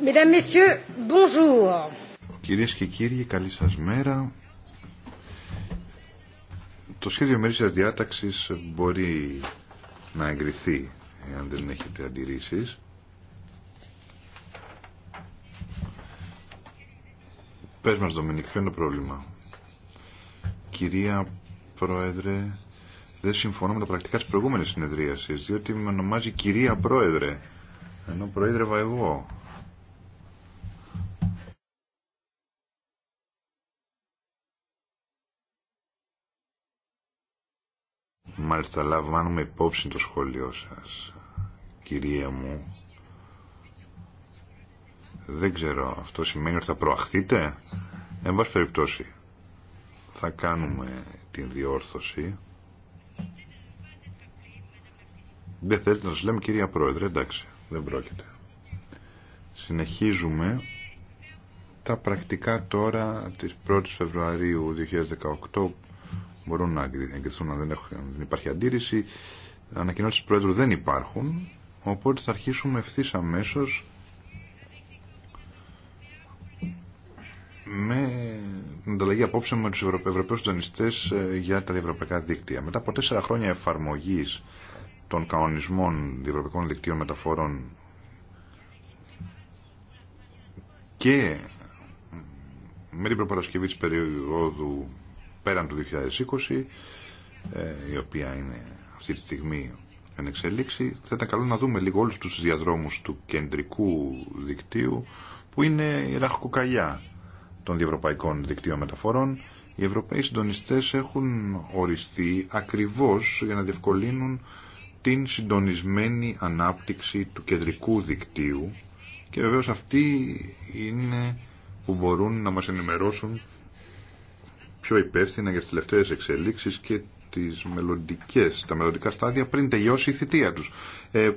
Mesdames, Κυρίες και κύριοι, καλή σας μέρα. Το σχέδιο μερίσιας διάταξης μπορεί να εγκριθεί, εάν δεν έχετε αντιρρήσεις. Πες μας, Δομινίκ, ποιο είναι το πρόβλημα. Κυρία Πρόεδρε, δεν συμφωνώ με τα πρακτικά της προηγούμενης συνεδρίασης, διότι με ονομάζει κυρία Πρόεδρε, ενώ προείδρευα εγώ. Μάλιστα λαμβάνουμε υπόψη το σχόλιο σας, κυρία μου. Δεν ξέρω, αυτό σημαίνει ότι θα προαχθείτε. Εν πάση περιπτώσει, θα κάνουμε την διόρθωση. Δεν θέλετε να σας λέμε κυρία Πρόεδρε, εντάξει, δεν πρόκειται. Συνεχίζουμε τα πρακτικά τώρα της 1ης Φεβρουαρίου 2018 μπορούν να εγκριθούν αν δεν, έχουν, δεν υπάρχει αντίρρηση. Ανακοινώσεις του Πρόεδρου δεν υπάρχουν, οπότε θα αρχίσουμε ευθύ αμέσω με την ανταλλαγή απόψε με τους Ευρωπαίους Δανειστές ε, για τα διευρωπαϊκά δίκτυα. Μετά από τέσσερα χρόνια εφαρμογής των κανονισμών διευρωπαϊκών δικτύων μεταφορών και με την προπαρασκευή της περίοδου πέραν του 2020, ε, η οποία είναι αυτή τη στιγμή εν εξελίξη, θα ήταν καλό να δούμε λίγο όλους τους διαδρόμους του κεντρικού δικτύου, που είναι η ραχοκοκαλιά των διευρωπαϊκών δικτύων μεταφορών. Οι Ευρωπαίοι συντονιστές έχουν οριστεί ακριβώς για να διευκολύνουν την συντονισμένη ανάπτυξη του κεντρικού δικτύου και βεβαίως αυτοί είναι που μπορούν να μας ενημερώσουν πιο υπεύθυνα για τις τελευταίες εξελίξεις και τις μελλοντικές, τα μελλοντικά στάδια πριν τελειώσει η θητεία τους. Ε,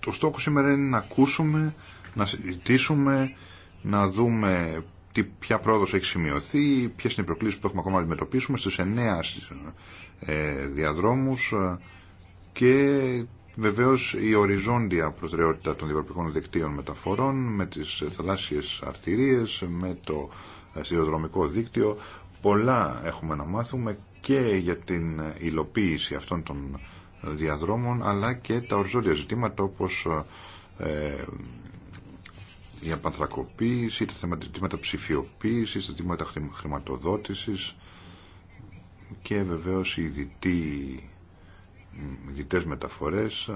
το στόχο σήμερα είναι να ακούσουμε, να συζητήσουμε, να δούμε τι, ποια πρόοδος έχει σημειωθεί, ποιες είναι οι προκλήσεις που έχουμε ακόμα να αντιμετωπίσουμε στους εννέα ε, διαδρόμους ε, και βεβαίως η οριζόντια προτεραιότητα των διευρωπαϊκών δικτύων μεταφορών με τις θαλάσσιες αρτηρίες, με το σιδηροδρομικό δίκτυο. Πολλά έχουμε να μάθουμε και για την υλοποίηση αυτών των διαδρόμων αλλά και τα οριζόντια ζητήματα όπως ε, η απανθρακοποίηση, τα ζητήματα ψηφιοποίηση τα ζητήματα χρηματοδότησης και βεβαίως οι δυτέ διτές μεταφορές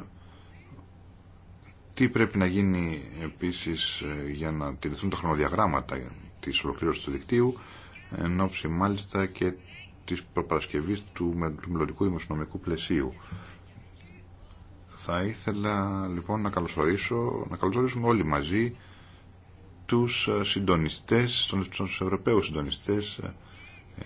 τι πρέπει να γίνει επίσης για να τηρηθούν τα χρονοδιαγράμματα Τη ολοκληρωση του δικτύου εν ώψη μάλιστα και τη προπαρασκευής του μελλοντικού δημοσιονομικού πλαισίου. Θα ήθελα λοιπόν να καλωσορίσω, να καλωσορίσουμε όλοι μαζί τους ε, συντονιστές, τους Ευρωπαίους συντονιστές ε,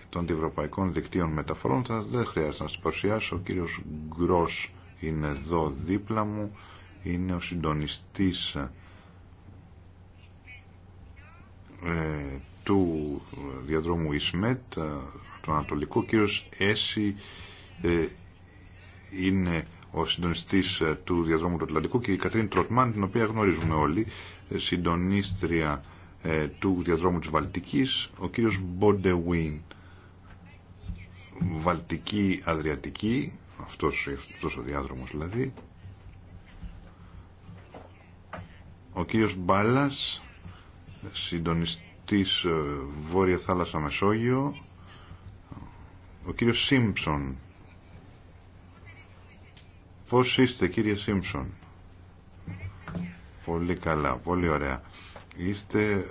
των διευρωπαϊκών δικτύων μεταφορών. Θα, δεν χρειάζεται να σας παρουσιάσω. Ο κύριος Γκρός είναι εδώ δίπλα μου. Είναι ο συντονιστής ε, ε, του διαδρόμου Ισμέτ, ε, του Ανατολικού, ο κύριος Έση ε, είναι ο συντονιστής του διαδρόμου του Ατλαντικού και η Καθρίνη Τροτμάν, την οποία γνωρίζουμε όλοι, συντονίστρια του διαδρόμου της Βαλτικής, ο κύριος Μποντεουίν, Βαλτική-Αδριατική, αυτός, ο διάδρομος δηλαδή, ο κύριος Μπάλας, συντονιστής ε, Βόρεια Θάλασσα Μεσόγειο, ο κύριος Σίμψον. Πώς είστε κύριε Σίμψον. Πολύ καλά, πολύ ωραία. Είστε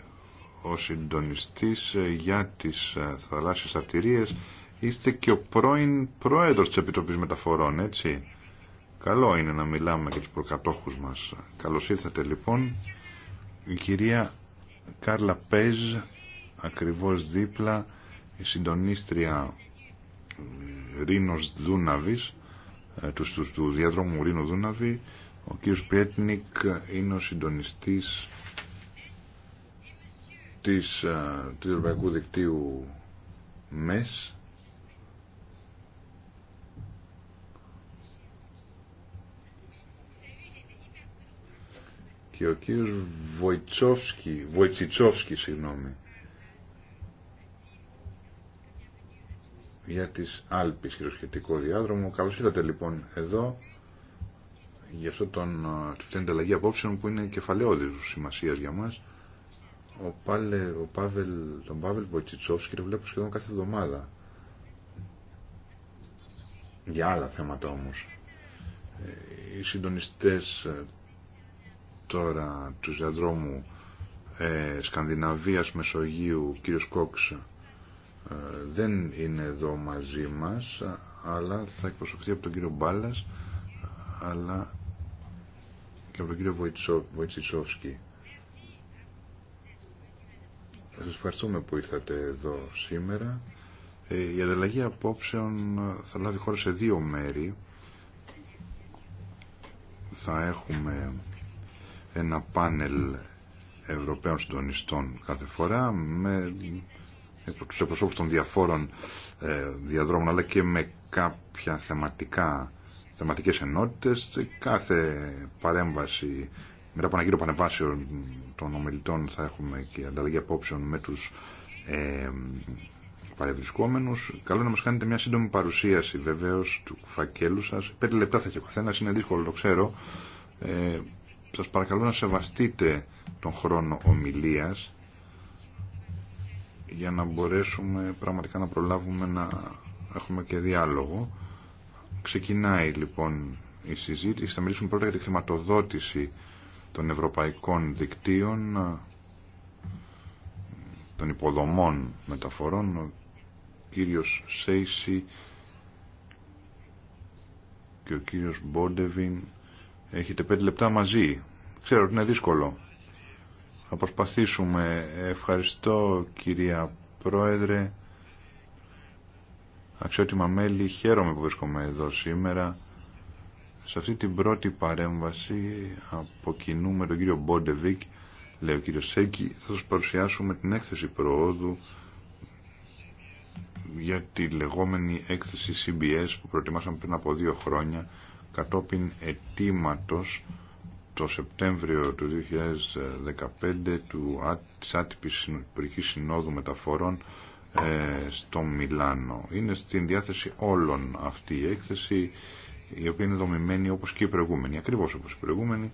ο συντονιστής ε, για τις ε, θαλάσσιες αρτηρίες. Είστε και ο πρώην πρόεδρος της Επιτροπής Μεταφορών, έτσι. Καλό είναι να μιλάμε για τους προκατόχους μας. Καλώς ήρθατε λοιπόν. Η κυρία Κάρλα Πέζ, ακριβώς δίπλα, η συντονίστρια ε, Ρίνος Δούναβης, ε, του, του, του διαδρόμου ρίνο Δούναβη, ο κύριος Πιέτνικ είναι ο συντονιστής της, ε, του Ευρωπαϊκού Δικτύου ΜΕΣ και ο κύριος Βοητσόφσκι, Βοητσιτσόφσκι, συγγνώμη, για τις Άλπεις και το σχετικό διάδρομο. Καλώς ήρθατε λοιπόν εδώ για αυτό τον, την ανταλλαγή απόψεων που είναι κεφαλαιόδης σημασία για μας. Ο, Πάλε, ο Πάβελ, τον Πάβελ Βοητσιτσόφσκι το βλέπω σχεδόν κάθε εβδομάδα. Για άλλα θέματα όμως. Ε, οι συντονιστές ε, τώρα του διαδρόμου ε, Σκανδιναβίας Μεσογείου, κύριος Κόξ ε, δεν είναι εδώ μαζί μας αλλά θα εκπροσωπηθεί από τον κύριο Μπάλλας αλλά και από τον κύριο Βοητσιτσόφσκι. Σας ευχαριστούμε που ήρθατε εδώ σήμερα. Ε, η ανταλλαγή απόψεων θα λάβει χώρα σε δύο μέρη. Θα έχουμε ένα πάνελ Ευρωπαίων συντονιστών κάθε φορά με τους εκπροσώπους των διαφόρων ε, διαδρόμων αλλά και με κάποια θεματικά, θεματικές ενότητες. Κάθε παρέμβαση, μετά από ένα γύρο πανεμβάσεων των ομιλητών θα έχουμε και ανταλλαγή απόψεων με τους ε, παρευρισκόμενους. Καλό να μας κάνετε μια σύντομη παρουσίαση βεβαίως του φακέλου σας. Πέντε λεπτά θα έχει ο καθένας, είναι δύσκολο το ξέρω. Ε, σας παρακαλώ να σεβαστείτε τον χρόνο ομιλίας για να μπορέσουμε πραγματικά να προλάβουμε να έχουμε και διάλογο. Ξεκινάει λοιπόν η συζήτηση. Θα μιλήσουμε πρώτα για τη χρηματοδότηση των ευρωπαϊκών δικτύων των υποδομών μεταφορών. Ο κύριος Σέισι και ο κύριος Μπόντεβιν Έχετε πέντε λεπτά μαζί. Ξέρω ότι είναι δύσκολο. Θα προσπαθήσουμε. Ευχαριστώ κυρία Πρόεδρε. Αξιότιμα μέλη, χαίρομαι που βρίσκομαι εδώ σήμερα. Σε αυτή την πρώτη παρέμβαση από τον κύριο Μπόντεβικ, λέει ο κύριος θα σας παρουσιάσουμε την έκθεση προόδου για τη λεγόμενη έκθεση CBS που προετοιμάσαμε πριν από δύο χρόνια κατόπιν ετήματος... το Σεπτέμβριο του 2015 του, της άτυπης Υπουργικής Συνόδου Μεταφορών ε, στο Μιλάνο. Είναι στην διάθεση όλων αυτή η έκθεση η οποία είναι δομημένη όπως και η προηγούμενη, ακριβώς όπως η προηγούμενη,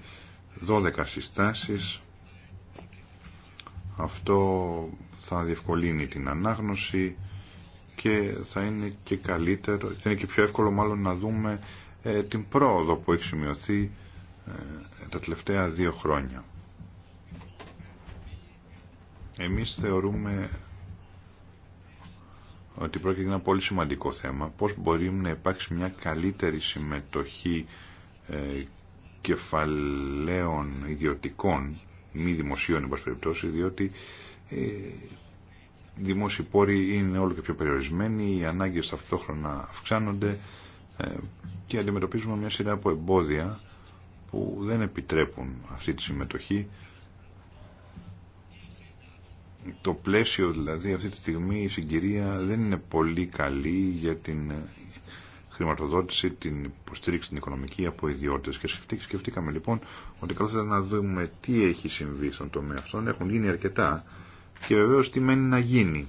12 συστάσεις. Αυτό θα διευκολύνει την ανάγνωση και θα είναι και καλύτερο, θα είναι και πιο εύκολο μάλλον να δούμε ε, την πρόοδο που έχει σημειωθεί ε, τα τελευταία δύο χρόνια. Εμείς θεωρούμε ότι πρόκειται για ένα πολύ σημαντικό θέμα. Πώς μπορεί να υπάρξει μια καλύτερη συμμετοχή ε, κεφαλαίων ιδιωτικών, μη δημοσίων, εν περιπτώσει, διότι οι δημόσιοι πόροι είναι όλο και πιο περιορισμένοι, οι ανάγκες ταυτόχρονα αυξάνονται, και αντιμετωπίζουμε μια σειρά από εμπόδια που δεν επιτρέπουν αυτή τη συμμετοχή. Το πλαίσιο δηλαδή αυτή τη στιγμή η συγκυρία δεν είναι πολύ καλή για την χρηματοδότηση, την υποστήριξη την οικονομική από ιδιώτε. Και σκεφτήκαμε λοιπόν ότι καλό θα ήταν να δούμε τι έχει συμβεί στον τομέα αυτό. Έχουν γίνει αρκετά και βεβαίω τι μένει να γίνει.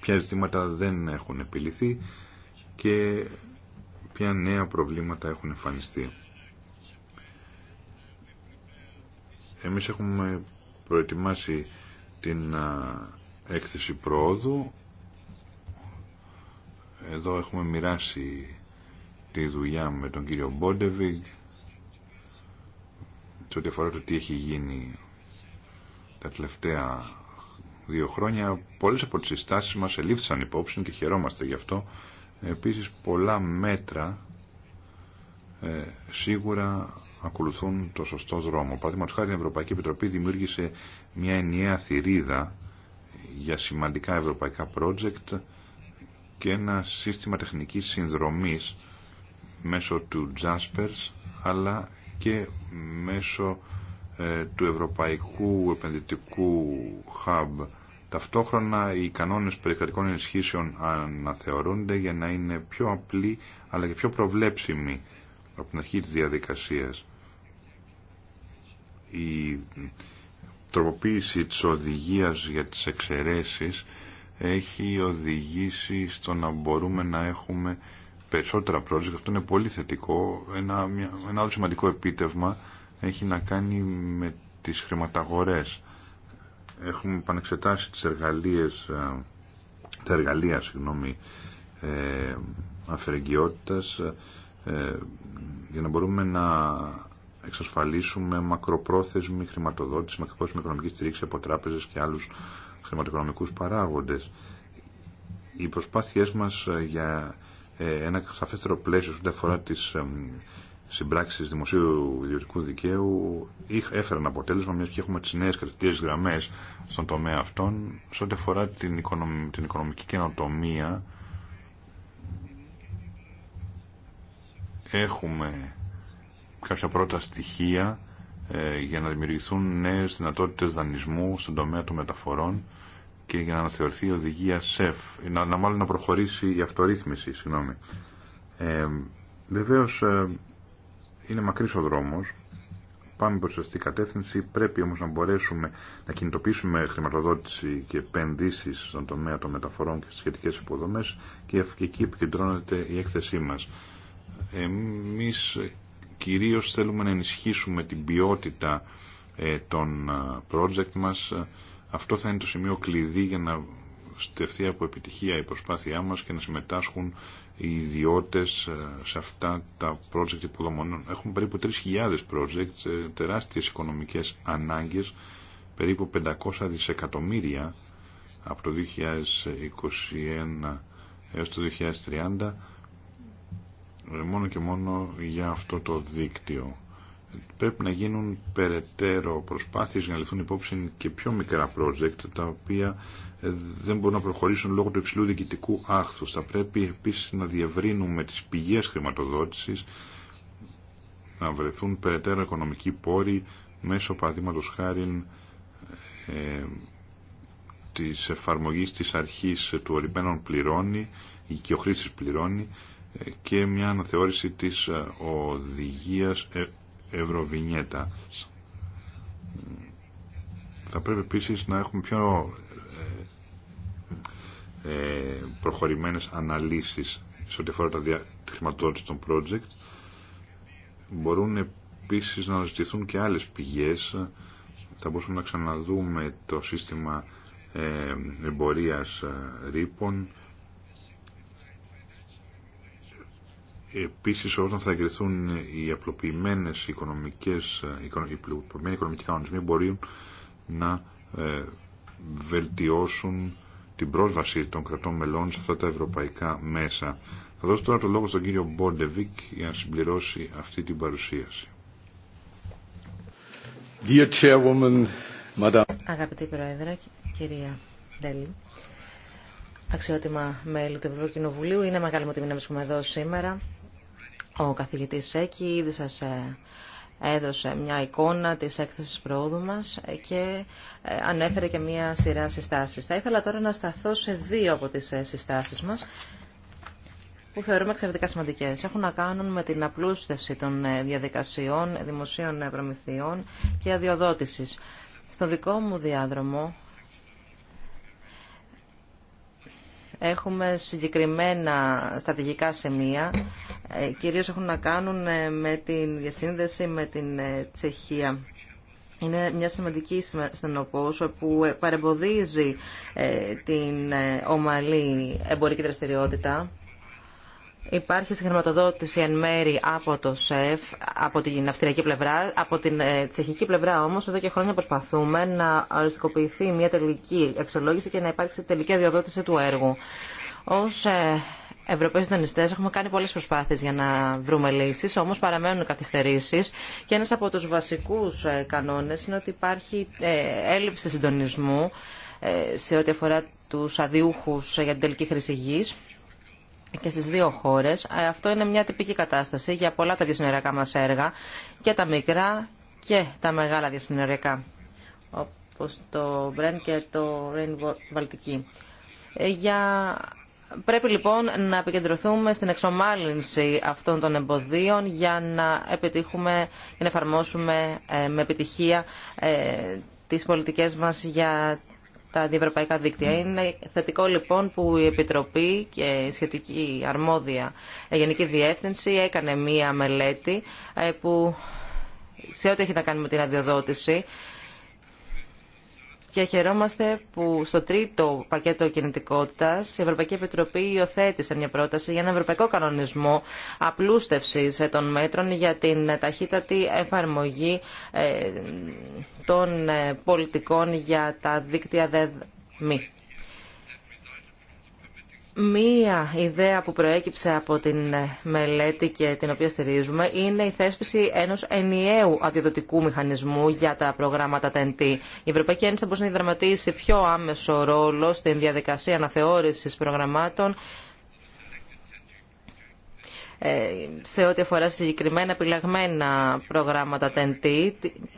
Ποια ζητήματα δεν έχουν επιληθεί και ποια νέα προβλήματα έχουν εμφανιστεί. Εμείς έχουμε προετοιμάσει την έκθεση πρόοδου. Εδώ έχουμε μοιράσει τη δουλειά με τον κύριο Μπόντεβιγκ σε ό,τι αφορά το τι έχει γίνει τα τελευταία δύο χρόνια. Πολλές από τις συστάσεις μας ελήφθησαν υπόψη και χαιρόμαστε γι' αυτό. Επίσης πολλά μέτρα ε, σίγουρα ακολουθούν το σωστό δρόμο. Παραδείγματος χάρη η Ευρωπαϊκή Επιτροπή δημιούργησε μια ενιαία θηρίδα για σημαντικά ευρωπαϊκά project και ένα σύστημα τεχνικής συνδρομής μέσω του Jaspers αλλά και μέσω ε, του Ευρωπαϊκού Επενδυτικού Hub Ταυτόχρονα οι κανόνες περικρατικών ενισχύσεων αναθεωρούνται για να είναι πιο απλοί αλλά και πιο προβλέψιμοι από την αρχή της διαδικασίας. Η τροποποίηση της οδηγίας για τις εξαιρέσεις έχει οδηγήσει στο να μπορούμε να έχουμε περισσότερα project. Αυτό είναι πολύ θετικό. Ένα, ένα άλλο σημαντικό επίτευγμα έχει να κάνει με τις χρηματαγορές έχουμε επανεξετάσει τις εργαλείες, ε, τα εργαλεία συγγνώμη, ε, αφαιρεγγιότητας ε, για να μπορούμε να εξασφαλίσουμε μακροπρόθεσμη χρηματοδότηση, μακροπρόθεσμη οικονομική στηρίξη από τράπεζες και άλλους χρηματοοικονομικούς παράγοντες. Οι προσπάθειές μας ε, για ένα σαφέστερο πλαίσιο στον αφορά τις συμπράξει δημοσίου ιδιωτικού δικαίου έφεραν αποτέλεσμα μιας και έχουμε τι νέε κρατικέ γραμμές στον τομέα αυτών σε ό,τι αφορά την, οικονομική, καινοτομία έχουμε κάποια πρώτα στοιχεία ε, για να δημιουργηθούν νέες δυνατότητες δανεισμού στον τομέα των μεταφορών και για να αναθεωρηθεί η οδηγία ΣΕΦ, να, μάλλον να προχωρήσει η αυτορύθμιση, συγγνώμη. Ε, βεβαίως ε, είναι μακρύς ο δρόμος. Πάμε προς αυτή κατεύθυνση. Πρέπει όμως να μπορέσουμε να κινητοποιήσουμε χρηματοδότηση και επενδύσει στον τομέα των μεταφορών και στις σχετικές υποδομές και εκεί επικεντρώνεται η έκθεσή μας. Εμείς κυρίως θέλουμε να ενισχύσουμε την ποιότητα ε, των ε, project μας. Αυτό θα είναι το σημείο κλειδί για να στεφθεί από επιτυχία η προσπάθειά μας και να συμμετάσχουν οι ιδιώτε ε, σε αυτά τα project υποδομών. Έχουμε περίπου 3.000 project, ε, τεράστιες οικονομικές ανάγκες, περίπου 500 δισεκατομμύρια από το 2021 έως το 2030 ε, μόνο και μόνο για αυτό το δίκτυο πρέπει να γίνουν περαιτέρω προσπάθειες για να ληφθούν υπόψη και πιο μικρά project τα οποία ε, δεν μπορούν να προχωρήσουν λόγω του υψηλού διοικητικού άχθους. Θα πρέπει επίσης να διευρύνουμε τις πηγές χρηματοδότησης να βρεθούν περαιτέρω οικονομικοί πόροι μέσω παραδείγματο χάρη ε, της εφαρμογής της αρχής του ορυπαίνων πληρώνει και ο χρήστης πληρώνει ε, και μια αναθεώρηση της ε, οδηγίας ευρωβινιέτα. Θα πρέπει επίσης να έχουμε πιο ε, ε, προχωρημένες αναλύσεις σε ό,τι αφορά τα δια... τη των project. Μπορούν επίσης να αναζητηθούν και άλλες πηγές. Θα μπορούσαμε να ξαναδούμε το σύστημα ε, εμπορίας ε, ρήπων, Επίσης όταν θα εγκριθούν οι απλοποιημένες οικονομικές, οι οικονομικοί κανονισμοί μπορεί να ε, βελτιώσουν την πρόσβαση των κρατών μελών σε αυτά τα ευρωπαϊκά μέσα. Θα δώσω τώρα το λόγο στον κύριο Μπόντεβικ για να συμπληρώσει αυτή την παρουσίαση. Dear Chairwoman, Αγαπητή Πρόεδρε, κυρία Ντέλη, αξιότιμα μέλη του Ευρωπαϊκού Κοινοβουλίου, είναι μεγάλη μου τιμή να βρίσκομαι εδώ σήμερα ο καθηγητής Σέκη ήδη σας ε, έδωσε μια εικόνα της έκθεσης πρόοδου μας και ε, ανέφερε και μια σειρά συστάσεις. Θα ήθελα τώρα να σταθώ σε δύο από τις ε, συστάσεις μας που θεωρούμε εξαιρετικά σημαντικέ. Έχουν να κάνουν με την απλούστευση των διαδικασιών, δημοσίων προμηθειών και αδιοδότησης. Στο δικό μου διάδρομο Έχουμε συγκεκριμένα στρατηγικά σημεία, ε, κυρίως έχουν να κάνουν ε, με την διασύνδεση με την ε, Τσεχία. Είναι μια σημαντική στενοπόσο που παρεμποδίζει την ομαλή εμπορική δραστηριότητα Υπάρχει συγχρηματοδότηση εν μέρη από το ΣΕΦ, από την αυστριακή πλευρά. Από την ε, τσεχική πλευρά όμως, εδώ και χρόνια προσπαθούμε να οριστικοποιηθεί μια τελική εξολόγηση και να υπάρξει τελική αδειοδότηση του έργου. Ως ε, Ευρωπαίοι συντονιστέ έχουμε κάνει πολλέ προσπάθειε για να βρούμε λύσει, όμω παραμένουν καθυστερήσει και ένα από του βασικού ε, κανόνε είναι ότι υπάρχει έλλειψη συντονισμού σε ό,τι αφορά του αδιούχου για την τελική χρήση και στις δύο χώρες. Ε, αυτό είναι μια τυπική κατάσταση για πολλά τα διασυνοριακά μας έργα, και τα μικρά και τα μεγάλα διασυνοριακά, όπως το Μπρεν και το Ρέιν Βαλτική. Ε, για... Πρέπει λοιπόν να επικεντρωθούμε στην εξομάλυνση αυτών των εμποδίων για να επιτύχουμε και να εφαρμόσουμε ε, με επιτυχία τις πολιτικές μας για τα διευρωπαϊκά δίκτυα. Είναι θετικό λοιπόν που η Επιτροπή και η σχετική αρμόδια Γενική Διεύθυνση έκανε μία μελέτη ε, που σε ό,τι έχει να κάνει με την αδειοδότηση και χαιρόμαστε που στο τρίτο πακέτο κινητικότητα η Ευρωπαϊκή Επιτροπή υιοθέτησε μια πρόταση για ένα ευρωπαϊκό κανονισμό απλούστευση των μέτρων για την ταχύτατη εφαρμογή ε, των ε, πολιτικών για τα δίκτυα ΔΕΔΜΗ. Μία ιδέα που προέκυψε από την μελέτη και την οποία στηρίζουμε είναι η θέσπιση ενός ενιαίου αντιδοτικού μηχανισμού για τα προγράμματα TNT. Η Ευρωπαϊκή Ένωση θα μπορούσε να δραματίσει πιο άμεσο ρόλο στην διαδικασία αναθεώρηση προγραμμάτων ε, σε ό,τι αφορά συγκεκριμένα επιλεγμένα προγράμματα TNT,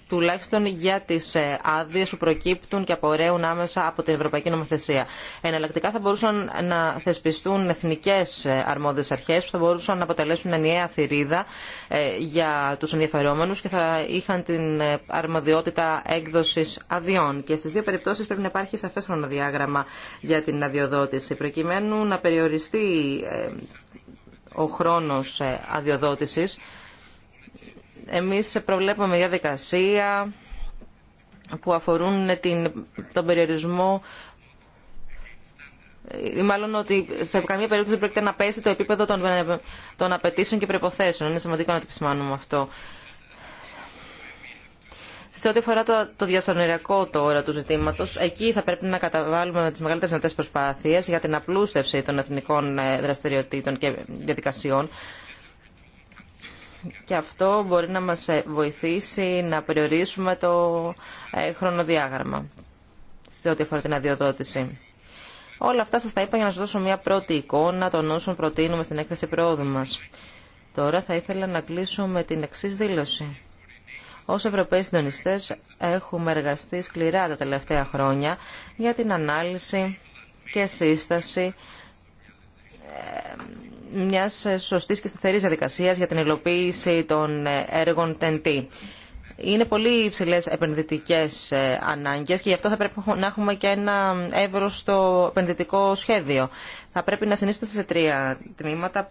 τουλάχιστον για τι ε, άδειε που προκύπτουν και απορρέουν άμεσα από την Ευρωπαϊκή Νομοθεσία. Εναλλακτικά θα μπορούσαν να θεσπιστούν εθνικέ ε, αρμόδιε αρχέ, που θα μπορούσαν να αποτελέσουν ενιαία θηρίδα για του ενδιαφερόμενους και θα είχαν την αρμοδιότητα έκδοση αδειών. Και στι δύο περιπτώσει πρέπει να υπάρχει σαφές χρονοδιάγραμμα για την αδειοδότηση προκειμένου να περιοριστεί ο χρόνος ε, αδειοδότησης. Εμείς προβλέπουμε διαδικασία που αφορούν την, τον περιορισμό ή μάλλον ότι σε καμία περίπτωση πρέπει να πέσει το επίπεδο των, ε, των απαιτήσεων και προποθέσεων. Είναι σημαντικό να το επισημάνουμε αυτό. Σε ό,τι αφορά το, το τώρα του ζητήματο, εκεί θα πρέπει να καταβάλουμε τι μεγαλύτερε δυνατέ προσπάθειε για την απλούστευση των εθνικών ε, δραστηριοτήτων και διαδικασιών. Και αυτό μπορεί να μας ε, βοηθήσει να περιορίσουμε το ε, χρονοδιάγραμμα σε ό,τι αφορά την αδειοδότηση. Όλα αυτά σας τα είπα για να σας δώσω μια πρώτη εικόνα των όσων προτείνουμε στην έκθεση πρόοδου μας. Τώρα θα ήθελα να κλείσω με την εξή δήλωση. Ως Ευρωπαίοι Συντονιστές έχουμε εργαστεί σκληρά τα τελευταία χρόνια για την ανάλυση και σύσταση ε, μιας σωστής και σταθερής διαδικασίας για την υλοποίηση των έργων TNT. Είναι πολύ υψηλέ επενδυτικέ ε, ανάγκε και γι' αυτό θα πρέπει να έχουμε και ένα εύρωστο επενδυτικό σχέδιο. Θα πρέπει να συνίσταται σε τρία τμήματα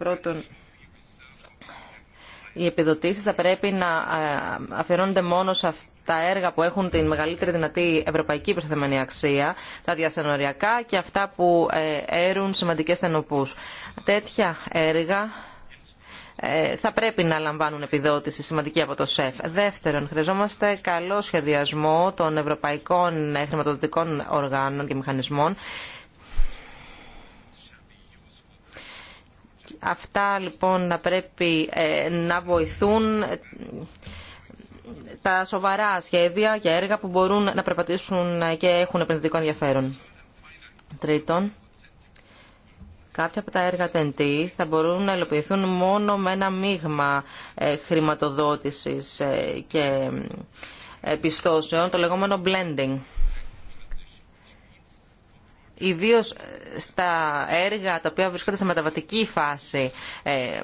οι επιδοτήσεις θα πρέπει να ε, αφιερώνονται μόνο σε αυτά έργα που έχουν την μεγαλύτερη δυνατή ευρωπαϊκή προσθεμένη αξία, τα διασυνοριακά και αυτά που ε, έρουν σημαντικές στενοπούς. Τέτοια έργα ε, θα πρέπει να λαμβάνουν επιδότηση σημαντική από το ΣΕΦ. Δεύτερον, χρειαζόμαστε καλό σχεδιασμό των ευρωπαϊκών χρηματοδοτικών οργάνων και μηχανισμών Αυτά λοιπόν να πρέπει ε, να βοηθούν ε, τα σοβαρά σχέδια για έργα που μπορούν να περπατήσουν και έχουν επενδυτικό ενδιαφέρον. Τρίτον, κάποια από τα έργα TNT θα μπορούν να υλοποιηθούν μόνο με ένα μείγμα ε, χρηματοδότησης και πιστώσεων, το λεγόμενο blending ιδίως στα έργα τα οποία βρισκόνται σε μεταβατική φάση ε,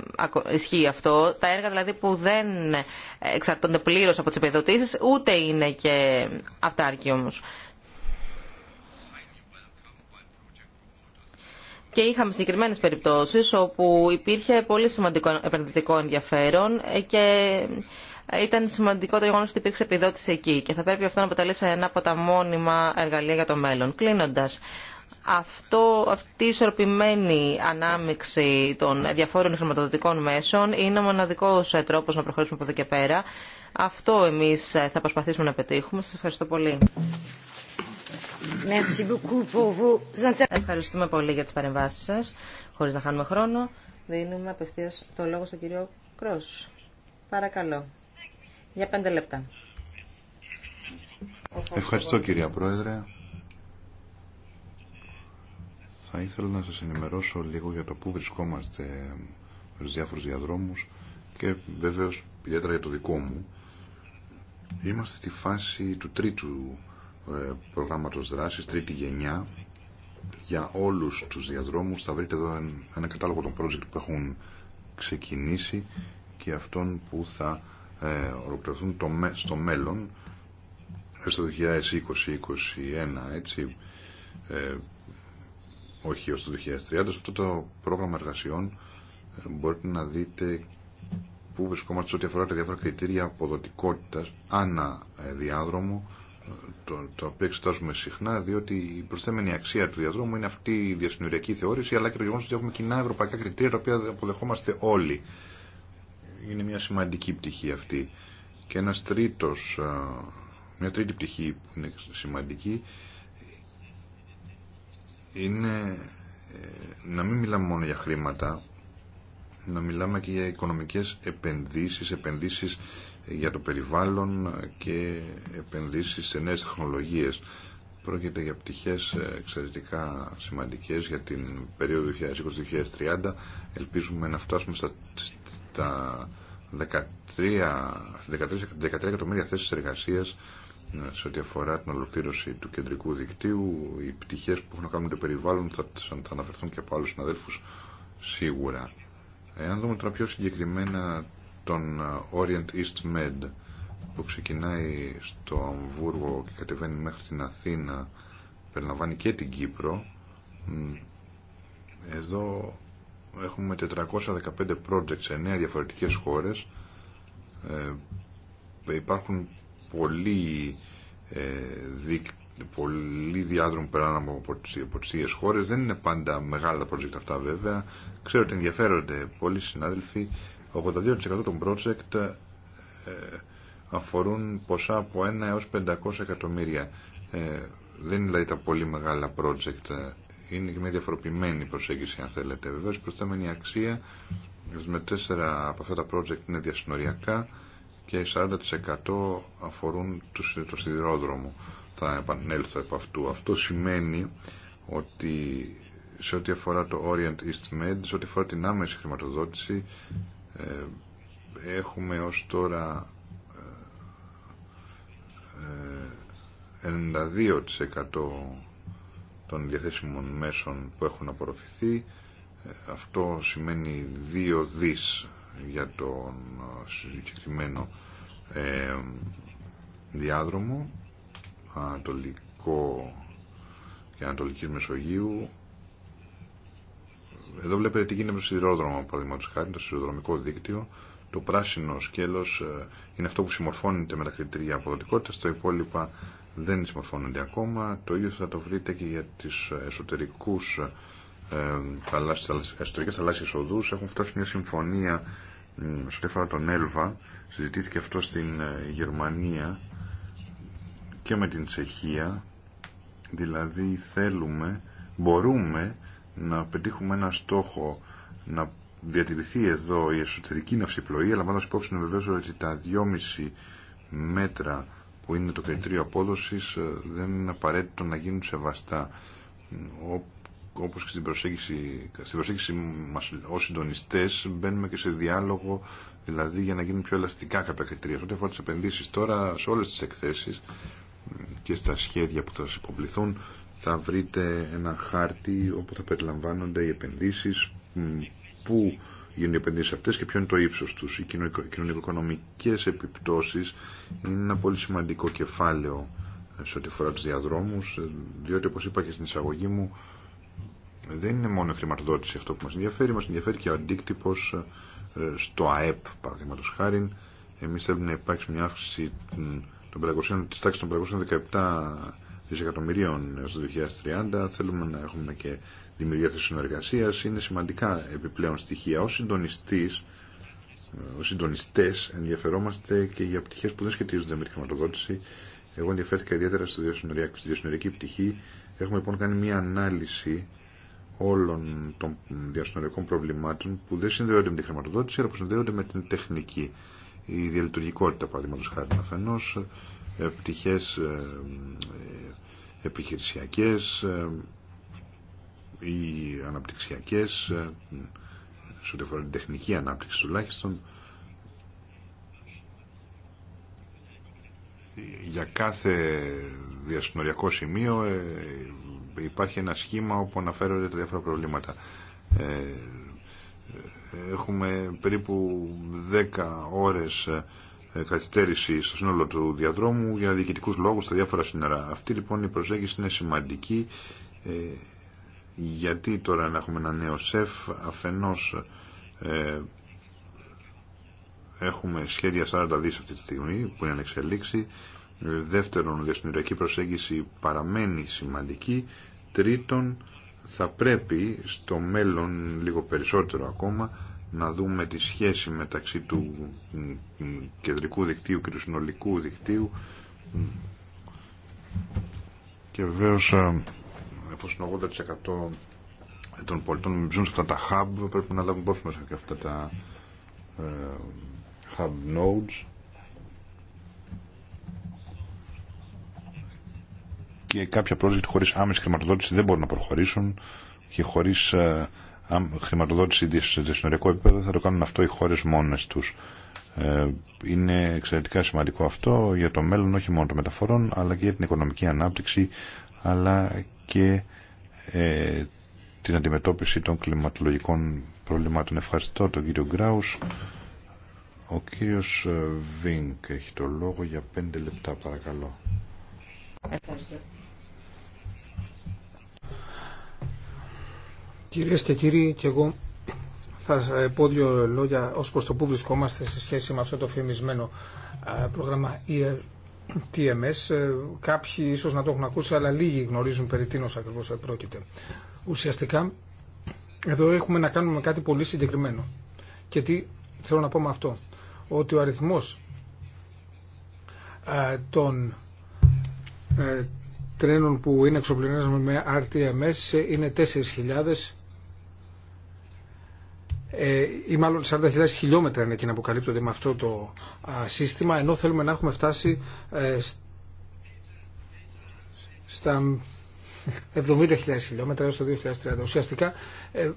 ισχύει αυτό. Τα έργα δηλαδή που δεν εξαρτώνται πλήρως από τις επιδοτήσεις, ούτε είναι και αυτάρκη όμως. Και είχαμε συγκεκριμένες περιπτώσεις όπου υπήρχε πολύ σημαντικό επενδυτικό ενδιαφέρον ε, και ήταν σημαντικό το γεγονός ότι υπήρξε επιδότηση εκεί και θα πρέπει αυτό να αποτελέσει ένα από τα μόνιμα εργαλεία για το μέλλον. Κλείνοντα, αυτό, αυτή η ισορροπημένη ανάμειξη των διαφόρων χρηματοδοτικών μέσων είναι ο μοναδικός ε, τρόπος να προχωρήσουμε από εδώ και πέρα. Αυτό εμείς ε, θα προσπαθήσουμε να πετύχουμε. Σα ευχαριστώ πολύ. Ευχαριστούμε πολύ για τις παρεμβάσει σας. Χωρίς να χάνουμε χρόνο, δίνουμε απευθεία το λόγο στον κύριο Κρό. Παρακαλώ. Για πέντε λεπτά. Ευχαριστώ, κυρία Πρόεδρε. Θα ήθελα να σας ενημερώσω λίγο για το πού βρισκόμαστε στους διάφορους διαδρόμους και βεβαίως ιδιαίτερα για το δικό μου. Είμαστε στη φάση του τρίτου ε, προγράμματος δράσης, τρίτη γενιά. Για όλους τους διαδρόμους θα βρείτε εδώ ένα κατάλογο των project που έχουν ξεκινήσει και αυτών που θα ε, ολοκληρωθούν στο μέλλον, ε, στο 2020-2021, έτσι, όχι ως το 2030. Σε αυτό το πρόγραμμα εργασιών ε, μπορείτε να δείτε πού βρισκόμαστε σε ό,τι αφορά τα διάφορα κριτήρια αποδοτικότητας ανά ε, διάδρομο ε, το, το οποίο εξετάζουμε συχνά, διότι η προσθέμενη αξία του διαδρόμου είναι αυτή η διασυνοριακή θεώρηση, αλλά και το γεγονό ότι έχουμε κοινά ευρωπαϊκά κριτήρια τα οποία αποδεχόμαστε όλοι. Είναι μια σημαντική πτυχή αυτή. Και ένας τρίτος, μια τρίτη πτυχή που είναι σημαντική είναι ε, να μην μιλάμε μόνο για χρήματα, να μιλάμε και για οικονομικές επενδύσεις, επενδύσεις ε, για το περιβάλλον και επενδύσεις σε νέες τεχνολογίες. Πρόκειται για πτυχές ε, εξαιρετικά σημαντικές για την περίοδο 2020-2030. Ελπίζουμε να φτάσουμε στα, στα 13, 13, 13 εκατομμύρια θέσεις εργασίας ναι, σε ό,τι αφορά την ολοκλήρωση του κεντρικού δικτύου. Οι πτυχέ που έχουν να κάνουν το περιβάλλον θα, θα αναφερθούν και από άλλους συναδέλφου σίγουρα. Εάν δούμε τώρα πιο συγκεκριμένα τον Orient East Med που ξεκινάει στο Αμβούργο και κατεβαίνει μέχρι την Αθήνα περιλαμβάνει και την Κύπρο εδώ έχουμε 415 projects σε 9 διαφορετικές χώρες ε, υπάρχουν πολλοί, ε, δίκ, πολύ διάδρομοι περνάνε από τις, από τις χώρες. Δεν είναι πάντα μεγάλα τα project αυτά βέβαια. Ξέρω ότι ενδιαφέρονται πολλοί συνάδελφοι. 82% των project ε, αφορούν ποσά από 1 έως 500 εκατομμύρια. Ε, δεν είναι δηλαδή τα πολύ μεγάλα project. Είναι και μια διαφοροποιημένη προσέγγιση αν θέλετε. Βεβαίως προσθέμενη αξία με τέσσερα από αυτά τα project είναι διασυνοριακά και 40% αφορούν το σιδηρόδρομο. Θα επανέλθω από αυτού. Αυτό σημαίνει ότι σε ό,τι αφορά το Orient East Med, σε ό,τι αφορά την άμεση χρηματοδότηση, ε, έχουμε ως τώρα 92% ε, ε, των διαθέσιμων μέσων που έχουν απορροφηθεί. Αυτό σημαίνει 2 δις για τον ε, συγκεκριμένο ε, διάδρομο ανατολικό και ανατολική Μεσογείου. Εδώ βλέπετε τι γίνεται με το σιδηρόδρομο, παραδείγματος χάρη, το σιδηροδρομικό δίκτυο. Το πράσινο σκέλος ε, είναι αυτό που συμμορφώνεται με τα κριτήρια αποδοτικότητας, Το υπόλοιπα δεν συμμορφώνονται ακόμα. Το ίδιο θα το βρείτε και για τις εσωτερικούς εσωτερικέ θαλάσσιε οδού. έχουν φτάσει μια συμφωνία σε αφορά τον Έλβα συζητήθηκε αυτό στην ε, Γερμανία και με την Τσεχία δηλαδή θέλουμε μπορούμε να πετύχουμε ένα στόχο να διατηρηθεί εδώ η εσωτερική αλλά λαμβάνοντας υπόψη να βεβαίω ότι τα 2,5 μέτρα που είναι το κριτήριο απόδοση ε, δεν είναι απαραίτητο να γίνουν σεβαστά όπως και στην προσέγγιση, στην προσέγγιση μας ως συντονιστές μπαίνουμε και σε διάλογο δηλαδή για να γίνουν πιο ελαστικά κάποια κριτήρια. Ό,τι αφορά τις επενδύσεις τώρα σε όλες τις εκθέσεις και στα σχέδια που θα σας υποβληθούν θα βρείτε ένα χάρτη όπου θα περιλαμβάνονται οι επενδύσεις που γίνουν οι επενδύσεις αυτές και ποιο είναι το ύψος τους. Οι κοινωνικο-οικονομικές επιπτώσεις είναι ένα πολύ σημαντικό κεφάλαιο ε, σε ό,τι αφορά τους διαδρόμους, ε, διότι όπως είπα και στην εισαγωγή μου, δεν είναι μόνο η χρηματοδότηση αυτό που μας ενδιαφέρει, μας ενδιαφέρει και ο αντίκτυπος ε, στο ΑΕΠ, παραδείγματο χάρη. Εμείς θέλουμε να υπάρξει μια αύξηση των της τάξης των 517 δισεκατομμυρίων έως το 2030. Θέλουμε να έχουμε και δημιουργία θέσεων Είναι σημαντικά επιπλέον στοιχεία. Ως συντονιστής, ε, ως συντονιστές ενδιαφερόμαστε και για πτυχές που δεν σχετίζονται με τη χρηματοδότηση. Εγώ ενδιαφέρθηκα ιδιαίτερα στη διασυνοριακή πτυχή. Έχουμε λοιπόν κάνει μια ανάλυση όλων των διασυνοριακών προβλημάτων που δεν συνδέονται με τη χρηματοδότηση αλλά που συνδέονται με την τεχνική. Η διαλειτουργικότητα, παραδείγματο χάρη αφενό, ε, πτυχέ ε, ε, επιχειρησιακέ ή αναπτυξιακέ, σε ό,τι αφορά την τεχνική ανάπτυξη τουλάχιστον. Για κάθε διασυνοριακό σημείο υπάρχει ένα σχήμα όπου αναφέρονται τα διάφορα προβλήματα. Ε, ε, έχουμε περίπου 10 ώρες ε, καθυστέρηση στο σύνολο του διαδρόμου για διοικητικού λόγους στα διάφορα σύνορα. Αυτή λοιπόν η προσέγγιση είναι σημαντική γιατί τώρα να έχουμε ένα νέο ΣΕΦ αφενός ε, έχουμε σχέδια 40 δις αυτή τη στιγμή που είναι ανεξελίξη δεύτερον η διασυνοριακή προσέγγιση παραμένει σημαντική Τρίτον, θα πρέπει στο μέλλον λίγο περισσότερο ακόμα να δούμε τη σχέση μεταξύ του κεντρικού δικτύου και του συνολικού δικτύου και βεβαίω ε, εφόσον 80% των πολιτών ζουν σε αυτά τα hub πρέπει να λάβουν πόσο σε και αυτά τα ε, hub nodes και κάποια project χωρίς άμεση χρηματοδότηση δεν μπορούν να προχωρήσουν και χωρίς ε, χρηματοδότηση σε συνοριακό επίπεδο θα το κάνουν αυτό οι χώρες μόνες τους. Ε, είναι εξαιρετικά σημαντικό αυτό για το μέλλον όχι μόνο των μεταφορών αλλά και για την οικονομική ανάπτυξη αλλά και ε, την αντιμετώπιση των κλιματολογικών προβλημάτων. Ευχαριστώ τον κύριο Γκράους. Ο κύριος ε, Βίνκ έχει το λόγο για πέντε λεπτά παρακαλώ. Ευχαριστώ. Κυρίες και κύριοι, και εγώ θα ε, πω δύο λόγια ως προς το που βρισκόμαστε σε σχέση με αυτό το φημισμένο ε, πρόγραμμα ERTMS. Ε, κάποιοι ίσως να το έχουν ακούσει, αλλά λίγοι γνωρίζουν περί τίνος ακριβώς πρόκειται. Ουσιαστικά, εδώ έχουμε να κάνουμε κάτι πολύ συγκεκριμένο. Και τι θέλω να πω με αυτό. Ότι ο αριθμός των τρένων που είναι εξοπλισμένα με RTMS είναι 4.000 ε, ή μάλλον 40.000 χιλιόμετρα είναι εκείνα που καλύπτονται με αυτό το σύστημα ενώ θέλουμε να έχουμε φτάσει ε, στα 70.000 χιλιόμετρα έως το 2030. Ουσιαστικά ε,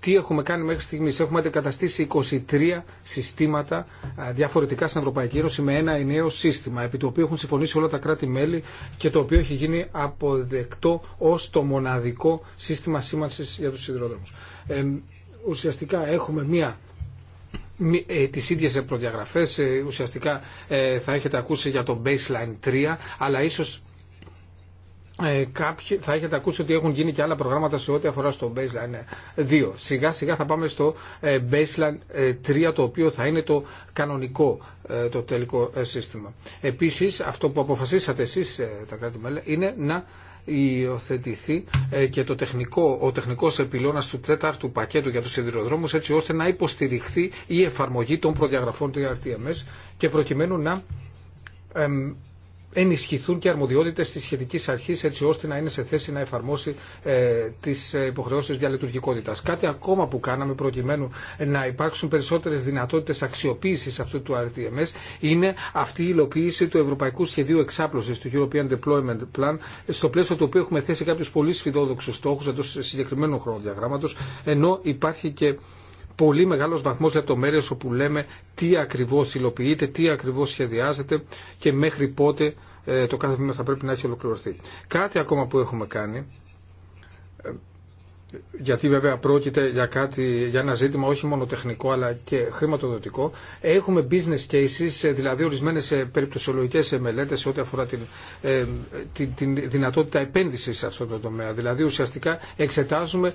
τι έχουμε κάνει μέχρι στιγμής. Έχουμε αντικαταστήσει 23 συστήματα διαφορετικά στην Ευρωπαϊκή Ένωση με ένα νέο σύστημα, επί του οποίου έχουν συμφωνήσει όλα τα κράτη-μέλη και το οποίο έχει γίνει αποδεκτό ως το μοναδικό σύστημα σήμανση για του σιδηρόδρομους. Ε, ουσιαστικά έχουμε μία ε, τις ίδιες ε, προδιαγραφές ε, ουσιαστικά θα έχετε ακούσει για το baseline 3 αλλά ίσως ε, κάποιοι, θα έχετε ακούσει ότι έχουν γίνει και άλλα προγράμματα σε ό,τι αφορά στο baseline 2. Σιγά σιγά θα πάμε στο ε, baseline 3 ε, το οποίο θα είναι το κανονικό ε, το τελικό σύστημα. Επίσης αυτό που αποφασίσατε εσείς τα κράτη-μέλη είναι να υιοθετηθεί και το τεχνικό, ο τεχνικός επιλώνας του τέταρτου πακέτου για τους σιδηροδρόμους έτσι ώστε να υποστηριχθεί η εφαρμογή των προδιαγραφών του ERTMS και προκειμένου να ενισχυθούν και αρμοδιότητε τη σχετική αρχή έτσι ώστε να είναι σε θέση να εφαρμόσει ε, τι υποχρεώσει διαλειτουργικότητα. Κάτι ακόμα που κάναμε προκειμένου να υπάρξουν περισσότερε δυνατότητε αξιοποίηση αυτού του RTMS είναι αυτή η υλοποίηση του Ευρωπαϊκού Σχεδίου Εξάπλωση του European Deployment Plan, στο πλαίσιο του οποίου έχουμε θέσει κάποιου πολύ σφιδόδοξου στόχου εντό συγκεκριμένου χρονοδιαγράμματο, ενώ υπάρχει και πολύ μεγάλος βαθμός λεπτομέρειας όπου λέμε τι ακριβώς υλοποιείται, τι ακριβώς σχεδιάζεται και μέχρι πότε ε, το κάθε βήμα θα πρέπει να έχει ολοκληρωθεί. Κάτι ακόμα που έχουμε κάνει γιατί βέβαια πρόκειται για, κάτι, για ένα ζήτημα όχι μόνο τεχνικό αλλά και χρηματοδοτικό. Έχουμε business cases, ε, δηλαδή ορισμένε περιπτωσιολογικέ ε, μελέτε σε ό,τι αφορά την, ε, την, δυνατότητα επένδυση σε αυτό το τομέα. Δηλαδή ουσιαστικά εξετάζουμε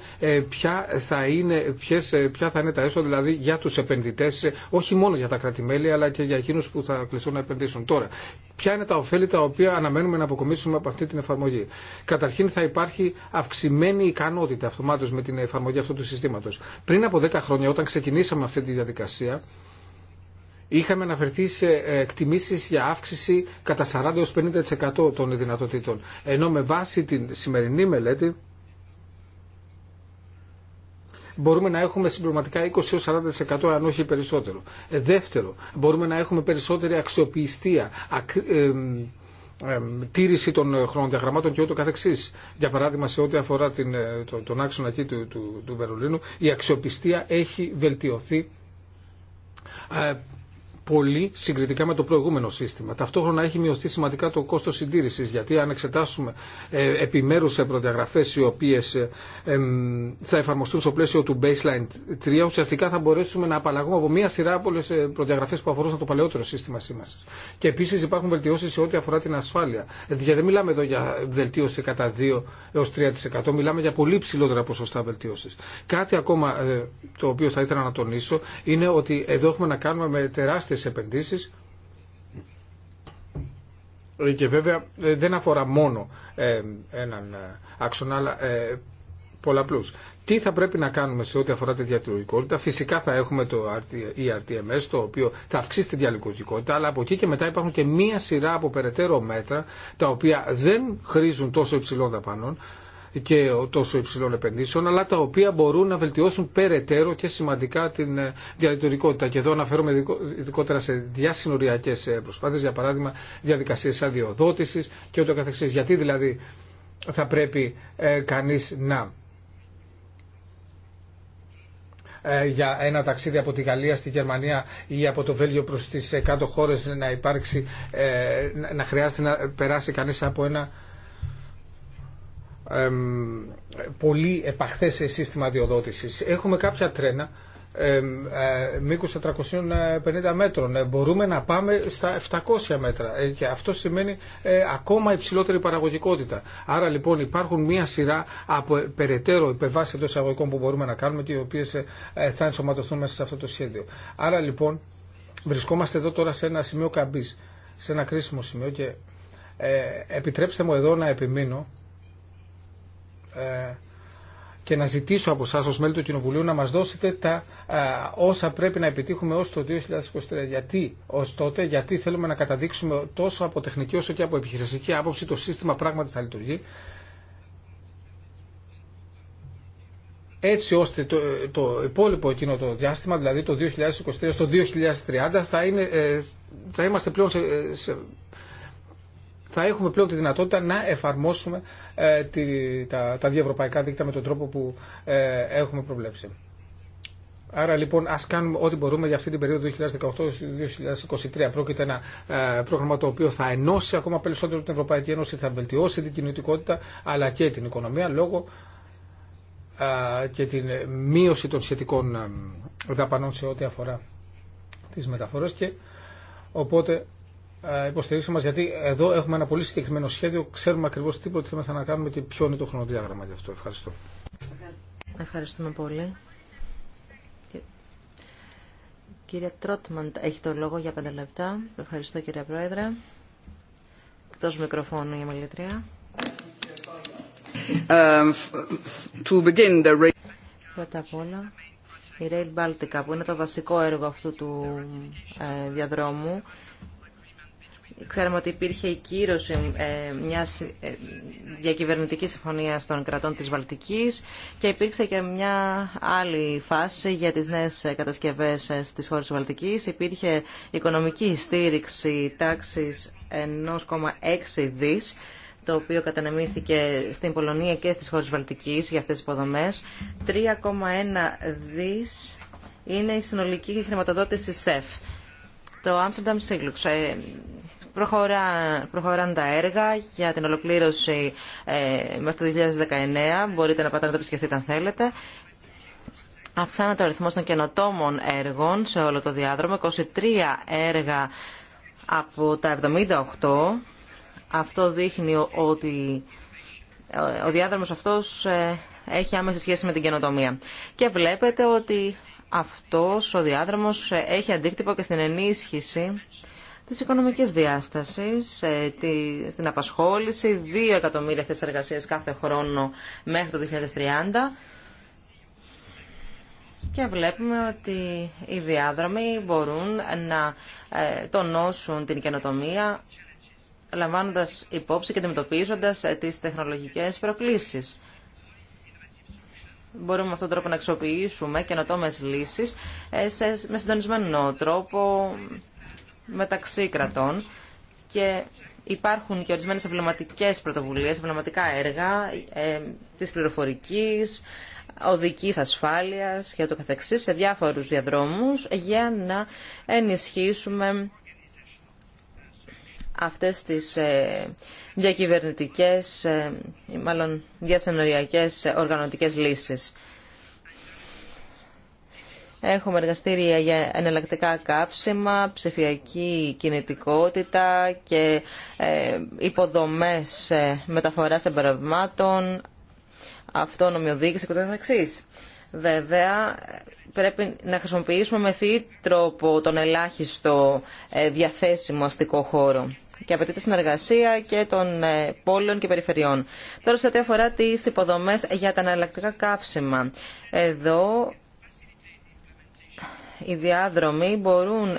ποια, θα είναι, ποιες, ποια θα είναι τα έσοδα δηλαδή, για του επενδυτέ, όχι μόνο για τα κρατημέλη αλλά και για εκείνου που θα κληθούν να επενδύσουν. Τώρα, ποια είναι τα ωφέλη τα οποία αναμένουμε να αποκομίσουμε από αυτή την εφαρμογή. Καταρχήν θα υπάρχει αυξημένη ικανότητα αυτομάτω με την εφαρμογή αυτού του συστήματο. Πριν από 10 χρόνια, όταν ξεκινήσαμε αυτή τη διαδικασία, είχαμε αναφερθεί σε ε, εκτιμήσει για αύξηση κατά 40-50% των δυνατοτήτων. Ενώ με βάση την σημερινή μελέτη μπορούμε να έχουμε συμπληρωματικά 20-40% αν όχι περισσότερο. Ε, δεύτερο, μπορούμε να έχουμε περισσότερη αξιοπιστία, τήρηση των χρονοδιαγραμμάτων και ούτω καθεξής. Για παράδειγμα, σε ό,τι αφορά την, ε, τον άξονα εκεί του, του, του Βερολίνου, η αξιοπιστία έχει βελτιωθεί ε, πολύ συγκριτικά με το προηγούμενο σύστημα. Ταυτόχρονα έχει μειωθεί σημαντικά το κόστος συντήρησης, γιατί αν εξετάσουμε ε, επιμέρους ε, προδιαγραφές οι οποίες ε, θα εφαρμοστούν στο πλαίσιο του baseline 3, ουσιαστικά θα μπορέσουμε να απαλλαγούμε από μία σειρά από όλες ε, προδιαγραφές που αφορούσαν το παλαιότερο σύστημα σήμερα. Και επίσης υπάρχουν βελτιώσεις σε ό,τι αφορά την ασφάλεια. Γιατί δεν μιλάμε εδώ για βελτίωση κατά 2 έως 3%, μιλάμε για πολύ ψηλότερα ποσοστά βελτίωσης. Κάτι ακόμα το οποίο θα ήθελα να τονίσω είναι ότι εδώ έχουμε να κάνουμε με τεράστιε τις επενδύσεις και βέβαια ε, δεν αφορά μόνο ε, έναν ε, άξονα, αλλά πολλαπλούς. Τι θα πρέπει να κάνουμε σε ό,τι αφορά τη διατηρητικότητα Φυσικά θα έχουμε το ERTMS, το οποίο θα αυξήσει τη διαλειτουργικότητα, αλλά από εκεί και μετά υπάρχουν και μία σειρά από περαιτέρω μέτρα, τα οποία δεν χρήζουν τόσο υψηλών δαπανών, και τόσο υψηλών επενδύσεων, αλλά τα οποία μπορούν να βελτιώσουν περαιτέρω και σημαντικά την ε, διαλειτουργικότητα. Και εδώ αναφέρομαι ειδικότερα σε διασυνοριακέ ε, προσπάθειε, για παράδειγμα διαδικασίε αδειοδότηση και ούτω καθεξής. Γιατί δηλαδή θα πρέπει ε, κανεί να για ένα ταξίδι από τη Γαλλία στη Γερμανία ή από το Βέλγιο προς τις κάτω χώρες να υπάρξει, να χρειάζεται να περάσει κανείς από ένα πολύ επαχθές σύστημα διοδότησης. Έχουμε κάποια τρένα μήκου μήκους 450 μέτρων. Ε, μπορούμε να πάμε στα 700 μέτρα ε, και αυτό σημαίνει ε, ακόμα υψηλότερη παραγωγικότητα. Άρα λοιπόν υπάρχουν μία σειρά από περαιτέρω υπερβάσει εντό εισαγωγικών που μπορούμε να κάνουμε και οι οποίες θα ενσωματωθούν μέσα σε αυτό το σχέδιο. Άρα λοιπόν βρισκόμαστε εδώ τώρα σε ένα σημείο καμπής, σε ένα κρίσιμο σημείο και επιτρέψτε μου εδώ να επιμείνω ε, και να ζητήσω από εσά ως μέλη του Κοινοβουλίου να μας δώσετε τα ε, όσα πρέπει να επιτύχουμε ως το 2023. Γιατί ως τότε, γιατί θέλουμε να καταδείξουμε τόσο από τεχνική όσο και από επιχειρησιακή άποψη το σύστημα πράγματι θα λειτουργεί έτσι ώστε το, το υπόλοιπο εκείνο το διάστημα, δηλαδή το 2023 στο 2030, θα, ε, θα είμαστε πλέον σε θα έχουμε πλέον τη δυνατότητα να εφαρμόσουμε ε, τη, τα, τα διευρωπαϊκά δίκτυα με τον τρόπο που ε, έχουμε προβλέψει. Άρα λοιπόν ας κάνουμε ό,τι μπορούμε για αυτή την περίοδο 2018-2023. Πρόκειται ένα ε, πρόγραμμα το οποίο θα ενώσει ακόμα περισσότερο την Ευρωπαϊκή Ένωση, θα βελτιώσει την κινητικότητα αλλά και την οικονομία λόγω και την μείωση των σχετικών δαπανών σε ό,τι αφορά τις μεταφορές και οπότε ε, υποστηρίξτε μα, γιατί εδώ έχουμε ένα πολύ συγκεκριμένο σχέδιο. Ξέρουμε ακριβώ τι προτιθέμεθα να κάνουμε και ποιο είναι το χρονοδιάγραμμα γι' αυτό. Ευχαριστώ. Ευχαριστούμε πολύ. Κύριε Τρότμαντ, έχει το λόγο για πέντε λεπτά. Ευχαριστώ κύριε Πρόεδρε. εκτό μικροφώνου η μελητρία. Um, Πρώτα απ' όλα, η Rail Baltica, που είναι το βασικό έργο αυτού του ε, διαδρόμου, Ξέραμε ότι υπήρχε η κύρωση ε, μιας ε, διακυβερνητικής συμφωνίας των κρατών της Βαλτικής και υπήρξε και μια άλλη φάση για τις νέες κατασκευές ε, στις χώρες της Βαλτικής. Υπήρχε οικονομική στήριξη τάξης 1,6 δις το οποίο κατανεμήθηκε στην Πολωνία και στις χώρες Βαλτικής για αυτές τις υποδομές. 3,1 δις είναι η συνολική χρηματοδότηση ΣΕΦ. Το Amsterdam Σίγλουξ, Προχωρά, προχωράνε τα έργα για την ολοκλήρωση ε, μέχρι το 2019. Μπορείτε να πάτε να το επισκεφτείτε αν θέλετε. Αυξάνεται ο αριθμό των καινοτόμων έργων σε όλο το διάδρομο. 23 έργα από τα 78. Αυτό δείχνει ότι ε, ο διάδρομος αυτός ε, έχει άμεση σχέση με την καινοτομία. Και βλέπετε ότι αυτός ο διάδρομος έχει αντίκτυπο και στην ενίσχυση της οικονομικής διάστασης, ε, στην απασχόληση, 2 εκατομμύρια θέσεις εργασίας κάθε χρόνο μέχρι το 2030. Και βλέπουμε ότι οι διάδρομοι μπορούν να ε, τονώσουν την καινοτομία λαμβάνοντας υπόψη και αντιμετωπίζοντας ε, τις τεχνολογικές προκλήσεις. Μπορούμε με αυτόν τον τρόπο να αξιοποιήσουμε καινοτόμε λύσεις σε, με συντονισμένο τρόπο μεταξύ κρατών και υπάρχουν και ορισμένες εμβληματικές πρωτοβουλίες, εμβληματικά έργα ε, της πληροφορικής, οδικής ασφάλειας και το καθεξής σε διάφορους διαδρόμους για να ενισχύσουμε αυτές τις ε, διακυβερνητικές, ε, μάλλον διασυνοριακές οργανωτικές λύσεις. Έχουμε εργαστήρια για εναλλακτικά καύσιμα, ψηφιακή κινητικότητα και ε, υποδομές ε, μεταφοράς εμπορευμάτων, αυτόνομη οδήγηση και το Βέβαια, πρέπει να χρησιμοποιήσουμε με φύ τρόπο τον ελάχιστο ε, διαθέσιμο αστικό χώρο και απαιτείται συνεργασία και των πόλεων και περιφερειών. Τώρα σε ό,τι αφορά τις υποδομές για τα εναλλακτικά καύσιμα. Εδώ οι διάδρομοι μπορούν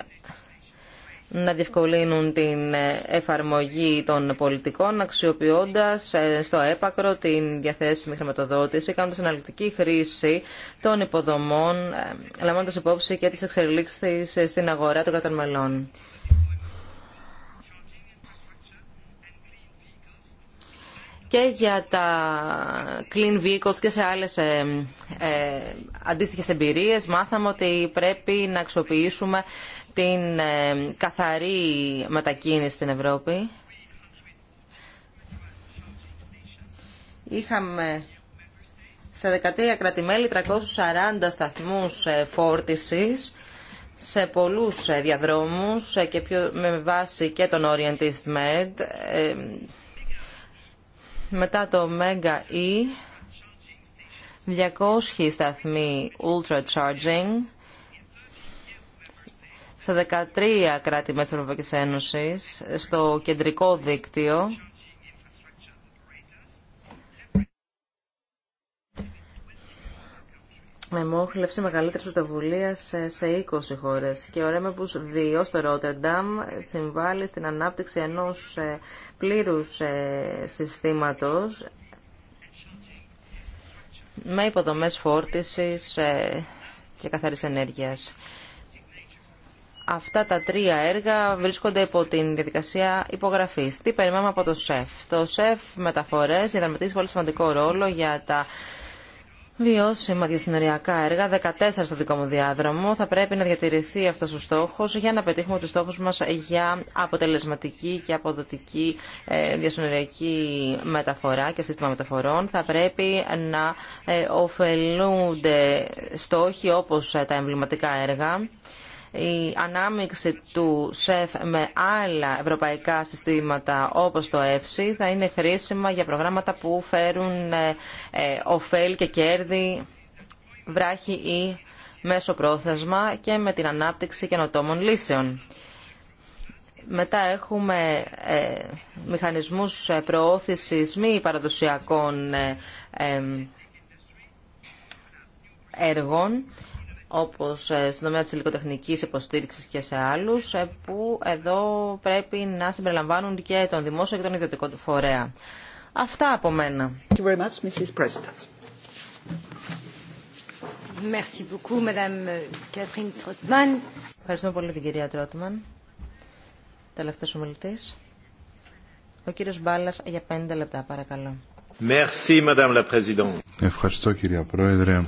να διευκολύνουν την εφαρμογή των πολιτικών αξιοποιώντας ε, στο έπακρο την διαθέσιμη χρηματοδότηση, κάνοντας αναλυτική χρήση των υποδομών, ε, λαμβάνοντας υπόψη και τις εξελίξεις ε, στην αγορά των κρατών μελών. και για τα clean vehicles και σε άλλες ε, ε, αντίστοιχες εμπειρίες μάθαμε ότι πρέπει να αξιοποιήσουμε την ε, καθαρή μετακίνηση στην Ευρώπη. Είχαμε σε 13 κρατημέλη 340 σταθμούς ε, φόρτισης σε πολλούς ε, διαδρόμους και πιο, με βάση και τον Orient Med μετά το Mega E, 200 σταθμοί Ultra Charging σε 13 κράτη μέσα της Ευρωπαϊκής Ένωσης, στο κεντρικό δίκτυο με μόχλευση μεγαλύτερη πρωτοβουλία σε 20 χώρε. Και ο Ρέμεμπου 2 στο Ρότερνταμ συμβάλλει στην ανάπτυξη ενό ε, πλήρου ε, συστήματο με υποδομέ φόρτιση ε, και καθαρή ενέργεια. Αυτά τα τρία έργα βρίσκονται υπό την διαδικασία υπογραφή. Τι περιμένουμε από το ΣΕΦ. Το ΣΕΦ μεταφορέ διαδραματίζει πολύ σημαντικό ρόλο για τα βιώσιμα διασυνοριακά έργα, 14 στο δικό μου διάδρομο. Θα πρέπει να διατηρηθεί αυτό ο στόχο για να πετύχουμε του στόχου μα για αποτελεσματική και αποδοτική ε, διασυνοριακή μεταφορά και σύστημα μεταφορών. Θα πρέπει να ε, ωφελούνται στόχοι όπω ε, τα εμβληματικά έργα η ανάμειξη του ΣΕΦ με άλλα ευρωπαϊκά συστήματα όπως το ΕΦΣΥ θα είναι χρήσιμα για προγράμματα που φέρουν ε, ε, ωφέλη και κέρδη βράχη ή μέσο πρόθεσμα και με την ανάπτυξη καινοτόμων λύσεων. Μετά έχουμε ε, μηχανισμούς προώθησης μη παραδοσιακών έργων όπως ε, στην τομέα της υλικοτεχνικής υποστήριξης και σε άλλους, ε, που εδώ πρέπει να συμπεριλαμβάνουν και τον δημόσιο και τον ιδιωτικό του φορέα. Αυτά από μένα. Ευχαριστώ πολύ την κυρία Τρότμαν. Τελευταίος ομιλητής. Ο κύριος Μπάλλας για πέντε λεπτά, παρακαλώ. Ευχαριστώ, κυρία Πρόεδρε.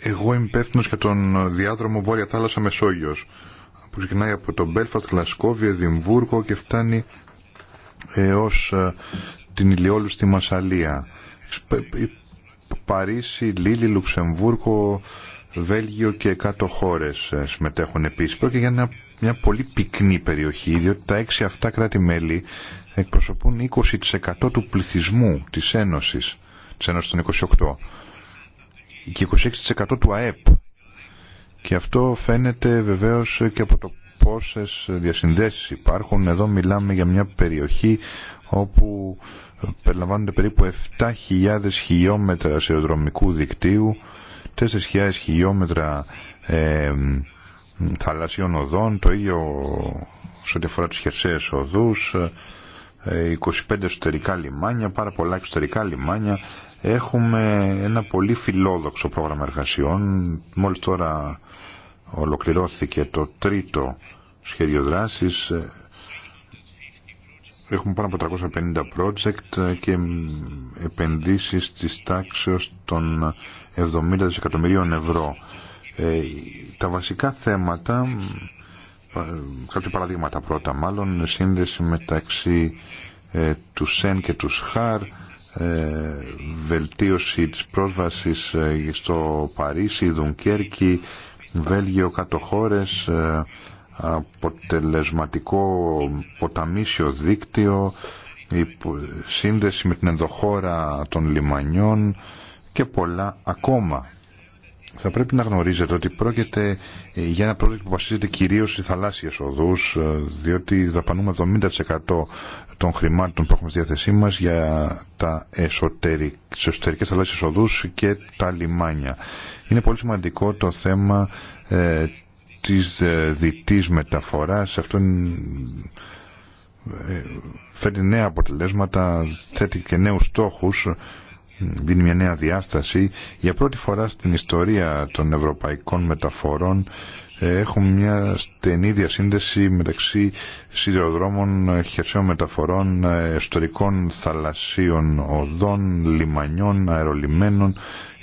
Εγώ είμαι υπεύθυνο για τον διάδρομο Βόρεια Θάλασσα Μεσόγειος που ξεκινάει από το Μπέλφαστ, Γλασκόβι, Εδιμβούργο και φτάνει έως ε, την Ηλιόλου στη Μασαλία. Ε, Παρίσι, Λίλη, Λουξεμβούργο, Βέλγιο και κάτω χώρες ε, συμμετέχουν επίση. Πρόκειται για μια, μια πολύ πυκνή περιοχή, διότι τα έξι αυτά κράτη-μέλη εκπροσωπούν 20% του πληθυσμού τη Ένωση της Ένωση των 28 και 26% του ΑΕΠ. Και αυτό φαίνεται βεβαίως και από το πόσες διασυνδέσεις υπάρχουν. Εδώ μιλάμε για μια περιοχή όπου ε, περιλαμβάνονται περίπου 7.000 χιλιόμετρα σειροδρομικού δικτύου, 4.000 χιλιόμετρα ε, θαλασσίων οδών, το ίδιο σε ό,τι αφορά τις χερσαίες οδούς, 25 ε, ε, εσωτερικά λιμάνια, πάρα πολλά εξωτερικά λιμάνια. Έχουμε ένα πολύ φιλόδοξο πρόγραμμα εργασιών. Μόλις τώρα ολοκληρώθηκε το τρίτο σχέδιο δράσης. Ε, έχουμε πάνω από 350 project και επενδύσεις της τάξεως των 70 δισεκατομμυρίων ευρώ. Ε, τα βασικά θέματα, κάποια παραδείγματα πρώτα μάλλον, σύνδεση μεταξύ ε, του ΣΕΝ και του ΣΧΑΡ, ε, βελτίωση της πρόσβασης ε, στο Παρίσι, Δουνκέρκη, Βέλγιο, κατοχώρες, ε, αποτελεσματικό ποταμίσιο δίκτυο, η σύνδεση με την ενδοχώρα των λιμανιών και πολλά ακόμα. Θα πρέπει να γνωρίζετε ότι πρόκειται για ένα πρόγραμμα που βασίζεται κυρίως σε θαλάσσιες οδούς, διότι δαπανούμε 70% των χρημάτων που έχουμε στη διάθεσή μας για τα εσωτερικ, τις εσωτερικές θαλάσσιες και τα λιμάνια. Είναι πολύ σημαντικό το θέμα ε, της ε, διτής μεταφοράς. Αυτό ε, φέρνει νέα αποτελέσματα, θέτει και νέους στόχους, δίνει μια νέα διάσταση. Για πρώτη φορά στην ιστορία των ευρωπαϊκών μεταφορών έχουμε μια στενή διασύνδεση μεταξύ σιδηροδρόμων, χερσαίων μεταφορών, ιστορικών θαλασσίων οδών, λιμανιών, αερολιμένων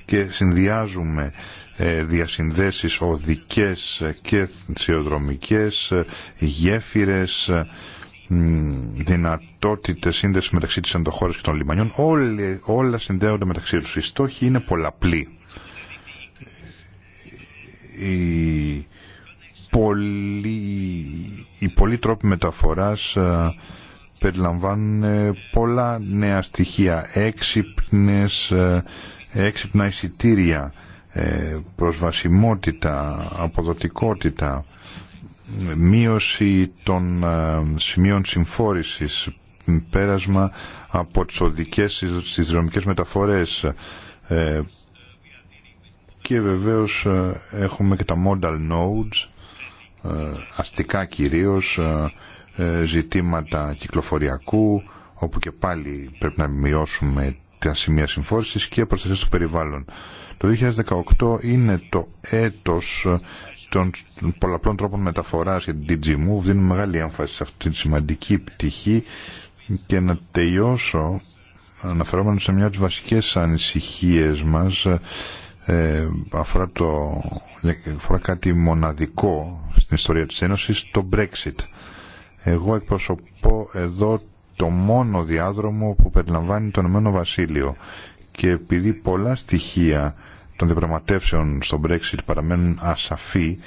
και συνδυάζουμε ε, διασυνδέσεις οδικές και σιδηροδρομικές, γέφυρες, δυνατότητε σύνδεση μεταξύ της αντοχώρας και των λιμανιών. Όλα, συνδέονται μεταξύ τους. Οι στόχοι είναι πολλαπλοί πολλοί, οι πολλοί τρόποι μεταφοράς ε, περιλαμβάνουν ε, πολλά νέα στοιχεία, έξυπνες, ε, έξυπνα εισιτήρια, προσβασιμότητα, αποδοτικότητα, μείωση των σημείων συμφόρησης, πέρασμα από τις οδικές στις δρομικές μεταφορές και βεβαίως έχουμε και τα modal nodes ε, αστικά κυρίως, ε, ε, ζητήματα κυκλοφοριακού, όπου και πάλι πρέπει να μειώσουμε τα σημεία συμφόρησης και προστασία του περιβάλλον. Το 2018 είναι το έτος των πολλαπλών τρόπων μεταφοράς για την DG Move. Δίνουμε μεγάλη έμφαση σε αυτή τη σημαντική πτυχή και να τελειώσω αναφερόμενο σε μια από τις βασικές ανησυχίες μας ε, αφορά, το, αφορά κάτι μοναδικό στην ιστορία της Ένωσης, το Brexit. Εγώ εκπροσωπώ εδώ το μόνο διάδρομο που περιλαμβάνει το Ηνωμένο Βασίλειο και επειδή πολλά στοιχεία των διαπραγματεύσεων στο Brexit παραμένουν ασαφή,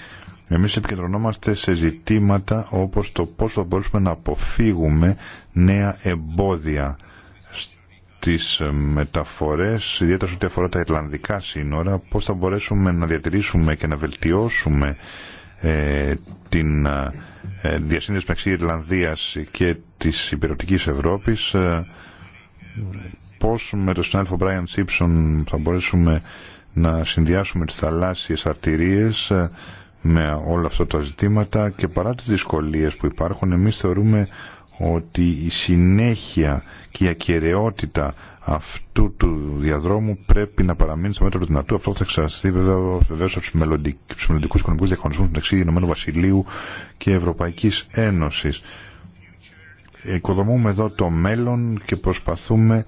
εμείς επικεντρωνόμαστε σε ζητήματα όπως το πώς θα μπορούσαμε να αποφύγουμε νέα εμπόδια στις μεταφορές, ιδιαίτερα σε ό,τι αφορά τα Ιρλανδικά σύνορα, πώς θα μπορέσουμε να διατηρήσουμε και να βελτιώσουμε ε, την ε, ε, διασύνδεση μεταξύ Ιρλανδίας και της υπηρετικής Ευρώπης ε, πώς με τον συνάδελφο Brian Simpson θα μπορέσουμε να συνδυάσουμε τις θαλάσσιες αρτηρίες με όλα αυτά τα ζητήματα και παρά τις δυσκολίες που υπάρχουν εμείς θεωρούμε ότι η συνέχεια και η ακαιρεότητα αυτού του διαδρόμου πρέπει να παραμείνει στο μέτρο του δυνατού. Αυτό θα εξαρτηθεί βεβαίω από του μελλοντικού οικονομικού διαγωνισμού μεταξύ Ηνωμένου Βασιλείου και Ευρωπαϊκή Ένωση. Οικοδομούμε εδώ το μέλλον και προσπαθούμε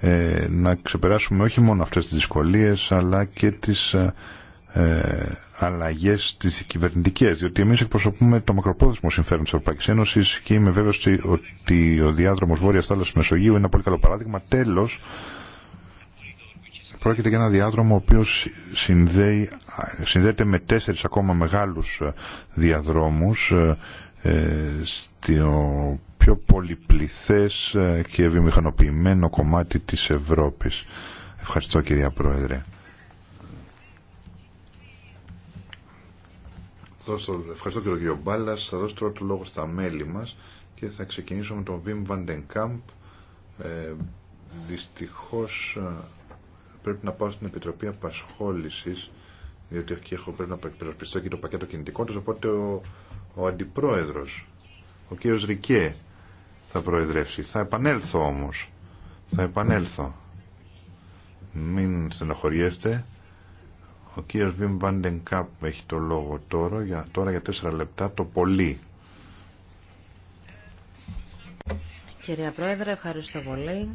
ε, να ξεπεράσουμε όχι μόνο αυτές τις δυσκολίες αλλά και τις ε, ε, αλλαγέ τι κυβερνητικέ. Διότι εμεί εκπροσωπούμε το μακροπρόθεσμο συμφέρον τη Ευρωπαϊκή Ένωση και είμαι βέβαιο ότι ο διάδρομο Βόρεια Θάλασσα Μεσογείου είναι ένα πολύ καλό παράδειγμα. Τέλο, πρόκειται για ένα διάδρομο ο οποίο συνδέεται με τέσσερι ακόμα μεγάλου ε, διαδρόμου ε, ε, στο πιο πολυπληθέ ε, και βιομηχανοποιημένο κομμάτι τη Ευρώπη. Ευχαριστώ κυρία Πρόεδρε. ευχαριστώ και τον κύριο Μπάλλα. Θα δώσω τώρα το λόγο στα μέλη μα και θα ξεκινήσω με τον Βιμ Βαντενκάμπ. Ε, Δυστυχώ ε, πρέπει να πάω στην Επιτροπή Απασχόληση, διότι εκεί έχω πρέπει να υπερασπιστώ και το πακέτο κινητικό του. Οπότε ο, ο αντιπρόεδρο, ο κύριο Ρικέ, θα προεδρεύσει. Θα επανέλθω όμω. Θα επανέλθω. Μην στενοχωριέστε. Ο κύριος Βιμ Βάντεν Κάπ έχει το λόγο τώρα για, τώρα για τέσσερα λεπτά το πολύ. Κυρία Πρόεδρε, ευχαριστώ πολύ.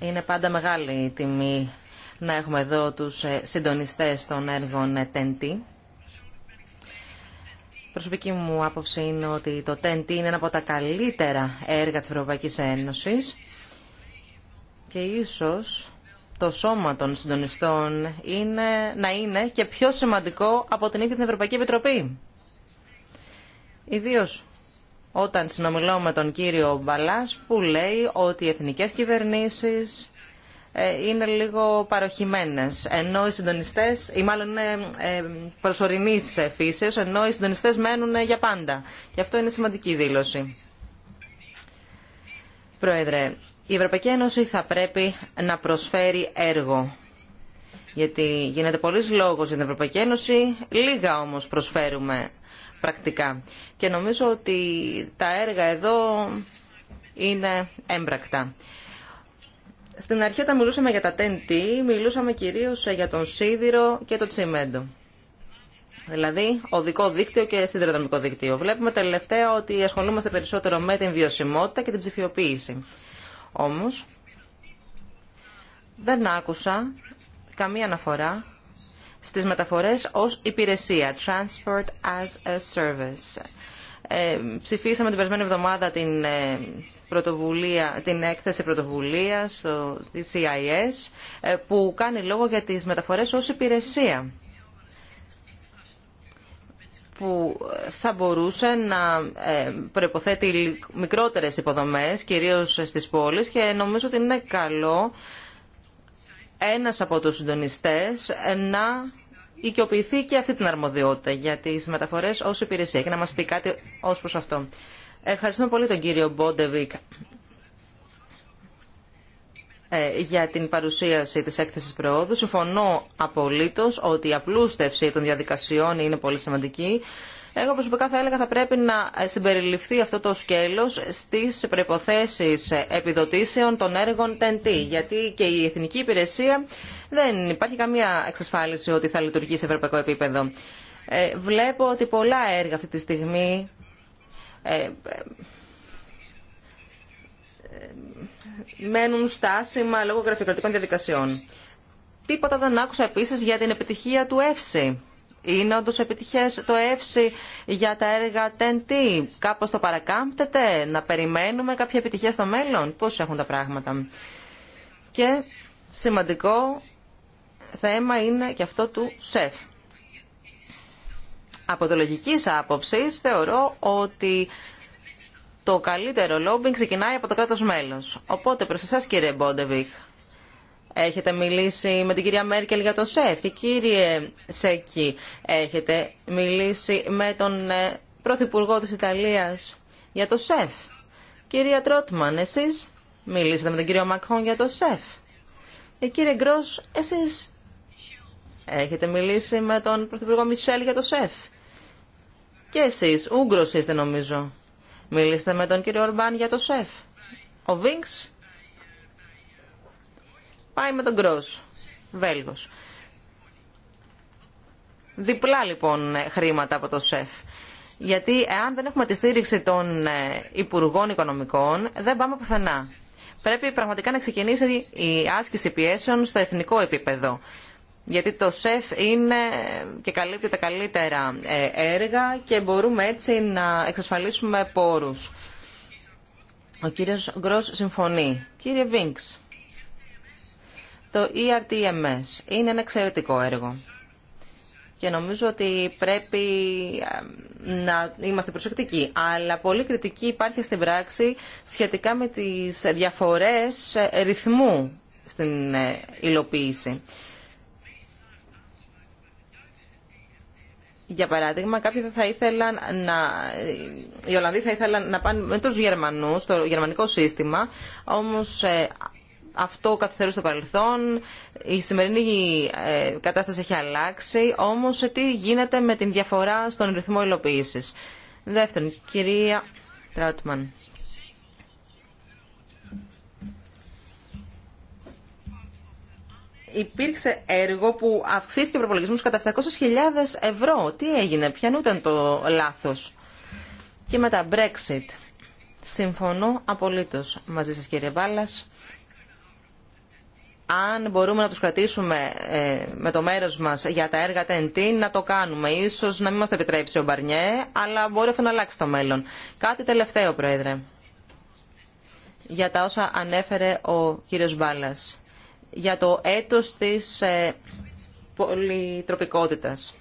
Είναι πάντα μεγάλη η τιμή να έχουμε εδώ τους ε, συντονιστές των έργων TNT. Ε, Προσωπική μου άποψη είναι ότι το TNT είναι ένα από τα καλύτερα έργα της Ευρωπαϊκής Ένωσης και ίσως το σώμα των συντονιστών είναι, να είναι και πιο σημαντικό από την ίδια την Ευρωπαϊκή Επιτροπή. Ιδίω όταν συνομιλώ με τον κύριο Μπαλάς που λέει ότι οι εθνικές κυβερνήσεις ε, είναι λίγο παροχημένες, ενώ οι συντονιστές, ή μάλλον είναι ε, προσωρινής φύσεως, ενώ οι συντονιστές μένουν ε, για πάντα. Γι' αυτό είναι σημαντική δήλωση. Πρόεδρε, η Ευρωπαϊκή Ένωση θα πρέπει να προσφέρει έργο. Γιατί γίνεται πολλής λόγος για την Ευρωπαϊκή Ένωση, λίγα όμως προσφέρουμε πρακτικά. Και νομίζω ότι τα έργα εδώ είναι έμπρακτα. Στην αρχή όταν μιλούσαμε για τα TNT, μιλούσαμε κυρίως για τον σίδηρο και το τσιμέντο. Δηλαδή, οδικό δίκτυο και σιδηροδρομικό δίκτυο. Βλέπουμε τελευταία ότι ασχολούμαστε περισσότερο με την βιωσιμότητα και την ψηφιοποίηση. Όμως, δεν άκουσα καμία αναφορά στις μεταφορές ως υπηρεσία, Transport as a Service. Ε, ψηφίσαμε την περασμένη εβδομάδα την, ε, πρωτοβουλία, την έκθεση πρωτοβουλίας, της CIS, ε, που κάνει λόγο για τις μεταφορές ως υπηρεσία που θα μπορούσε να ε, προποθέτει μικρότερες υποδομές, κυρίως στις πόλεις και νομίζω ότι είναι καλό ένας από τους συντονιστές να οικειοποιηθεί και αυτή την αρμοδιότητα για τις μεταφορές ως υπηρεσία και να μας πει κάτι ως προς αυτό. Ευχαριστούμε πολύ τον κύριο Μπόντεβικ ε, για την παρουσίαση της έκθεσης προόδου. Συμφωνώ απολύτως ότι η απλούστευση των διαδικασιών είναι πολύ σημαντική. Εγώ προσωπικά θα έλεγα θα πρέπει να συμπεριληφθεί αυτό το σκέλος στις προϋποθέσεις επιδοτήσεων των έργων TNT, γιατί και η Εθνική Υπηρεσία δεν υπάρχει καμία εξασφάλιση ότι θα λειτουργεί σε ευρωπαϊκό επίπεδο. Ε, βλέπω ότι πολλά έργα αυτή τη στιγμή ε, μένουν στάσιμα λόγω γραφειοκρατικών διαδικασιών. Τίποτα δεν άκουσα επίσης για την επιτυχία του ΕΦΣΙ. Είναι όντω επιτυχέ το ΕΦΣΙ για τα έργα τέντι; Κάπω το παρακάμπτεται, να περιμένουμε κάποια επιτυχία στο μέλλον. Πώ έχουν τα πράγματα. Και σημαντικό θέμα είναι και αυτό του ΣΕΦ. Από το άποψη θεωρώ ότι το καλύτερο λόμπινγκ ξεκινάει από το κράτο μέλο. Οπότε προς εσάς κύριε Μπόντεβιχ, έχετε μιλήσει με την κυρία Μέρκελ για το ΣΕΦ και κύριε Σέκη, έχετε μιλήσει με τον ε, Πρωθυπουργό τη Ιταλία για το ΣΕΦ. Κυρία Τρότμαν, εσεί μιλήσατε με τον κύριο Μακχόν για το ΣΕΦ. Και ε, κύριε Γκρό, εσείς έχετε μιλήσει με τον Πρωθυπουργό Μισελ για το ΣΕΦ. Και εσείς, ούγκρο είστε νομίζω. Μιλήστε με τον κύριο Ορμπάν για το ΣΕΦ. Ο Βίνξ πάει με τον Γκρός, Βέλγος. Διπλά λοιπόν χρήματα από το ΣΕΦ. Γιατί εάν δεν έχουμε τη στήριξη των ε, Υπουργών Οικονομικών, δεν πάμε πουθενά. Πρέπει πραγματικά να ξεκινήσει η άσκηση πιέσεων στο εθνικό επίπεδο γιατί το ΣΕΦ είναι και καλύπτει τα καλύτερα ε, έργα και μπορούμε έτσι να εξασφαλίσουμε πόρους. Ο κύριος Γκρός συμφωνεί. Κύριε Βίνξ, το ERTMS είναι ένα εξαιρετικό έργο. Και νομίζω ότι πρέπει ε, να είμαστε προσεκτικοί. Αλλά πολύ κριτική υπάρχει στην πράξη σχετικά με τις διαφορές ρυθμού στην ε, υλοποίηση. για παράδειγμα, κάποιοι θα ήθελαν να... Οι Ολλανδοί θα ήθελαν να πάνε με τους Γερμανούς, το γερμανικό σύστημα, όμως ε, αυτό καθυστερούσε στο παρελθόν, η σημερινή ε, κατάσταση έχει αλλάξει, όμως ε, τι γίνεται με την διαφορά στον ρυθμό υλοποίησης. Δεύτερον, κυρία Τράουτμαν. υπήρξε έργο που αυξήθηκε ο προπολογισμό κατά 700.000 ευρώ. Τι έγινε, ποιανού ήταν το λάθος. Και μετά Brexit. Συμφωνώ απολύτως μαζί σας κύριε Βάλλας. Αν μπορούμε να τους κρατήσουμε ε, με το μέρος μας για τα έργα TNT, να το κάνουμε. Ίσως να μην μας επιτρέψει ο Μπαρνιέ, αλλά μπορεί αυτό να αλλάξει το μέλλον. Κάτι τελευταίο, Πρόεδρε, για τα όσα ανέφερε ο κύριος Μπάλλα για το έτος της ε, πολυτροπικότητας.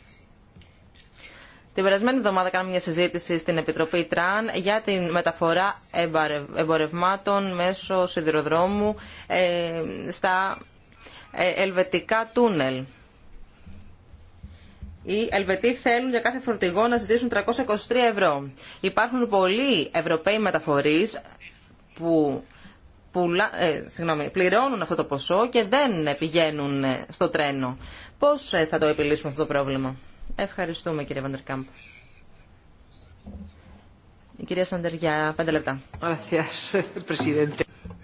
Την περασμένη εβδομάδα κάναμε μια συζήτηση στην Επιτροπή Τραν για την μεταφορά εμπορευμάτων μέσω σιδηροδρόμου ε, στα ε, ελβετικά τούνελ. Οι Ελβετοί θέλουν για κάθε φορτηγό να ζητήσουν 323 ευρώ. Υπάρχουν πολλοί Ευρωπαίοι μεταφορείς που πουλα, ε, πληρώνουν αυτό το ποσό και δεν πηγαίνουν ε, στο τρένο. Πώς ε, θα το επιλύσουμε αυτό το πρόβλημα. Ευχαριστούμε κύριε Βαντερκάμπ. Η κυρία Σάντερ για πέντε λεπτά.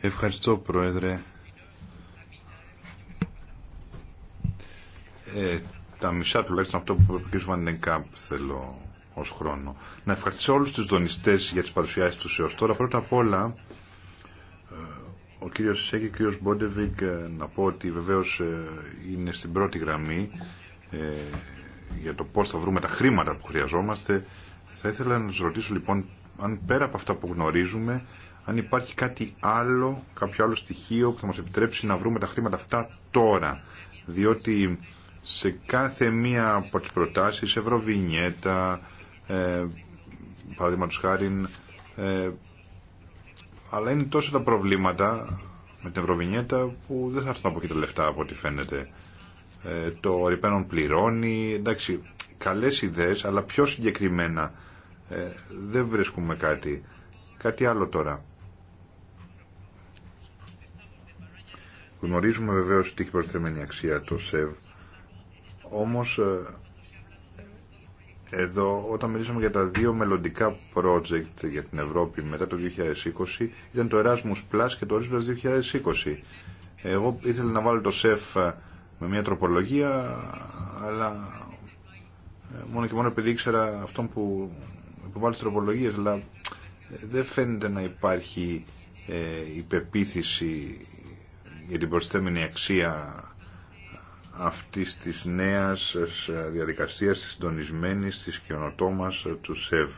Ευχαριστώ Πρόεδρε. Ε, τα μισά τουλάχιστον αυτό που είπε ο κ. Βαντερκάμπ θέλω ως χρόνο. Να ευχαριστήσω όλους τους δονηστές για τις παρουσιάσεις τους έως τώρα. Πρώτα απ' όλα κύριος Σέκη και ο κύριος Μπόντεβικ ε, να πω ότι βεβαίως ε, είναι στην πρώτη γραμμή ε, για το πώς θα βρούμε τα χρήματα που χρειαζόμαστε. Θα ήθελα να σας ρωτήσω λοιπόν αν πέρα από αυτά που γνωρίζουμε αν υπάρχει κάτι άλλο, κάποιο άλλο στοιχείο που θα μας επιτρέψει να βρούμε τα χρήματα αυτά τώρα. Διότι σε κάθε μία από τις προτάσεις, ευρωβινιέτα, ε, παραδείγματος χάρη, ε, αλλά είναι τόσο τα προβλήματα με την Ευρωβινιέτα που δεν θα έρθουν από εκεί τα λεφτά από ό,τι φαίνεται. Ε, το ρηπαίνον πληρώνει, εντάξει, καλές ιδέες, αλλά πιο συγκεκριμένα ε, δεν βρίσκουμε κάτι. Κάτι άλλο τώρα. Γνωρίζουμε βεβαίως ότι έχει προσθεμένη αξία το ΣΕΒ, όμως ε, εδώ, όταν μιλήσαμε για τα δύο μελλοντικά project για την Ευρώπη μετά το 2020, ήταν το Erasmus Plus και το Horizon 2020. Εγώ ήθελα να βάλω το ΣΕΦ ε, με μια τροπολογία, αλλά ε, μόνο και μόνο επειδή ήξερα αυτόν που υποβάλλει τι τροπολογίες, αλλά ε, δεν φαίνεται να υπάρχει ε, υπεποίθηση για την προσθέμενη αξία αυτής της νέας ε, διαδικασίας, της συντονισμένης, της μα ε, του ΣΕΒ.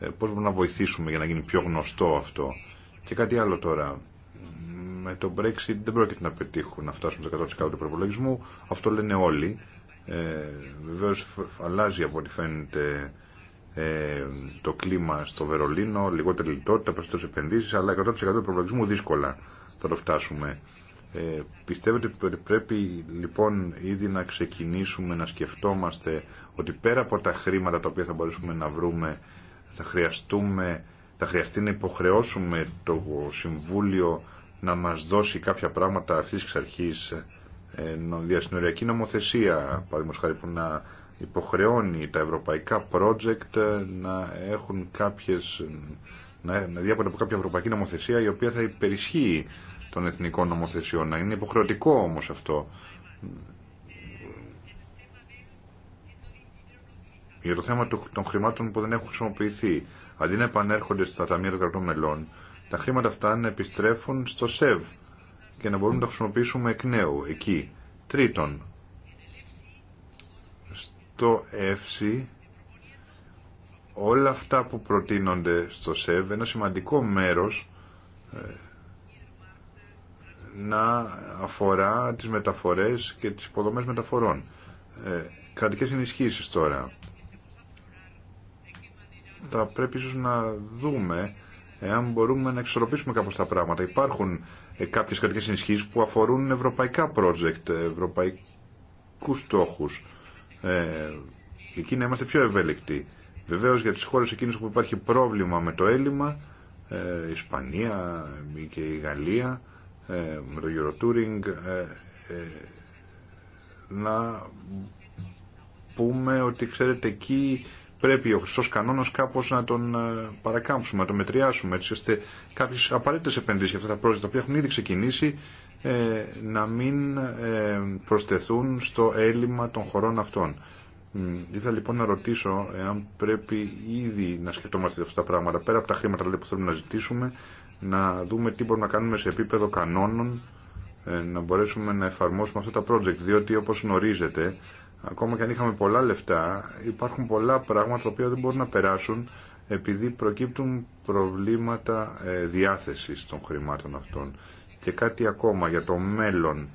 Ε, πώς μπορούμε να βοηθήσουμε για να γίνει πιο γνωστό αυτό. Και κάτι άλλο τώρα. Με το Brexit δεν πρόκειται να πετύχουν να φτάσουμε στο 100% του προπολογισμού. Αυτό λένε όλοι. Ε, Βεβαίω αλλάζει από ό,τι φαίνεται το κλίμα στο Βερολίνο, λιγότερη λιτότητα, περισσότερε επενδύσει, αλλά 100% του προπολογισμού δύσκολα θα το φτάσουμε. Ε, πιστεύετε ότι πρέπει λοιπόν ήδη να ξεκινήσουμε να σκεφτόμαστε ότι πέρα από τα χρήματα τα οποία θα μπορέσουμε να βρούμε θα, χρειαστούμε, θα χρειαστεί να υποχρεώσουμε το Συμβούλιο να μας δώσει κάποια πράγματα αυτής της αρχής ε, διασυνοριακή νομοθεσία παραδείγματος χάρη που να υποχρεώνει τα ευρωπαϊκά project ε, να έχουν κάποιες να, να από κάποια ευρωπαϊκή νομοθεσία η οποία θα υπερισχύει των εθνικών νομοθεσιών. Να είναι υποχρεωτικό όμως αυτό. Για το θέμα των χρημάτων που δεν έχουν χρησιμοποιηθεί. Αντί να επανέρχονται στα ταμεία των κρατών μελών, τα χρήματα αυτά να επιστρέφουν στο ΣΕΒ και να μπορούμε να τα χρησιμοποιήσουμε εκ νέου, εκεί. Τρίτον, στο ΕΦΣΙ όλα αυτά που προτείνονται στο ΣΕΒ, ένα σημαντικό μέρος ε, να αφορά τις μεταφορές και τις υποδομές μεταφορών. Ε, κρατικές ενισχύσεις τώρα. Θα πρέπει ίσως να δούμε εάν μπορούμε να εξορροπήσουμε κάπως τα πράγματα. Υπάρχουν ε, κάποιες κρατικές ενισχύσεις που αφορούν ευρωπαϊκά project, ε, ευρωπαϊκούς στόχους. Ε, εκεί να είμαστε πιο ευέλικτοι. Βεβαίως για τις χώρες εκείνες που υπάρχει πρόβλημα με το έλλειμμα, ε, Ισπανία και η Γαλλία, με το Eurotouring ε, ε, να πούμε ότι ξέρετε εκεί πρέπει ο χρυσό κανόνα κάπως να τον ε, παρακάμψουμε, να τον μετριάσουμε, έτσι ώστε κάποιες απαραίτητε επενδύσεις για αυτά τα project που έχουν ήδη ξεκινήσει να μην προσθεθούν στο έλλειμμα των χωρών αυτών. Ήθελα λοιπόν να ρωτήσω εάν πρέπει ήδη να σκεφτόμαστε αυτά τα πράγματα πέρα από τα χρήματα δηλαδή που θέλουμε να ζητήσουμε, να δούμε τι μπορούμε να κάνουμε σε επίπεδο κανόνων, ε, να μπορέσουμε να εφαρμόσουμε αυτά τα project, διότι όπω γνωρίζετε, ακόμα και αν είχαμε πολλά λεφτά, υπάρχουν πολλά πράγματα τα οποία δεν μπορούν να περάσουν επειδή προκύπτουν προβλήματα ε, διάθεσης των χρημάτων αυτών. Και κάτι ακόμα για το μέλλον.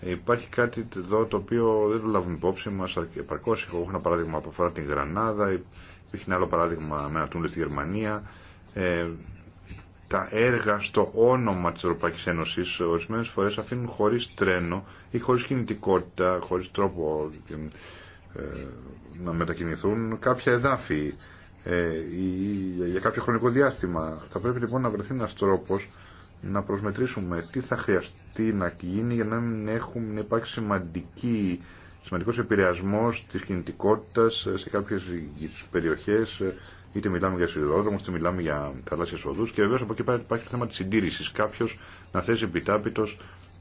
Υπάρχει κάτι εδώ το οποίο δεν το λάβουμε υπόψη μας επαρκώς. Έχω ένα παράδειγμα που αφορά την Γρανάδα, υπήρχε ένα άλλο παράδειγμα με ένα τούνελ στη Γερμανία. Ε, τα έργα στο όνομα της Ευρωπαϊκής Ένωσης ορισμένες φορές αφήνουν χωρίς τρένο ή χωρίς κινητικότητα, χωρίς τρόπο ε, να μετακινηθούν κάποια εδάφη ε, για κάποιο χρονικό διάστημα. Θα πρέπει λοιπόν να βρεθεί ένας τρόπος να προσμετρήσουμε τι θα χρειαστεί να γίνει για να μην έχουμε να υπάρξει σημαντική, σημαντικός επηρεασμός της κινητικότητας σε κάποιες περιοχές, ε, είτε μιλάμε για σιδηρόδρομου, είτε μιλάμε για θαλάσσιε οδού και βεβαίω από εκεί πέρα υπάρχει το θέμα τη συντήρηση. Κάποιο να θέσει επιτάπητο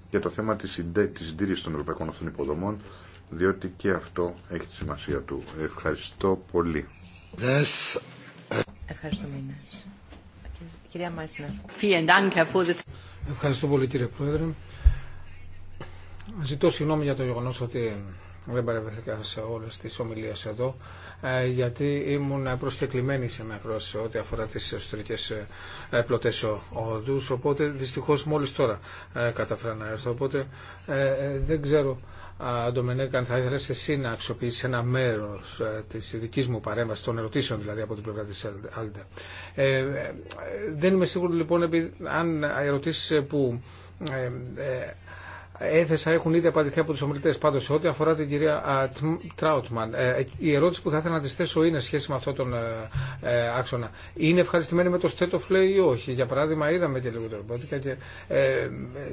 για το θέμα τη συντήρηση των ευρωπαϊκών αυτών υποδομών, διότι και αυτό έχει τη σημασία του. Ευχαριστώ πολύ. Ευχαριστώ, Κυρία Ευχαριστώ πολύ, κύριε Πρόεδρε. Ζητώ συγγνώμη για το γεγονό ότι δεν παρευρέθηκα σε όλες τις ομιλίες εδώ, ε, γιατί ήμουν προσκεκλημένη σε μια σε ό,τι αφορά τις εσωτερικές ε, ε, πλωτές οδούς, οπότε δυστυχώς μόλις τώρα καταφέρα να έρθω, οπότε δεν ξέρω... Ντομενέκ, αν θα ήθελε εσύ να αξιοποιήσει ένα μέρο τη δική μου παρέμβαση, των ερωτήσεων δηλαδή από την πλευρά τη Άλντε. δεν είμαι σίγουρο λοιπόν αν οι ερωτήσει που έθεσα έχουν ήδη απαντηθεί από του ομιλητέ. Πάντω, σε ό,τι αφορά την κυρία Τράουτμαν, ε, ε, η ερώτηση που θα ήθελα να τη θέσω είναι σχέση με αυτόν τον ε, άξονα. Είναι ευχαριστημένη με το state of play ή όχι. Για παράδειγμα, είδαμε και λίγο το ρομπότικα και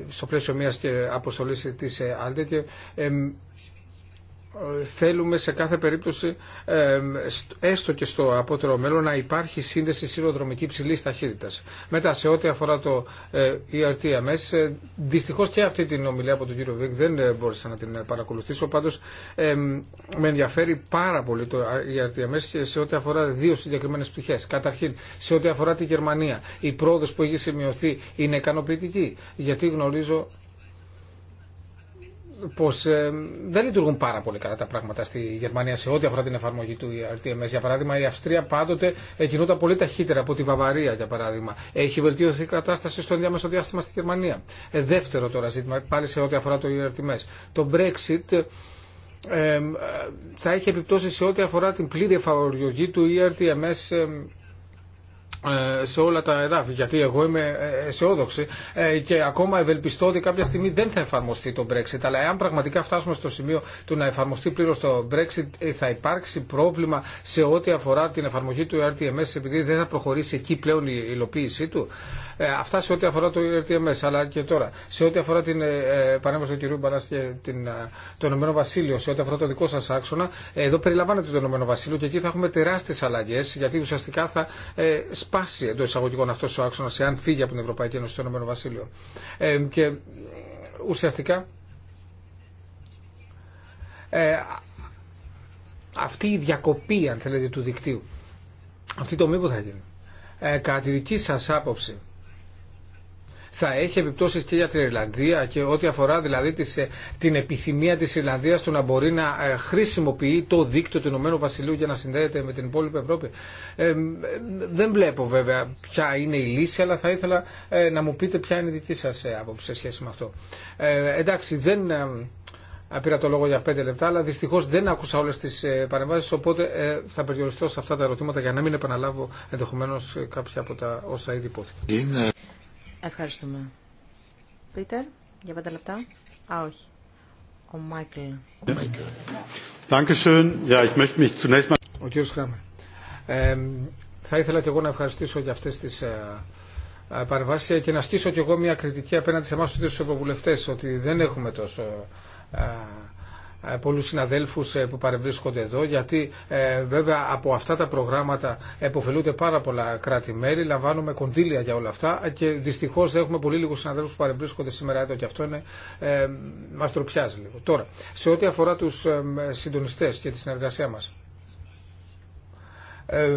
στο πλαίσιο μια αποστολή τη Άλτε και θέλουμε σε κάθε περίπτωση έστω και στο απότερο μέλλον να υπάρχει σύνδεση σύνοδρομική ψηλής ταχύτητας. Μετά σε ό,τι αφορά το ε, ERTMS, ε, δυστυχώς και αυτή την ομιλία από τον κύριο Βίγκ δεν ε, μπόρεσα να την παρακολουθήσω, πάντως με ενδιαφέρει πάρα πολύ το ERTMS σε ό,τι αφορά δύο συγκεκριμένες πτυχές. Καταρχήν, σε ό,τι αφορά τη Γερμανία, η πρόοδος που έχει σημειωθεί είναι ικανοποιητική, γιατί γνωρίζω πω ε, δεν λειτουργούν πάρα πολύ καλά τα πράγματα στη Γερμανία σε ό,τι αφορά την εφαρμογή του ERTMS. Για παράδειγμα, η Αυστρία πάντοτε κινούνταν πολύ ταχύτερα από τη Βαβαρία, για παράδειγμα. Έχει βελτιωθεί η κατάσταση στο ενδιάμεσο διάστημα στη Γερμανία. Ε, δεύτερο τώρα ζήτημα, πάλι σε ό,τι αφορά το ERTMS. Το Brexit ε, ε, θα έχει επιπτώσει σε ό,τι αφορά την πλήρη εφαρμογή του ERTMS ε, σε όλα τα εδάφη. Γιατί εγώ είμαι ε, αισιόδοξη ε, και ακόμα ευελπιστώ ότι κάποια στιγμή δεν θα εφαρμοστεί το Brexit. Αλλά εάν πραγματικά φτάσουμε στο σημείο του να εφαρμοστεί πλήρω το Brexit, θα υπάρξει πρόβλημα σε ό,τι αφορά την εφαρμογή του RTMS, επειδή δεν θα προχωρήσει εκεί πλέον η υλοποίησή του. Αυτά σε ό,τι αφορά το RTMS, αλλά και τώρα. Σε ό,τι αφορά την παρέμβαση του κ. Μπαράς και την, το Ηνωμένο Βασίλειο, σε ό,τι αφορά το δικό σα άξονα, εδώ περιλαμβάνεται το Ηνωμένο Βασίλειο και εκεί θα έχουμε τεράστιε αλλαγέ, γιατί ουσιαστικά θα σπάσει εντό εισαγωγικών αυτό ο άξονα, εάν φύγει από την Ευρωπαϊκή Ένωση το ΕΒ. Ε, και ε, ουσιαστικά ε, αυτή η διακοπή, αν θέλετε, του δικτύου, αυτή το που θα γίνει. Ε, κατά τη δική σα άποψη, θα έχει επιπτώσει και για την Ιρλανδία και ό,τι αφορά δηλαδή ε, την επιθυμία τη Ιρλανδίας του να μπορεί να ε, χρησιμοποιεί το δίκτυο του Ηνωμένου Βασιλείου για να συνδέεται με την υπόλοιπη Ευρώπη. Ε, δεν βλέπω βέβαια ποια είναι η λύση, αλλά θα ήθελα να μου πείτε ποια είναι η δική σας άποψη σε σχέση με αυτό. Ε, εντάξει, δεν πήρα το λόγο για πέντε λεπτά, αλλά δυστυχώ δεν άκουσα όλε τι παρεμβάσει, οπότε θα περιοριστώ σε αυτά τα ερωτήματα για να μην επαναλάβω ενδεχομένω κάποια από τα όσα ήδη υπόθηκαν. Ευχαριστούμε. Πίτερ, για πέντε λεπτά. Α, όχι. Ο Μάικλ. Ο κύριος Κράμερ. θα ήθελα και εγώ να ευχαριστήσω για αυτές τις ε, ε, παρεμβάσεις και να στήσω και εγώ μια κριτική απέναντι σε εμάς τους ευρωβουλευτές ότι δεν έχουμε τόσο ε, ε, πολλούς συναδέλφους ε, που παρευρίσκονται εδώ γιατί ε, βέβαια από αυτά τα προγράμματα εποφελούνται πάρα πολλά κράτη-μέρη, λαμβάνουμε κονδύλια για όλα αυτά και δυστυχώς έχουμε πολύ λίγους συναδέλφους που παρευρίσκονται σήμερα εδώ και αυτό είναι, ε, μας τροπιάζει λίγο. Τώρα, σε ό,τι αφορά τους συντονιστές και τη συνεργασία μας. Ε,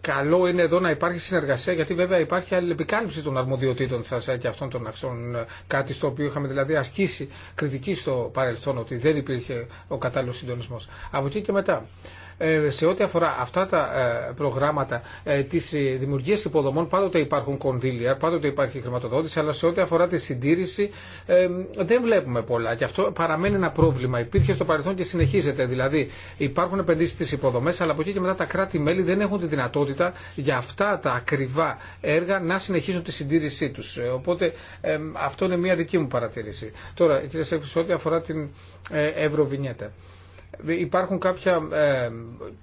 καλό είναι εδώ να υπάρχει συνεργασία γιατί βέβαια υπάρχει αλληλεπικάλυψη των αρμοδιοτήτων σας ε, και αυτών των αξών ε, κάτι στο οποίο είχαμε δηλαδή ασκήσει κριτική στο παρελθόν ότι δεν υπήρχε ο κατάλληλος συντονισμός. Από εκεί και μετά ε, σε ό,τι αφορά αυτά τα ε, προγράμματα ε, τη δημιουργία υποδομών, πάντοτε υπάρχουν κονδύλια, πάντοτε υπάρχει χρηματοδότηση, αλλά σε ό,τι αφορά τη συντήρηση δεν βλέπουμε πολλά. Και αυτό παραμένει ένα πρόβλημα. Υπήρχε στο παρελθόν και συνεχίζεται. Δηλαδή υπάρχουν επενδύσει στι υποδομέ, αλλά από εκεί και μετά τα κράτη-μέλη δεν έχουν τη δυνατότητα για αυτά τα ακριβά έργα να συνεχίσουν τη συντήρησή του. Οπότε αυτό είναι μια δική μου παρατήρηση. Τώρα, κύριε Σέφη, σε ό,τι αφορά την Ευρωβινιέτα υπάρχουν κάποια ε,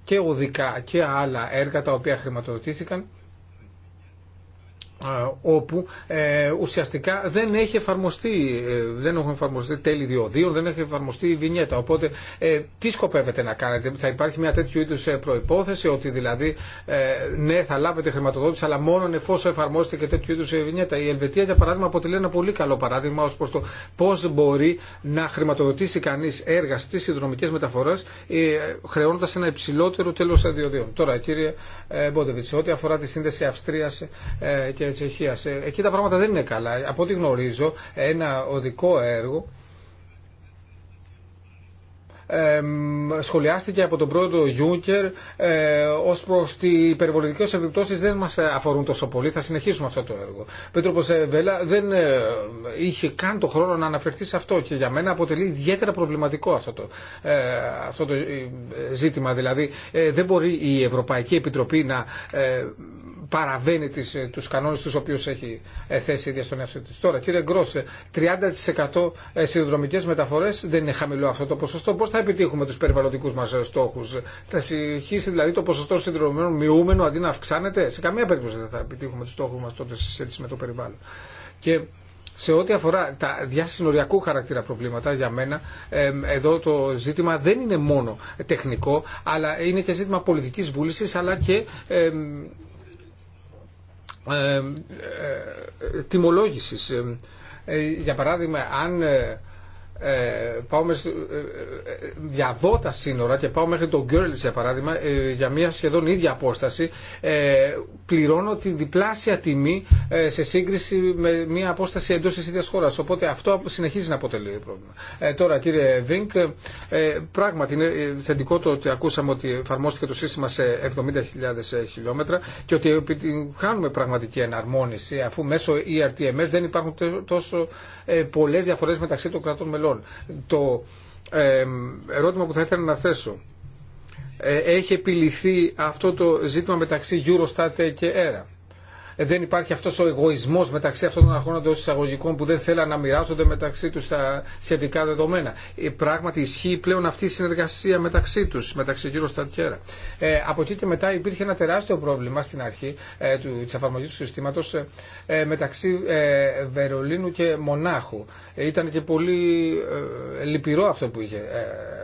και οδικά και άλλα έργα τα οποία χρηματοδοτήθηκαν όπου ε, ουσιαστικά δεν έχει εφαρμοστεί, ε, δεν έχουν εφαρμοστεί τέλη διοδίων, δεν έχει εφαρμοστεί η βινιέτα. Οπότε ε, τι σκοπεύετε να κάνετε, θα υπάρχει μια τέτοιου είδου προπόθεση ότι δηλαδή ναι θα λάβετε χρηματοδότηση αλλά μόνο εφόσον εφαρμόσετε και τέτοιου είδου βινιέτα. Η Ελβετία για παράδειγμα αποτελεί ένα πολύ καλό παράδειγμα ω προ το πώ μπορεί να χρηματοδοτήσει κανεί έργα στι συνδρομικέ μεταφορέ χρεώνοντα ένα υψηλότερο τέλο διοδίων. Τώρα κύριε ό,τι αφορά τη σύνδεση Αυστρία και Εκεί τα πράγματα δεν είναι καλά. Από ό,τι γνωρίζω, ένα οδικό έργο σχολιάστηκε από τον πρώτο Γιούγκερ ε, ω προ τι υπερβολικέ επιπτώσει δεν μα αφορούν τόσο πολύ. Θα συνεχίσουμε αυτό το έργο. Πέτρο ε, Βέλα δεν ε, είχε καν το χρόνο να αναφερθεί σε αυτό και για μένα αποτελεί ιδιαίτερα προβληματικό αυτό το, ε, αυτό το ζήτημα. Δηλαδή, δεν μπορεί η Ευρωπαϊκή Επιτροπή να παραβαίνει τις, ε, τους κανόνες τους οποίους έχει ε, θέσει η ίδια στον εαυτό Τώρα, κύριε Γκρόσε, 30% ε, συνδρομικές μεταφορές δεν είναι χαμηλό αυτό το ποσοστό. Πώς θα επιτύχουμε τους περιβαλλοντικούς μας στόχους. Θα συνεχίσει δηλαδή το ποσοστό συνδρομικών μειούμενο αντί να αυξάνεται. Σε καμία περίπτωση δεν θα επιτύχουμε τους στόχους μας τότε σε σχέση με το περιβάλλον. Και σε ό,τι αφορά τα διασυνοριακού χαρακτήρα προβλήματα, για μένα εδώ το ζήτημα δεν είναι μόνο τεχνικό, αλλά είναι και ζήτημα πολιτικής βούλησης, αλλά και ε, ε, ε, τιμολόγησης. Για παράδειγμα, αν ε, πάμε ε, ε, διαβώ τα σύνορα και πάω μέχρι τον Γκέρλιτ για παράδειγμα για μια σχεδόν ίδια απόσταση πληρώνω τη διπλάσια τιμή σε σύγκριση με μια απόσταση εντό τη ίδια χώρα. Οπότε αυτό συνεχίζει να αποτελεί πρόβλημα. τώρα κύριε Βίνκ, πράγματι είναι θετικό το ότι ακούσαμε ότι εφαρμόστηκε το σύστημα σε 70.000 χιλιόμετρα και ότι χάνουμε πραγματική εναρμόνιση αφού μέσω ERTMS δεν υπάρχουν τόσο ε, πολλές διαφορές μεταξύ των κρατών μελών. Το ε, ερώτημα που θα ήθελα να θέσω ε, έχει επιληθεί αυτό το ζήτημα μεταξύ Eurostat και ERA δεν υπάρχει αυτός ο εγωισμός μεταξύ αυτών των αρχών των εισαγωγικών που δεν θέλαν να μοιράζονται μεταξύ τους τα σχετικά δεδομένα. Ε, πράγματι ισχύει πλέον αυτή η συνεργασία μεταξύ τους, μεταξύ γύρω στα Ε, από εκεί και μετά υπήρχε ένα τεράστιο πρόβλημα στην αρχή ε, του, της εφαρμογής του συστήματος ε, ε, μεταξύ ε, Βερολίνου και Μονάχου. ήταν και πολύ λυπηρό αυτό που είχε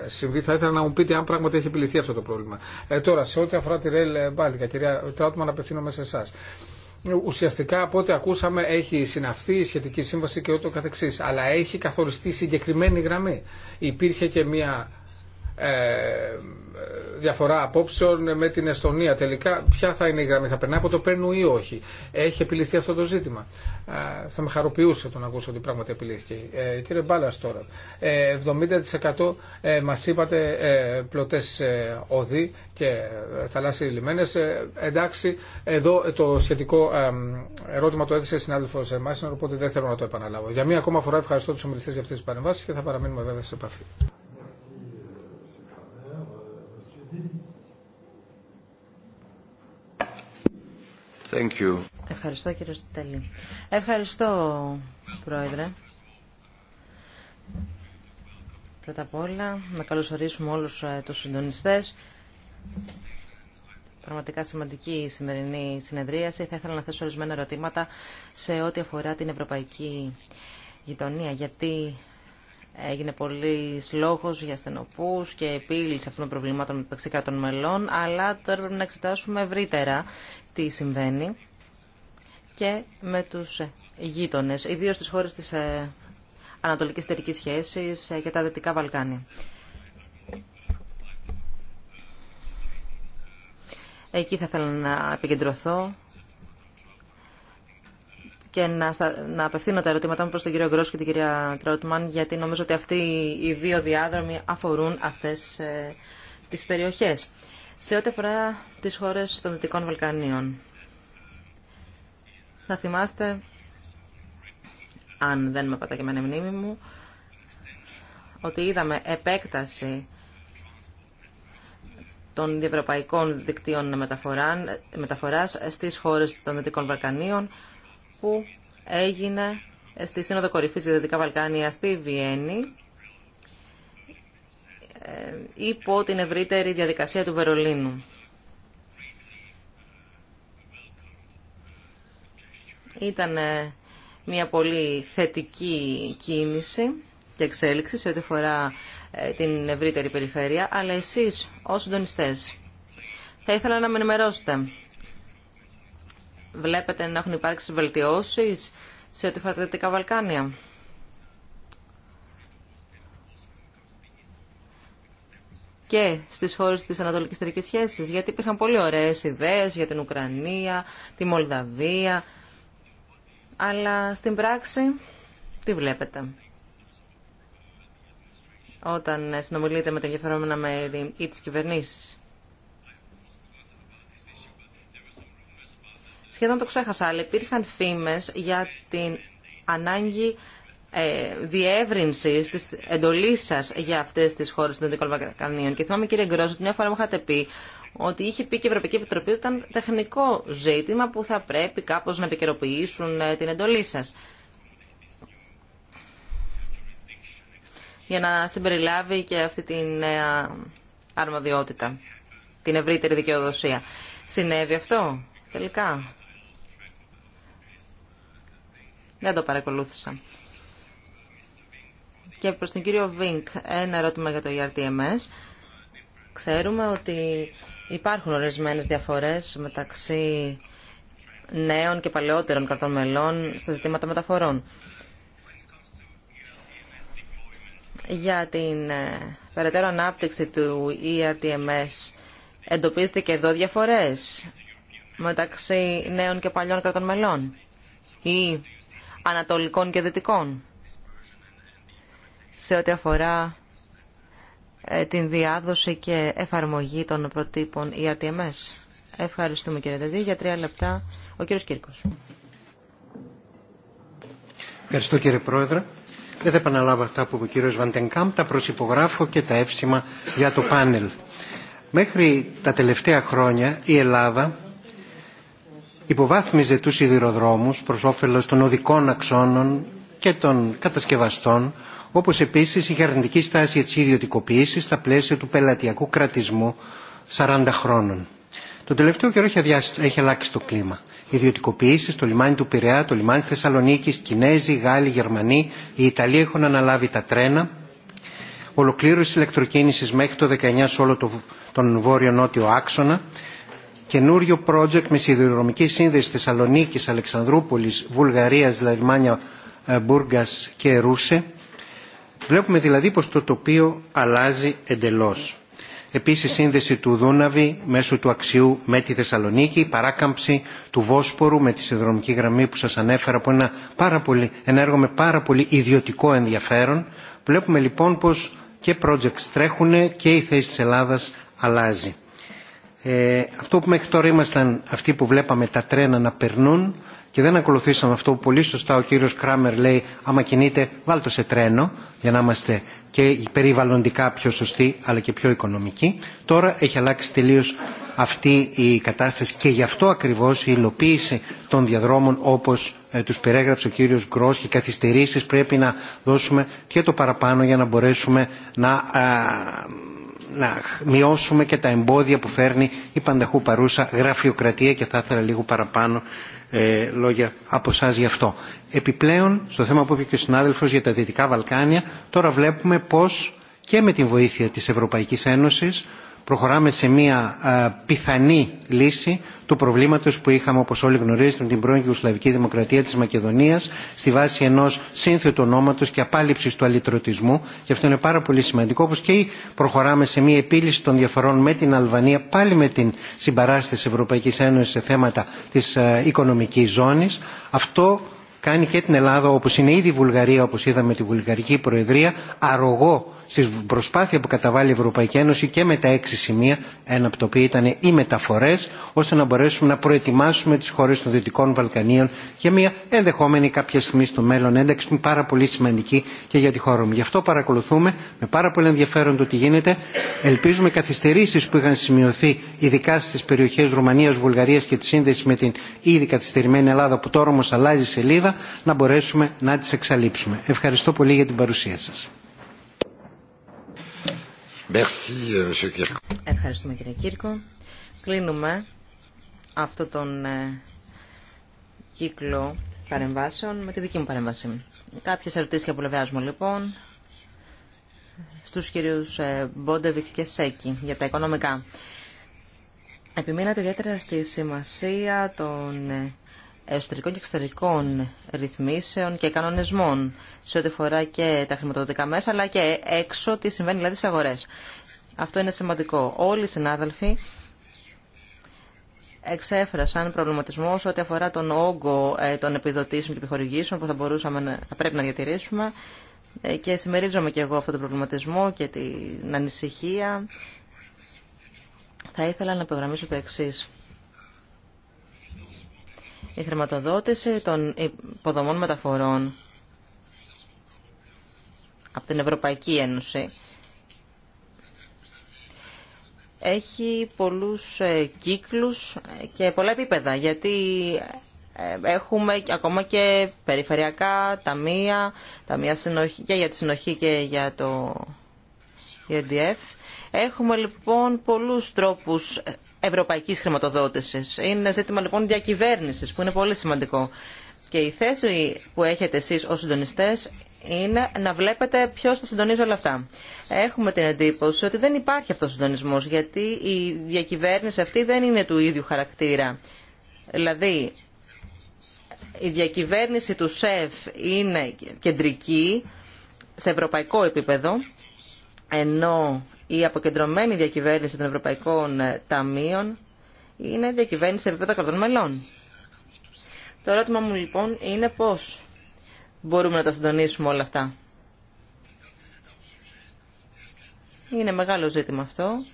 συμβεί. Θα ήθελα να μου πείτε αν πράγματι έχει επιληθεί αυτό το πρόβλημα. τώρα, σε ό,τι αφορά τη Ρέλ Μπάλτικα, κυρία Τράουτμαν, απευθύνομαι σε εσά ουσιαστικά από ό,τι ακούσαμε έχει συναυθεί η σχετική σύμβαση και ούτω καθεξής. Αλλά έχει καθοριστεί συγκεκριμένη γραμμή. Υπήρχε και μια ε, διαφορά απόψεων με την Εστονία. Τελικά, ποια θα είναι η γραμμή, θα περνάει από το Πέρνου ή όχι. Έχει επιληθεί αυτό το ζήτημα. Ε, θα με χαροποιούσε το να ακούσω ότι πράγματι επιλύθηκε. Ε, κύριε Μπάλλα τώρα, 70% ε, ε, μα είπατε πλωτέ οδοί και θαλάσσιοι λιμένε. Εντάξει, εδώ το σχετικό ερώτημα το έθεσε συνάδελφο Μάσινερ, οπότε δεν θέλω να το επαναλάβω. Για μία ακόμα φορά ευχαριστώ του ομιλητέ για αυτέ τι παρεμβάσει και θα παραμείνουμε βέβαια σε επαφή. Ευχαριστώ κύριε Στέλη. Ευχαριστώ πρόεδρε. Πρώτα απ' όλα να καλωσορίσουμε όλους ε, τους συντονιστές. Πραγματικά σημαντική η σημερινή συνεδρίαση. Θα ήθελα να θέσω ορισμένα ερωτήματα σε ό,τι αφορά την ευρωπαϊκή γειτονία. Γιατί έγινε πολύ λόγος για στενοπούς και επίλυση αυτών των προβλημάτων μεταξύ κρατών μελών, αλλά τώρα πρέπει να εξετάσουμε ευρύτερα τι συμβαίνει και με τους γείτονες, ιδίως στις χώρες της ε, Ανατολικής Τερικής Σχέσης ε, και τα Δυτικά Βαλκάνια. Εκεί θα ήθελα να επικεντρωθώ και να, να απευθύνω τα ερωτήματά μου προς τον κύριο Γκρός και την κυρία Τρότμαν, γιατί νομίζω ότι αυτοί οι δύο διάδρομοι αφορούν αυτές ε, τις περιοχές σε ό,τι αφορά τις χώρες των Δυτικών Βαλκανίων. Θα θυμάστε, αν δεν με πατάει και με μνήμη μου, ότι είδαμε επέκταση των διευρωπαϊκών δικτύων μεταφοράς στις χώρες των Δυτικών Βαλκανίων που έγινε στη Σύνοδο Κορυφής της Δυτικά Βαλκάνια στη Βιέννη ε, υπό την ευρύτερη διαδικασία του Βερολίνου. Ήταν ε, μια πολύ θετική κίνηση και εξέλιξη σε ό,τι αφορά ε, την ευρύτερη περιφέρεια, αλλά εσείς ως συντονιστέ. θα ήθελα να με ενημερώσετε. Βλέπετε να έχουν υπάρξει βελτιώσεις σε ό,τι αφορά Βαλκάνια. και στις χώρες τη ανατολική Τερικής σχέση, γιατί υπήρχαν πολύ ωραίε ιδέες για την Ουκρανία, τη Μολδαβία, αλλά στην πράξη τι βλέπετε. Όταν συνομιλείτε με τα ενδιαφερόμενα μέρη ή τι κυβερνήσεις. Σχεδόν το ξέχασα, αλλά υπήρχαν φήμες για την ανάγκη ε, διεύρυνση τη εντολή σα για αυτέ τι χώρε των Δυτικών Βαλκανίων. Και θυμάμαι, κύριε Γκρόζο, ότι μια φορά μου είχατε πει ότι είχε πει και η Ευρωπαϊκή Επιτροπή ότι ήταν τεχνικό ζήτημα που θα πρέπει κάπω να επικαιροποιήσουν ε, την εντολή σα. Για να συμπεριλάβει και αυτή την ε, αρμοδιότητα, την ευρύτερη δικαιοδοσία. Συνέβη αυτό τελικά. Δεν το παρακολούθησα. Και προς τον κύριο Βίνκ, ένα ερώτημα για το ERTMS. Ξέρουμε ότι υπάρχουν ορισμένες διαφορές μεταξύ νέων και παλαιότερων κρατών μελών στα ζητήματα μεταφορών. Για την ε, περαιτέρω ανάπτυξη του ERTMS εντοπίστηκε και εδώ διαφορές μεταξύ νέων και παλιών κρατών μελών ή ανατολικών και δυτικών σε ό,τι αφορά ε, την διάδοση και εφαρμογή των προτύπων ERTMS. Ευχαριστούμε κύριε Δεδί. Για τρία λεπτά ο κύριος Κύρκος. Ευχαριστώ κύριε Πρόεδρε. Δεν θα επαναλάβω αυτά που είπε ο κύριος Βαντενκάμπ, τα προσυπογράφω και τα εύσημα για το πάνελ. Μέχρι τα τελευταία χρόνια η Ελλάδα υποβάθμιζε τους σιδηροδρόμους προς όφελος των οδικών αξώνων και των κατασκευαστών όπως επίσης είχε αρνητική στάση για τις ιδιωτικοποιήσεις στα πλαίσια του πελατειακού κρατισμού 40 χρόνων. Τον τελευταίο καιρό έχει, αλλάξει το κλίμα. Ιδιωτικοποιήσεις στο λιμάνι του Πειραιά, το λιμάνι Θεσσαλονίκη, Κινέζοι, Γάλλοι, Γερμανοί, οι Ιταλοί έχουν αναλάβει τα τρένα. Ολοκλήρωση ηλεκτροκίνηση μέχρι το 19 σε όλο τον βόρειο-νότιο άξονα. Καινούριο project με σιδηροδρομική σύνδεση Θεσσαλονίκη, Αλεξανδρούπολη, Βουλγαρία, Λαϊμάνια, ε, Μπούργκας και Ρούσε Βλέπουμε δηλαδή πως το τοπίο αλλάζει εντελώς. Επίσης σύνδεση του Δούναβη μέσω του Αξιού με τη Θεσσαλονίκη, παράκαμψη του Βόσπορου με τη συνδρομική γραμμή που σας ανέφερα από ένα, πάρα πολύ, έργο με πάρα πολύ ιδιωτικό ενδιαφέρον. Βλέπουμε λοιπόν πως και projects τρέχουν και η θέση της Ελλάδας αλλάζει. Ε, αυτό που μέχρι τώρα ήμασταν αυτοί που βλέπαμε τα τρένα να περνούν, και δεν ακολουθήσαμε αυτό που πολύ σωστά ο κύριος Κράμερ λέει άμα κινείται βάλτε σε τρένο για να είμαστε και περιβαλλοντικά πιο σωστοί αλλά και πιο οικονομικοί. Τώρα έχει αλλάξει τελείως αυτή η κατάσταση και γι' αυτό ακριβώς η υλοποίηση των διαδρόμων όπως ε, τους περιέγραψε ο κύριος Γκρός και οι καθυστερήσεις πρέπει να δώσουμε και το παραπάνω για να μπορέσουμε να να μειώσουμε και τα εμπόδια που φέρνει η πανταχού παρούσα γραφειοκρατία και θα ήθελα λίγο παραπάνω ε, λόγια από εσά γι' αυτό. Επιπλέον, στο θέμα που είπε και ο συνάδελφο για τα Δυτικά Βαλκάνια, τώρα βλέπουμε πώ και με την βοήθεια τη Ευρωπαϊκή Ένωση προχωράμε σε μια ε, πιθανή λύση του προβλήματος που είχαμε όπως όλοι γνωρίζετε με την πρώην Ιουσλαβική Δημοκρατία της Μακεδονίας στη βάση ενός σύνθετου ονόματος και απάλληψης του αλυτρωτισμού και αυτό είναι πάρα πολύ σημαντικό όπως και προχωράμε σε μια επίλυση των διαφορών με την Αλβανία πάλι με την συμπαράσταση Ευρωπαϊκής Ένωσης σε θέματα της ε, οικονομικής ζώνης. Αυτό κάνει και την Ελλάδα όπως είναι ήδη η Βουλγαρία όπως είδαμε τη Βουλγαρική Προεδρία αρρωγό στην προσπάθεια που καταβάλει η Ευρωπαϊκή Ένωση και με τα έξι σημεία, ένα από τα οποία ήταν οι μεταφορέ, ώστε να μπορέσουμε να προετοιμάσουμε τι χώρε των Δυτικών Βαλκανίων για μια ενδεχόμενη κάποια στιγμή στο μέλλον ένταξη που είναι πάρα πολύ σημαντική και για τη χώρα μου. Γι' αυτό παρακολουθούμε με πάρα πολύ ενδιαφέρον το τι γίνεται. Ελπίζουμε καθυστερήσει που είχαν σημειωθεί, ειδικά στι περιοχέ Ρουμανία, Βουλγαρία και τη σύνδεση με την ήδη καθυστερημένη Ελλάδα που τώρα όμω αλλάζει σελίδα, να μπορέσουμε να τι εξαλείψουμε. Ευχαριστώ πολύ για την παρουσία σας. Euh, Ευχαριστούμε κύριε Κύρκο. Κλείνουμε αυτό τον ε, κύκλο παρεμβάσεων με τη δική μου παρέμβαση. Κάποιες ερωτήσεις και απολευράζουμε, λοιπόν στους κυρίους ε, Μπόντεβικ και Σέκη για τα οικονομικά. Επιμείνατε ιδιαίτερα στη σημασία των ε, εσωτερικών και εξωτερικών ρυθμίσεων και κανονισμών σε ό,τι αφορά και τα χρηματοδοτικά μέσα, αλλά και έξω τι συμβαίνει δηλαδή στις αγορές. Αυτό είναι σημαντικό. Όλοι οι συνάδελφοι εξέφρασαν προβληματισμό σε ό,τι αφορά τον όγκο ε, των επιδοτήσεων και επιχορηγήσεων που θα, μπορούσαμε να, πρέπει να διατηρήσουμε ε, και συμμερίζομαι και εγώ αυτόν τον προβληματισμό και την ανησυχία. Θα ήθελα να υπογραμμίσω το εξής η χρηματοδότηση των υποδομών μεταφορών από την Ευρωπαϊκή Ένωση έχει πολλούς ε, κύκλους και πολλά επίπεδα γιατί ε, έχουμε ακόμα και περιφερειακά ταμεία, ταμεία συνοχή, και για τη συνοχή και για το EDF. Έχουμε λοιπόν πολλούς τρόπους ε, ευρωπαϊκής χρηματοδότησης. Είναι ένα ζήτημα λοιπόν διακυβέρνησης που είναι πολύ σημαντικό. Και η θέση που έχετε εσείς ως συντονιστές είναι να βλέπετε ποιος θα συντονίζει όλα αυτά. Έχουμε την εντύπωση ότι δεν υπάρχει αυτός ο συντονισμός, γιατί η διακυβέρνηση αυτή δεν είναι του ίδιου χαρακτήρα. Δηλαδή, η διακυβέρνηση του ΣΕΦ είναι κεντρική σε ευρωπαϊκό επίπεδο, ενώ η αποκεντρωμένη διακυβέρνηση των Ευρωπαϊκών ε, Ταμείων είναι διακυβέρνηση σε επίπεδο κρατών μελών. Το ερώτημα μου λοιπόν είναι πώς μπορούμε να τα συντονίσουμε όλα αυτά. Είναι μεγάλο ζήτημα αυτό.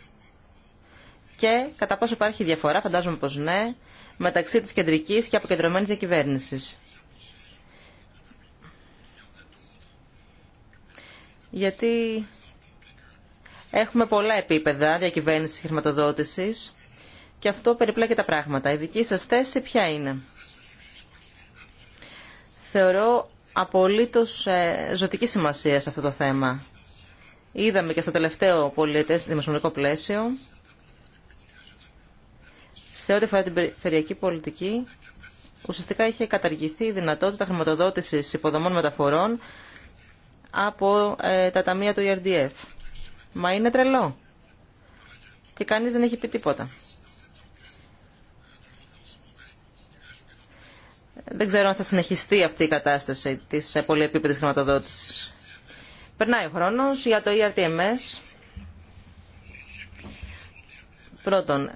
Και κατά πόσο υπάρχει διαφορά, φαντάζομαι πως ναι, μεταξύ της κεντρικής και αποκεντρωμένης διακυβέρνησης. Γιατί Έχουμε πολλά επίπεδα διακυβέρνηση χρηματοδότηση και αυτό περιπλέκει τα πράγματα. Η δική σα θέση ποια είναι. Θεωρώ απολύτως ε, ζωτική σημασία σε αυτό το θέμα. Είδαμε και στο τελευταίο στο δημοσιονομικό πλαίσιο σε ό,τι αφορά την περιφερειακή πολιτική, ουσιαστικά είχε καταργηθεί η δυνατότητα χρηματοδότησης υποδομών μεταφορών από ε, τα ταμεία του ERDF. Μα είναι τρελό. Και κανείς δεν έχει πει τίποτα. Δεν ξέρω αν θα συνεχιστεί αυτή η κατάσταση της πολυεπίπεδης χρηματοδότησης. Περνάει ο χρόνος για το ERTMS. Πρώτον,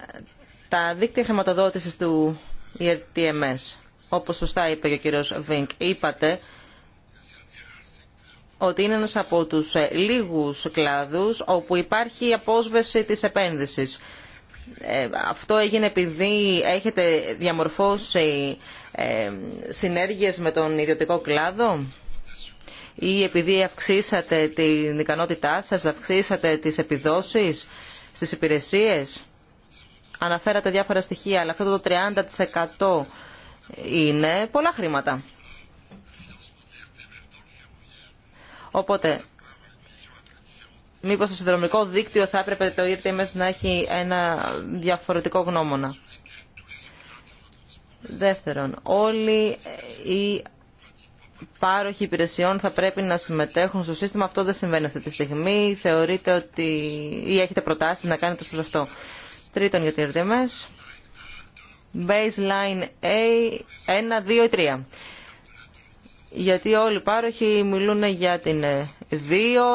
τα δίκτυα χρηματοδότησης του ERTMS, όπως σωστά είπε και ο κύριος Βίνκ, είπατε ότι είναι ένας από τους ε, λίγους κλάδους όπου υπάρχει η απόσβεση της επένδυσης. Ε, αυτό έγινε επειδή έχετε διαμορφώσει ε, συνέργειες με τον ιδιωτικό κλάδο ή επειδή αυξήσατε την ικανότητά σας, αυξήσατε τις επιδόσεις στις υπηρεσίες. Αναφέρατε διάφορα στοιχεία, αλλά αυτό το 30% είναι πολλά χρήματα. Οπότε, μήπως στο συνδρομικό δίκτυο θα έπρεπε το ERTMS να έχει ένα διαφορετικό γνώμονα. Δεύτερον, όλοι οι πάροχοι υπηρεσιών θα πρέπει να συμμετέχουν στο σύστημα. Αυτό δεν συμβαίνει αυτή τη στιγμή. Θεωρείτε ότι ή έχετε προτάσεις να κάνετε προς αυτό. Τρίτον για το ERTMS, Baseline A, 1, 2 3 γιατί όλοι οι πάροχοι μιλούν για την 2, ε,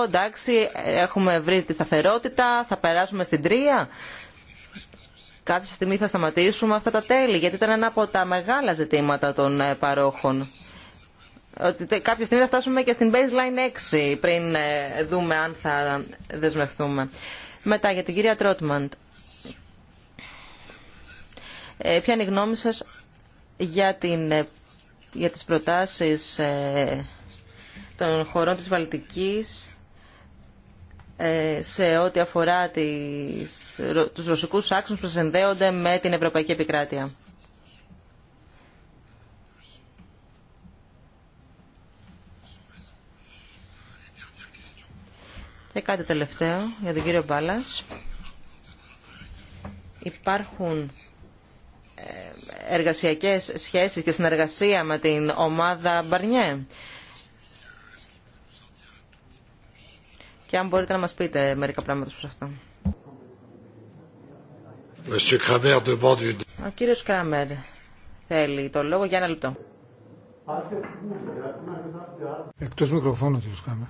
εντάξει, έχουμε βρει τη σταθερότητα, θα περάσουμε στην 3. Κάποια στιγμή θα σταματήσουμε αυτά τα τέλη, γιατί ήταν ένα από τα μεγάλα ζητήματα των ε, παρόχων. Ότι κάποια στιγμή θα φτάσουμε και στην baseline 6 πριν ε, δούμε αν θα δεσμευτούμε. Μετά για την κυρία Τρότμαντ. ποια είναι η γνώμη σας για την για τις προτάσεις ε, των χωρών της Βαλτικής ε, σε ό,τι αφορά τις, τους ρωσικούς άξονες που συνδέονται με την Ευρωπαϊκή Επικράτεια. Και κάτι τελευταίο για τον κύριο Μπάλας. Υπάρχουν εργασιακές σχέσεις και συνεργασία με την ομάδα Μπαρνιέ. Και αν μπορείτε να μας πείτε μερικά πράγματα προς αυτό. Ο κύριος Κράμερ θέλει το λόγο για ένα λεπτό. Εκτός μικροφώνου, κύριος Κράμερ.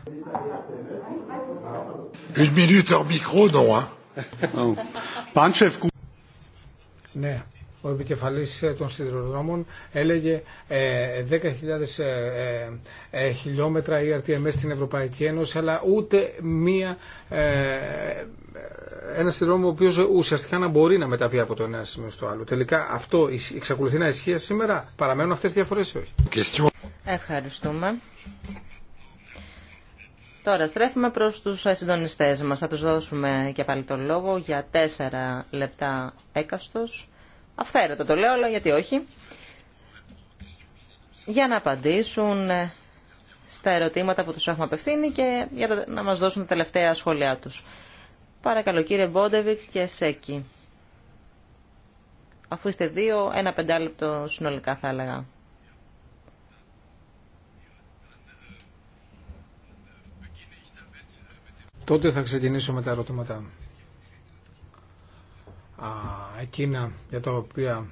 Une minute en micro, non, oh. ναι, ο επικεφαλής ε, των σιδηροδρόμων έλεγε 10.000 ε, ε, χιλιόμετρα ERTMS στην Ευρωπαϊκή Ένωση αλλά ούτε μία ένα σιδηρόδρομο ο οποίο ουσιαστικά να μπορεί να μεταβεί από το ένα σημείο στο άλλο. Τελικά αυτό εξακολουθεί να ισχύει σήμερα. Παραμένουν αυτέ οι διαφορέ ή όχι. Ευχαριστούμε. Τώρα στρέφουμε προ του συντονιστέ μα. Θα του δώσουμε και πάλι το λόγο για τέσσερα λεπτά έκαστο αυθαίρετα το λέω, αλλά γιατί όχι, για να απαντήσουν ε, στα ερωτήματα που τους έχουμε απευθύνει και για να μας δώσουν τα τελευταία σχόλιά τους. Παρακαλώ κύριε Μπόντεβικ και Σέκη. Αφού είστε δύο, ένα πεντάλεπτο συνολικά θα έλεγα. Τότε θα ξεκινήσω με τα ερωτήματά εκείνα για τα οποία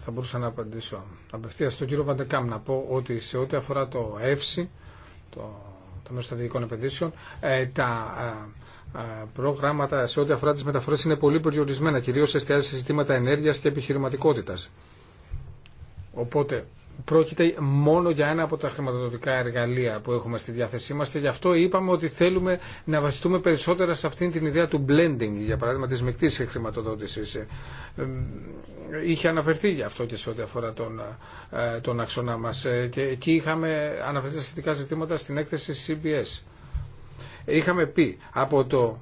θα μπορούσα να απαντήσω απευθείας στον κύριο Βαντεκάμ να πω ότι σε ό,τι αφορά το ΕΦΣΙ, το Μέσο Στρατηγικών Επενδύσεων, ε, τα προγράμματα σε ό,τι αφορά τις μεταφορές είναι πολύ περιορισμένα, κυρίως εστιάζει σε ζητήματα ενέργειας και επιχειρηματικότητας. Οπότε πρόκειται μόνο για ένα από τα χρηματοδοτικά εργαλεία που έχουμε στη διάθεσή μας και γι' αυτό είπαμε ότι θέλουμε να βασιστούμε περισσότερα σε αυτήν την ιδέα του blending, για παράδειγμα της μεκτής χρηματοδότησης. Ε, ε, είχε αναφερθεί γι' αυτό και σε ό,τι αφορά τον, ε, τον αξονά μας και εκεί είχαμε αναφερθεί σχετικά ζητήματα στην έκθεση CBS. Είχαμε πει από, το,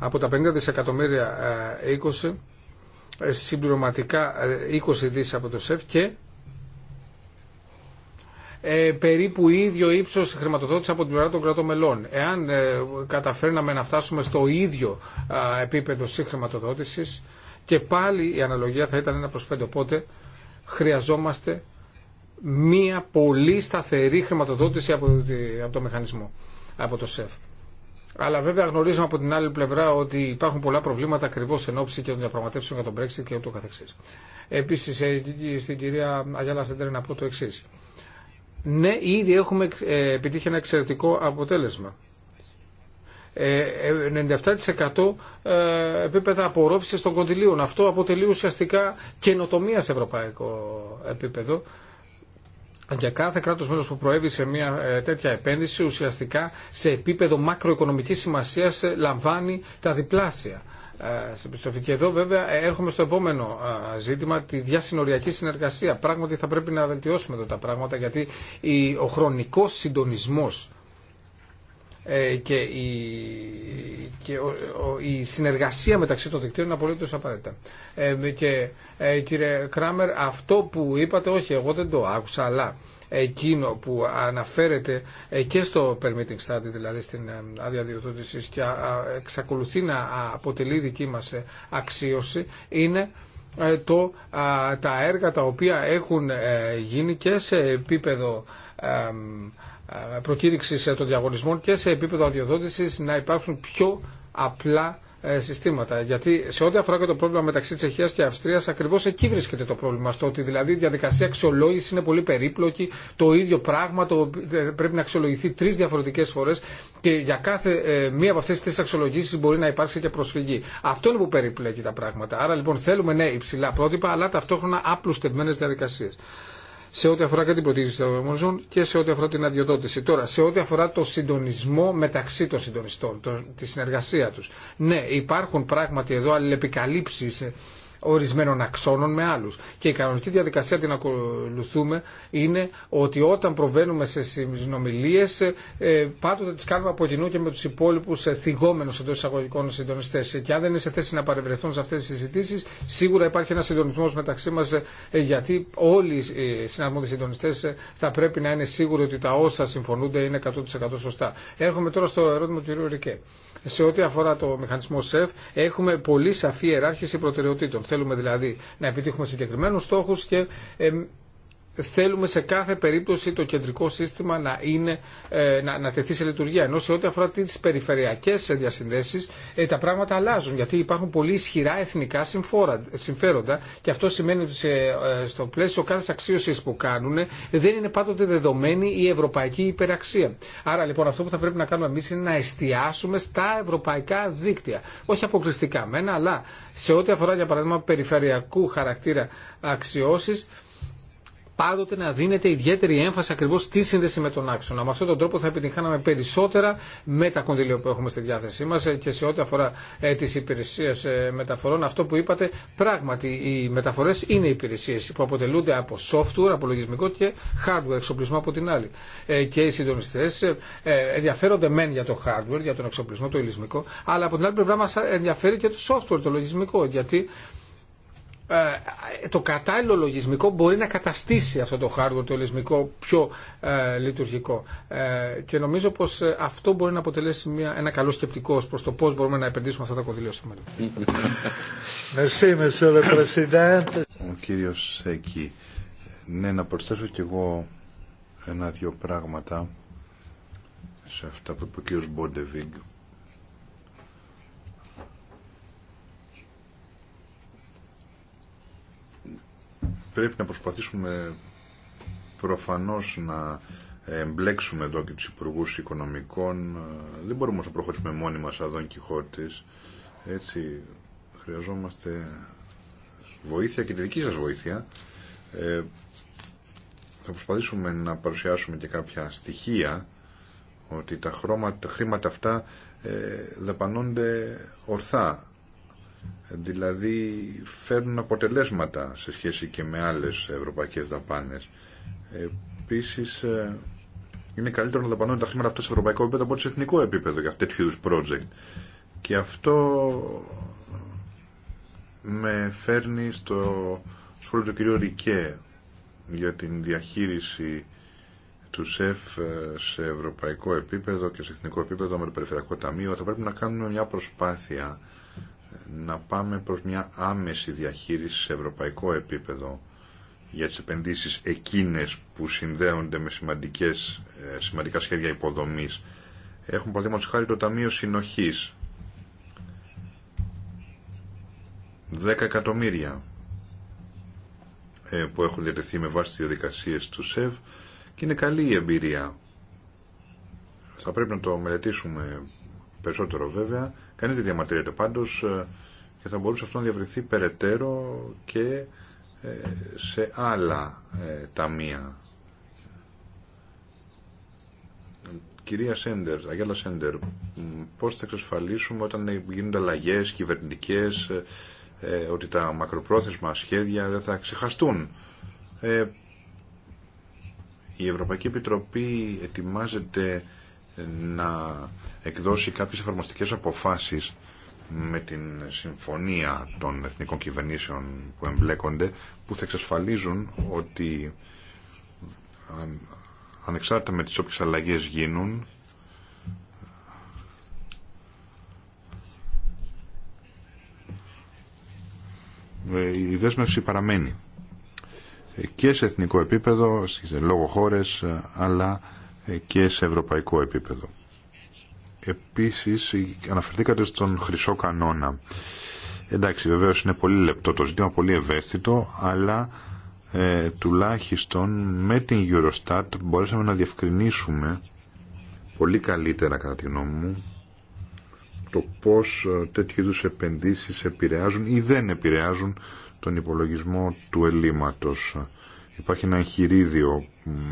από τα 50 δισεκατομμύρια 20 συμπληρωματικά 20 δις από το ΣΕΦ και ε, περίπου ίδιο ύψος χρηματοδότηση από την πλευρά των κρατών μελών. Εάν ε, καταφέρναμε να φτάσουμε στο ίδιο επίπεδο συγχρηματοδότησης και πάλι η αναλογία θα ήταν ένα προς πέντε. Οπότε χρειαζόμαστε μία πολύ σταθερή χρηματοδότηση από το μηχανισμό, από το ΣΕΦ. Αλλά βέβαια γνωρίζουμε από την άλλη πλευρά ότι υπάρχουν πολλά προβλήματα ακριβώ εν ώψη και των διαπραγματεύσεων για τον Brexit και ούτω καθεξή. Επίση, ε, στην κυρία Αγιάλα Σέντερ να πω το εξή ναι, ήδη έχουμε ε, επιτύχει ένα εξαιρετικό αποτέλεσμα. 97% ε, ε, επίπεδα απορρόφησης των κοντιλίων. Αυτό αποτελεί ουσιαστικά καινοτομία σε ευρωπαϊκό επίπεδο. Για κάθε κράτος μέλος που προέβη σε μια τέτοια επένδυση ουσιαστικά σε επίπεδο μακροοικονομικής σημασίας λαμβάνει τα διπλάσια σε επιστροφή. Και εδώ βέβαια έρχομαι στο επόμενο ζήτημα, τη διασυνοριακή συνεργασία. Πράγματι θα πρέπει να βελτιώσουμε εδώ τα πράγματα γιατί ο χρονικός συντονισμός ε, και, η, και η συνεργασία μεταξύ των δικτύων είναι απολύτω απαραίτητα. Ε, και ε, κύριε Κράμερ, αυτό που είπατε, όχι, εγώ δεν το άκουσα, αλλά εκείνο που αναφέρεται ε, και στο permitting study, δηλαδή στην άδεια ε, και εξακολουθεί να αποτελεί δική μα ε, αξίωση, είναι το, τα έργα τα οποία έχουν γίνει και σε επίπεδο προκήρυξης των διαγωνισμών και σε επίπεδο αδειοδότησης να υπάρξουν πιο απλά ε, συστήματα. Γιατί σε ό,τι αφορά και το πρόβλημα μεταξύ Τσεχία και Αυστρία, ακριβώ εκεί βρίσκεται το πρόβλημα. Στο ότι δηλαδή η διαδικασία αξιολόγηση είναι πολύ περίπλοκη, το ίδιο πράγμα το ε, πρέπει να αξιολογηθεί τρει διαφορετικέ φορέ και για κάθε ε, μία από αυτέ τι τρει αξιολογήσει μπορεί να υπάρξει και προσφυγή. Αυτό είναι που περιπλέκει τα πράγματα. Άρα λοιπόν θέλουμε ναι υψηλά πρότυπα, αλλά ταυτόχρονα απλουστευμένε διαδικασίε σε ό,τι αφορά και την προτίμηση των δημοσίων και σε ό,τι αφορά την αδειοδότηση. Τώρα, σε ό,τι αφορά το συντονισμό μεταξύ των συντονιστών, το, τη συνεργασία του. Ναι, υπάρχουν πράγματι εδώ αλληλεπικαλύψει ε, ορισμένων αξώνων με άλλους. Και η κανονική διαδικασία την ακολουθούμε είναι ότι όταν προβαίνουμε σε συνομιλίες ε, πάντοτε τις κάνουμε από κοινού και με τους υπόλοιπους θυγόμενους εντός εισαγωγικών συντονιστές. Και αν δεν είναι σε θέση να παρευρεθούν σε αυτές τις συζητήσεις, σίγουρα υπάρχει ένα συντονισμός μεταξύ μας ε, γιατί όλοι οι ε, συναρμόδιοι συντονιστές θα πρέπει να είναι σίγουροι ότι τα όσα συμφωνούνται είναι 100% σωστά. Έρχομαι τώρα στο ερώτημα του κ. Ρικέ. Σε ό,τι αφορά το μηχανισμό ΣΕΦ, έχουμε πολύ σαφή εράρχηση προτεραιοτήτων. Θέλουμε δηλαδή να επιτύχουμε συγκεκριμένους στόχους και θέλουμε σε κάθε περίπτωση το κεντρικό σύστημα να, είναι, ε, να, να τεθεί σε λειτουργία. Ενώ σε ό,τι αφορά τι περιφερειακέ διασυνδέσει, ε, τα πράγματα αλλάζουν. Γιατί υπάρχουν πολύ ισχυρά εθνικά συμφέροντα και αυτό σημαίνει ότι σε, ε, στο πλαίσιο κάθε αξίωση που κάνουν δεν είναι πάντοτε δεδομένη η ευρωπαϊκή υπεραξία. Άρα λοιπόν αυτό που θα πρέπει να κάνουμε εμείς είναι να εστιάσουμε στα ευρωπαϊκά δίκτυα. Όχι αποκλειστικά μένα, αλλά σε ό,τι αφορά για παράδειγμα περιφερειακού χαρακτήρα αξιώσει, πάντοτε να δίνεται ιδιαίτερη έμφαση ακριβώ στη σύνδεση με τον άξονα. Με αυτόν τον τρόπο θα επιτυγχάναμε περισσότερα με τα κονδύλια που έχουμε στη διάθεσή μα ε, και σε ό,τι αφορά ε, τι υπηρεσίε ε, μεταφορών. Αυτό που είπατε, πράγματι οι μεταφορέ είναι υπηρεσίε που αποτελούνται από software, από λογισμικό και hardware, εξοπλισμό από την άλλη. Ε, και οι συντονιστέ ενδιαφέρονται μεν για το hardware, για τον εξοπλισμό, το υλισμικό, αλλά από την άλλη πλευρά μα ενδιαφέρει και το software, το λογισμικό, γιατί ε, το κατάλληλο λογισμικό μπορεί να καταστήσει αυτό το hardware, το λογισμικό πιο ε, λειτουργικό. Ε, και νομίζω πως ε, αυτό μπορεί να αποτελέσει μια, ένα καλό σκεπτικό ως προς το πώς μπορούμε να επενδύσουμε αυτά τα κονδύλια στο μέλλον. Ο κύριος εκεί. Ναι, να προσθέσω κι εγώ ένα-δυο πράγματα σε αυτά που είπε ο κύριος Μπόντεβιγκ. πρέπει να προσπαθήσουμε προφανώς να εμπλέξουμε εδώ και τους υπουργού οικονομικών. Δεν μπορούμε να προχωρήσουμε μόνοι μας αδόν Κιχώτης. Έτσι χρειαζόμαστε βοήθεια και τη δική σας βοήθεια. Ε, θα προσπαθήσουμε να παρουσιάσουμε και κάποια στοιχεία ότι τα, χρήματα αυτά ε, ορθά δηλαδή φέρνουν αποτελέσματα σε σχέση και με άλλες ευρωπαϊκές δαπάνες. Επίσης, ε, είναι καλύτερο να δαπανώνουν τα χρήματα αυτά σε ευρωπαϊκό επίπεδο από σε εθνικό επίπεδο για τέτοιου είδους project. Και αυτό με φέρνει στο σχόλιο του κυρίου Ρικέ για την διαχείριση του ΣΕΦ ε, σε ευρωπαϊκό επίπεδο και σε εθνικό επίπεδο με το Περιφερειακό Ταμείο. Θα πρέπει να κάνουμε μια προσπάθεια να πάμε προς μια άμεση διαχείριση σε ευρωπαϊκό επίπεδο για τις επενδύσεις εκείνες που συνδέονται με σημαντικές, ε, σημαντικά σχέδια υποδομής. έχουμε παραδείγματος χάρη το Ταμείο Συνοχής. 10 εκατομμύρια ε, που έχουν διατεθεί με βάση τις διαδικασίες του ΣΕΒ και είναι καλή η εμπειρία. Θα πρέπει να το μελετήσουμε περισσότερο βέβαια Κανείς δεν διαμαρτύρεται πάντως ε, και θα μπορούσε αυτό να διαβριθεί περαιτέρω και ε, σε άλλα ε, ταμεία. Κυρία Σέντερ, Αγιάλα Σέντερ, πώς θα εξασφαλίσουμε όταν γίνονται αλλαγές κυβερνητικές ότι τα μακροπρόθεσμα σχέδια δεν θα ξεχαστούν. η Ευρωπαϊκή Επιτροπή ετοιμάζεται να εκδώσει κάποιες εφαρμοστικές αποφάσεις με την συμφωνία των εθνικών κυβερνήσεων που εμπλέκονται που θα εξασφαλίζουν ότι αν, ανεξάρτητα με τις όποιες αλλαγές γίνουν ε, η δέσμευση παραμένει ε, και σε εθνικό επίπεδο, σε λόγω χώρες, ε, αλλά ε, και σε ευρωπαϊκό επίπεδο. Επίσης αναφερθήκατε στον χρυσό κανόνα. Εντάξει βεβαίως είναι πολύ λεπτό το ζήτημα, πολύ ευαίσθητο, αλλά ε, τουλάχιστον με την Eurostat μπορέσαμε να διευκρινίσουμε πολύ καλύτερα κατά τη γνώμη μου το πώς ε, τέτοιου είδου επενδύσεις επηρεάζουν ή δεν επηρεάζουν τον υπολογισμό του ελλείμματος. Υπάρχει ένα εγχειρίδιο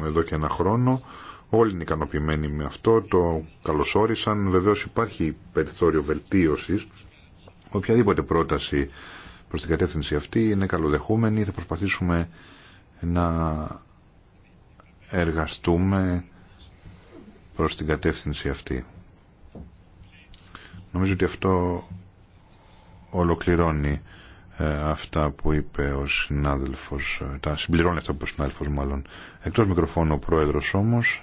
εδώ και ένα χρόνο Όλοι είναι ικανοποιημένοι με αυτό, το καλωσόρισαν. Βεβαίως υπάρχει περιθώριο βελτίωσης. Οποιαδήποτε πρόταση προς την κατεύθυνση αυτή είναι καλοδεχούμενη. Θα προσπαθήσουμε να εργαστούμε προς την κατεύθυνση αυτή. Νομίζω ότι αυτό ολοκληρώνει ε, αυτά που είπε ο συνάδελφος, ε, τα συμπληρώνει αυτά που είπε ο συνάδελφος μάλλον. Εκτός μικροφώνου ο πρόεδρος όμως,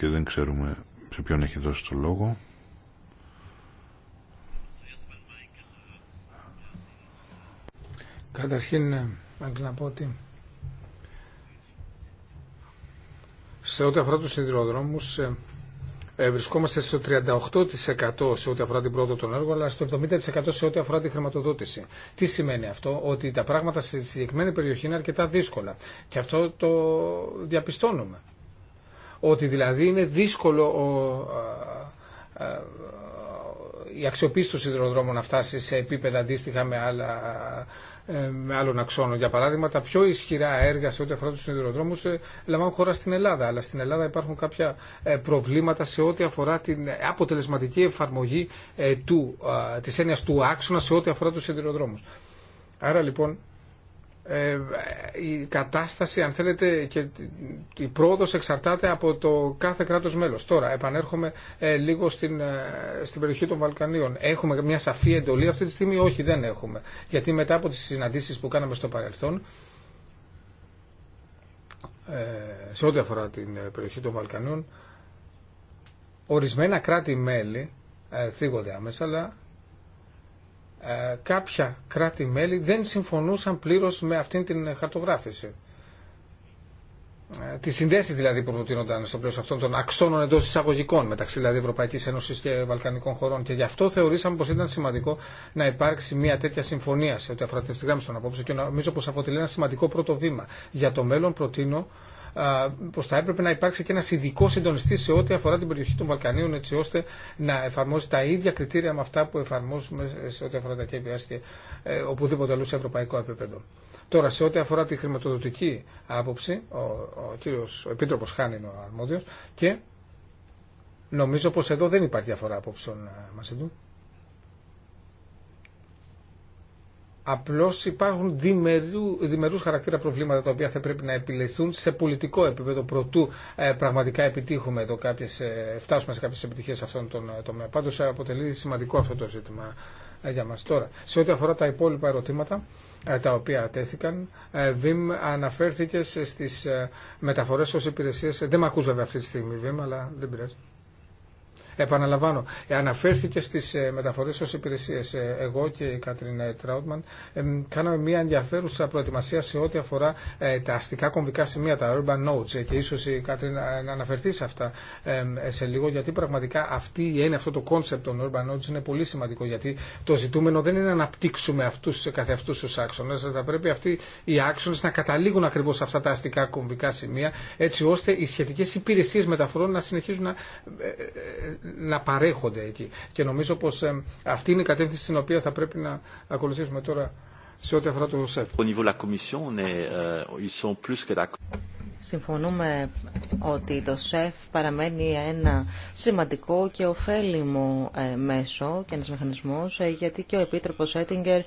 και δεν ξέρουμε σε ποιον έχει δώσει το λόγο. Καταρχήν, ε, να πω ότι σε ό,τι αφορά τους ε, ε, βρισκόμαστε στο 38% σε ό,τι αφορά την πρόοδο των έργων, αλλά στο 70% σε ό,τι αφορά τη χρηματοδότηση. Τι σημαίνει αυτό, ότι τα πράγματα σε συγκεκριμένη περιοχή είναι αρκετά δύσκολα. Και αυτό το διαπιστώνουμε ότι δηλαδή είναι δύσκολο η αξιοποίηση των σιδηροδρόμων να φτάσει σε επίπεδα αντίστοιχα με, άλλα, ε, με άλλον αξόνο. Για παράδειγμα, τα πιο ισχυρά έργα σε ό,τι αφορά του σιδηροδρόμου ε, λαμβάνουν χώρα στην Ελλάδα. Αλλά στην Ελλάδα υπάρχουν κάποια ε, προβλήματα σε ό,τι αφορά την αποτελεσματική εφαρμογή του, της έννοιας του άξονα σε ό,τι αφορά του σιδηροδρόμου. Άρα λοιπόν ε, η κατάσταση, αν θέλετε, και η πρόοδος εξαρτάται από το κάθε κράτος μέλος. Τώρα, επανέρχομαι ε, λίγο στην, ε, στην περιοχή των Βαλκανίων. Έχουμε μια σαφή εντολή αυτή τη στιγμή. Όχι, δεν έχουμε. Γιατί μετά από τις συναντήσεις που κάναμε στο παρελθόν, σε ό,τι αφορά την περιοχή των Βαλκανίων, ορισμένα κράτη-μέλη θίγονται άμεσα, αλλά ε, κάποια κράτη-μέλη δεν συμφωνούσαν πλήρως με αυτήν την χαρτογράφηση. Ε, τις συνδέσεις δηλαδή που προτείνονταν στο πλαίσιο αυτών των αξώνων εντός εισαγωγικών μεταξύ δηλαδή Ευρωπαϊκής Ένωσης και Βαλκανικών χωρών και γι' αυτό θεωρήσαμε πως ήταν σημαντικό να υπάρξει μια τέτοια συμφωνία σε ό,τι αφορά τη ευθυγράμμιση των απόψεων και νομίζω πως αποτελεί ένα σημαντικό πρώτο βήμα. Για το μέλλον προτείνω πως θα έπρεπε να υπάρξει και ένας ειδικό συντονιστή σε ό,τι αφορά την περιοχή των Βαλκανίων έτσι ώστε να εφαρμόζει τα ίδια κριτήρια με αυτά που εφαρμόζουμε σε ό,τι αφορά τα KPS και ε, οπουδήποτε αλλού σε ευρωπαϊκό επίπεδο. Τώρα, σε ό,τι αφορά τη χρηματοδοτική άποψη, ο, ο κύριος ο Επίτροπος Χάνη είναι ο αρμόδιος και νομίζω πως εδώ δεν υπάρχει διαφορά απόψεων ε, μαζί του. Απλώς υπάρχουν διμερού, διμερούς χαρακτήρα προβλήματα τα οποία θα πρέπει να επιληθούν σε πολιτικό επίπεδο προτού ε, πραγματικά επιτύχουμε ε, φτάσουμε σε κάποιες επιτυχίες σε αυτόν τον ε, τομέα. Πάντως ε, αποτελεί σημαντικό αυτό το ζήτημα για μας τώρα. Σε ό,τι αφορά τα υπόλοιπα ερωτήματα τα οποία τέθηκαν. Βίμ αναφέρθηκε στις μεταφορές ως υπηρεσίες. Δεν με ακούς βέβαια αυτή τη στιγμή Βίμ, αλλά δεν πειράζει. Επαναλαμβάνω, ε, αναφέρθηκε στι ε, μεταφορέ ω υπηρεσίε. Ε, εγώ και η Κατρίν Τράουτμαν κάναμε μια ενδιαφέρουσα προετοιμασία σε ό,τι αφορά τα αστικά κομβικά σημεία, τα urban nodes και ίσω η Κατρίν να αναφερθεί σε αυτά σε λίγο γιατί πραγματικά αυτή η αυτό το concept των urban nodes είναι πολύ σημαντικό γιατί το ζητούμενο δεν είναι να αναπτύξουμε αυτούς καθεαυτούς του άξονε. θα πρέπει αυτοί οι άξονε να καταλήγουν ακριβώ σε αυτά τα αστικά κομβικά σημεία έτσι ώστε οι σχετικέ υπηρεσίε μεταφορών να συνεχίζουν να, να παρέχονται εκεί. Και νομίζω πως ε, αυτή είναι η κατεύθυνση στην οποία θα πρέπει να ακολουθήσουμε τώρα σε ό,τι αφορά το ΣΕΦ. Euh, Συμφωνούμε ότι το ΣΕΦ παραμένει ένα σημαντικό και ωφέλιμο ε, μέσο και ένας μηχανισμός ε, γιατί και ο Επίτροπος Έτιγκερ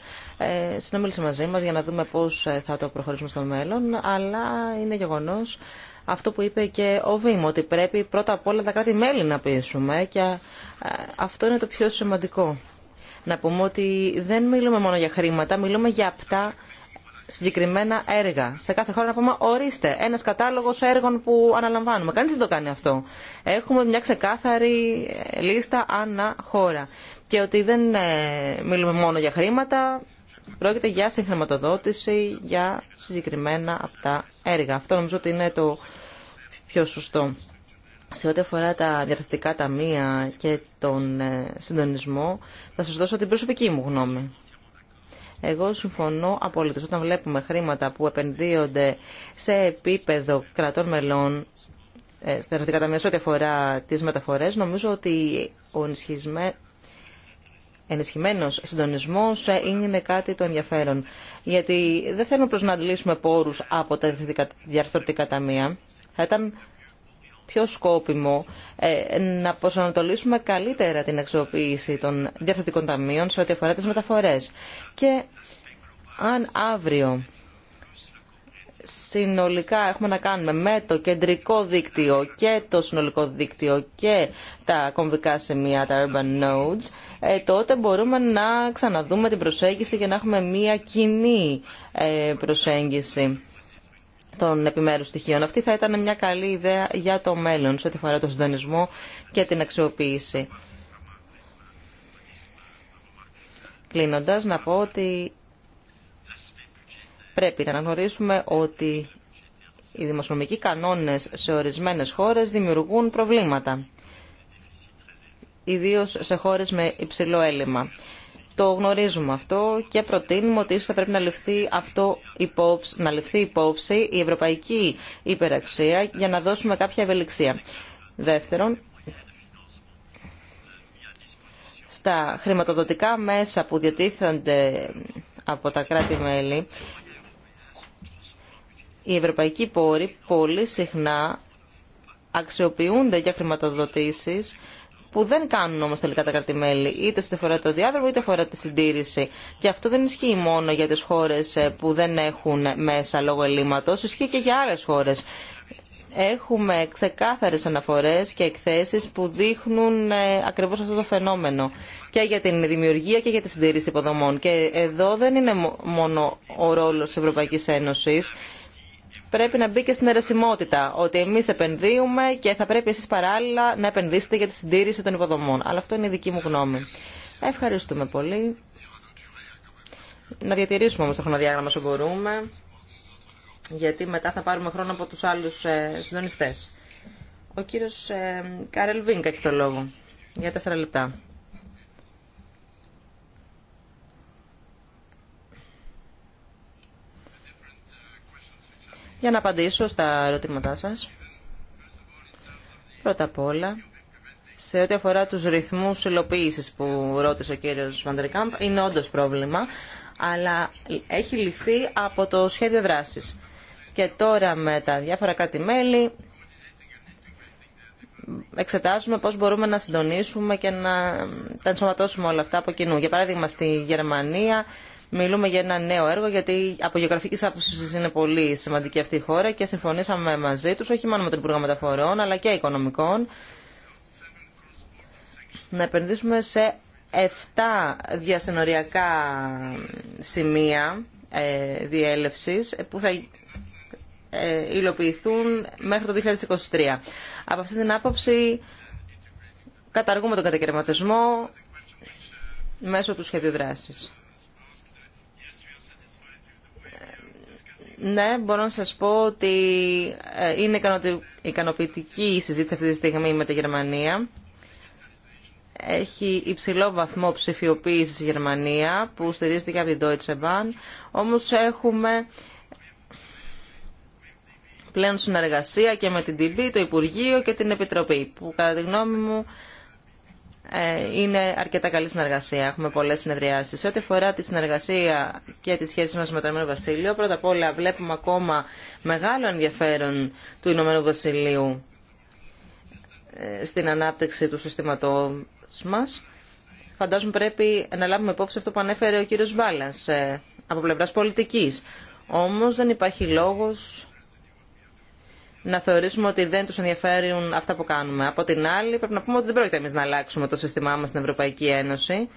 συνομίλησε μαζί μας για να δούμε πώς θα το προχωρήσουμε στο μέλλον αλλά είναι γεγονός αυτό που είπε και ο Βήμ, ότι πρέπει πρώτα απ' όλα τα κράτη-μέλη να πείσουμε και αυτό είναι το πιο σημαντικό. Να πούμε ότι δεν μιλούμε μόνο για χρήματα, μιλούμε για απτά συγκεκριμένα έργα. Σε κάθε χώρα να πούμε ορίστε ένα κατάλογο έργων που αναλαμβάνουμε. Κανεί δεν το κάνει αυτό. Έχουμε μια ξεκάθαρη ε, λίστα ανά χώρα. Και ότι δεν ε, μιλούμε μόνο για χρήματα, Πρόκειται για συγχρηματοδότηση για συγκεκριμένα από τα έργα. Αυτό νομίζω ότι είναι το πιο σωστό. Σε ό,τι αφορά τα διαρθρωτικά ταμεία και τον ε, συντονισμό, θα σας δώσω την προσωπική μου γνώμη. Εγώ συμφωνώ απόλυτα. Όταν βλέπουμε χρήματα που επενδύονται σε επίπεδο κρατών μελών, ε, στα διαρθρωτικά ταμεία σε ό,τι αφορά τις μεταφορές, νομίζω ότι ο ενισχυσμένος ενισχυμένο συντονισμό ε, είναι κάτι το ενδιαφέρον. Γιατί δεν θέλουμε προς να αντλήσουμε πόρους από τα διαρθρωτικά ταμεία. Θα ήταν πιο σκόπιμο ε, να προσανατολίσουμε καλύτερα την αξιοποίηση των διαρθρωτικών ταμείων σε ό,τι αφορά τις μεταφορές. Και αν αύριο συνολικά έχουμε να κάνουμε με το κεντρικό δίκτυο και το συνολικό δίκτυο και τα κομβικά σημεία, τα urban nodes, ε, τότε μπορούμε να ξαναδούμε την προσέγγιση για να έχουμε μία κοινή ε, προσέγγιση των επιμέρους στοιχείων. Αυτή θα ήταν μια καλή ιδέα για το μέλλον, σε ό,τι αφορά τον συντονισμό και την αξιοποίηση. Κλείνοντας, να πω ότι Πρέπει να αναγνωρίσουμε ότι οι δημοσιονομικοί κανόνες σε ορισμένες χώρες δημιουργούν προβλήματα, ιδίως σε χώρες με υψηλό έλλειμμα. Το γνωρίζουμε αυτό και προτείνουμε ότι ίσως θα πρέπει να ληφθεί, αυτό υπόψη, να ληφθεί υπόψη η ευρωπαϊκή υπεραξία για να δώσουμε κάποια ευελιξία. Δεύτερον, στα χρηματοδοτικά μέσα που διατίθενται από τα κράτη-μέλη οι ευρωπαϊκοί πόροι πολύ συχνά αξιοποιούνται για χρηματοδοτήσεις που δεν κάνουν όμως τελικά τα κρατημέλη, είτε στο φορά το διάδρομο είτε φορά τη συντήρηση. Και αυτό δεν ισχύει μόνο για τις χώρες ε, που δεν έχουν μέσα λόγω ελλείμματος, ισχύει και για άλλες χώρες. Έχουμε ξεκάθαρες αναφορές και εκθέσεις που δείχνουν ε, ακριβώς αυτό το φαινόμενο και για την δημιουργία και για τη συντήρηση υποδομών. Και εδώ δεν είναι μόνο ο ρόλος της Ευρωπαϊκής Ένωσης, πρέπει να μπει και στην αιρεσιμότητα. Ότι εμεί επενδύουμε και θα πρέπει εσεί παράλληλα να επενδύσετε για τη συντήρηση των υποδομών. Αλλά αυτό είναι η δική μου γνώμη. Ευχαριστούμε πολύ. Να διατηρήσουμε όμω το χρονοδιάγραμμα όσο μπορούμε, γιατί μετά θα πάρουμε χρόνο από του άλλου ε, συντονιστέ. Ο κύριο ε, Κάρελ Βίνκα έχει το λόγο για τέσσερα λεπτά. για να απαντήσω στα ερωτήματά σας. Πρώτα απ' όλα, σε ό,τι αφορά τους ρυθμούς υλοποίησης που ρώτησε ο κύριος Βαντερκάμπ, είναι όντω πρόβλημα, αλλά έχει λυθεί από το σχέδιο δράσης. Και τώρα με τα διάφορα κράτη-μέλη εξετάζουμε πώς μπορούμε να συντονίσουμε και να τα ενσωματώσουμε όλα αυτά από κοινού. Για παράδειγμα, στη Γερμανία Μιλούμε για ένα νέο έργο γιατί από γεωγραφική άποψη είναι πολύ σημαντική αυτή η χώρα και συμφωνήσαμε μαζί τους, όχι μόνο με τον Υπουργό Μεταφορών αλλά και οικονομικών, να επενδύσουμε σε 7 διασυνοριακά σημεία ε, διέλευσης που θα ε, υλοποιηθούν μέχρι το 2023. Από αυτή την άποψη καταργούμε τον κατακαιρματισμό μέσω του σχεδίου δράσης. ναι, μπορώ να σας πω ότι ε, είναι ικανοποιητική η συζήτηση αυτή τη στιγμή με τη Γερμανία. Έχει υψηλό βαθμό ψηφιοποίησης η Γερμανία που στηρίζεται από την Deutsche Bahn. Όμως έχουμε πλέον συνεργασία και με την DB, το Υπουργείο και την Επιτροπή που κατά τη γνώμη μου ε, είναι αρκετά καλή συνεργασία. Έχουμε πολλέ συνεδριάσει. Σε ό,τι αφορά τη συνεργασία και τη σχέση μα με το Ηνωμένο Βασίλειο, πρώτα απ' όλα βλέπουμε ακόμα μεγάλο ενδιαφέρον του Ηνωμένου Βασιλείου ε, στην ανάπτυξη του συστηματό μα, Φαντάζομαι πρέπει να λάβουμε υπόψη αυτό που ανέφερε ο κύριος Βάλλας ε, από πλευρά πολιτική. Όμω δεν υπάρχει λόγο να θεωρήσουμε ότι δεν του ενδιαφέρουν αυτά που κάνουμε. Από την άλλη, πρέπει να πούμε ότι δεν πρόκειται εμεί να αλλάξουμε το σύστημά μας στην Ευρωπαϊκή Ένωση,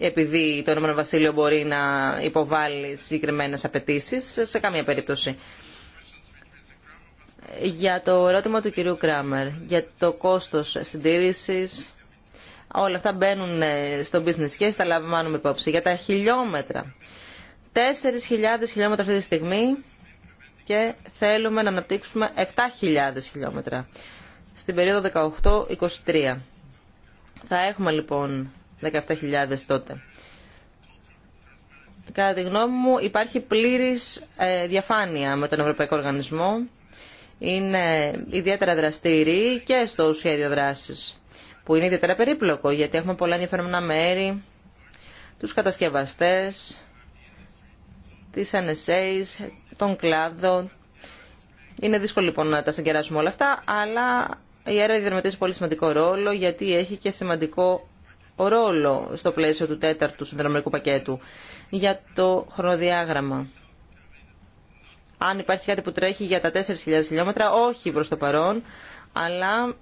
επειδή το Ηνωμένο Βασίλειο μπορεί να υποβάλει συγκεκριμένε απαιτήσει σε καμία περίπτωση. Για το ερώτημα του κυρίου Κράμερ, για το κόστος συντήρησης, όλα αυτά μπαίνουν ε, στο business case, τα λαμβάνουμε υπόψη. Για τα χιλιόμετρα, 4.000 χιλιόμετρα αυτή τη στιγμή και θέλουμε να αναπτύξουμε 7.000 χιλιόμετρα στην περίοδο 18-23. Θα έχουμε λοιπόν 17.000 τότε. Κατά τη γνώμη μου υπάρχει πλήρης ε, διαφάνεια με τον Ευρωπαϊκό Οργανισμό. Είναι ιδιαίτερα δραστήριοι και στο σχέδιο δράσης, που είναι ιδιαίτερα περίπλοκο, γιατί έχουμε πολλά ενδιαφέροντα μέρη, τους κατασκευαστές, τις NSAs, τον κλάδο. Είναι δύσκολο λοιπόν να τα συγκεράσουμε όλα αυτά, αλλά η αέρα διδερματίζει πολύ σημαντικό ρόλο γιατί έχει και σημαντικό ρόλο στο πλαίσιο του τέταρτου συνδρομικού πακέτου για το χρονοδιάγραμμα. Αν υπάρχει κάτι που τρέχει για τα 4.000 χιλιόμετρα, όχι προς το παρόν, αλλά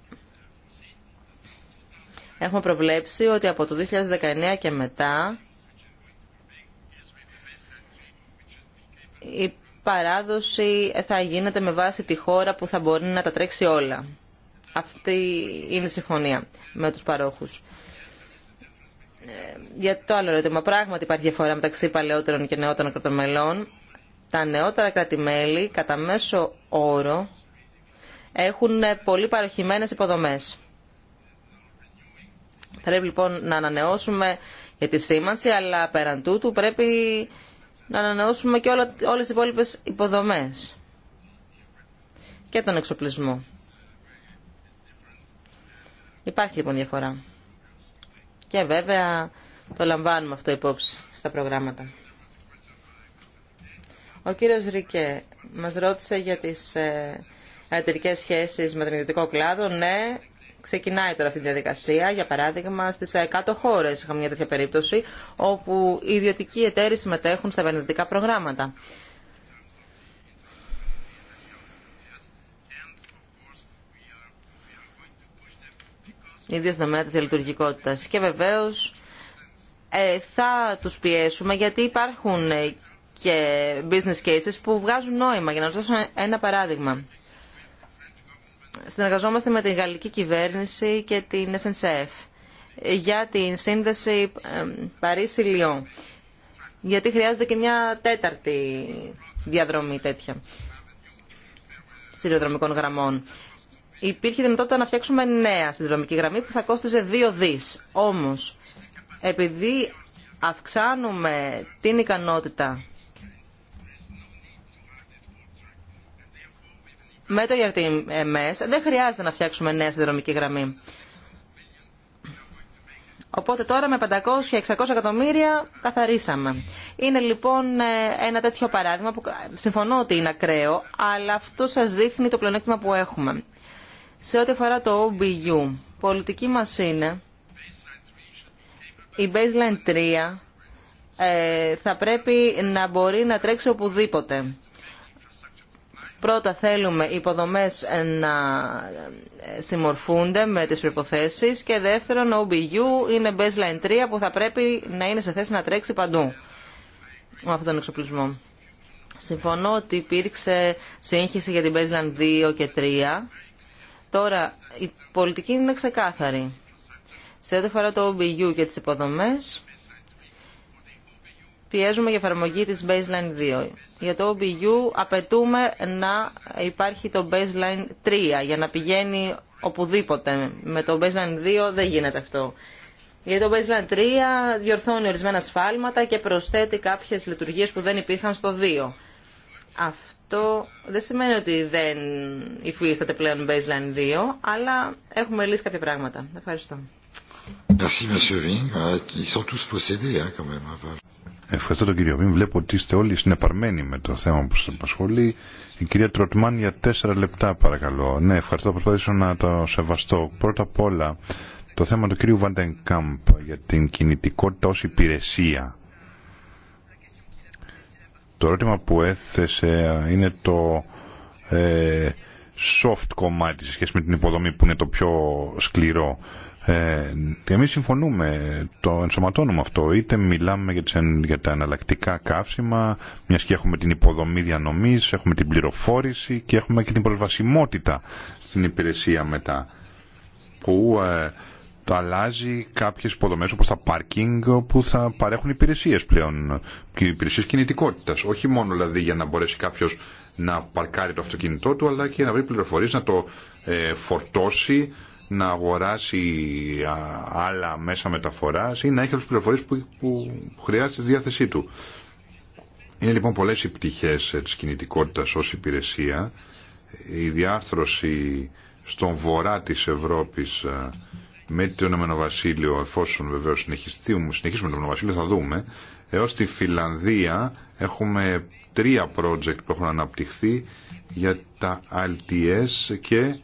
έχουμε προβλέψει ότι από το 2019 και μετά παράδοση θα γίνεται με βάση τη χώρα που θα μπορεί να τα τρέξει όλα. Αυτή είναι η συμφωνία με τους παρόχους. Ε, για το άλλο ερώτημα, πράγματι υπάρχει διαφορά μεταξύ παλαιότερων και νεότερων κρατομελών. Τα νεότερα κρατημέλη, κατά μέσο όρο, έχουν πολύ παροχημένες υποδομές. Πρέπει λοιπόν να ανανεώσουμε για τη σήμανση, αλλά πέραν τούτου πρέπει να ανανεώσουμε και όλα, όλες τις υπόλοιπες υποδομές και τον εξοπλισμό. Υπάρχει λοιπόν διαφορά. Και βέβαια το λαμβάνουμε αυτό υπόψη στα προγράμματα. Ο κύριος Ρικέ μας ρώτησε για τις ε, εταιρικές σχέσεις με τον ιδιωτικό κλάδο. Ναι, ξεκινάει τώρα αυτή η διαδικασία. Για παράδειγμα, στι 100 ε, χώρε είχαμε μια τέτοια περίπτωση, όπου οι ιδιωτικοί εταίροι συμμετέχουν στα επενδυτικά προγράμματα. Ιδίω στον τομέα τη διαλειτουργικότητα. Και βεβαίω ε, θα του πιέσουμε γιατί υπάρχουν ε, και business cases που βγάζουν νόημα. Για να σα δώσω ένα παράδειγμα συνεργαζόμαστε με την γαλλική κυβέρνηση και την SNCF για την σύνδεση Παρίσι-Λιόν. Γιατί χρειάζεται και μια τέταρτη διαδρομή τέτοια σιδηροδρομικών γραμμών. Υπήρχε δυνατότητα να φτιάξουμε νέα συνδρομική γραμμή που θα κόστιζε δύο δις. Όμως, επειδή αυξάνουμε την ικανότητα με το ERTMS δεν χρειάζεται να φτιάξουμε νέα συνδρομική γραμμή. Οπότε τώρα με 500-600 εκατομμύρια καθαρίσαμε. Είναι λοιπόν ε, ένα τέτοιο παράδειγμα που συμφωνώ ότι είναι ακραίο, αλλά αυτό σας δείχνει το πλεονέκτημα που έχουμε. Σε ό,τι αφορά το OBU, πολιτική μας είναι η baseline 3 ε, θα πρέπει να μπορεί να τρέξει οπουδήποτε. Πρώτα θέλουμε οι υποδομές να ε, συμμορφούνται με τις προϋποθέσεις και δεύτερον ο OBU είναι baseline 3 που θα πρέπει να είναι σε θέση να τρέξει παντού με αυτόν τον εξοπλισμό. Συμφωνώ ότι υπήρξε σύγχυση για την baseline 2 και 3. Τώρα η πολιτική είναι ξεκάθαρη. Σε ό,τι αφορά το OBU και τις υποδομές, πιέζουμε για εφαρμογή της baseline 2. Για το OBU απαιτούμε να υπάρχει το baseline 3 για να πηγαίνει οπουδήποτε. Με το baseline 2 δεν γίνεται αυτό. Για το baseline 3 διορθώνει ορισμένα σφάλματα και προσθέτει κάποιες λειτουργίες που δεν υπήρχαν στο 2. Αυτό δεν σημαίνει ότι δεν υφίσταται πλέον baseline 2, αλλά έχουμε λύσει κάποια πράγματα. Ευχαριστώ. Merci, Ευχαριστώ τον κύριο Μην Βλέπω ότι είστε όλοι συνεπαρμένοι με το θέμα που σα απασχολεί. Η κυρία Τροτμάν για τέσσερα λεπτά παρακαλώ. Ναι, ευχαριστώ. Προσπαθήσω να το σεβαστώ. Πρώτα απ' όλα το θέμα του κύριου Κάμπ για την κινητικότητα ω υπηρεσία. Το ερώτημα που έθεσε είναι το ε, soft κομμάτι σε σχέση με την υποδομή που είναι το πιο σκληρό. Ε, εμείς συμφωνούμε, το ενσωματώνουμε αυτό, είτε μιλάμε για, για τα εναλλακτικά καύσιμα, μιας και έχουμε την υποδομή διανομής, έχουμε την πληροφόρηση και έχουμε και την προσβασιμότητα στην υπηρεσία μετά, που ε, το αλλάζει κάποιες υποδομές όπως τα parking που θα παρέχουν υπηρεσίες πλέον, υπηρεσίες κινητικότητας, όχι μόνο δηλαδή για να μπορέσει κάποιος να παρκάρει το αυτοκίνητό του αλλά και να βρει πληροφορίες, να το ε, φορτώσει, να αγοράσει άλλα μέσα μεταφοράς ή να έχει όλες τις πληροφορίες που, που χρειάζεται στη διάθεσή του. Είναι λοιπόν πολλές οι πτυχές ε, της κινητικότητας ως υπηρεσία. Η διάρθρωση στον βορρά της Ευρώπης ε, με το Ηνωμένο Βασίλειο, εφόσον βεβαίω συνεχίσουμε το Ηνωμένο Βασίλειο, θα δούμε. Έω τη Φιλανδία έχουμε τρία project που έχουν αναπτυχθεί για τα LTS και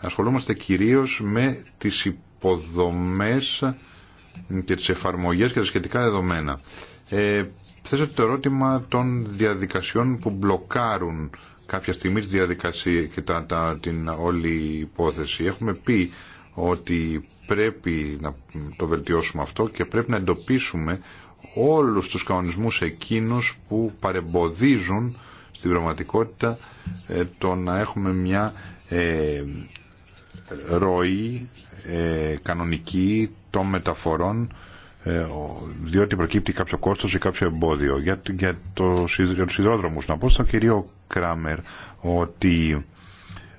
ασχολούμαστε κυρίως με τις υποδομές και τις εφαρμογές και τα σχετικά δεδομένα. Ε, θέσατε το ερώτημα των διαδικασιών που μπλοκάρουν κάποια στιγμή τη διαδικασία και τα, την όλη υπόθεση. Έχουμε πει ότι πρέπει να το βελτιώσουμε αυτό και πρέπει να εντοπίσουμε όλους τους κανονισμούς εκείνους που παρεμποδίζουν στην πραγματικότητα ε, το να έχουμε μια ε, ροή ε, κανονική των μεταφορών ε, διότι προκύπτει κάποιο κόστος ή κάποιο εμπόδιο. Για, για, το, για τους να πω στον κύριο Κράμερ ότι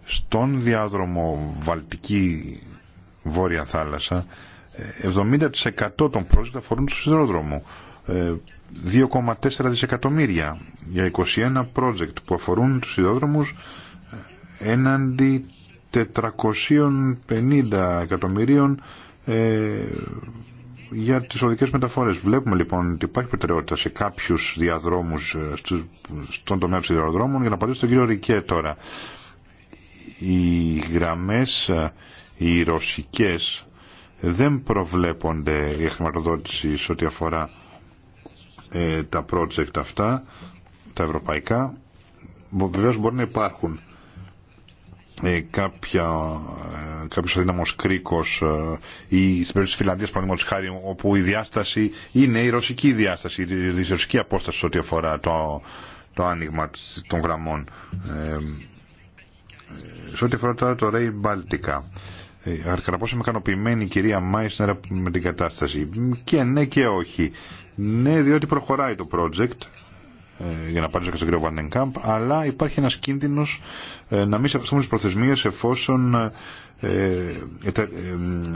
στον διάδρομο Βαλτική Βόρεια Θάλασσα 70% ε, των πρόσφυγων αφορούν στο σιδηρόδρομο. 2,4 ε, δισεκατομμύρια για 21 project που αφορούν τους σιδηρόδρομους έναντι 450 εκατομμυρίων ε, για τις οδικές μεταφορές. Βλέπουμε λοιπόν ότι υπάρχει προτεραιότητα σε κάποιους διαδρόμους ε, στον τομέα των διαδρόμων για να απαντήσω στον κύριο Ρικέ τώρα. Οι γραμμές ε, οι ρωσικές δεν προβλέπονται η χρηματοδότηση σε ό,τι αφορά ε, τα project αυτά, τα ευρωπαϊκά. Βεβαίως μπορεί να υπάρχουν ε, κάποια, ε, κάποιος αδύναμος κρίκος ε, ή στην περίπτωση της Φιλανδίας παραδείγματος χάρη όπου η διάσταση είναι η ρωσική διάσταση, η ρωσική απόσταση ό,τι αφορά το, το άνοιγμα των γραμμών. Ε, ε, σε ό,τι αφορά τώρα το Ray Baltica. Ε, κατά πόσο είμαι ικανοποιημένη η κυρία Μάισνερ με την κατάσταση. Και ναι και όχι. Ναι, διότι προχωράει το project. Ε, για να απαντήσω και στον κύριο αλλά υπάρχει ένας κίνδυνος ε, να μην σεβαστούμε τι προθεσμίες εφόσον ε, ε,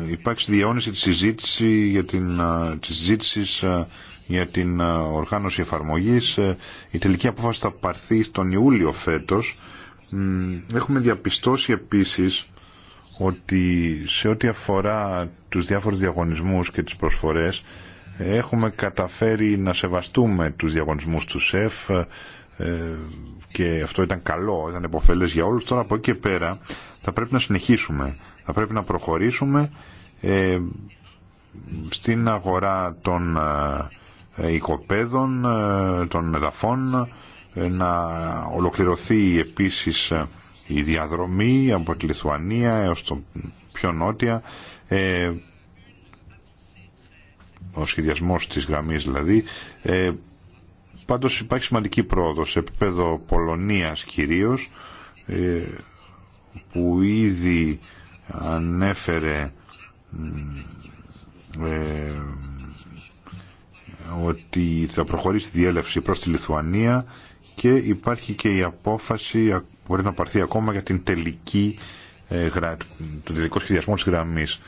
υπάρξει διαιώνιση της συζήτηση για την, της συζήτησης για την οργάνωση εφαρμογής. Η τελική απόφαση θα πάρθει τον Ιούλιο φέτος. Έχουμε διαπιστώσει επίσης ότι σε ό,τι αφορά τους διάφορους διαγωνισμούς και τις προσφορές έχουμε καταφέρει να σεβαστούμε τους διαγωνισμούς του ΣΕΦ ε, και αυτό ήταν καλό, ήταν επωφελές για όλους. Τώρα από εκεί και πέρα θα πρέπει να συνεχίσουμε, θα πρέπει να προχωρήσουμε ε, στην αγορά των ε, οικοπαίδων, των μεταφών, να ολοκληρωθεί επίσης η διαδρομή από τη Λιθουανία έως το πιο νότια ο σχεδιασμός της γραμμής δηλαδή. Ε, πάντως υπάρχει σημαντική πρόοδος σε επίπεδο Πολωνίας κυρίως ε, που ήδη ανέφερε ε, ότι θα προχωρήσει τη διέλευση προς τη Λιθουανία και υπάρχει και η απόφαση μπορεί να πάρθει ακόμα για την τελική, ε, το τελικό σχεδιασμό της γραμμής.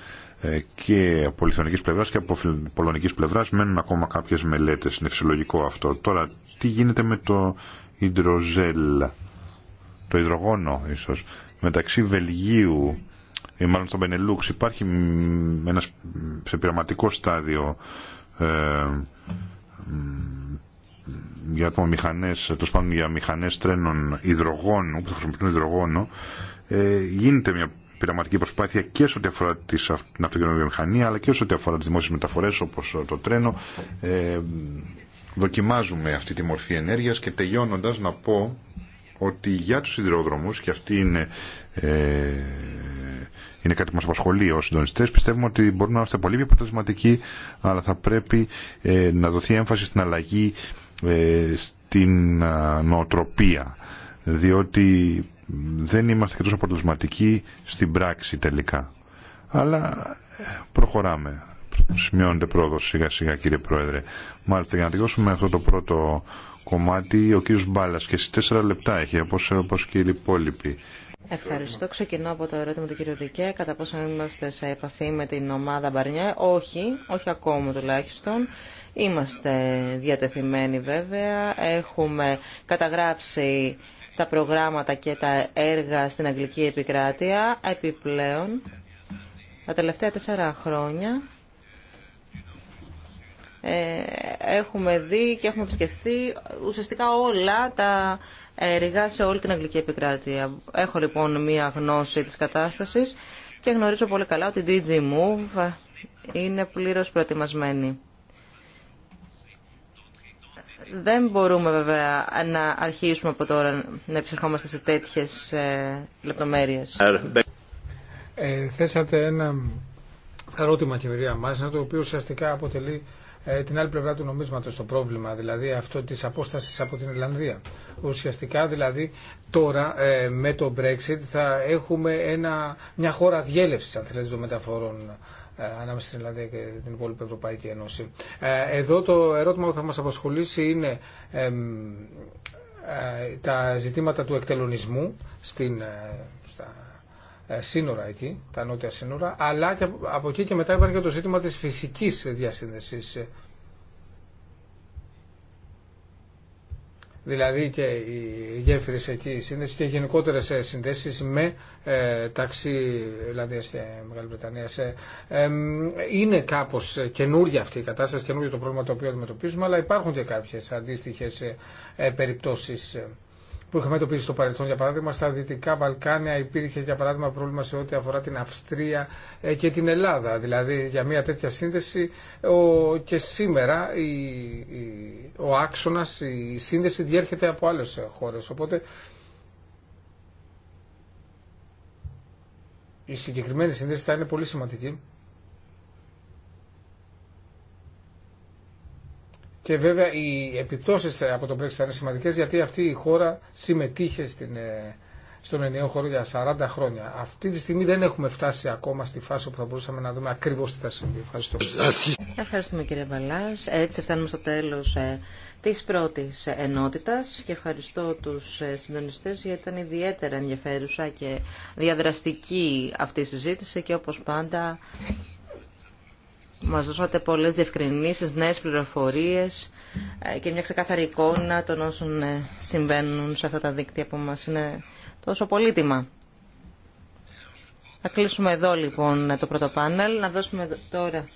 Ε, και από λιθωνικής πλευράς και από πολωνικής πλευράς μένουν ακόμα κάποιες μελέτες. Είναι φυσιολογικό αυτό. Τώρα, τι γίνεται με το υδροζέλ, το υδρογόνο ίσως, μεταξύ Βελγίου ή μάλλον στο Μπενελούξ υπάρχει ένα σε πειραματικό στάδιο ε, για μηχανές, το για μηχανές τρένων υδρογόνου, που θα χρησιμοποιούν υδρογόνο, ε, γίνεται μια πειραματική προσπάθεια και σε ό,τι αφορά την μηχανή, αλλά και σε ό,τι αφορά τι δημόσιε μεταφορέ, όπω ε, το τρένο. Ε, δοκιμάζουμε αυτή τη μορφή ενέργεια και τελειώνοντας να πω ότι για του σιδηρόδρομου, και αυτή είναι, ε, είναι κάτι που μας απασχολεί ω συντονιστέ, πιστεύουμε ότι μπορούμε να είμαστε πολύ πιο αποτελεσματικοί αλλά θα πρέπει να δοθεί έμφαση στην αλλαγή στην νοοτροπία διότι δεν είμαστε και τόσο αποτελεσματικοί στην πράξη τελικά. Αλλά ε, προχωράμε. Σημειώνεται πρόοδο σιγά σιγά κύριε Πρόεδρε. Μάλιστα για να τελειώσουμε αυτό το πρώτο κομμάτι, ο κύριο Μπάλα και στι τέσσερα λεπτά έχει, όπω και οι υπόλοιποι. Ευχαριστώ. Ξεκινώ από το ερώτημα του κύριου Ρικέ. Κατά πόσο είμαστε σε επαφή με την ομάδα Μπαρνιέ. Όχι, όχι ακόμα τουλάχιστον. Είμαστε διατεθειμένοι βέβαια. Έχουμε καταγράψει τα προγράμματα και τα έργα στην Αγγλική Επικράτεια. Επιπλέον, τα τελευταία τέσσερα χρόνια ε, έχουμε δει και έχουμε επισκεφθεί ουσιαστικά όλα τα έργα σε όλη την Αγγλική Επικράτεια. Έχω λοιπόν μία γνώση της κατάστασης και γνωρίζω πολύ καλά ότι η DG Move είναι πλήρως προετοιμασμένη. Δεν μπορούμε βέβαια να αρχίσουμε από τώρα να επισερχόμαστε σε τέτοιες ε, λεπτομέρειες. Ε, θέσατε ένα ερώτημα κυρία το οποίο ουσιαστικά αποτελεί ε, την άλλη πλευρά του νομίσματος το πρόβλημα, δηλαδή αυτό της απόστασης από την Ιρλανδία. Ουσιαστικά δηλαδή τώρα ε, με το Brexit θα έχουμε ένα, μια χώρα διέλευσης αν θέλετε των μεταφορών ε, ανάμεσα στην Ελλάδα και την υπόλοιπη Ευρωπαϊκή Ένωση. Ε, εδώ το ερώτημα που θα μας απασχολήσει είναι ε, τα ζητήματα του εκτελονισμού στην, στα σύνορα εκεί, τα νότια σύνορα, αλλά από εκεί και μετά υπάρχει και το ζήτημα της φυσικής διασύνδεσης. Δηλαδή και οι γέφυρες εκεί, οι σύνδεσεις και γενικότερες συνδέσεις με ε, ταξί Δηλαδή και Μεγάλη Βρετανία είναι κάπω καινούργια αυτή η κατάσταση, καινούργιο το πρόβλημα το οποίο αντιμετωπίζουμε, αλλά υπάρχουν και κάποιες αντίστοιχες ε, ε, περιπτώσεις που είχαμε εντοπίσει στο παρελθόν. Για παράδειγμα, στα Δυτικά Βαλκάνια υπήρχε για παράδειγμα πρόβλημα σε ό,τι αφορά την Αυστρία και την Ελλάδα. Δηλαδή, για μια τέτοια σύνδεση ο, και σήμερα η, ο άξονα, η σύνδεση διέρχεται από άλλε χώρε. Οπότε η συγκεκριμένη συνδέση θα είναι πολύ σημαντική. Και βέβαια οι επιπτώσεις από τον Brexit θα είναι σημαντικές γιατί αυτή η χώρα συμμετείχε στην, ε, στον ενιαίο χώρο για 40 χρόνια. Αυτή τη στιγμή δεν έχουμε φτάσει ακόμα στη φάση που θα μπορούσαμε να δούμε ακριβώς τι θα συμβεί. Ευχαριστώ. Ευχαριστούμε κύριε Βαλάς. Έτσι φτάνουμε στο τέλος ε, της πρώτης ενότητας και ευχαριστώ τους ε, συντονιστές γιατί ήταν ιδιαίτερα ενδιαφέρουσα και διαδραστική αυτή η συζήτηση και όπως πάντα μας δώσατε πολλές διευκρινήσεις, νέες πληροφορίες ε, και μια ξεκάθαρη εικόνα των όσων ε, συμβαίνουν σε αυτά τα δίκτυα που μας είναι τόσο πολύτιμα. Θα κλείσουμε εδώ λοιπόν το πρώτο πάνελ, να δώσουμε τώρα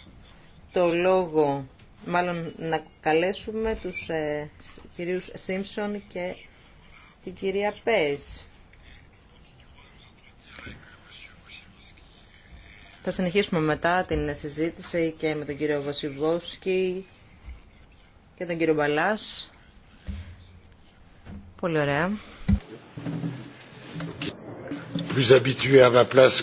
το λόγο μάλλον να καλέσουμε τους ε, κυρίους Σίμψον και την κυρία Πέις. Θα συνεχίσουμε μετά την συζήτηση και με τον κύριο Βασιβόσκη και τον κύριο Μπαλάς. Πολύ ωραία. Plus à ma place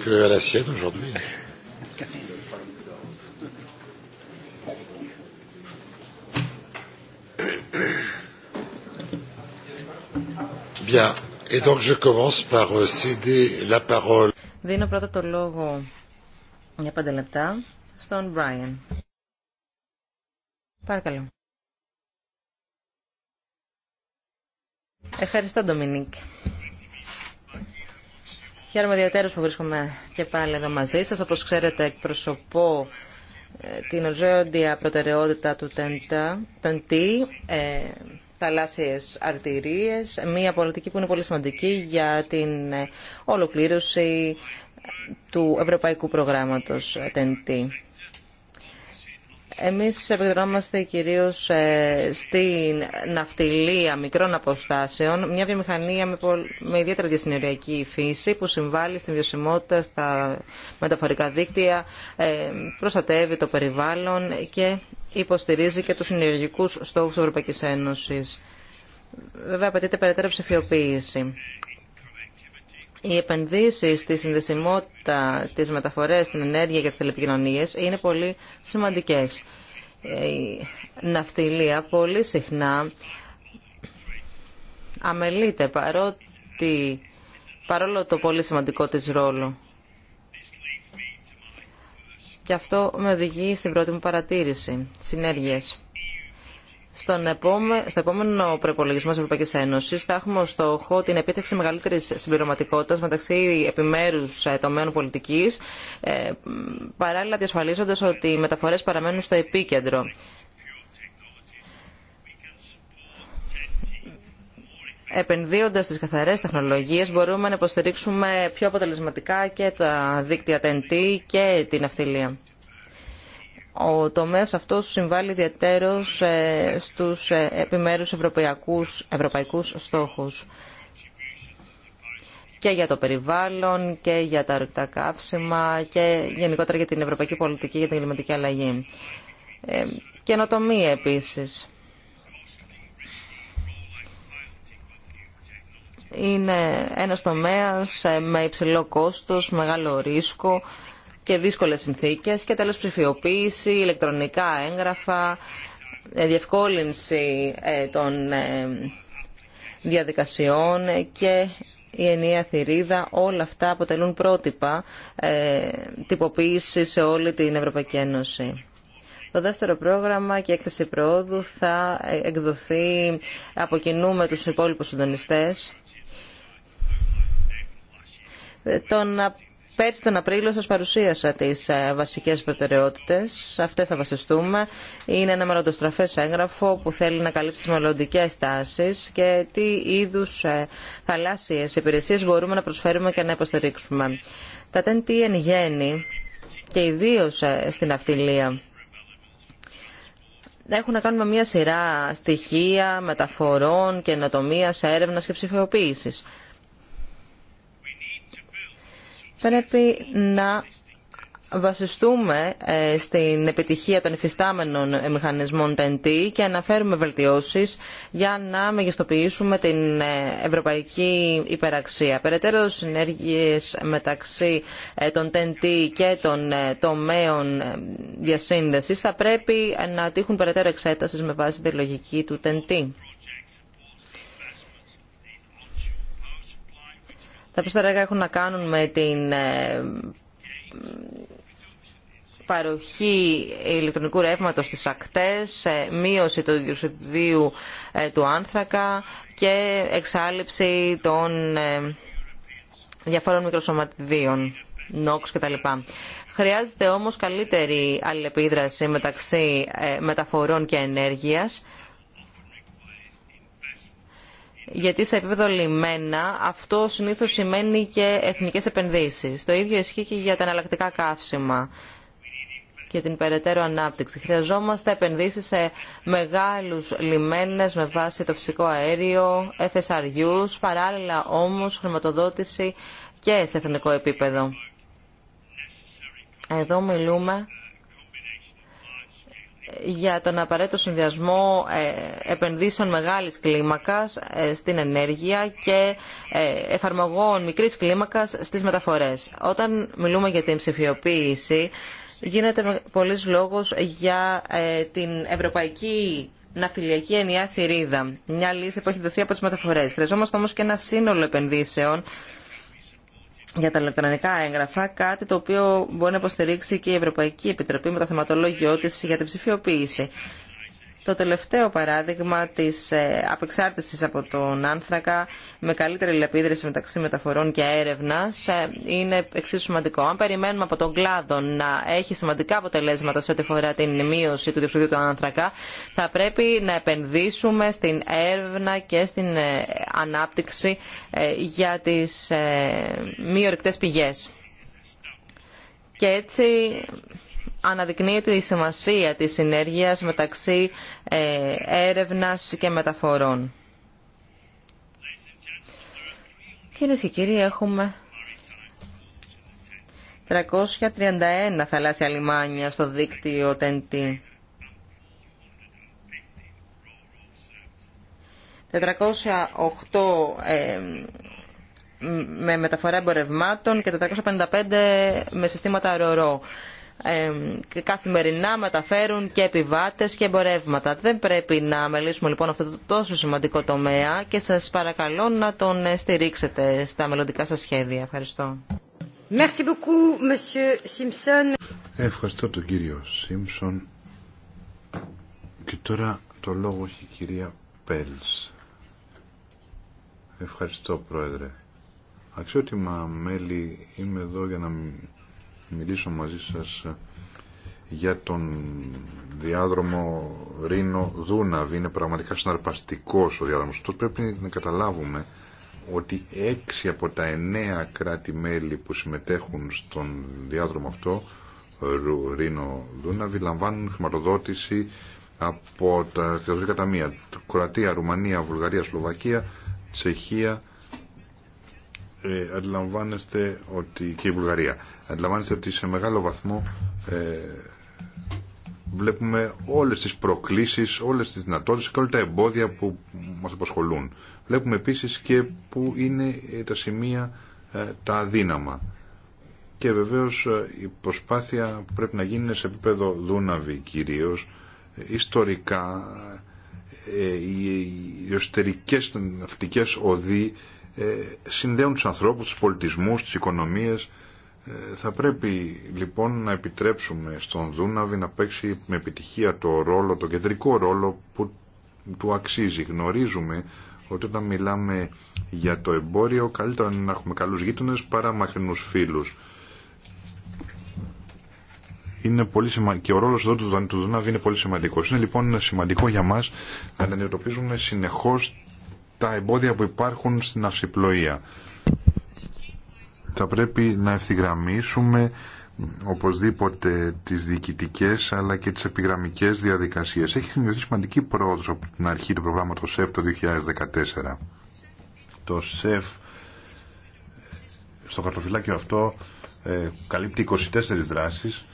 Δίνω πρώτα το λόγο για πέντε λεπτά στον Brian. Παρακαλώ. Ευχαριστώ, Ντομινίκ. Χαίρομαι ιδιαίτερα που βρίσκομαι και πάλι εδώ μαζί σας. Όπως ξέρετε, εκπροσωπώ ε, την οζέοντια προτεραιότητα του ΤΕΝΤΗ θαλάσσιες αρτηρίες, μια πολιτική που είναι πολύ σημαντική για την ολοκλήρωση του Ευρωπαϊκού Προγράμματος TNT. Εμείς επικεντρώμαστε κυρίως ε, στην ναυτιλία μικρών αποστάσεων, μια βιομηχανία με ιδιαίτερα διασυνοριακή φύση που συμβάλλει στην βιωσιμότητα στα μεταφορικά δίκτυα, ε, προστατεύει το περιβάλλον και υποστηρίζει και τους συνεργικούς στόχους της Ευρωπαϊκής Ένωσης. Βέβαια, απαιτείται περαιτέρω ψηφιοποίηση. Οι επενδύσει στη συνδεσιμότητα, τι μεταφορέ, την ενέργεια και τι τηλεπικοινωνίε είναι πολύ σημαντικέ. Η ναυτιλία πολύ συχνά αμελείται παρότι, παρόλο το πολύ σημαντικό της ρόλο. Και αυτό με οδηγεί στην πρώτη μου παρατήρηση. Συνέργειες. Στον Στο επόμενο προπολογισμό τη Ευρωπαϊκή Ένωση θα έχουμε ως στόχο την επίτευξη μεγαλύτερη συμπληρωματικότητα μεταξύ επιμέρου τομέων πολιτική, ε, παράλληλα διασφαλίζοντα ότι οι μεταφορέ παραμένουν στο επίκεντρο επενδύοντας στις καθαρές τεχνολογίες μπορούμε να υποστηρίξουμε πιο αποτελεσματικά και τα δίκτυα TNT και την αυτιλία. Ο τομέας αυτός συμβάλλει ιδιαίτερως ε, στους ε, επιμέρους ευρωπαϊκούς, ευρωπαϊκούς στόχους και για το περιβάλλον και για τα ορυκτά καύσιμα και γενικότερα για την ευρωπαϊκή πολιτική για την κλιματική αλλαγή. Ε, καινοτομία επίσης είναι ένας τομέας με υψηλό κόστος, μεγάλο ρίσκο και δύσκολες συνθήκες και τέλος ψηφιοποίηση, ηλεκτρονικά έγγραφα, ε, διευκόλυνση ε, των ε, διαδικασιών και η ενιαία θηρίδα, όλα αυτά αποτελούν πρότυπα τυποποίηση σε όλη την Ευρωπαϊκή Ένωση. Το δεύτερο πρόγραμμα και έκθεση προόδου θα εκδοθεί από κοινού με τους υπόλοιπους συντονιστές τον, πέρσι τον Απρίλιο σας παρουσίασα τις ε, βασικές προτεραιότητες. Αυτές θα βασιστούμε. Είναι ένα μελλοντοστραφές έγγραφο που θέλει να καλύψει τις μελλοντικές τάσεις και τι είδους ε, θαλάσσιες υπηρεσίες μπορούμε να προσφέρουμε και να υποστηρίξουμε. Τα τέντη εν γέννη και ιδίω ε, στην αυτιλία έχουν να κάνουν με μια σειρά στοιχεία μεταφορών, καινοτομία, έρευνα και ψηφιοποίησης πρέπει να βασιστούμε ε, στην επιτυχία των υφιστάμενων ε, μηχανισμών TNT και να φέρουμε βελτιώσεις για να μεγιστοποιήσουμε την ε, ευρωπαϊκή υπεραξία. Περαιτέρω συνέργειες μεταξύ των TNT και των τομέων διασύνδεσης θα πρέπει να τύχουν περαιτέρω εξέταση με βάση τη λογική του TNT. Τα περισσότερα έχουν να κάνουν με την ε, παροχή ηλεκτρονικού ρεύματος στις ακτές, ε, μείωση του διοξιδίου ε, του άνθρακα και εξάλληψη των διαφόρων μικροσωματιδίων, νόξ κτλ. Χρειάζεται όμως καλύτερη αλληλεπίδραση μεταξύ μεταφορών και ενέργειας γιατί σε επίπεδο λιμένα αυτό συνήθως σημαίνει και εθνικές επενδύσεις. Το ίδιο ισχύει και για τα εναλλακτικά καύσιμα και την περαιτέρω ανάπτυξη. Χρειαζόμαστε επενδύσεις σε μεγάλους λιμένες με βάση το φυσικό αέριο, FSRUs, παράλληλα όμως χρηματοδότηση και σε εθνικό επίπεδο. Εδώ μιλούμε για τον απαραίτητο συνδυασμό ε, επενδύσεων μεγάλης κλίμακας ε, στην ενέργεια και ε, εφαρμογών μικρής κλίμακας στις μεταφορές. Όταν μιλούμε για την ψηφιοποίηση, γίνεται πολλής λόγος για την ευρωπαϊκή ναυτιλιακή ενιαία θηρίδα, μια λύση που έχει δοθεί από τις μεταφορές. Χρειαζόμαστε όμως και ένα σύνολο επενδύσεων για τα ηλεκτρονικά έγγραφα, κάτι το οποίο μπορεί να υποστηρίξει και η Ευρωπαϊκή Επιτροπή με το θεματολόγιο της για την ψηφιοποίηση. Το τελευταίο παράδειγμα της ε, απεξάρτησης από τον άνθρακα με καλύτερη λεπίδρυση μεταξύ μεταφορών και έρευνας ε, είναι εξίσου σημαντικό. Αν περιμένουμε από τον κλάδο να έχει σημαντικά αποτελέσματα σε ό,τι αφορά την μείωση του διοξιδίου του άνθρακα, θα πρέπει να επενδύσουμε στην έρευνα και στην ε, ανάπτυξη για τις μη ορυκτές πηγές. Και έτσι αναδεικνύεται η σημασία της συνέργειας μεταξύ ε, έρευνας και μεταφορών. Κυρίε και κύριοι, έχουμε 331 θαλάσσια λιμάνια στο δίκτυο TNT. 408 ε, με μεταφορά εμπορευμάτων και 455 με συστήματα ρορό καθημερινά μεταφέρουν και επιβάτες και εμπορεύματα. Δεν πρέπει να μελήσουμε λοιπόν αυτό το τόσο σημαντικό τομέα και σας παρακαλώ να τον ε, στηρίξετε στα μελλοντικά σας σχέδια. Ευχαριστώ. Merci beaucoup, Monsieur Simpson. Ευχαριστώ τον κύριο Σίμψον. Και τώρα το λόγο έχει η κυρία Πέλς. Ευχαριστώ, Πρόεδρε. Αξιότιμα μέλη, είμαι εδώ για να μιλήσω μαζί σας ε, για τον διάδρομο Ρήνο-Δούναβη. Είναι πραγματικά συναρπαστικός ο διάδρομος. Τότε πρέπει να καταλάβουμε ότι έξι από τα εννέα κράτη-μέλη που συμμετέχουν στον διάδρομο αυτό, Ρήνο-Δούναβη, λαμβάνουν χρηματοδότηση από τα θεατρικά ταμεία. Κροατία, Ρουμανία, Βουλγαρία, Σλοβακία, Τσεχία, ε, αντιλαμβάνεστε ότι και η Βουλγαρία αντιλαμβάνεστε ότι σε μεγάλο βαθμό ε, βλέπουμε όλες τις προκλήσεις, όλες τις δυνατότητες και όλα τα εμπόδια που μας απασχολούν. Βλέπουμε επίσης και που είναι ε, τα σημεία ε, τα αδύναμα. Και βεβαίως η προσπάθεια που πρέπει να γίνει σε επίπεδο Δούναβη κυρίως, ιστορικά, οι εσωτερικές ναυτικές οδοί συνδέουν τους ανθρώπους, τους πολιτισμούς, τις οικονομίες, ε, θα πρέπει λοιπόν να επιτρέψουμε στον Δούναβη να παίξει με επιτυχία το ρόλο, το κεντρικό ρόλο που του αξίζει. Γνωρίζουμε ότι όταν μιλάμε για το εμπόριο καλύτερα είναι να έχουμε καλούς γείτονες παρά μακρινούς φίλους. Είναι πολύ σημαντικό και ο ρόλος εδώ του, του Δούναβη είναι πολύ σημαντικός. Είναι λοιπόν σημαντικό για μας να αντιμετωπίζουμε συνεχώς τα εμπόδια που υπάρχουν στην αυσιπλοεία. Θα πρέπει να ευθυγραμμίσουμε οπωσδήποτε τις διοικητικές αλλά και τις επιγραμμικές διαδικασίες. Έχει σημειωθεί σημαντική πρόοδος από την αρχή του προγράμματος ΣΕΦ το 2014. Το ΣΕΦ στο χαρτοφυλάκιο αυτό ε, καλύπτει 24 δράσεις,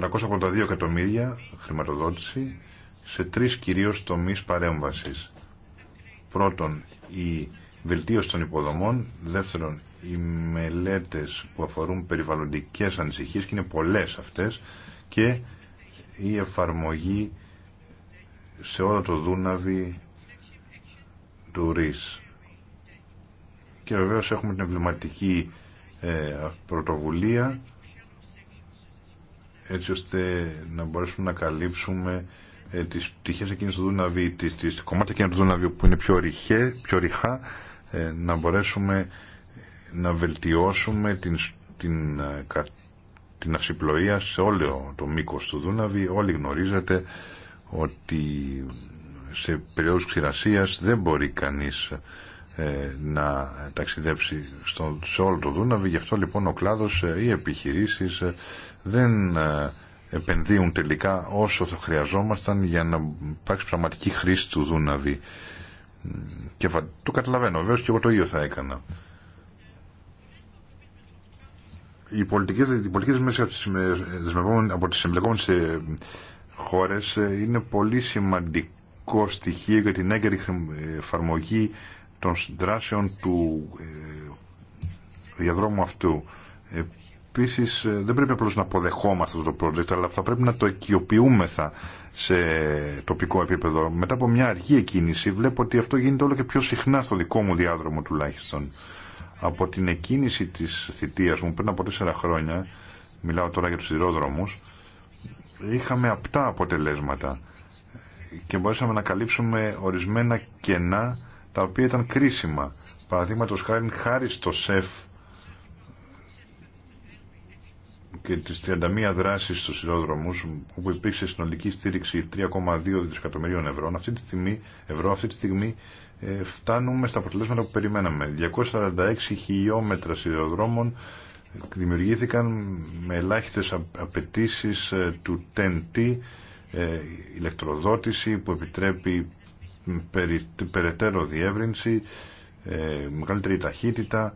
382 εκατομμύρια χρηματοδότηση σε τρεις κυρίως τομείς παρέμβασης. Πρώτον, η βελτίωση των υποδομών, δεύτερον οι μελέτες που αφορούν περιβαλλοντικές ανησυχίες και είναι πολλές αυτές και η εφαρμογή σε όλο το Δούναβι του ΡΙΣ. Και βεβαίως έχουμε την εμβληματική ε, πρωτοβουλία έτσι ώστε να μπορέσουμε να καλύψουμε ε, τις πτυχές εκείνης του Δούναβι, τις, τις κομμάτια εκείνα του Δούναβι που είναι πιο, πιο ε, να μπορέσουμε να βελτιώσουμε την, την, ε, την αυσιπλοεία σε όλο το μήκος του Δούναβη. Όλοι γνωρίζετε ότι σε περίοδους ξηρασίας δεν μπορεί κανείς ε, να ταξιδέψει στο, σε όλο το Δούναβη Γι' αυτό λοιπόν ο κλάδος, οι επιχειρήσεις δεν επενδύουν τελικά όσο θα χρειαζόμασταν για να υπάρξει πραγματική χρήση του Δούναβη. Και το καταλαβαίνω, βέβαια και εγώ το ίδιο θα έκανα. Οι πολιτικές, οι πολιτικές από τις εμπλεκόμενες ε, χώρες ε, είναι πολύ σημαντικό στοιχείο για την έγκαιρη εφαρμογή των δράσεων του ε, διαδρόμου αυτού. Επίση, δεν πρέπει απλώ να αποδεχόμαστε το project, αλλά θα πρέπει να το οικειοποιούμεθα σε τοπικό επίπεδο. Μετά από μια αργή εκκίνηση βλέπω ότι αυτό γίνεται όλο και πιο συχνά στο δικό μου διάδρομο τουλάχιστον. Από την εκκίνηση της θητείας μου πριν από τέσσερα χρόνια, μιλάω τώρα για τους σιδηρόδρομους, είχαμε απτά αποτελέσματα και μπορέσαμε να καλύψουμε ορισμένα κενά τα οποία ήταν κρίσιμα. Παραδείγματο χάρη, χάρη στο ΣΕΦ και τις 31 δράσεις στους σιδηροδρομούς όπου υπήρξε συνολική στήριξη 3,2 δισεκατομμυρίων ευρώ αυτή τη στιγμή, ευρώ, αυτή τη στιγμή ε, φτάνουμε στα αποτελέσματα που περιμέναμε 246 χιλιόμετρα σιδηροδρόμων δημιουργήθηκαν με ελάχιστες απαιτήσει ε, του TEN-T ε, ηλεκτροδότηση που επιτρέπει περι, περαιτέρω διεύρυνση μεγαλύτερη ταχύτητα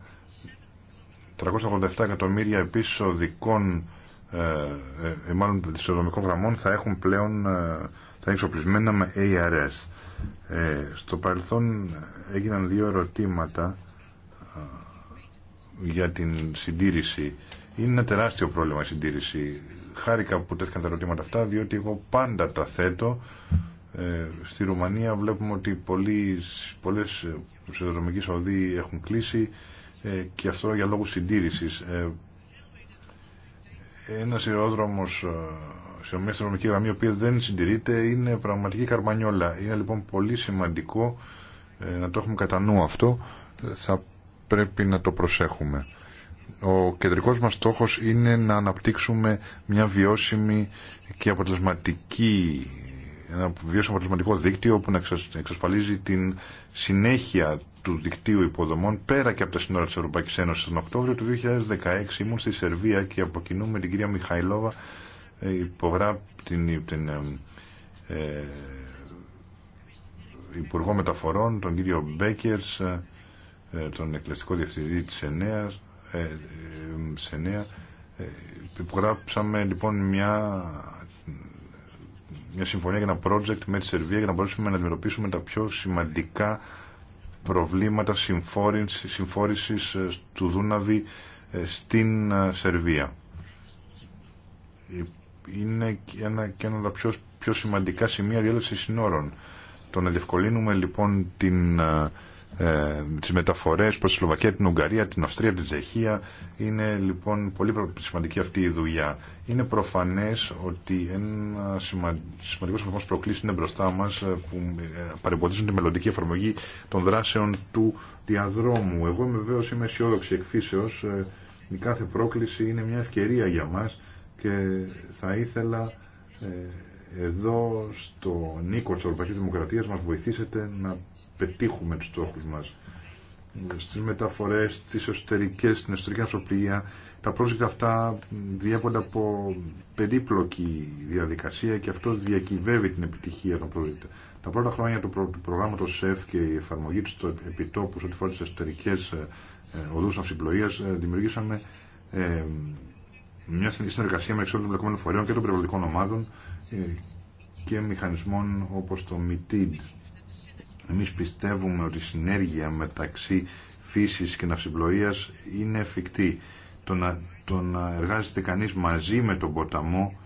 487 εκατομμύρια επίσης οδικών ε, ε, ε, μάλλον δισοδομικών γραμμών θα έχουν πλέον ε, θα είναι εξοπλισμένα με ARS. Ε, στο παρελθόν έγιναν δύο ερωτήματα για την συντήρηση. Είναι ένα τεράστιο πρόβλημα η συντήρηση. Χάρηκα που τέθηκαν τα ερωτήματα αυτά, διότι εγώ πάντα τα θέτω. Ε, στη Ρουμανία βλέπουμε ότι πολλοί, πολλές οδοί έχουν κλείσει. Ε, και αυτό για λόγους συντήρησης. Ε, ένας ιερόδρομος ε, σε μια αστυνομική γραμμή, η οποία δεν συντηρείται, είναι πραγματική καρμανιόλα. Είναι λοιπόν πολύ σημαντικό να το έχουμε κατά νου αυτό. Θα πρέπει να το προσέχουμε. Ο κεντρικός μας στόχος είναι να αναπτύξουμε μια βιώσιμη και αποτελεσματική ένα βιώσιμο αποτελεσματικό δίκτυο που να εξασφαλίζει την συνέχεια του δικτύου υποδομών πέρα και από τα σύνορα της Ευρωπαϊκής Ένωσης. Τον Οκτώβριο του 2016 ήμουν στη Σερβία και από κοινού την κυρία Μιχαηλόβα ε, την, την ε, ε, Υπουργό Μεταφορών, τον κύριο Μπέκερς, τον Εκκληστικό Διευθυντή της ΕΝΕΑ, ε, ΕΝΕΑ υπογράψαμε λοιπόν μια μια συμφωνία για ένα project με τη Σερβία για να μπορέσουμε να αντιμετωπίσουμε τα πιο σημαντικά προβλήματα συμφόρησης, ε, του Δούναβη ε, στην ε, Σερβία. Είναι ένα και ένα από τα πιο, πιο σημαντικά σημεία διέλευσης συνόρων. Το να διευκολύνουμε λοιπόν την, ε, τις μεταφορές προς τη Σλοβακία, την Ουγγαρία, την Αυστρία, την Τσεχία είναι λοιπόν πολύ σημαντική αυτή η δουλειά. Είναι προφανές ότι ένα σημαντικό σημαντικό προκλήσεις είναι μπροστά μας ε, που ε, παρεμποδίζουν τη μελλοντική εφαρμογή των δράσεων του διαδρόμου. Εγώ είμαι είμαι αισιόδοξη εκφύσεως. Ε, η κάθε πρόκληση είναι μια ευκαιρία για μας και θα ήθελα εδώ στο Νίκο της Ευρωπαϊκής Δημοκρατίας μας βοηθήσετε να πετύχουμε τους στόχους μας στις μεταφορές, στις εσωτερικές, στην εσωτερική τα project αυτά διέπονται από περίπλοκη διαδικασία και αυτό διακυβεύει την επιτυχία των project. Τα πρώτα χρόνια του, προγράμματος ΣΕΦ και η εφαρμογή του στο επιτόπου σε ό,τι φορά τις εσωτερικές ε, ε, οδούς αυσυμπλοείας ε, δημιουργήσαμε μια συνεργασία μεταξύ εξόλου των εμπλεκομένων φορέων και των περιβαλλοντικών ομάδων και μηχανισμών όπως το MITID. Εμείς πιστεύουμε ότι η συνέργεια μεταξύ φύσης και ναυσιπλοείας είναι εφικτή το να, το εργάζεται κανείς μαζί με τον ποταμό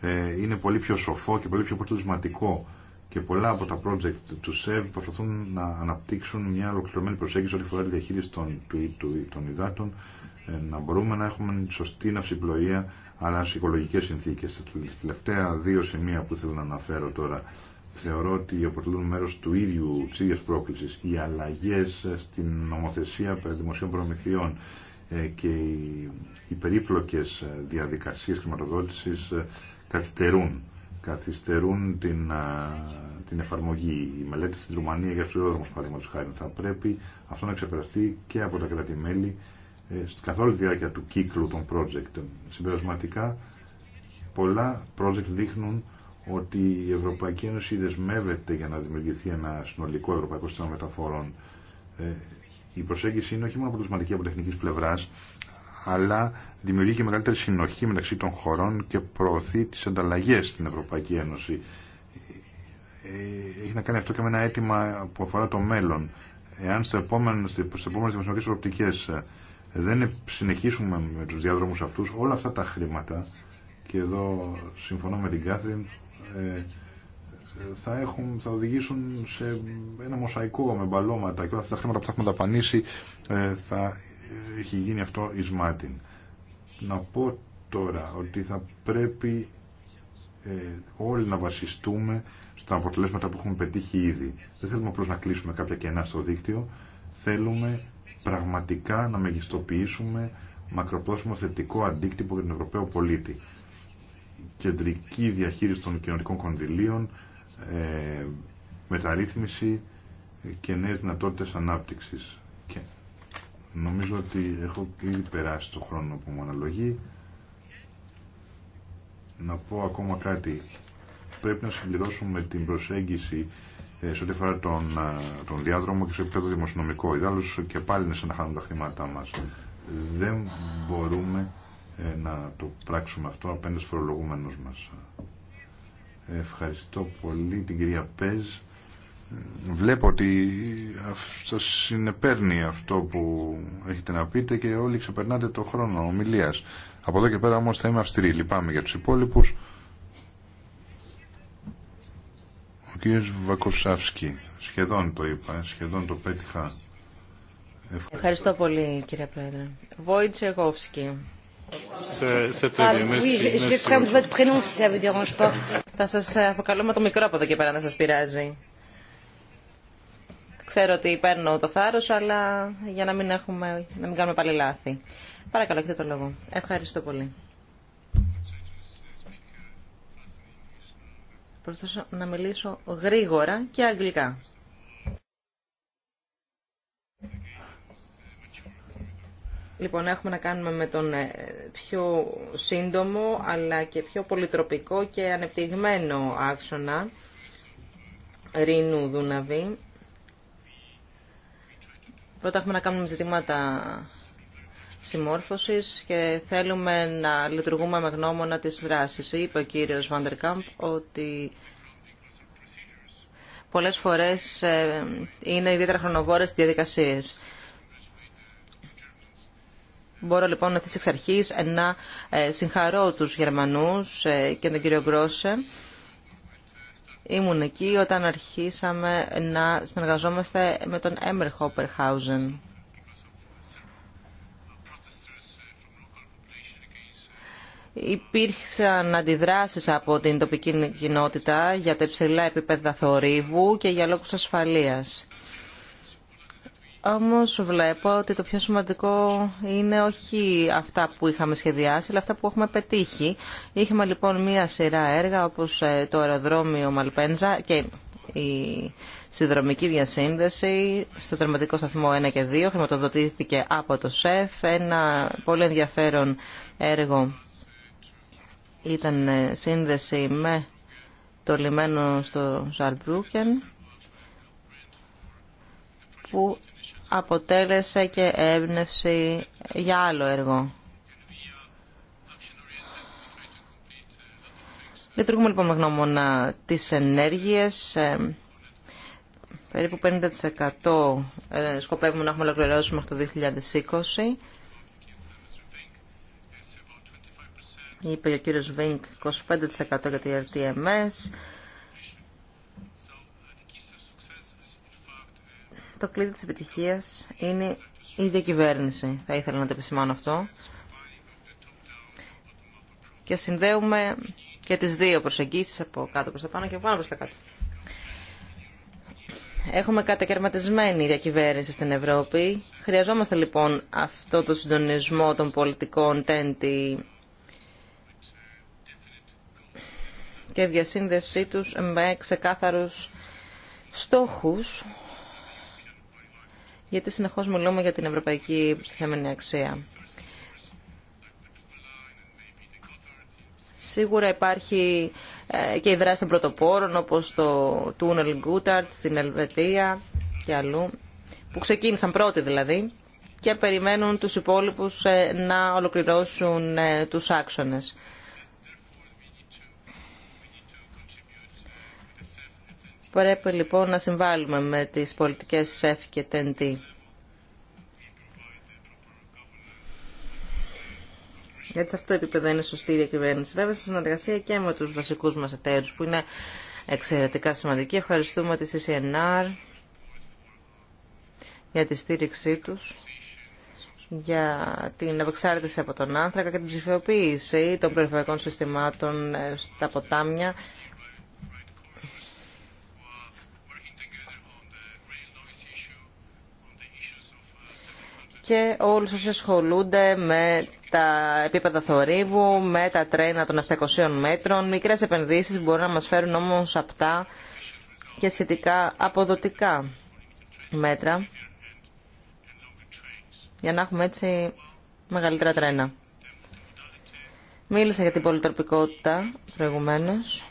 ε, είναι πολύ πιο σοφό και πολύ πιο αποτελεσματικό και πολλά από τα project του ΣΕΒ προσπαθούν να αναπτύξουν μια ολοκληρωμένη προσέγγιση ό,τι φορά τη διαχείριση των, του, του, των υδάτων, ε, να μπορούμε να έχουμε σωστή ναυσιπλοεία αλλά σε οικολογικέ συνθήκε. Τα τελευταία δύο σημεία που θέλω να αναφέρω τώρα θεωρώ ότι αποτελούν μέρο του ίδιου τη ίδια πρόκληση. Οι αλλαγέ ε, στην νομοθεσία περί δημοσίων προμηθειών ε, και οι περίπλοκες ε, διαδικασίες χρηματοδότησης ε, καθυστερούν. Καθυστερούν την, την εφαρμογή. Η μελέτη στην Ρουμανία για τους παραδείγματος χάρη θα πρέπει αυτό να ξεπεραστεί και από τα κράτη-μέλη καθ' όλη τη διάρκεια του κύκλου των project. Συμπερασματικά, πολλά project δείχνουν ότι η Ευρωπαϊκή Ένωση δεσμεύεται για να δημιουργηθεί ένα συνολικό ευρωπαϊκό σύστημα μεταφορών η προσέγγιση είναι όχι μόνο αποτελεσματική από τεχνική πλευρά, αλλά δημιουργεί και μεγαλύτερη συνοχή μεταξύ των χωρών και προωθεί τι ανταλλαγέ στην Ευρωπαϊκή Ένωση. Ε, έχει να κάνει αυτό και με ένα αίτημα που αφορά το μέλλον. Εάν στι επόμενε δημοσιονομικέ προοπτικέ ε, δεν συνεχίσουμε με του διάδρομου αυτού, όλα αυτά τα χρήματα, και εδώ συμφωνώ με την Κάθριν, ε, θα, έχουν, θα οδηγήσουν σε ένα μοσαϊκό με μπαλώματα και όλα αυτά τα χρήματα που θα έχουμε δαπανίσει ε, θα έχει γίνει αυτό εις μάτιν. Να πω τώρα ότι θα πρέπει ε, όλοι να βασιστούμε στα αποτελέσματα που έχουμε πετύχει ήδη. Δεν θέλουμε απλώς να κλείσουμε κάποια κενά στο δίκτυο. Θέλουμε πραγματικά να μεγιστοποιήσουμε μακροπρόθεσμο θετικό αντίκτυπο για τον Ευρωπαίο πολίτη. Κεντρική διαχείριση των κοινωνικών κονδυλίων, ε, μεταρρύθμιση και νέες δυνατότητες ανάπτυξης. Και νομίζω ότι έχω ήδη περάσει το χρόνο που μου αναλογεί. Να πω ακόμα κάτι. Πρέπει να συμπληρώσουμε την προσέγγιση ε, σε ό,τι αφορά τον, τον διάδρομο και σε επίπεδο δημοσιονομικό. Ιδάλλως και πάλι είναι σαν να χάνουμε τα χρήματά μας. Δεν μπορούμε ε, να το πράξουμε αυτό απέναντι στους φορολογούμενους μας. Ευχαριστώ πολύ την κυρία Πέζ. Βλέπω ότι σα συνεπέρνει αυτό που έχετε να πείτε και όλοι ξεπερνάτε το χρόνο ομιλία. Από εδώ και πέρα όμω θα είμαι αυστηρή. Λυπάμαι για του υπόλοιπου. Ο κύριο Βακοσάφσκι. Σχεδόν το είπα, σχεδόν το πέτυχα. Ευχαριστώ, πολύ κύριε Πρόεδρε. Βόιτσεγόφσκι. Θα σας ε, αποκαλώ με το μικρό από εδώ και πέρα να σας πειράζει. Ξέρω ότι παίρνω το θάρρος, αλλά για να μην, έχουμε, να μην κάνουμε πάλι λάθη. Παρακαλώ, έχετε το λόγο. Ευχαριστώ πολύ. Προσπαθώ να μιλήσω γρήγορα και αγγλικά. Λοιπόν, έχουμε να κάνουμε με τον ε, πιο σύντομο, αλλά και πιο πολυτροπικό και ανεπτυγμένο άξονα Ρήνου Δούναβη. Πρώτα έχουμε να κάνουμε ζητήματα συμμόρφωσης και θέλουμε να λειτουργούμε με γνώμονα της δράσης. Είπε ο κύριος Βαντερκάμπ ότι πολλές φορές ε, είναι ιδιαίτερα χρονοβόρες διαδικασίες. Μπορώ λοιπόν να εξ αρχή να συγχαρώ τους Γερμανούς ε, και τον κύριο Γκρόσε. Ήμουν εκεί όταν αρχίσαμε να συνεργαζόμαστε με τον Έμερ Χόπερχάουζεν. Υπήρξαν αντιδράσεις από την τοπική κοινότητα για τα υψηλά επίπεδα θορύβου και για λόγους ασφαλείας. Όμως βλέπω ότι το πιο σημαντικό είναι όχι αυτά που είχαμε σχεδιάσει, αλλά αυτά που έχουμε πετύχει. Είχαμε λοιπόν μία σειρά έργα όπως ε, το αεροδρόμιο Μαλπένζα και η συνδρομική διασύνδεση στο τερματικό σταθμό 1 και 2 χρηματοδοτήθηκε από το ΣΕΦ. Ένα πολύ ενδιαφέρον έργο ήταν ε, σύνδεση με το λιμένο στο Ζαλμπρούκεν που αποτέλεσε και έμπνευση για άλλο έργο. Λειτουργούμε λοιπόν με γνώμονα τις ενέργειες. Ε, περίπου 50% ε, σκοπεύουμε να έχουμε ολοκληρώσει μέχρι το 2020. Είπε ο κύριος Βίνκ 25% για τη RTMS, το κλείδι της επιτυχίας είναι η διακυβέρνηση. Θα ήθελα να το επισημάνω αυτό. Και συνδέουμε και τις δύο προσεγγίσεις από κάτω προς τα πάνω και από πάνω προς τα κάτω. Έχουμε κατακαιρματισμένη διακυβέρνηση στην Ευρώπη. Χρειαζόμαστε λοιπόν αυτό το συντονισμό των πολιτικών τέντη και διασύνδεσή τους με ξεκάθαρους στόχους γιατί συνεχώς μιλούμε για την ευρωπαϊκή προστιθέμενη αξία. Σίγουρα υπάρχει ε, και η δράση των πρωτοπόρων, όπως το τούνελ Γκούταρτ στην Ελβετία και αλλού, που ξεκίνησαν πρώτοι δηλαδή και περιμένουν τους υπόλοιπους ε, να ολοκληρώσουν ε, τους άξονες. Πρέπει λοιπόν να συμβάλλουμε με τις πολιτικές ΣΕΦ και ΤΕΝΤΗ. Γιατί σε αυτό το επίπεδο είναι σωστή η διακυβέρνηση. Βέβαια, σε συνεργασία και με τους βασικούς μας εταίρους, που είναι εξαιρετικά σημαντικοί. Ευχαριστούμε τη CCNR για τη στήριξή τους για την απεξάρτηση από τον άνθρακα και την ψηφιοποίηση των περιφερειακών συστημάτων ε, στα ποτάμια και όλους όσοι ασχολούνται με τα επίπεδα θορύβου, με τα τρένα των 700 μέτρων. Μικρές επενδύσεις μπορούν να μας φέρουν όμως απτά και σχετικά αποδοτικά μέτρα για να έχουμε έτσι μεγαλύτερα τρένα. Μίλησα για την πολυτροπικότητα προηγουμένως.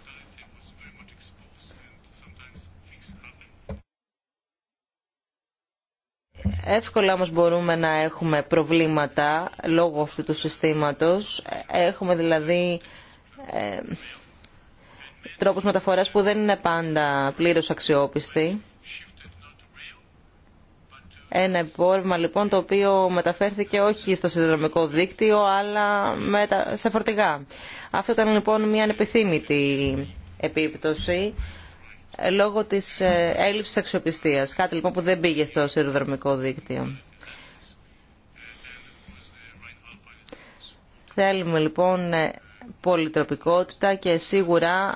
Εύκολα όμως μπορούμε να έχουμε προβλήματα λόγω αυτού του συστήματος. Έχουμε δηλαδή ε, τρόπους μεταφοράς που δεν είναι πάντα πλήρως αξιόπιστοι. Ένα υπόρρευμα λοιπόν το οποίο μεταφέρθηκε όχι στο συνδρομικό δίκτυο αλλά σε φορτηγά. Αυτό ήταν λοιπόν μια ανεπιθύμητη επίπτωση ε, λόγω της ε, έλλειψη αξιοπιστία, Κάτι λοιπόν που δεν πήγε στο σιδηροδρομικό δίκτυο. Θέλουμε λοιπόν ε, πολυτροπικότητα και σίγουρα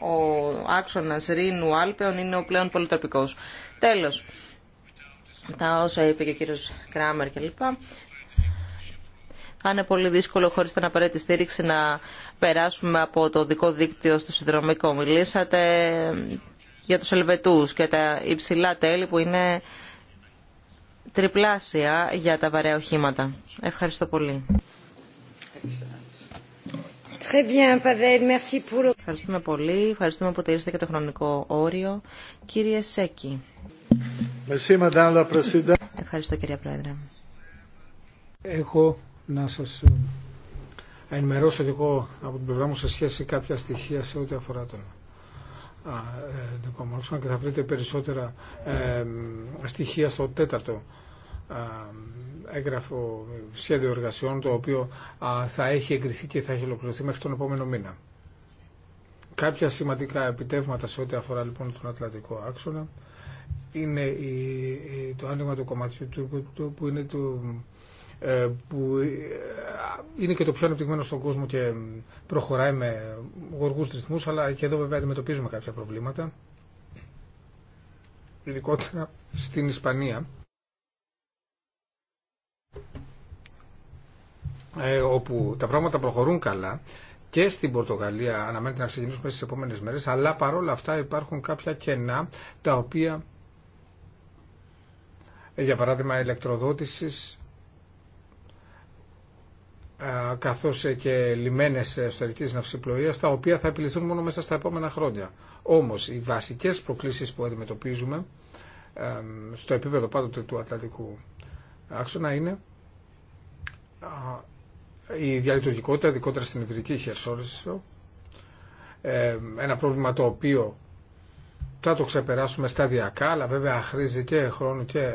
ο άξονας Ρήνου Άλπαιων είναι ο πλέον πολυτροπικός. Τέλος, τα όσα είπε και ο κύριος Κράμερ και αν είναι πολύ δύσκολο χωρίς την απαραίτητη στήριξη να περάσουμε από το δικό δίκτυο στο συνδρομικό. Μιλήσατε για τους Ελβετούς και τα υψηλά τέλη που είναι τριπλάσια για τα βαρέα οχήματα. Ευχαριστώ πολύ. Ευχαριστούμε πολύ. Ευχαριστούμε που τηρήσατε και το χρονικό όριο. Κύριε Σέκη. Ευχαριστώ κυρία Πρόεδρε. Έχω να σας ε, ενημερώσω και εγώ από την πλευρά μου σε σχέση κάποια στοιχεία σε ό,τι αφορά τον δικό ε, και θα βρείτε περισσότερα ε, στοιχεία στο τέταρτο έγγραφο σχέδιο εργασιών το οποίο θα έχει εγκριθεί και θα έχει ολοκληρωθεί μέχρι τον επόμενο μήνα. Κάποια σημαντικά επιτεύγματα σε ό,τι αφορά λοιπόν τον Ατλαντικό άξονα είναι το άνοιγμα του κομματιού του που είναι του ε, που ε, είναι και το πιο ανεπτυγμένο στον κόσμο και προχωράει με γοργούς ρυθμούς, αλλά και εδώ βέβαια αντιμετωπίζουμε κάποια προβλήματα, ειδικότερα στην Ισπανία. Ε, όπου τα πράγματα προχωρούν καλά και στην Πορτογαλία αναμένεται να ξεκινήσουμε στις επόμενες μέρες αλλά παρόλα αυτά υπάρχουν κάποια κενά τα οποία για παράδειγμα ηλεκτροδότησης Καθώ και λιμένες εσωτερική ναυσιπλοεία, τα οποία θα επιληθούν μόνο μέσα στα επόμενα χρόνια. Όμως, οι βασικές προκλήσεις που αντιμετωπίζουμε στο επίπεδο πάντοτε του Ατλαντικού άξονα είναι η διαλειτουργικότητα, ειδικότερα στην υπηρετική Χερσόνησο, ε, ένα πρόβλημα το οποίο θα το ξεπεράσουμε σταδιακά, αλλά βέβαια χρήζει και χρόνο και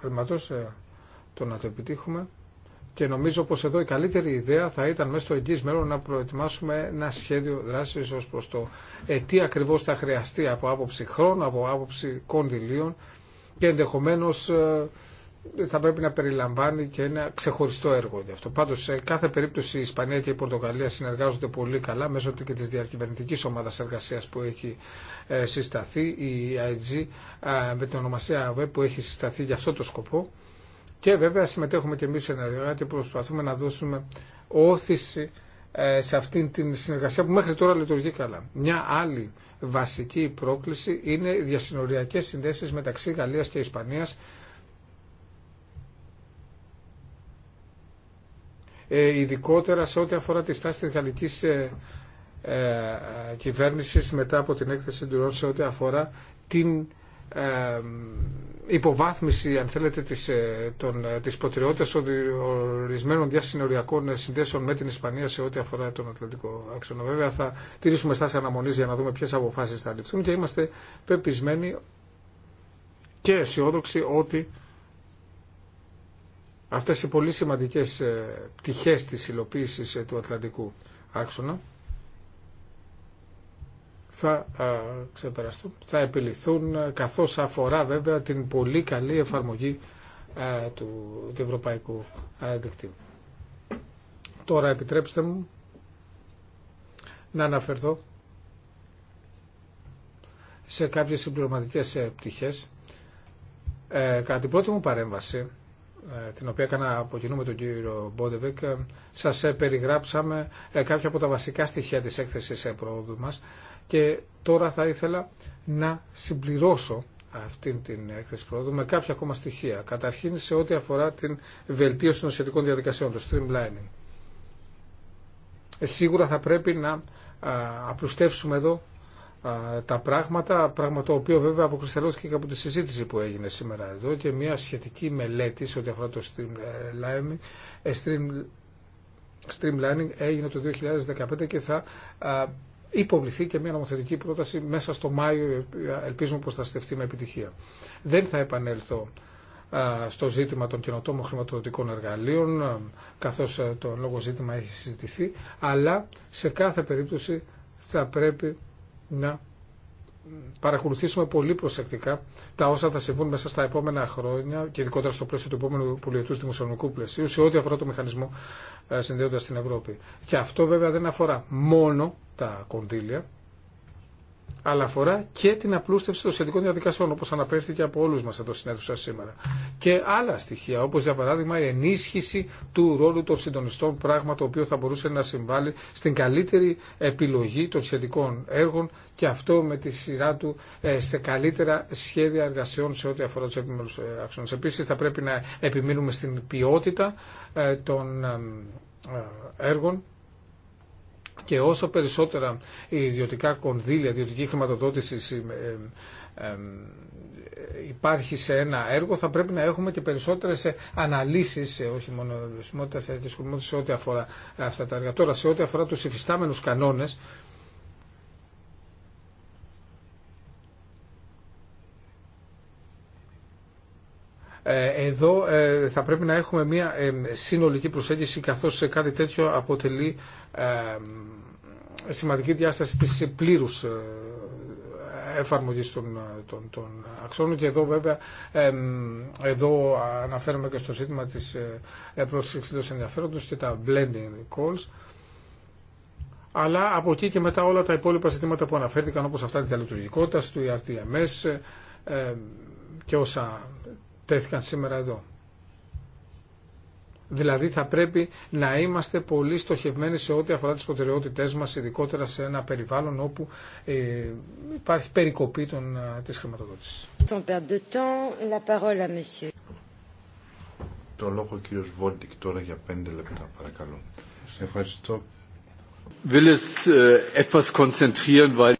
χρηματός ε, το να το επιτύχουμε. Και νομίζω πως εδώ η καλύτερη ιδέα θα ήταν μέσα στο εγγύς μέλλον να προετοιμάσουμε ένα σχέδιο δράσης ως προς το ε, τι ακριβώς θα χρειαστεί από άποψη χρόνου, από άποψη κονδυλίων και ενδεχομένως ε, θα πρέπει να περιλαμβάνει και ένα ξεχωριστό έργο γι' αυτό. Πάντω, σε κάθε περίπτωση η Ισπανία και η Πορτογαλία συνεργάζονται πολύ καλά μέσω και τη διακυβερνητική ομάδα εργασία που έχει ε, συσταθεί, η IG, με την ονομασία ΑΒΕ που έχει συσταθεί για αυτό το σκοπό. Και βέβαια συμμετέχουμε και εμεί σε ένα και προσπαθούμε να δώσουμε όθηση ε, σε αυτήν την συνεργασία που μέχρι τώρα λειτουργεί καλά. Μια άλλη βασική πρόκληση είναι οι διασυνοριακές συνδέσεις μεταξύ Γαλλίας και Ισπανίας ε, ειδικότερα σε ό,τι αφορά τη στάση της γαλλικής ε, κυβέρνησης μετά από την έκθεση του σε ό,τι αφορά την υποβάθμιση, αν θέλετε, της, ε, των, ε, της προτεραιότητας ορισμένων διασυνοριακών ε, συνδέσεων με την Ισπανία σε ό,τι αφορά τον Ατλαντικό άξονα. Βέβαια θα τηρήσουμε στάση αναμονής για να δούμε ποιες αποφάσεις θα ληφθούν και είμαστε πεπισμένοι και αισιόδοξοι ότι αυτές οι πολύ σημαντικές πτυχές της υλοποίησης του Ατλαντικού άξονα θα ξεπεραστούν, θα επιληθούν καθώς αφορά βέβαια την πολύ καλή εφαρμογή του, του ευρωπαϊκού δικτύου. Τώρα επιτρέψτε μου να αναφερθώ σε κάποιες συμπληρωματικές ε, πτυχές. Ε, κατά την πρώτη μου παρέμβαση, ε, την οποία έκανα από κοινού με τον κύριο Μπόντεβεκ, ε, σας περιγράψαμε κάποια από τα βασικά στοιχεία της έκθεσης πρόοδου μας και τώρα θα ήθελα να συμπληρώσω αυτή την έκθεση πρόοδου με κάποια ακόμα στοιχεία. Καταρχήν σε ό,τι αφορά την βελτίωση των σχετικών διαδικασιών, το streamlining. Ε, σίγουρα θα πρέπει να απλουστεύσουμε εδώ τα πράγματα, πράγμα το οποίο βέβαια αποκρισταλώθηκε και από τη συζήτηση που έγινε σήμερα εδώ και μια σχετική μελέτη σε ό,τι αφορά το streamlining, ε, έγινε το 2015 και θα υποβληθεί και μια νομοθετική πρόταση μέσα στο Μάιο, ελπίζουμε πως θα στεφτεί με επιτυχία. Δεν θα επανέλθω στο ζήτημα των καινοτόμων χρηματοδοτικών εργαλείων, καθώς το λόγο ζήτημα έχει συζητηθεί, αλλά σε κάθε περίπτωση θα πρέπει να παρακολουθήσουμε πολύ προσεκτικά τα όσα θα συμβούν μέσα στα επόμενα χρόνια και ειδικότερα στο πλαίσιο του επόμενου πολιετού δημοσιονομικού πλαισίου σε ό,τι αφορά το μηχανισμό ε, συνδέοντα την Ευρώπη. Και αυτό βέβαια δεν αφορά μόνο τα κονδύλια, αλλά αφορά και την απλούστευση των σχετικών διαδικασιών, όπω αναφέρθηκε από όλους μας εδώ στην αίθουσα σήμερα. Και άλλα στοιχεία, όπω για παράδειγμα η ενίσχυση του ρόλου των συντονιστών, πράγμα το οποίο θα μπορούσε να συμβάλλει στην καλύτερη επιλογή των σχετικών έργων και αυτό με τη σειρά του ε, σε καλύτερα σχέδια εργασιών σε ό,τι αφορά του επιμέλου αξιών. Ε, Επίση, θα πρέπει να επιμείνουμε στην ποιότητα ε, των έργων και όσο περισσότερα ιδιωτικά κονδύλια, ιδιωτική χρηματοδότηση ε, ε, ε, υπάρχει σε ένα έργο, θα πρέπει να έχουμε και περισσότερε αναλύσει, όχι μόνο δεσμότητα, αλλά σε ό,τι αφορά αυτά τα έργα. Τώρα, σε ό,τι αφορά του υφιστάμενου κανόνε, Ε, εδώ ε, θα πρέπει να έχουμε μια ε, συνολική προσέγγιση καθώς κάτι τέτοιο αποτελεί σημαντική διάσταση της πλήρους εφαρμογής των, των, των αξώνων και εδώ βέβαια εδώ αναφέρομαι και στο ζήτημα της ε, ενδιαφέροντος και τα blending calls αλλά από εκεί και μετά όλα τα υπόλοιπα ζητήματα που αναφέρθηκαν όπως αυτά της διαλειτουργικότητας, του ERTMS και όσα τέθηκαν σήμερα εδώ. Δηλαδή θα πρέπει να είμαστε πολύ στοχευμένοι σε ό,τι αφορά τις προτεραιότητές μας, ειδικότερα σε ένα περιβάλλον όπου ε, υπάρχει περικοπή των, της χρηματοδότησης. Το λόγο ο κύριος Βόντικ τώρα για πέντε λεπτά παρακαλώ. Ευχαριστώ. Will es ε, etwas weil.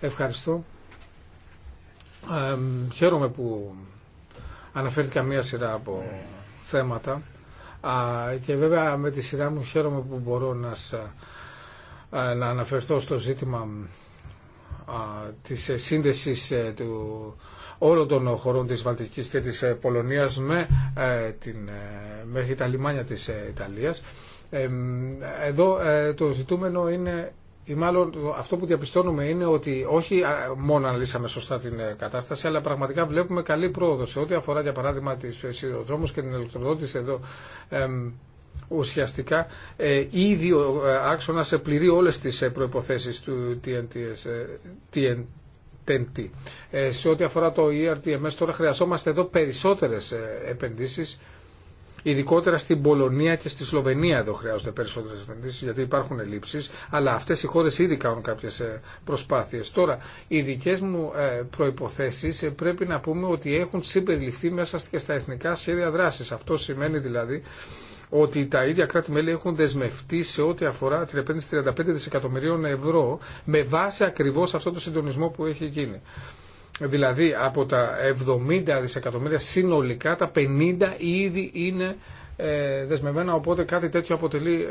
Ευχαριστώ. Ε, χαίρομαι που αναφέρθηκα μία σειρά από ναι. θέματα και βέβαια με τη σειρά μου χαίρομαι που μπορώ να, να αναφερθώ στο ζήτημα της ε, σύνδεσης ε, του όλων των χωρών της Βαλτικής και της ε, Πολωνίας με, την, μέχρι τα λιμάνια της Ιταλίας. Εδώ το ζητούμενο είναι ή μάλλον αυτό που διαπιστώνουμε είναι ότι όχι μόνο αναλύσαμε σωστά την ε, κατάσταση, αλλά πραγματικά βλέπουμε καλή πρόοδο σε ό,τι αφορά για παράδειγμα τις ε, σιδηροδρόμους και την ηλεκτροδότηση εδώ. ουσιαστικά ε, ήδη ο ε, άξονας πληρεί όλες τις προϋποθέσεις του TNTS, TNT. σε ό,τι αφορά το ERTMS τώρα χρειαζόμαστε εδώ περισσότερες επενδύσεις Ειδικότερα στην Πολωνία και στη Σλοβενία εδώ χρειάζονται περισσότερε επενδύσει γιατί υπάρχουν ελλείψει, αλλά αυτέ οι χώρε ήδη κάνουν κάποιε προσπάθειε. Τώρα, οι δικέ μου ε, προποθέσει ε, πρέπει να πούμε ότι έχουν συμπεριληφθεί μέσα και στα εθνικά σχέδια δράση. Αυτό σημαίνει δηλαδή ότι τα ίδια κράτη-μέλη έχουν δεσμευτεί σε ό,τι αφορά την επένδυση 35 δισεκατομμυρίων ευρώ με βάση ακριβώ αυτό το συντονισμό που έχει γίνει. Δηλαδή από τα 70 δισεκατομμύρια συνολικά τα 50 ήδη είναι ε, δεσμευμένα, οπότε κάτι τέτοιο αποτελεί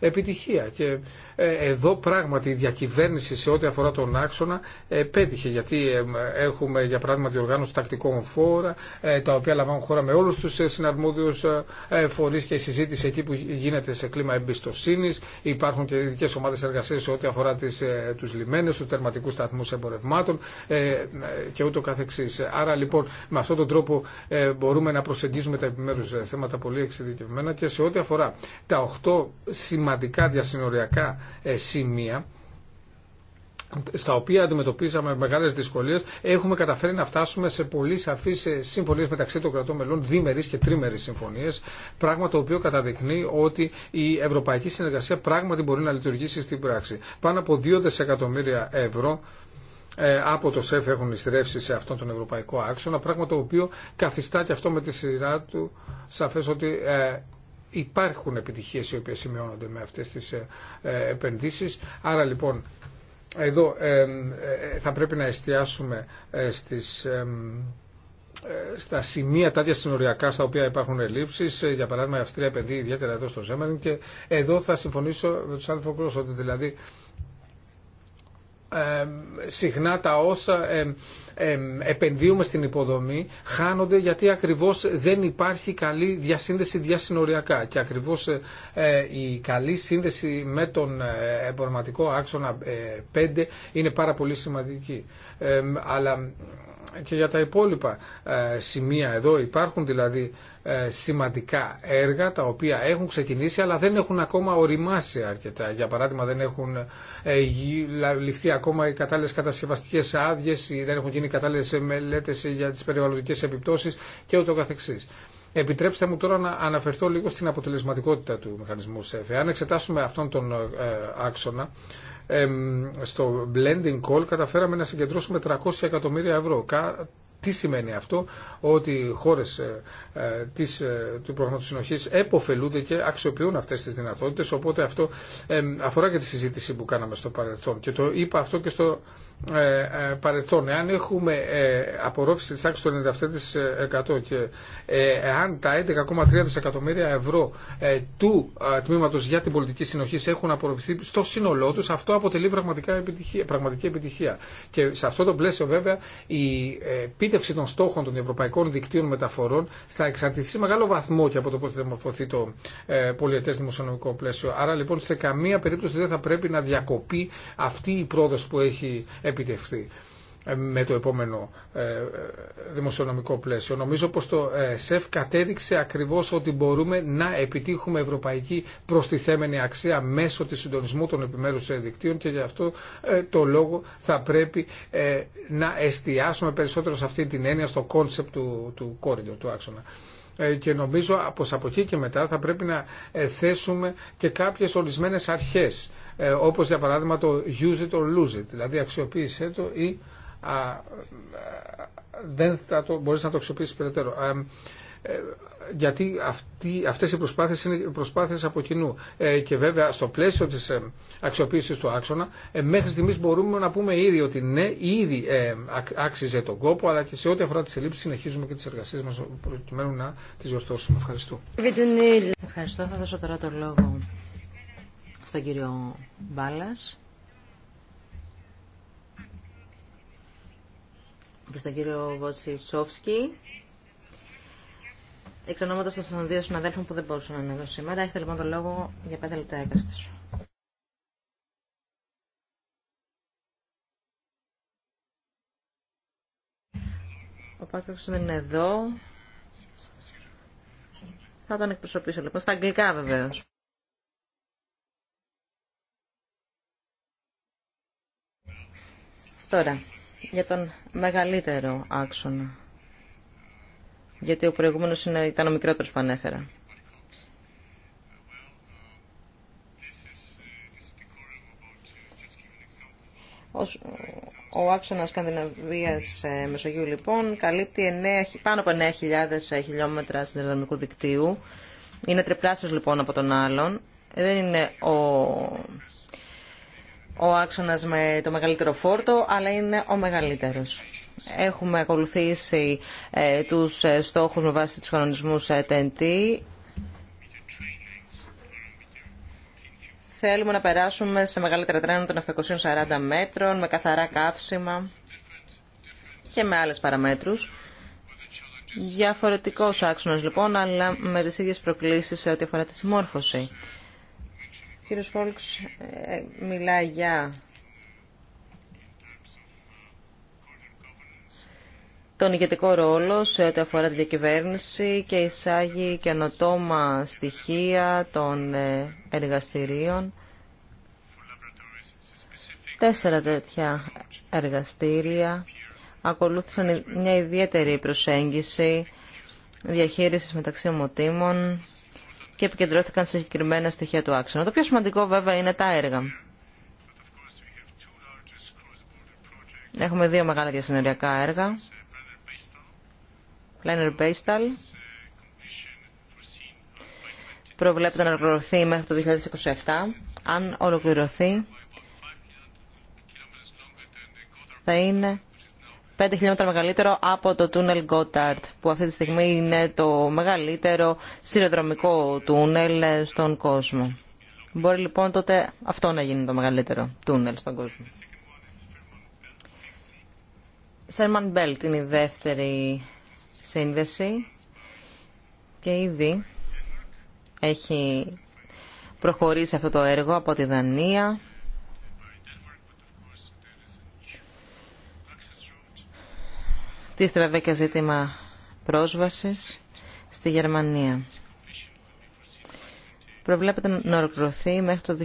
ε, επιτυχία. Και ε, εδώ πράγματι η διακυβέρνηση σε ό,τι αφορά τον άξονα πέτυχε, γιατί έχουμε για παράδειγμα διοργάνωση τακτικών φόρα, τα οποία λαμβάνουν χώρα με όλους τους συναρμόδιους φορείς και η συζήτηση εκεί που γίνεται σε κλίμα εμπιστοσύνης. Υπάρχουν και ειδικέ ομάδες εργασίας σε ό,τι αφορά τις, τους λιμένες, του τερματικού σταθμούς εμπορευμάτων και ούτω καθεξής. Άρα λοιπόν με αυτόν τον τρόπο μπορούμε να προσεγγίζουμε τα επιμέρους θέματα πολύ εξειδικευμένα και σε ό,τι αφορά τα 8 σημαντικά διασυνοριακά ε, σημεία στα οποία αντιμετωπίζαμε μεγάλε δυσκολίε, έχουμε καταφέρει να φτάσουμε σε πολύ σαφεί ε, συμφωνίε μεταξύ των κρατών μελών, διμερεί και τρίμερει συμφωνίε, πράγμα το οποίο καταδεικνύει ότι η ευρωπαϊκή συνεργασία πράγματι μπορεί να λειτουργήσει στην πράξη. Πάνω από 2 δισεκατομμύρια ευρώ ε, από το ΣΕΦ έχουν ειστρέψει σε αυτόν τον ευρωπαϊκό άξονα, πράγμα το οποίο καθιστά και αυτό με τη σειρά του σαφές ότι ε, υπάρχουν επιτυχίες οι οποίες σημειώνονται με αυτές τις ε, επενδύσεις. Άρα λοιπόν εδώ θα πρέπει να εστιάσουμε στις στα σημεία τα συνοριακά στα οποία υπάρχουν ελλείψει. Για παράδειγμα, η Αυστρία επενδύει ιδιαίτερα εδώ στο Ζέμερν και εδώ θα συμφωνήσω με του άνθρωπου ότι δηλαδή συχνά τα όσα επενδύουμε στην υποδομή χάνονται γιατί ακριβώς δεν υπάρχει καλή διασύνδεση διασυνοριακά και ακριβώς ε, ε, η καλή σύνδεση με τον ε, εμπορματικό άξονα 5 είναι πάρα πολύ σημαντική. Αλλά και για τα υπόλοιπα σημεία εδώ υπάρχουν δηλαδή ε, σημαντικά έργα τα οποία έχουν ξεκινήσει αλλά δεν έχουν ακόμα οριμάσει αρκετά. Για παράδειγμα δεν έχουν ε, ληφθεί ακόμα οι κατάλληλε κατασκευαστικέ άδειε, δεν έχουν γίνει οι κατάλληλε μελέτε για τι περιβαλλοντικέ επιπτώσει και ούτω καθεξής. Επιτρέψτε μου τώρα να αναφερθώ λίγο στην αποτελεσματικότητα του μηχανισμού ΣΕΦΕ. Αν εξετάσουμε αυτόν τον ε, άξονα, στο blending call καταφέραμε να συγκεντρώσουμε 300 εκατομμύρια ευρώ, τι σημαίνει αυτό, ότι οι χώρες ε, ε, της, ε, του προγράμματος συνοχής εποφελούνται και αξιοποιούν αυτέ τι δυνατότητες, οπότε αυτό αφορά και τη συζήτηση που κάναμε στο παρελθόν. Και το είπα αυτό και στο ε, ε, παρελθόν. Εάν έχουμε ε, απορρόφηση της άξης του 97% και εάν τα 11,3 δισεκατομμύρια ευρώ του τμήματος για την πολιτική συνοχή έχουν απορροφηθεί στο σύνολό τους, αυτό αποτελεί πραγματικά επιτυχία, πραγματική επιτυχία. Και σε αυτό το πλαίσιο βέβαια η επίτευξη των στόχων των ευρωπαϊκών δικτύων μεταφορών θα εξαρτηθεί σε μεγάλο βαθμό και από το πώς θα δημορφωθεί το πολιετές δημοσιονομικό πλαίσιο. Άρα λοιπόν σε καμία περίπτωση δεν θα πρέπει να διακοπεί αυτή η πρόοδος που έχει επιτευχθεί ε, με το επόμενο ε, δημοσιονομικό πλαίσιο. Νομίζω πως το ε, ΣΕΦ κατέδειξε ακριβώς ότι μπορούμε να επιτύχουμε ευρωπαϊκή προστιθέμενη αξία μέσω της συντονισμού των επιμέρους δικτύων και γι' αυτό το λόγο θα πρέπει να εστιάσουμε περισσότερο σε αυτή την έννοια στο κόνσεπτ του, του του άξονα και νομίζω πως από εκεί και μετά θα πρέπει να θέσουμε και κάποιες ορισμένες αρχές ε, όπως για παράδειγμα το use it or lose it, δηλαδή αξιοποίησέ το ή ε, δεν θα το, μπορείς να το αξιοποιήσεις περαιτέρω. Ε, γιατί αυτοί, αυτές οι προσπάθειες είναι προσπάθειες από κοινού. και βέβαια στο πλαίσιο της αξιοποίησης του άξονα, μέχρι στιγμής μπορούμε να πούμε ήδη ότι ναι, ήδη άξιζε τον κόπο, αλλά και σε ό,τι αφορά τις ελλείψεις συνεχίζουμε και τις εργασίες μας προκειμένου να τις διορθώσουμε. Ευχαριστώ. Ευχαριστώ. Θα δώσω τώρα το λόγο στον κύριο Μπάλας και στον κύριο Βοσισόφσκι. Εξ ονόματος των δύο συναδέλφων που δεν μπορούσαν να είναι εδώ σήμερα, έχετε λοιπόν το λόγο για πέντε λεπτά έκαστο. Ο Πάκος δεν είναι εδώ. Θα τον εκπροσωπήσω λοιπόν. Στα αγγλικά βεβαίως. Τώρα, για τον μεγαλύτερο άξονα. Γιατί ο προηγούμενος είναι, ήταν ο μικρότερος που ανέφερα. Ο άξονας Σκανδιναβίας ε, Μεσογείου λοιπόν καλύπτει 9, πάνω από 9.000 ε, χιλιόμετρα συνδεδομικού δικτύου. Είναι τριπλάσιος λοιπόν από τον άλλον. Δεν είναι ο ο άξονας με το μεγαλύτερο φόρτο, αλλά είναι ο μεγαλύτερος. Έχουμε ακολουθήσει ε, τους ε, στόχους με βάση τους κανονισμούς TNT. Ε, Θέλουμε να περάσουμε σε μεγαλύτερα τρένα των 740 μέτρων, με καθαρά καύσιμα και με άλλες παραμέτρους. Διαφορετικός άξονας λοιπόν, αλλά με τις ίδιες προκλήσεις σε ό,τι αφορά τη συμμόρφωση κύριος Φόλξ ε, μιλάει για τον ηγετικό ρόλο σε ό,τι αφορά τη διακυβέρνηση και εισάγει καινοτόμα στοιχεία των ε, εργαστηρίων. Τέσσερα τέτοια εργαστήρια ακολούθησαν μια ιδιαίτερη προσέγγιση διαχείρισης μεταξύ ομοτήμων και επικεντρώθηκαν σε συγκεκριμένα στοιχεία του άξονα. Το πιο σημαντικό βέβαια είναι τα έργα. Έχουμε δύο μεγάλα διασυνοριακά έργα. Planner Πέισταλ προβλέπεται να ολοκληρωθεί μέχρι το 2027. Αν ολοκληρωθεί θα είναι 5 χιλιόμετρα μεγαλύτερο από το τούνελ Γκόταρτ, που αυτή τη στιγμή είναι το μεγαλύτερο σειροδρομικό τούνελ στον κόσμο. Μπορεί λοιπόν τότε αυτό να γίνει το μεγαλύτερο τούνελ στον κόσμο. Σέρμαν Μπέλτ είναι η δεύτερη σύνδεση και ήδη έχει προχωρήσει αυτό το έργο από τη Δανία. Τίθεται βέβαια και ζήτημα πρόσβασης στη Γερμανία. Προβλέπεται να ολοκληρωθεί μέχρι το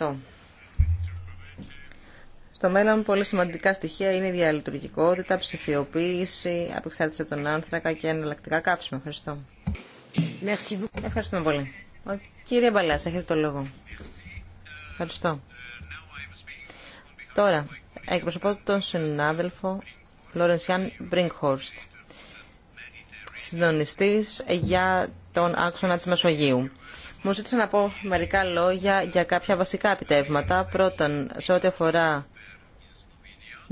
2028. Στο μέλλον πολύ σημαντικά στοιχεία είναι η διαλειτουργικότητα, ψηφιοποίηση, απεξάρτηση από τον άνθρακα και εναλλακτικά κάψιμα. Ευχαριστώ. Ευχαριστούμε πολύ. Ο κύριε Μπαλάς, έχετε το λόγο. Ευχαριστώ. Τώρα, εκπροσωπώ τον συνάδελφο Λορενσιάν Μπριγχόρστ, συντονιστής για τον άξονα της Μεσογείου. Μου ζήτησε να πω μερικά λόγια για κάποια βασικά επιτεύγματα. Πρώτον, σε ό,τι αφορά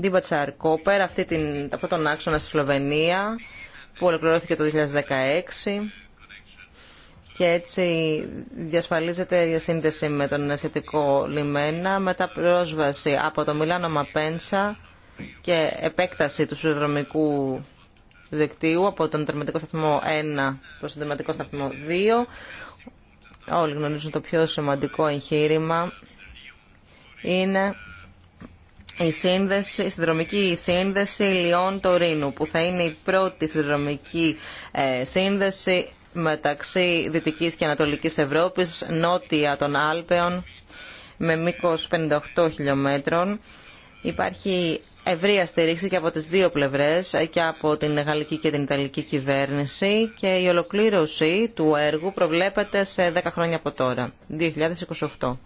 την Κόπερ, αυτή την, αυτόν τον άξονα στη Σλοβενία, που ολοκληρώθηκε το 2016 και έτσι διασφαλίζεται η σύνδεση με τον ασιατικό λιμένα μετά πρόσβαση από το Μιλάνο Μαπένσα και επέκταση του σιδηροδρομικού δικτύου από τον τερματικό σταθμό 1 προς τον τερματικό σταθμό 2. Όλοι γνωρίζουν το πιο σημαντικό εγχείρημα είναι η σύνδεση, η συνδρομική σύνδεση Λιών-Τωρίνου που θα είναι η πρώτη συνδρομική ε, σύνδεση μεταξύ Δυτικής και Ανατολικής Ευρώπης, νότια των Άλπαιων με μήκος 58 χιλιόμετρων. Υπάρχει ευρεία στήριξη και από τις δύο πλευρές και από την γαλλική και την ιταλική κυβέρνηση και η ολοκλήρωση του έργου προβλέπεται σε 10 χρόνια από τώρα, 2028.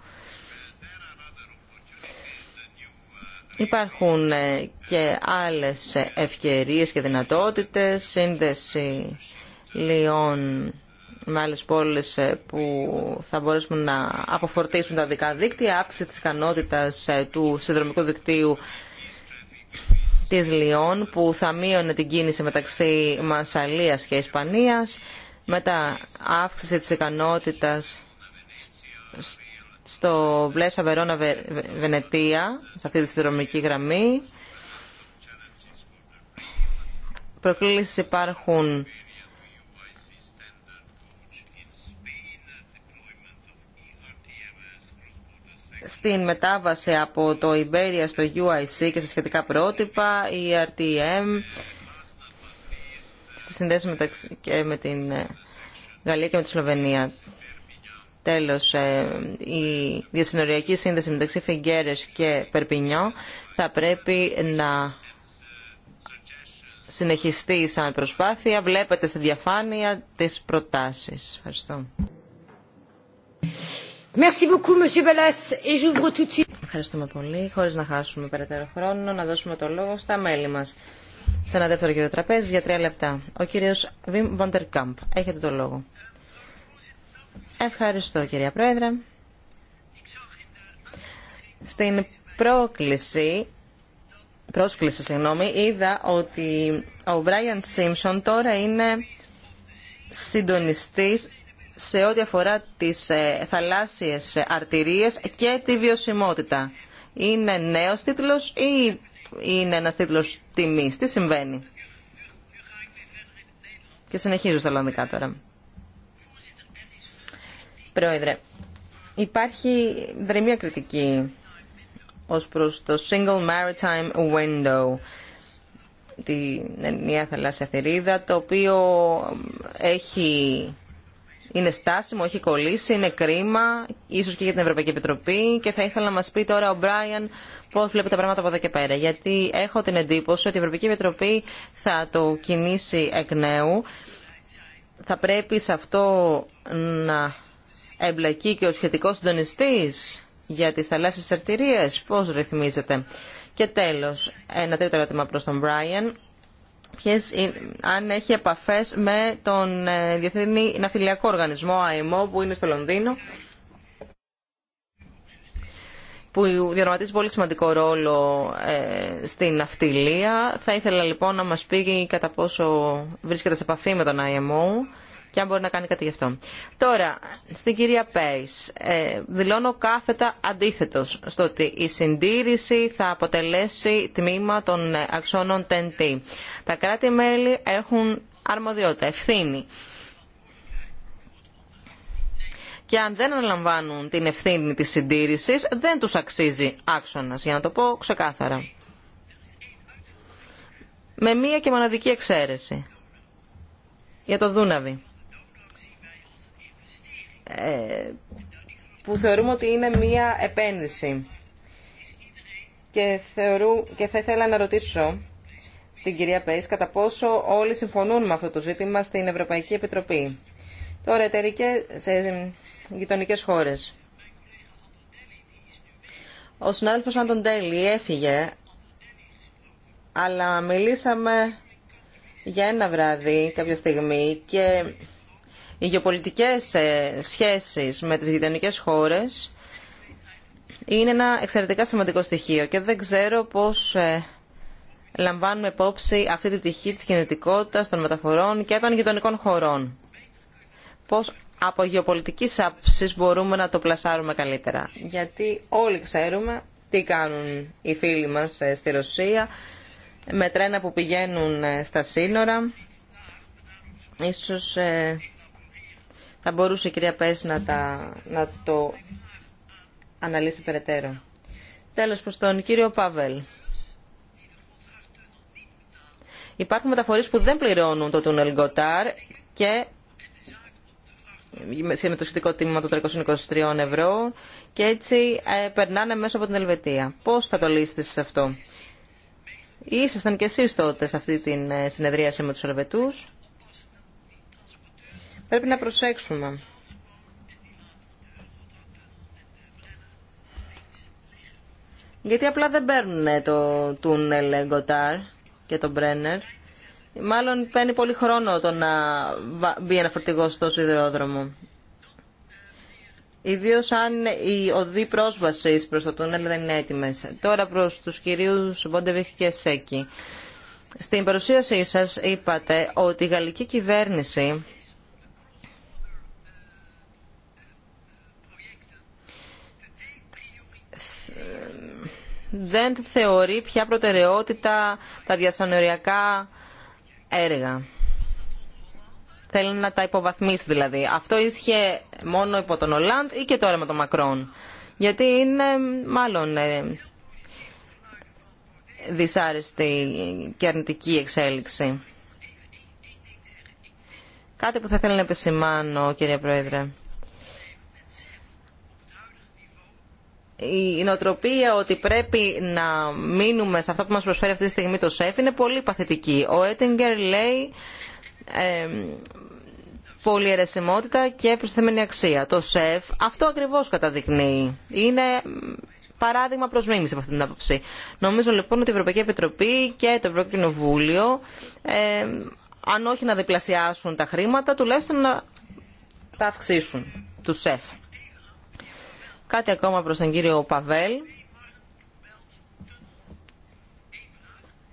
Υπάρχουν ε, και άλλες ευκαιρίες και δυνατότητες, σύνδεση λιών με άλλε πόλεις ε, που θα μπορέσουν να αποφορτήσουν τα δικά δίκτυα, αύξηση της ικανότητας ε, του συνδρομικού δικτύου Τη Λιών που θα μείωνε την κίνηση μεταξύ Μασαλίας και Ισπανίας, μετά αύξηση της ικανότητα στο Βλέσσα Βερόνα Βενετία, σε αυτή τη συνδρομική γραμμή. Προκλήσεις υπάρχουν στην μετάβαση από το Iberia στο UIC και στα σχετικά πρότυπα, η RTM, στη συνδέση και με την ε, Γαλλία και με τη Σλοβενία. Τέλος, ε, η διασυνοριακή σύνδεση μεταξύ Φιγκέρες και Περπινιό θα πρέπει να συνεχιστεί σαν προσπάθεια. Βλέπετε στη διαφάνεια τις προτάσεις. Ευχαριστώ. Ευχαριστούμε πολύ. χωρί να χάσουμε περαιτέρω χρόνο, να δώσουμε το λόγο στα μέλη μα Σε ένα δεύτερο κύριο τραπέζι για τρία λεπτά. Ο κύριο Βιμ Βαντερκάμπ. Έχετε το λόγο. Ευχαριστώ κυρία Πρόεδρε. Στην πρόκληση, πρόσκληση είδα ότι ο Μπράιαν Σίμψον τώρα είναι συντονιστής σε ό,τι αφορά τις ε, θαλάσσιες αρτηρίες και τη βιωσιμότητα. Είναι νέος τίτλος ή είναι ένας τίτλος τιμής. Τι συμβαίνει. Και συνεχίζω στα Ολλανδικά τώρα. Πρόεδρε, υπάρχει δρεμία κριτική ως προς το Single Maritime Window, την ενιαία θαλάσσια θηρίδα, το οποίο έχει είναι στάσιμο, έχει κολλήσει, είναι κρίμα, ίσως και για την Ευρωπαϊκή Επιτροπή και θα ήθελα να μας πει τώρα ο Μπράιαν πώς βλέπει τα πράγματα από εδώ και πέρα. Γιατί έχω την εντύπωση ότι η Ευρωπαϊκή Επιτροπή θα το κινήσει εκ νέου. Θα πρέπει σε αυτό να εμπλακεί και ο σχετικός συντονιστή για τις θαλάσσιες αρτηρίες. Πώς ρυθμίζεται. Και τέλος, ένα τρίτο ερώτημα προς τον Μπράιαν ε, αν έχει επαφές με τον ε, Διεθνή Ναυτιλιακό Οργανισμό, ΑΕΜΟ, που είναι στο Λονδίνο, που διαρματίζει πολύ σημαντικό ρόλο ε, στην ναυτιλία. Θα ήθελα λοιπόν να μας πει κατά πόσο βρίσκεται σε επαφή με τον IMO και αν μπορεί να κάνει κάτι γι' αυτό. Τώρα, στην κυρία Πέις, ε, δηλώνω κάθετα αντίθετος στο ότι η συντήρηση θα αποτελέσει τμήμα των αξώνων TNT. Τα κράτη-μέλη έχουν αρμοδιότητα, ευθύνη. Και αν δεν αναλαμβάνουν την ευθύνη της συντήρησης, δεν τους αξίζει άξονας, για να το πω ξεκάθαρα. Με μία και μοναδική εξαίρεση. Για το Δούναβι. Ε, που θεωρούμε ότι είναι μία επένδυση. Και, θεωρού, και θα ήθελα να ρωτήσω την κυρία Πείς κατά πόσο όλοι συμφωνούν με αυτό το ζήτημα στην Ευρωπαϊκή Επιτροπή. Τώρα, εταιρικέ σε γειτονικέ χώρε. Ο συνάδελφος Τέλη έφυγε, αλλά μιλήσαμε για ένα βράδυ κάποια στιγμή και οι γεωπολιτικές ε, σχέσεις με τις γειτονικές χώρες είναι ένα εξαιρετικά σημαντικό στοιχείο και δεν ξέρω πώς ε, λαμβάνουμε υπόψη αυτή τη τυχή της κινητικότητας των μεταφορών και των γειτονικών χωρών. Πώς από γεωπολιτική άψη μπορούμε να το πλασάρουμε καλύτερα. Γιατί όλοι ξέρουμε τι κάνουν οι φίλοι μας ε, στη Ρωσία με τρένα που πηγαίνουν στα σύνορα. Ίσως θα μπορούσε η κυρία Πέση να, τα, να το αναλύσει περαιτέρω. Τέλος προς τον κύριο Παβέλ. Υπάρχουν μεταφορείς που δεν πληρώνουν το τούνελ Γκοτάρ και με το σχετικό τίμημα των 323 ευρώ και έτσι ε, περνάνε μέσα από την Ελβετία. Πώς θα το λύσετε σε αυτό. Ήσασταν και εσείς τότε σε αυτή την ε, συνεδρίαση με τους Ελβετούς Πρέπει να προσέξουμε. Γιατί απλά δεν παίρνουν το τούνελ Γκοτάρ και το Μπρένερ. Μάλλον παίρνει πολύ χρόνο το να μπει ένα φορτηγό στο σιδηρόδρομο. Ιδίω αν οι οδοί πρόσβαση προς το τούνελ δεν είναι έτοιμες. Τώρα προς τους κυρίους Μπόντεβιχ και Σέκη. Στην παρουσίασή σας είπατε ότι η γαλλική κυβέρνηση δεν θεωρεί ποια προτεραιότητα τα διασανοριακά έργα. Θέλει να τα υποβαθμίσει δηλαδή. Αυτό ίσχυε μόνο υπό τον Ολάντ ή και τώρα με τον Μακρόν. Γιατί είναι μάλλον ε, δυσάρεστη και αρνητική εξέλιξη. Κάτι που θα θέλω να επισημάνω, κύριε Πρόεδρε. η νοοτροπία ότι πρέπει να μείνουμε σε αυτό που μας προσφέρει αυτή τη στιγμή το ΣΕΦ είναι πολύ παθητική. Ο Έτιγκερ λέει ε, πολυαιρεσιμότητα και προσθέμενη αξία. Το ΣΕΦ αυτό ακριβώς καταδεικνύει. Είναι παράδειγμα προς από αυτή την άποψη. Νομίζω λοιπόν ότι η Ευρωπαϊκή Επιτροπή και το Ευρωπαϊκό Κοινοβούλιο αν όχι να διπλασιάσουν τα χρήματα, τουλάχιστον να τα αυξήσουν του ΣΕΦ. Κάτι ακόμα προς τον κύριο Παβέλ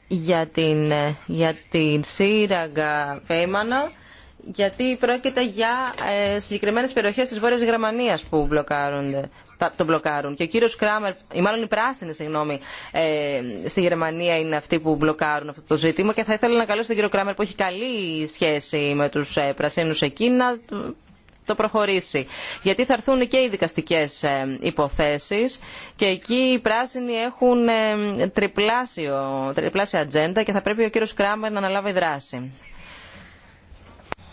για την, ε, για την σύραγγα Φέιμανα γιατί πρόκειται για ε, συγκεκριμένες περιοχές της Βόρειας Γερμανίας που μπλοκάρονται τον μπλοκάρουν. Και ο κύριος Κράμερ, ή μάλλον οι πράσινοι, συγγνώμη, ε, στη Γερμανία είναι αυτοί που μπλοκάρουν αυτό το ζήτημα και θα ήθελα να καλέσω τον κύριο Κράμερ που έχει καλή σχέση με τους ε, εκεί να το προχωρήσει. Γιατί θα έρθουν και οι δικαστικέ ε, υποθέσεις και εκεί οι πράσινοι έχουν ε, τριπλάσιο, τριπλάσια ατζέντα και θα πρέπει ο κύριος Κράμερ να αναλάβει δράση.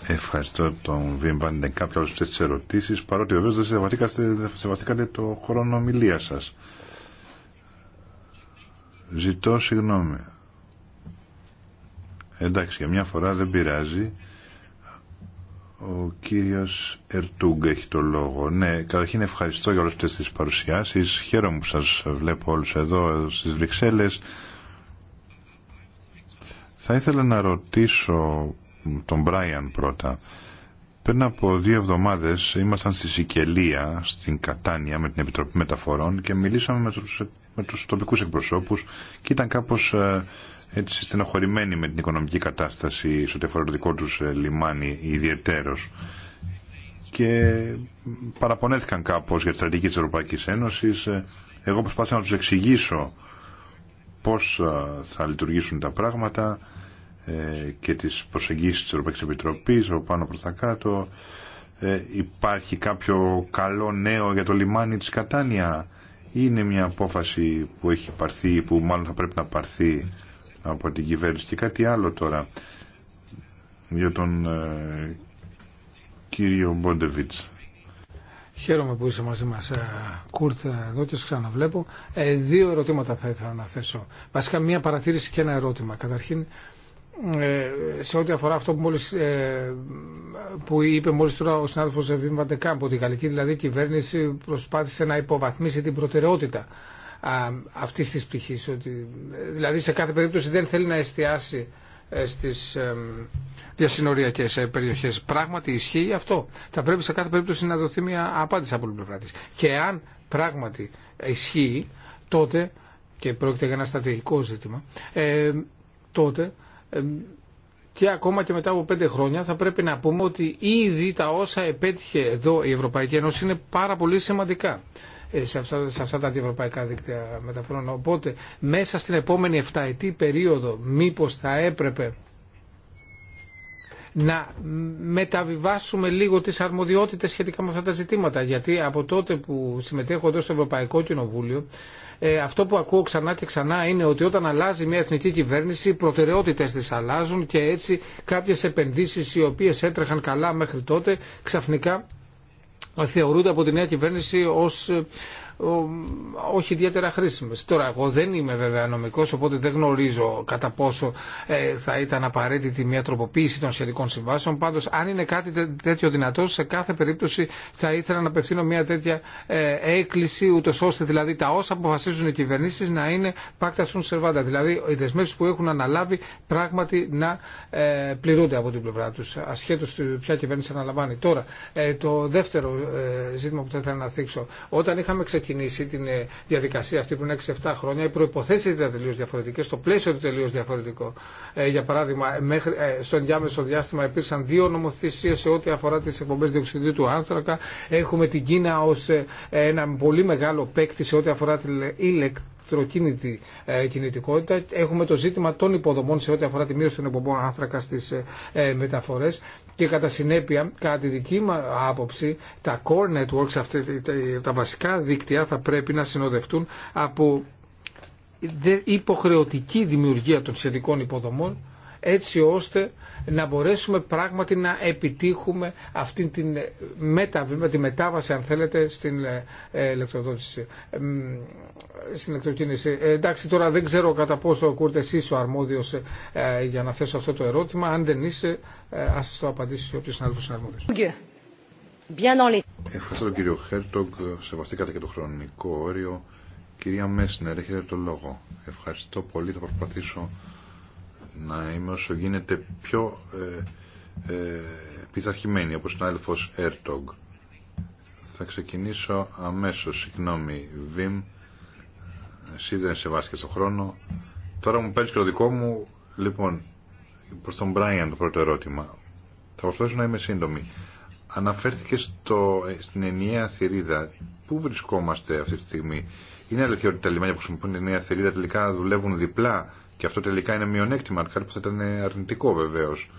Ευχαριστώ τον Βιμ Βάντεν. Κάποια ερωτήσει, παρότι βεβαίω δεν σεβαστήκατε, σεβαστήκατε το χρόνο ομιλία σα. Ζητώ συγγνώμη. Εντάξει, για μια φορά δεν πειράζει. Ο κύριος Ερτούγκ έχει το λόγο. Ναι, καταρχήν ευχαριστώ για όλες τις παρουσιάσεις. Χαίρομαι που σας βλέπω όλους εδώ στις Βρυξέλλες. Θα ήθελα να ρωτήσω τον Μπράιαν πρώτα. Πριν από δύο εβδομάδες ήμασταν στη Σικελία, στην Κατάνια, με την Επιτροπή Μεταφορών και μιλήσαμε με τους, με τους τοπικούς εκπροσώπους και ήταν κάπως ε, έτσι στενοχωρημένοι με την οικονομική κατάσταση στο τεφορετικό του τους ε, λιμάνι ιδιαιτέρως και παραπονέθηκαν κάπως για τη στρατηγική της Ευρωπαϊκής Ένωσης. Ε, εγώ προσπάθησα να τους εξηγήσω πώς ε, θα λειτουργήσουν τα πράγματα και τις προσεγγίσεις της Ευρωπαϊκής Επιτροπής από πάνω προς τα κάτω. Υπάρχει κάποιο καλό νέο για το λιμάνι της Κατάνια. Είναι μια απόφαση που έχει παρθεί, που μάλλον θα πρέπει να παρθεί από την κυβέρνηση. Και κάτι άλλο τώρα για τον ε, κύριο Μπόντεβιτς. Χαίρομαι που είσαι μαζί μας ε, Κούρτ εδώ και σας ξαναβλέπω. Ε, δύο ερωτήματα θα ήθελα να θέσω. Βασικά μία παρατήρηση και ένα ερώτημα. Καταρχήν σε ό,τι αφορά αυτό που, μόλις, που είπε μόλις τώρα ο συνάδελφος Βίμ Κάμπο, ότι η γαλλική δηλαδή κυβέρνηση προσπάθησε να υποβαθμίσει την προτεραιότητα αυτής της πτυχής. Ότι, δηλαδή σε κάθε περίπτωση δεν θέλει να εστιάσει ε, στις διασυνοριακές ε, περιοχές. Πράγματι ισχύει αυτό. Θα πρέπει σε κάθε περίπτωση να δοθεί μια απάντηση από την πλευρά της. Και αν πράγματι ισχύει, τότε, και πρόκειται για ένα στρατηγικό ζήτημα, ε, τότε και ακόμα και μετά από πέντε χρόνια θα πρέπει να πούμε ότι ήδη τα όσα επέτυχε εδώ η Ευρωπαϊκή Ένωση είναι πάρα πολύ σημαντικά. Ε, σε αυτά, σε τα αντιευρωπαϊκά δίκτυα μεταφορών. Οπότε μέσα στην επόμενη 7 ετή περίοδο μήπως θα έπρεπε να μεταβιβάσουμε λίγο τις αρμοδιότητες σχετικά με αυτά τα ζητήματα. Γιατί από τότε που συμμετέχω εδώ στο Ευρωπαϊκό Κοινοβούλιο, ε, αυτό που ακούω ξανά και ξανά είναι ότι όταν αλλάζει μια εθνική κυβέρνηση, οι προτεραιότητες της αλλάζουν και έτσι κάποιες επενδύσεις οι οποίες έτρεχαν καλά μέχρι τότε ξαφνικά θεωρούνται από τη νέα κυβέρνηση ως ε, όχι ιδιαίτερα χρήσιμες. Τώρα, εγώ δεν είμαι βέβαια νομικός, οπότε δεν γνωρίζω κατά πόσο ε, θα ήταν απαραίτητη μια τροποποίηση των σχετικών συμβάσεων. Πάντως, αν είναι κάτι τέτοιο δυνατό, σε κάθε περίπτωση θα ήθελα να απευθύνω μια τέτοια ε, έκκληση, ούτω ώστε δηλαδή τα όσα αποφασίζουν οι κυβερνήσεις να είναι πάκτα sunt σερβάντα. Δηλαδή, οι δεσμεύσεις που έχουν αναλάβει πράγματι να ε, πληρούνται από την πλευρά του ασχέτως ποια κυβέρνηση αναλαμβάνει. Τώρα, το δεύτερο ζήτημα που θα ήθελα να θίξω. Όταν είχαμε ξεκινήσει ξεκινήσει την ε, διαδικασία αυτή πριν 6-7 χρόνια, οι προποθέσει ήταν τελείω διαφορετικέ, το πλαίσιο ήταν τελείω διαφορετικό. Ε, για παράδειγμα, μέχρι, ε, στο ενδιάμεσο διάστημα υπήρξαν δύο νομοθεσίε σε ό,τι αφορά τι εκπομπέ διοξιδίου του άνθρακα. Έχουμε την Κίνα ω ένα πολύ μεγάλο παίκτη σε ό,τι αφορά την ηλεκτρική ηλεκτροκίνητη ε, κινητικότητα. Έχουμε το ζήτημα των υποδομών σε ό,τι αφορά τη μείωση των υπομπών άνθρακα στι ε, ε, μεταφορέ. Και κατά συνέπεια, κατά τη δική μου άποψη, τα core networks, αυτή, τα βασικά δίκτυα θα πρέπει να συνοδευτούν από υποχρεωτική δημιουργία των σχετικών υποδομών έτσι ώστε να μπορέσουμε πράγματι να επιτύχουμε αυτή την τη μετάβαση αν θέλετε στην ε, ηλεκτροδότηση στην ηλεκτροκίνηση. Ε, εντάξει τώρα δεν ξέρω κατά πόσο Κούρτε είσαι ο αρμόδιος ε, για να θέσω αυτό το ερώτημα αν δεν είσαι ας το απαντήσει όποιος είναι είναι αρμόδιος. Ευχαριστώ τον κύριο Χέρτογκ. Σεβαστήκατε και το χρονικό όριο. Κυρία Μέσνερ, έχετε το λόγο. Ευχαριστώ πολύ. Θα προσπαθήσω να είμαι όσο γίνεται πιο ε, ε, πειθαρχημένη, όπως ο Ερτογ. Θα ξεκινήσω αμέσως, συγγνώμη, Βιμ, εσύ δεν σε βάσκες το χρόνο. Τώρα μου παίρνεις και το δικό μου, λοιπόν, προς τον Μπράιαν το πρώτο ερώτημα. Θα προσπαθήσω να είμαι σύντομη. Αναφέρθηκε στο, ε, στην ενιαία θηρίδα. Πού βρισκόμαστε αυτή τη στιγμή. Είναι αλήθεια ότι τα λιμάνια που χρησιμοποιούν την ενιαία θηρίδα τελικά δουλεύουν διπλά και αυτό τελικά είναι μειονέκτημα, κάτι που θα ήταν αρνητικό βεβαίως.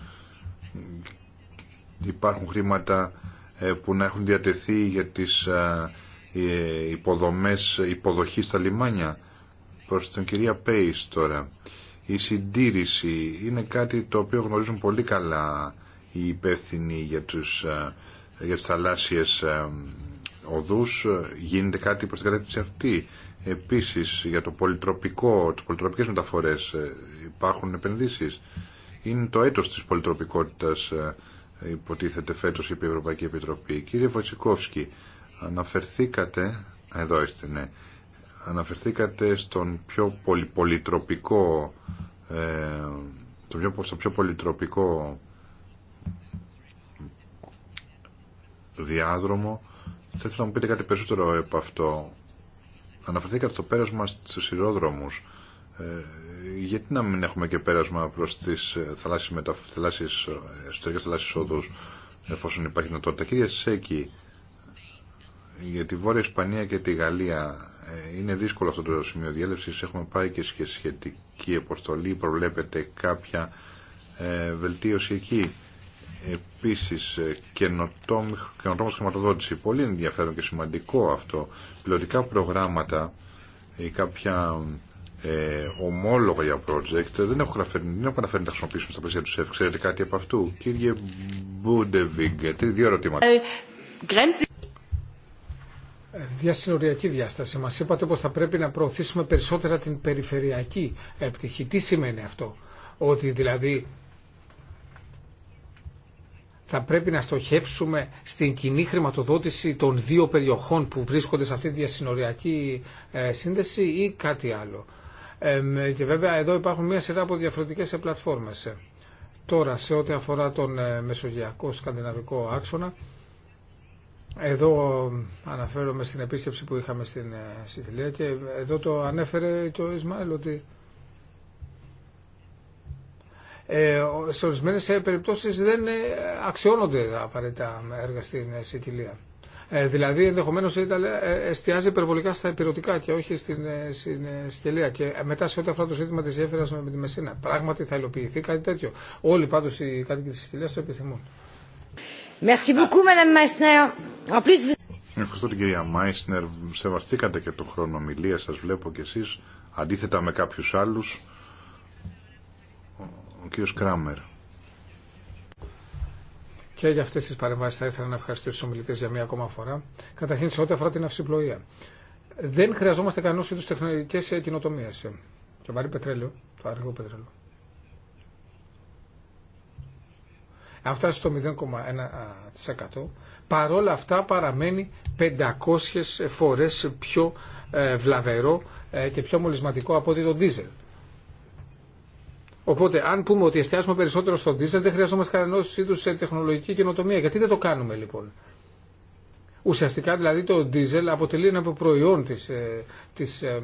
Υπάρχουν χρήματα ε, που να έχουν διατεθεί για τις ε, υποδομές υποδοχή στα λιμάνια. Προς την κυρία Πέις τώρα. Η συντήρηση είναι κάτι το οποίο γνωρίζουν πολύ καλά οι υπεύθυνοι για, τους, για τις θαλάσσιες οδούς. Γίνεται κάτι προς την κατεύθυνση αυτή. Επίσης για το πολυτροπικό, τις πολυτροπικές μεταφορές ε, υπάρχουν επενδύσεις. Είναι το έτος της πολυτροπικότητας ε, υποτίθεται φέτος η Ευρωπαϊκή Επιτροπή. Κύριε Βοτσικόφσκι, αναφερθήκατε, εδώ είστε ναι, αναφερθήκατε στον πιο πολυτροπικό ε, το πιο, στο πιο πολυτροπικό διάδρομο. Θα ήθελα να μου πείτε κάτι περισσότερο από αυτό. Αναφερθήκατε στο πέρασμα στους σειρόδρομους. Ε, γιατί να μην έχουμε και πέρασμα προς τις ε, θαλάσσιες, θαλάσσιες, ε, εσωτερικές εφόσον υπάρχει δυνατότητα. Κύριε Σέκη, για τη Βόρεια Ισπανία και τη Γαλλία είναι δύσκολο αυτό το σημείο διέλευση. Έχουμε πάει και σχετική αποστολή, προβλέπεται κάποια βελτίωση εκεί επίσης ε, καινοτόμος χρηματοδότηση. Πολύ ενδιαφέρον και σημαντικό αυτό. Πιλωτικά προγράμματα ή κάποια ε, ομόλογα για project δεν έχουν καταφέρει, καταφέρει να τα χρησιμοποιήσουμε στα πλαίσια του ΣΕΦ. Ξέρετε κάτι από αυτού. Κύριε Μπούντεβιγκ, δύο ερωτήματα. Ε, διασυνοριακή διάσταση. Μας είπατε πως θα πρέπει να προωθήσουμε περισσότερα την περιφερειακή επιτυχή. Τι σημαίνει αυτό. Ότι δηλαδή θα πρέπει να στοχεύσουμε στην κοινή χρηματοδότηση των δύο περιοχών που βρίσκονται σε αυτή τη διασυνοριακή ε, σύνδεση ή κάτι άλλο. Και βέβαια εδώ υπάρχουν μια σειρά από διαφορετικές ε, πλατφόρμες. Ε, τώρα σε ό,τι αφορά τον μεσογειακό σκανδιναβικό άξονα, εδώ αναφέρομαι στην επίσκεψη που είχαμε στην Σιθιλία και εδώ το ανέφερε και ο Ισμαήλ ότι ε, σε ορισμένε περιπτώσει δεν ε, αξιώνονται τα απαραίτητα έργα στην Σικηλία. Ε, δηλαδή ενδεχομένω η εστιάζει υπερβολικά στα επιρωτικά και όχι στην, στην Και μετά σε ό,τι αφορά το ζήτημα τη γέφυρα με τη Μεσίνα. Πράγματι θα υλοποιηθεί κάτι τέτοιο. Όλοι πάντω οι κάτοικοι τη Σικυλία το επιθυμούν. Ευχαριστώ την κυρία Μάισνερ. Σεβαστήκατε και το χρόνο ομιλία σα, βλέπω κι εσεί, αντίθετα με κάποιου άλλου. Ο κύριος Κράμερ. Και για αυτές τις παρεμβάσεις θα ήθελα να ευχαριστήσω τους ομιλητές για μία ακόμα φορά. Καταρχήν σε ό,τι αφορά την αυσιπλοεία. Δεν χρειαζόμαστε κανένα είδου τεχνολογικέ κοινοτομίε. Το βαρύ πετρέλαιο, το αργό πετρέλαιο. Αυτά στο 0,1% παρόλα αυτά παραμένει 500 φορές πιο ε, βλαβερό ε, και πιο μολυσματικό από ότι το δίζελ. Οπότε, αν πούμε ότι εστιάσουμε περισσότερο στον δίζελ, δεν χρειαζόμαστε κανένα είδου τεχνολογική καινοτομία. Γιατί δεν το κάνουμε λοιπόν. Ουσιαστικά δηλαδή το ντίζελ αποτελεί ένα προϊόν της, ε, της ε,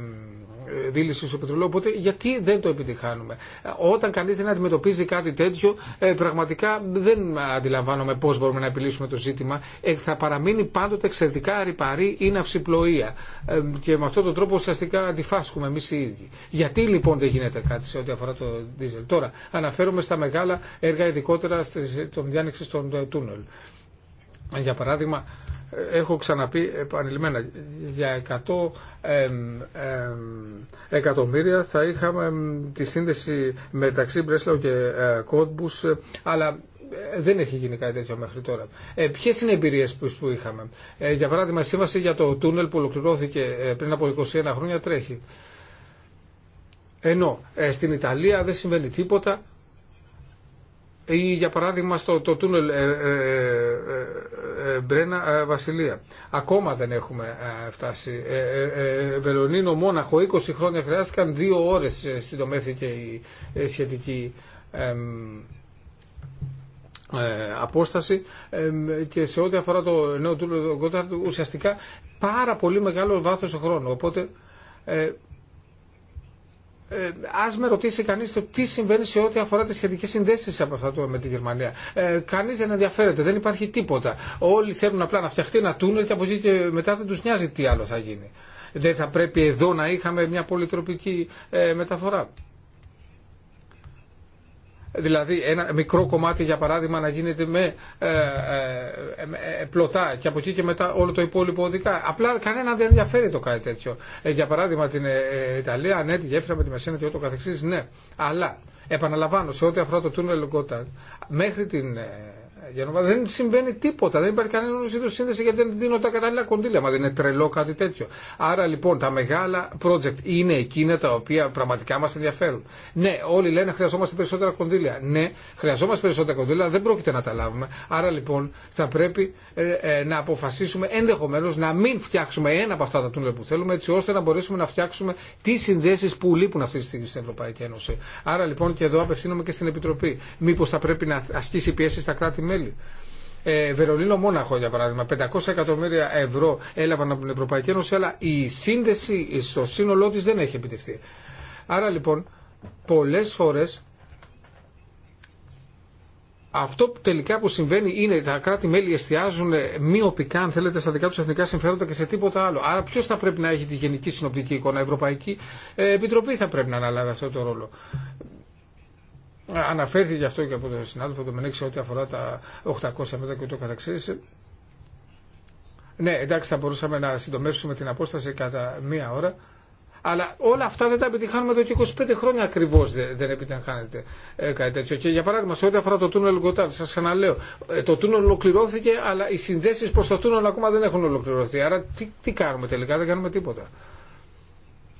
ε, του πετρελαίου, οπότε γιατί δεν το επιτυχάνουμε. Όταν κανείς δεν αντιμετωπίζει κάτι τέτοιο, πραγματικά δεν αντιλαμβάνομαι πώς μπορούμε να επιλύσουμε το ζήτημα. Θα παραμείνει πάντοτε εξαιρετικά ρηπαρή η ναυσιπλοεία και με αυτόν τον τρόπο ουσιαστικά αντιφάσκουμε εμείς οι ίδιοι. Γιατί λοιπόν δεν γίνεται κάτι σε ό,τι αφορά το ντίζελ. Τώρα αναφέρομαι στα μεγάλα έργα ειδικότερα των διάνοιξης των τούνελ. Για παράδειγμα, έχω ξαναπεί επανειλημμένα, για 100 εκατομμύρια θα είχαμε τη σύνδεση μεταξύ Μπρέσλαου και ε, ε αλλά ε, δεν έχει γίνει κάτι τέτοιο μέχρι τώρα. Ε, Ποιε είναι οι εμπειρίες που, είχαμε. Ε, για παράδειγμα, η σύμβαση για το τούνελ που ολοκληρώθηκε πριν από 21 χρόνια τρέχει. Ενώ στην Ιταλία δεν συμβαίνει τίποτα ή για παράδειγμα στο το τούνελ ε, ε, ε, Μπρένα Βασιλεία. Ακόμα δεν έχουμε φτάσει. Βελονίνο Μόναχο 20 χρόνια χρειάστηκαν δύο ώρες συντομεύθηκε η σχετική απόσταση και σε ό,τι αφορά το νέο τούνελ Γκόταρτ ουσιαστικά πάρα πολύ μεγάλο βάθος χρόνου. Οπότε Α ε, ας με ρωτήσει κανείς το τι συμβαίνει σε ό,τι αφορά τις σχετικέ συνδέσεις από αυτά με τη Γερμανία. Ε, κανείς δεν ενδιαφέρεται, δεν υπάρχει τίποτα. Όλοι θέλουν απλά να φτιαχτεί ένα τούνελ και από εκεί και μετά δεν τους νοιάζει τι άλλο θα γίνει. Δεν θα πρέπει εδώ να είχαμε μια πολυτροπική ε, μεταφορά. Δηλαδή ένα μικρό κομμάτι για παράδειγμα να γίνεται ε, ε, με ε, πλωτά και από εκεί και μετά όλο το υπόλοιπο οδικά. Απλά κανένα δεν ενδιαφέρει το κάτι τέτοιο. Ε, για παράδειγμα την ε, Ιταλία, ναι, τη γέφυρα με τη Μεσένα και ούτω καθεξής, ναι. Αλλά επαναλαμβάνω σε ό,τι αφορά το τούνελ Γκόταρ, μέχρι την δεν συμβαίνει τίποτα. Δεν υπάρχει κανένα είδου σύνδεση γιατί δεν δίνω τα κατάλληλα κονδύλια. Μα δεν είναι τρελό κάτι τέτοιο. Άρα λοιπόν τα μεγάλα project είναι εκείνα τα οποία πραγματικά μα ενδιαφέρουν. Ναι, όλοι λένε χρειαζόμαστε περισσότερα κονδύλια. Ναι, χρειαζόμαστε περισσότερα κονδύλια, δεν πρόκειται να τα λάβουμε. Άρα λοιπόν θα πρέπει ε, ε, να αποφασίσουμε ενδεχομένω να μην φτιάξουμε ένα από αυτά τα τούνελ που θέλουμε έτσι ώστε να μπορέσουμε να φτιάξουμε τι συνδέσει που λείπουν αυτή τη στιγμή στην Ευρωπαϊκή Ένωση. Άρα λοιπόν και εδώ απευθύνομαι και στην Επιτροπή. Μήπω θα πρέπει να ασκήσει πιέσει στα κράτη-μέλη ε, Βερολίνο Μόναχο για παράδειγμα. 500 εκατομμύρια ευρώ έλαβαν από την Ευρωπαϊκή Ένωση αλλά η σύνδεση στο σύνολό τη δεν έχει επιτευχθεί. Άρα λοιπόν πολλέ φορέ αυτό που τελικά που συμβαίνει είναι τα κράτη-μέλη εστιάζουν μειοπικά, αν θέλετε, στα δικά του εθνικά συμφέροντα και σε τίποτα άλλο. Άρα, ποιο θα πρέπει να έχει τη γενική συνοπτική εικόνα, η Ευρωπαϊκή ε, Επιτροπή θα πρέπει να αναλάβει αυτό το ρόλο αναφέρθηκε αυτό και από τον συνάδελφο το Μενέξη ό,τι αφορά τα 800 μέτρα και ούτω καθεξής. Ναι, εντάξει, θα μπορούσαμε να συντομεύσουμε την απόσταση κατά μία ώρα. Αλλά όλα αυτά δεν τα επιτυχάνουμε εδώ και 25 χρόνια ακριβώ δεν επιτυχάνεται ε, κάτι τέτοιο. Και για παράδειγμα, σε ό,τι αφορά το τούνελ Γκοτάρ, σα ξαναλέω, ε, το τούνελ ολοκληρώθηκε, αλλά οι συνδέσει προ το τούνελ ακόμα δεν έχουν ολοκληρωθεί. Άρα τι, τι κάνουμε τελικά, δεν κάνουμε τίποτα.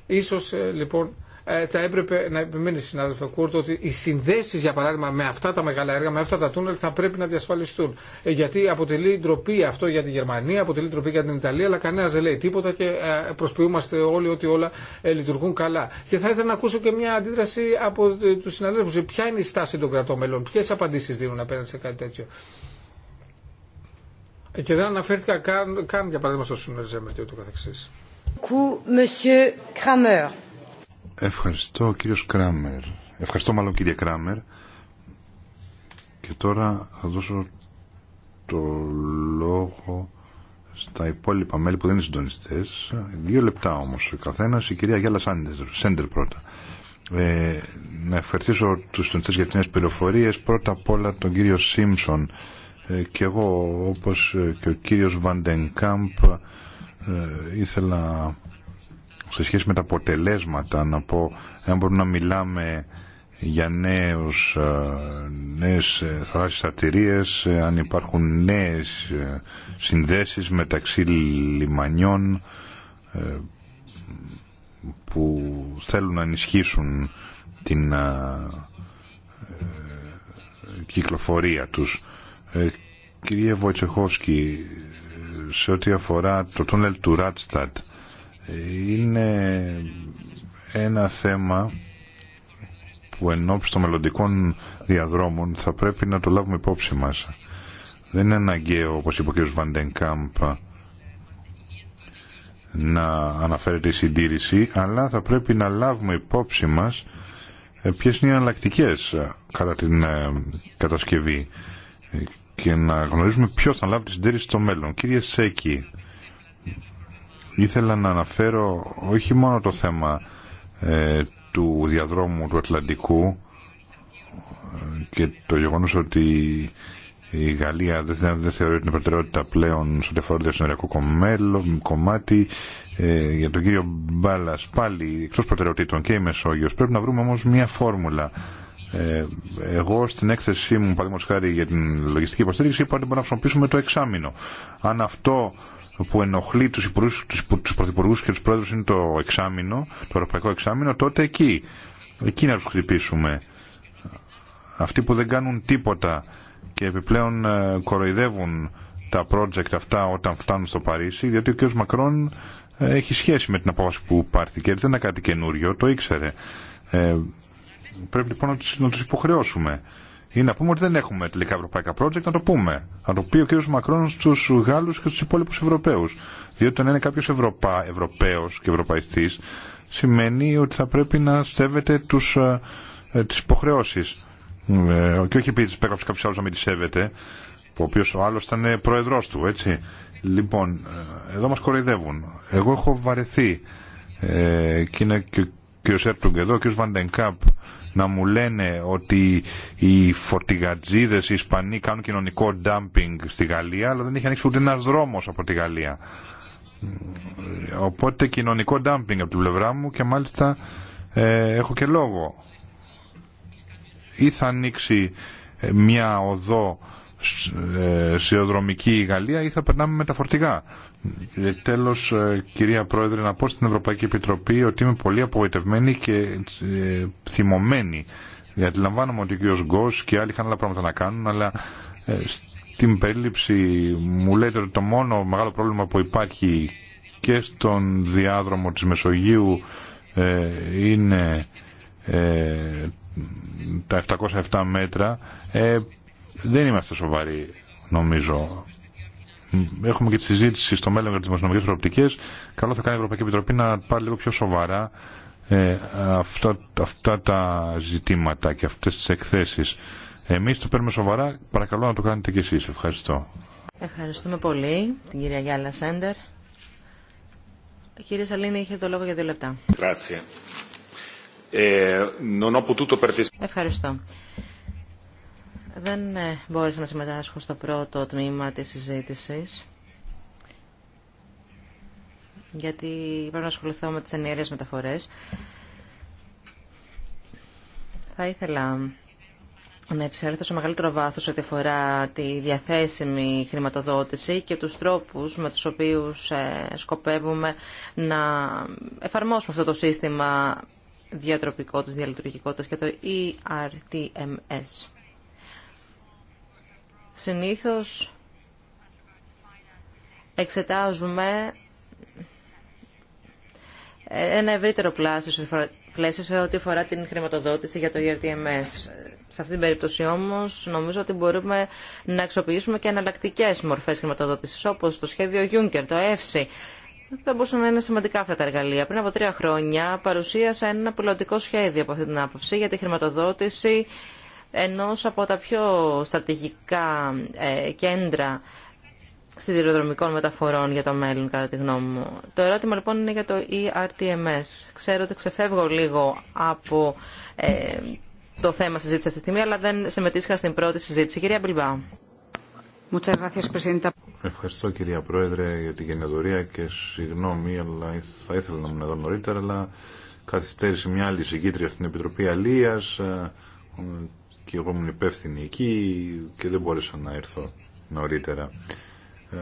Ίσως ε, λοιπόν ε, θα έπρεπε να επιμείνει, συνάδελφε Κούρτο, ότι οι συνδέσει, για παράδειγμα, με αυτά τα μεγάλα έργα, με αυτά τα τούνελ θα πρέπει να διασφαλιστούν. Ε, γιατί αποτελεί ντροπή αυτό για τη Γερμανία, αποτελεί ντροπή για την Ιταλία, αλλά κανένα δεν λέει τίποτα και ε, προσποιούμαστε όλοι ότι όλα λειτουργούν καλά. Και θα ήθελα να ακούσω και μια αντίδραση από του συναδέλφου. Ποια είναι η στάση των κρατών μελών, ποιε απαντήσει δίνουν απέναντι σε κάτι τέτοιο. Και δεν αναφέρθηκα καν, καν για παράδειγμα στο Σούνερ Ζέμερ και ούτω Monsieur Kramer. Ευχαριστώ κύριος Κράμερ. Ευχαριστώ μάλλον κύριε Κράμερ. Και τώρα θα δώσω το λόγο στα υπόλοιπα μέλη που δεν είναι συντονιστέ. Δύο λεπτά όμω ο καθένα. Η κυρία Γιάλα Σέντερ πρώτα. Ε, να ευχαριστήσω του συντονιστέ για τι νέε πληροφορίε. Πρώτα απ' όλα τον κύριο Σίμψον ε, και εγώ όπως και ο κύριο Βαντενκάμπ ε, ήθελα σε σχέση με τα αποτελέσματα να πω αν μπορούμε να μιλάμε για νέους, ε, νέες ε, θαλάσσιες αρτηρίες, ε, αν υπάρχουν νέες συνδέσεις μεταξύ λιμανιών που θέλουν να ενισχύσουν την κυκλοφορία τους. Κύριε Βοητσεχόσκη, σε ό,τι αφορά το τούνελ του Ράτστατ, είναι ένα θέμα που εν των μελλοντικών διαδρόμων θα πρέπει να το λάβουμε υπόψη μας. Δεν είναι αναγκαίο, όπως είπε ο κ. Βαντενκάμπ, να αναφέρεται η συντήρηση, αλλά θα πρέπει να λάβουμε υπόψη μας ε, ποιες είναι οι ε, κατά την ε, κατασκευή και να γνωρίζουμε ποιο θα λάβει τη συντήρηση στο μέλλον. Κύριε Σέκη, ήθελα να αναφέρω όχι μόνο το θέμα ε, του διαδρόμου του Ατλαντικού ε, και το γεγονός ότι η Γαλλία δεν, δεν θεωρεί την προτεραιότητα πλέον στο τεφόρτιο συνοριακό κομμάτι. Ε, για τον κύριο Μπάλλα πάλι εκτό προτεραιοτήτων και η Μεσόγειος Πρέπει να βρούμε όμω μια φόρμουλα. Ε, εγώ στην έκθεσή μου, παραδείγματο χάρη για την λογιστική υποστήριξη, είπα ότι μπορούμε να χρησιμοποιήσουμε το εξάμεινο. Αν αυτό που ενοχλεί τους, υπουργούς, τους πρωθυπουργούς και τους πρόεδρους είναι το εξάμεινο, το ευρωπαϊκό εξάμεινο, τότε εκεί, εκεί να τους χτυπήσουμε. Αυτοί που δεν κάνουν τίποτα και επιπλέον ε, κοροϊδεύουν τα project αυτά όταν φτάνουν στο Παρίσι, διότι ο κ. Μακρόν ε, έχει σχέση με την απόφαση που πάρθηκε. δεν είναι κάτι καινούριο, το ήξερε. Ε, πρέπει λοιπόν να τους υποχρεώσουμε ή να πούμε ότι δεν έχουμε τελικά ευρωπαϊκά project, να το πούμε. Να το πει ο κ. Μακρόν στου Γάλλου και στου υπόλοιπου Ευρωπαίου. Διότι όταν είναι κάποιο Ευρωπα... Ευρωπαίο και Ευρωπαϊστή, σημαίνει ότι θα πρέπει να σέβεται ε, ε, τις υποχρεώσεις ε, και όχι επειδή υπέγραψε κάποιο άλλο να μην τις σέβεται ο οποίο ο άλλο ήταν ε, προεδρό του έτσι λοιπόν εδώ μα κοροϊδεύουν εγώ έχω βαρεθεί ε, και είναι και ο κ. Σέρτουγκ εδώ ο κ. Βαντενκάπ να μου λένε ότι οι φορτηγατζίδες οι Ισπανοί κάνουν κοινωνικό ντάμπινγκ στη Γαλλία αλλά δεν έχει ανοίξει ούτε ένας δρόμος από τη Γαλλία. Οπότε κοινωνικό ντάμπινγκ από την πλευρά μου και μάλιστα ε, έχω και λόγο. Ή θα ανοίξει ε, μια οδό ε, σιωδρομική η Γαλλία ή θα περνάμε με τα φορτηγά. Ε, τέλος, ε, κυρία Πρόεδρε, να πω στην Ευρωπαϊκή Επιτροπή ότι είμαι πολύ απογοητευμένη και ε, θυμωμένη. Γιατί ότι ο κ. Γκος και άλλοι είχαν άλλα πράγματα να κάνουν, αλλά στην περίληψη μου λέτε ότι το μόνο μεγάλο πρόβλημα που υπάρχει και στον διάδρομο της Μεσογείου είναι τα 707 μέτρα. δεν είμαστε σοβαροί νομίζω έχουμε και τη συζήτηση στο μέλλον για τι δημοσιονομικέ προοπτικέ. Καλό θα κάνει η Ευρωπαϊκή Επιτροπή να πάρει λίγο πιο σοβαρά ε, αυτά, αυτά τα ζητήματα και αυτέ τι εκθέσει. Εμεί το παίρνουμε σοβαρά. Παρακαλώ να το κάνετε κι εσεί. Ευχαριστώ. Ευχαριστούμε πολύ την κυρία Γιάλα Σέντερ. Η κυρία Σαλίνη είχε το λόγο για δύο λεπτά. Ε, Ευχαριστώ. Δεν ε, μπόρεσα να συμμετάσχω στο πρώτο τμήμα της συζήτησης γιατί πρέπει να ασχοληθώ με τις ενέργειες μεταφορές. Θα ήθελα να επισέλθω σε μεγαλύτερο βάθος ό,τι αφορά τη διαθέσιμη χρηματοδότηση και τους τρόπους με τους οποίους ε, σκοπεύουμε να εφαρμόσουμε αυτό το σύστημα διατροπικότητας, διαλειτουργικότητας και το ERTMS. Συνήθως εξετάζουμε ένα ευρύτερο πλαίσιο σε ό,τι αφορά την χρηματοδότηση για το ERTMS. Σε αυτήν την περίπτωση όμως νομίζω ότι μπορούμε να αξιοποιήσουμε και εναλλακτικέ μορφές χρηματοδότησης όπως το σχέδιο Juncker, το EFSI. Δεν μπορούσαν να είναι σημαντικά αυτά τα εργαλεία. Πριν από τρία χρόνια παρουσίασα ένα πιλωτικό σχέδιο από αυτή την άποψη για τη χρηματοδότηση ενός από τα πιο στρατηγικά ε, κέντρα σιδηροδρομικών μεταφορών για το μέλλον, κατά τη γνώμη μου. Το ερώτημα λοιπόν είναι για το ERTMS. Ξέρω ότι ξεφεύγω λίγο από ε, το θέμα συζήτηση αυτή τη στιγμή, αλλά δεν συμμετείχα στην πρώτη συζήτηση. Κυρία Μπιλμπάου. Ευχαριστώ κυρία Πρόεδρε για την γενεδορία και συγγνώμη, αλλά θα ήθελα να ήμουν εδώ νωρίτερα, αλλά καθυστέρησε μια άλλη συγκίτρια στην Επιτροπή Αλίας ε, και εγώ ήμουν υπεύθυνη εκεί και δεν μπόρεσα να έρθω νωρίτερα. Ε,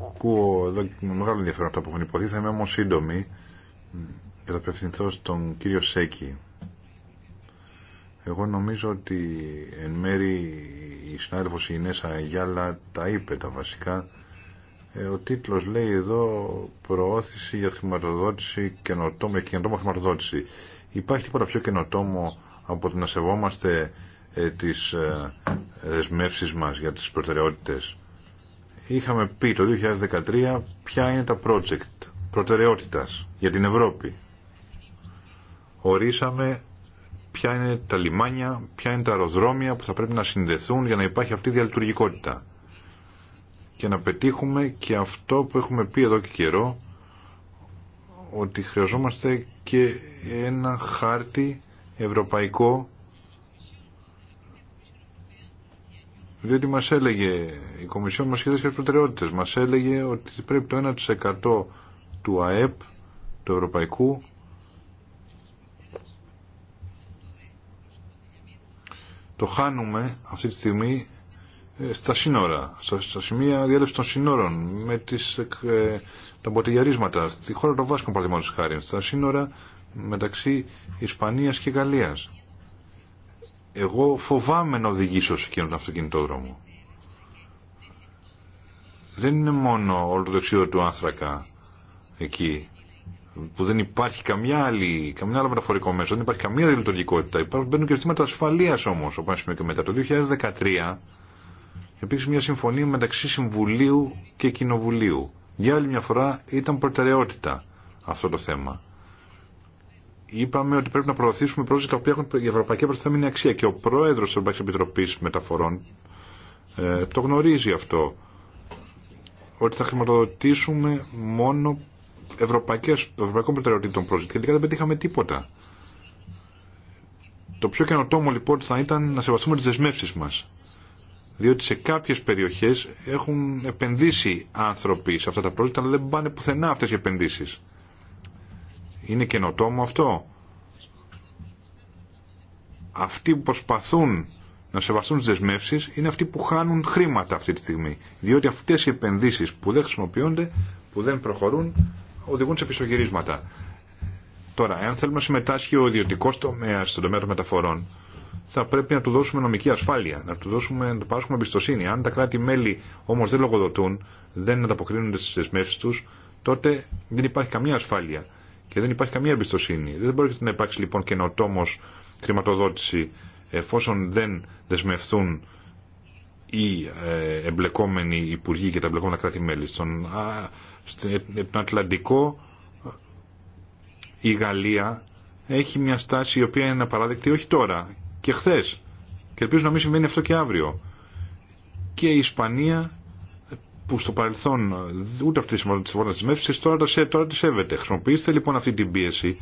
ακούω εδώ με μεγάλο ενδιαφέρον αυτά που έχουν υποθεί. Θα είμαι όμω σύντομη και θα απευθυνθώ στον κύριο Σέκη. Εγώ νομίζω ότι εν μέρη η συνάδελφος η Νέσα Γιάλα τα είπε τα βασικά. Ε, ο τίτλος λέει εδώ «Προώθηση για χρηματοδότηση καινοτόμο, για καινοτόμο χρηματοδότηση». Υπάρχει τίποτα πιο καινοτόμο το να σεβόμαστε ε, τις ε, δεσμεύσει μας για τις προτεραιότητες. Είχαμε πει το 2013 ποια είναι τα project προτεραιότητας για την Ευρώπη. Ορίσαμε ποια είναι τα λιμάνια, ποια είναι τα αεροδρόμια που θα πρέπει να συνδεθούν για να υπάρχει αυτή η διαλειτουργικότητα. Και να πετύχουμε και αυτό που έχουμε πει εδώ και καιρό, ότι χρειαζόμαστε και ένα χάρτη ευρωπαϊκό διότι μας έλεγε η Κομισιόν μας σχεδίασε τις προτεραιότητες μας έλεγε ότι πρέπει το 1% του ΑΕΠ του ευρωπαϊκού το χάνουμε αυτή τη στιγμή ε, στα σύνορα, στα, σημεία διέλευση των σύνορων, με τις, ε, τα μποτιγιαρίσματα, στη χώρα των Βάσκων παραδείγματος χάρη, στα σύνορα μεταξύ Ισπανίας και Γαλλίας. Εγώ φοβάμαι να οδηγήσω σε εκείνον τον αυτοκινητόδρομο. Δεν είναι μόνο όλο το δεξίδιο του άνθρακα εκεί, που δεν υπάρχει καμιά άλλη, καμιά άλλο μεταφορικό μέσο, δεν υπάρχει καμία λειτουργικότητα. Υπάρχουν, μπαίνουν και ζητήματα ασφαλεία όμω, όπω ένα και μετά. Το 2013 υπήρξε μια συμφωνία μεταξύ Συμβουλίου και Κοινοβουλίου. Για άλλη μια φορά ήταν προτεραιότητα αυτό το θέμα είπαμε ότι πρέπει να προωθήσουμε πρόσφυγες τα οποία έχουν η ευρωπαϊκή προστιθέμενη αξία και ο πρόεδρο τη Ευρωπαϊκή Επιτροπή Μεταφορών ε, το γνωρίζει αυτό ότι θα χρηματοδοτήσουμε μόνο ευρωπαϊκές, ευρωπαϊκών προτεραιοτήτων project Γιατί δεν πετύχαμε τίποτα. Το πιο καινοτόμο λοιπόν θα ήταν να σεβαστούμε τι δεσμεύσει μα, Διότι σε κάποιε περιοχέ έχουν επενδύσει άνθρωποι σε αυτά τα project αλλά δεν πάνε πουθενά αυτέ οι επενδύσει. Είναι καινοτόμο αυτό. Αυτοί που προσπαθούν να σεβαστούν τι δεσμεύσει είναι αυτοί που χάνουν χρήματα αυτή τη στιγμή. Διότι αυτέ οι επενδύσει που δεν χρησιμοποιούνται, που δεν προχωρούν, οδηγούν σε πιστογυρίσματα. Τώρα, εάν θέλουμε να συμμετάσχει ο ιδιωτικό τομέα στον τομέα των μεταφορών, θα πρέπει να του δώσουμε νομική ασφάλεια, να του, δώσουμε, να του παράσχουμε εμπιστοσύνη. Αν τα κράτη-μέλη όμω δεν λογοδοτούν, δεν ανταποκρίνονται στι δεσμεύσει του, τότε δεν υπάρχει καμία ασφάλεια και δεν υπάρχει καμία εμπιστοσύνη. Δεν μπορεί να υπάρξει λοιπόν καινοτόμο χρηματοδότηση εφόσον δεν δεσμευθούν οι ε, εμπλεκόμενοι υπουργοί και τα εμπλεκόμενα κράτη-μέλη. Στον ε, ε, Ατλαντικό η Γαλλία έχει μια στάση η οποία είναι απαράδεκτη όχι τώρα και χθε. Και ελπίζω να μην συμβαίνει αυτό και αύριο. Και η Ισπανία που στο παρελθόν ε, ούτε αυτή τη συμφωνία τη τώρα, τώρα τη σέβεται. Χρησιμοποιήστε λοιπόν αυτή την πίεση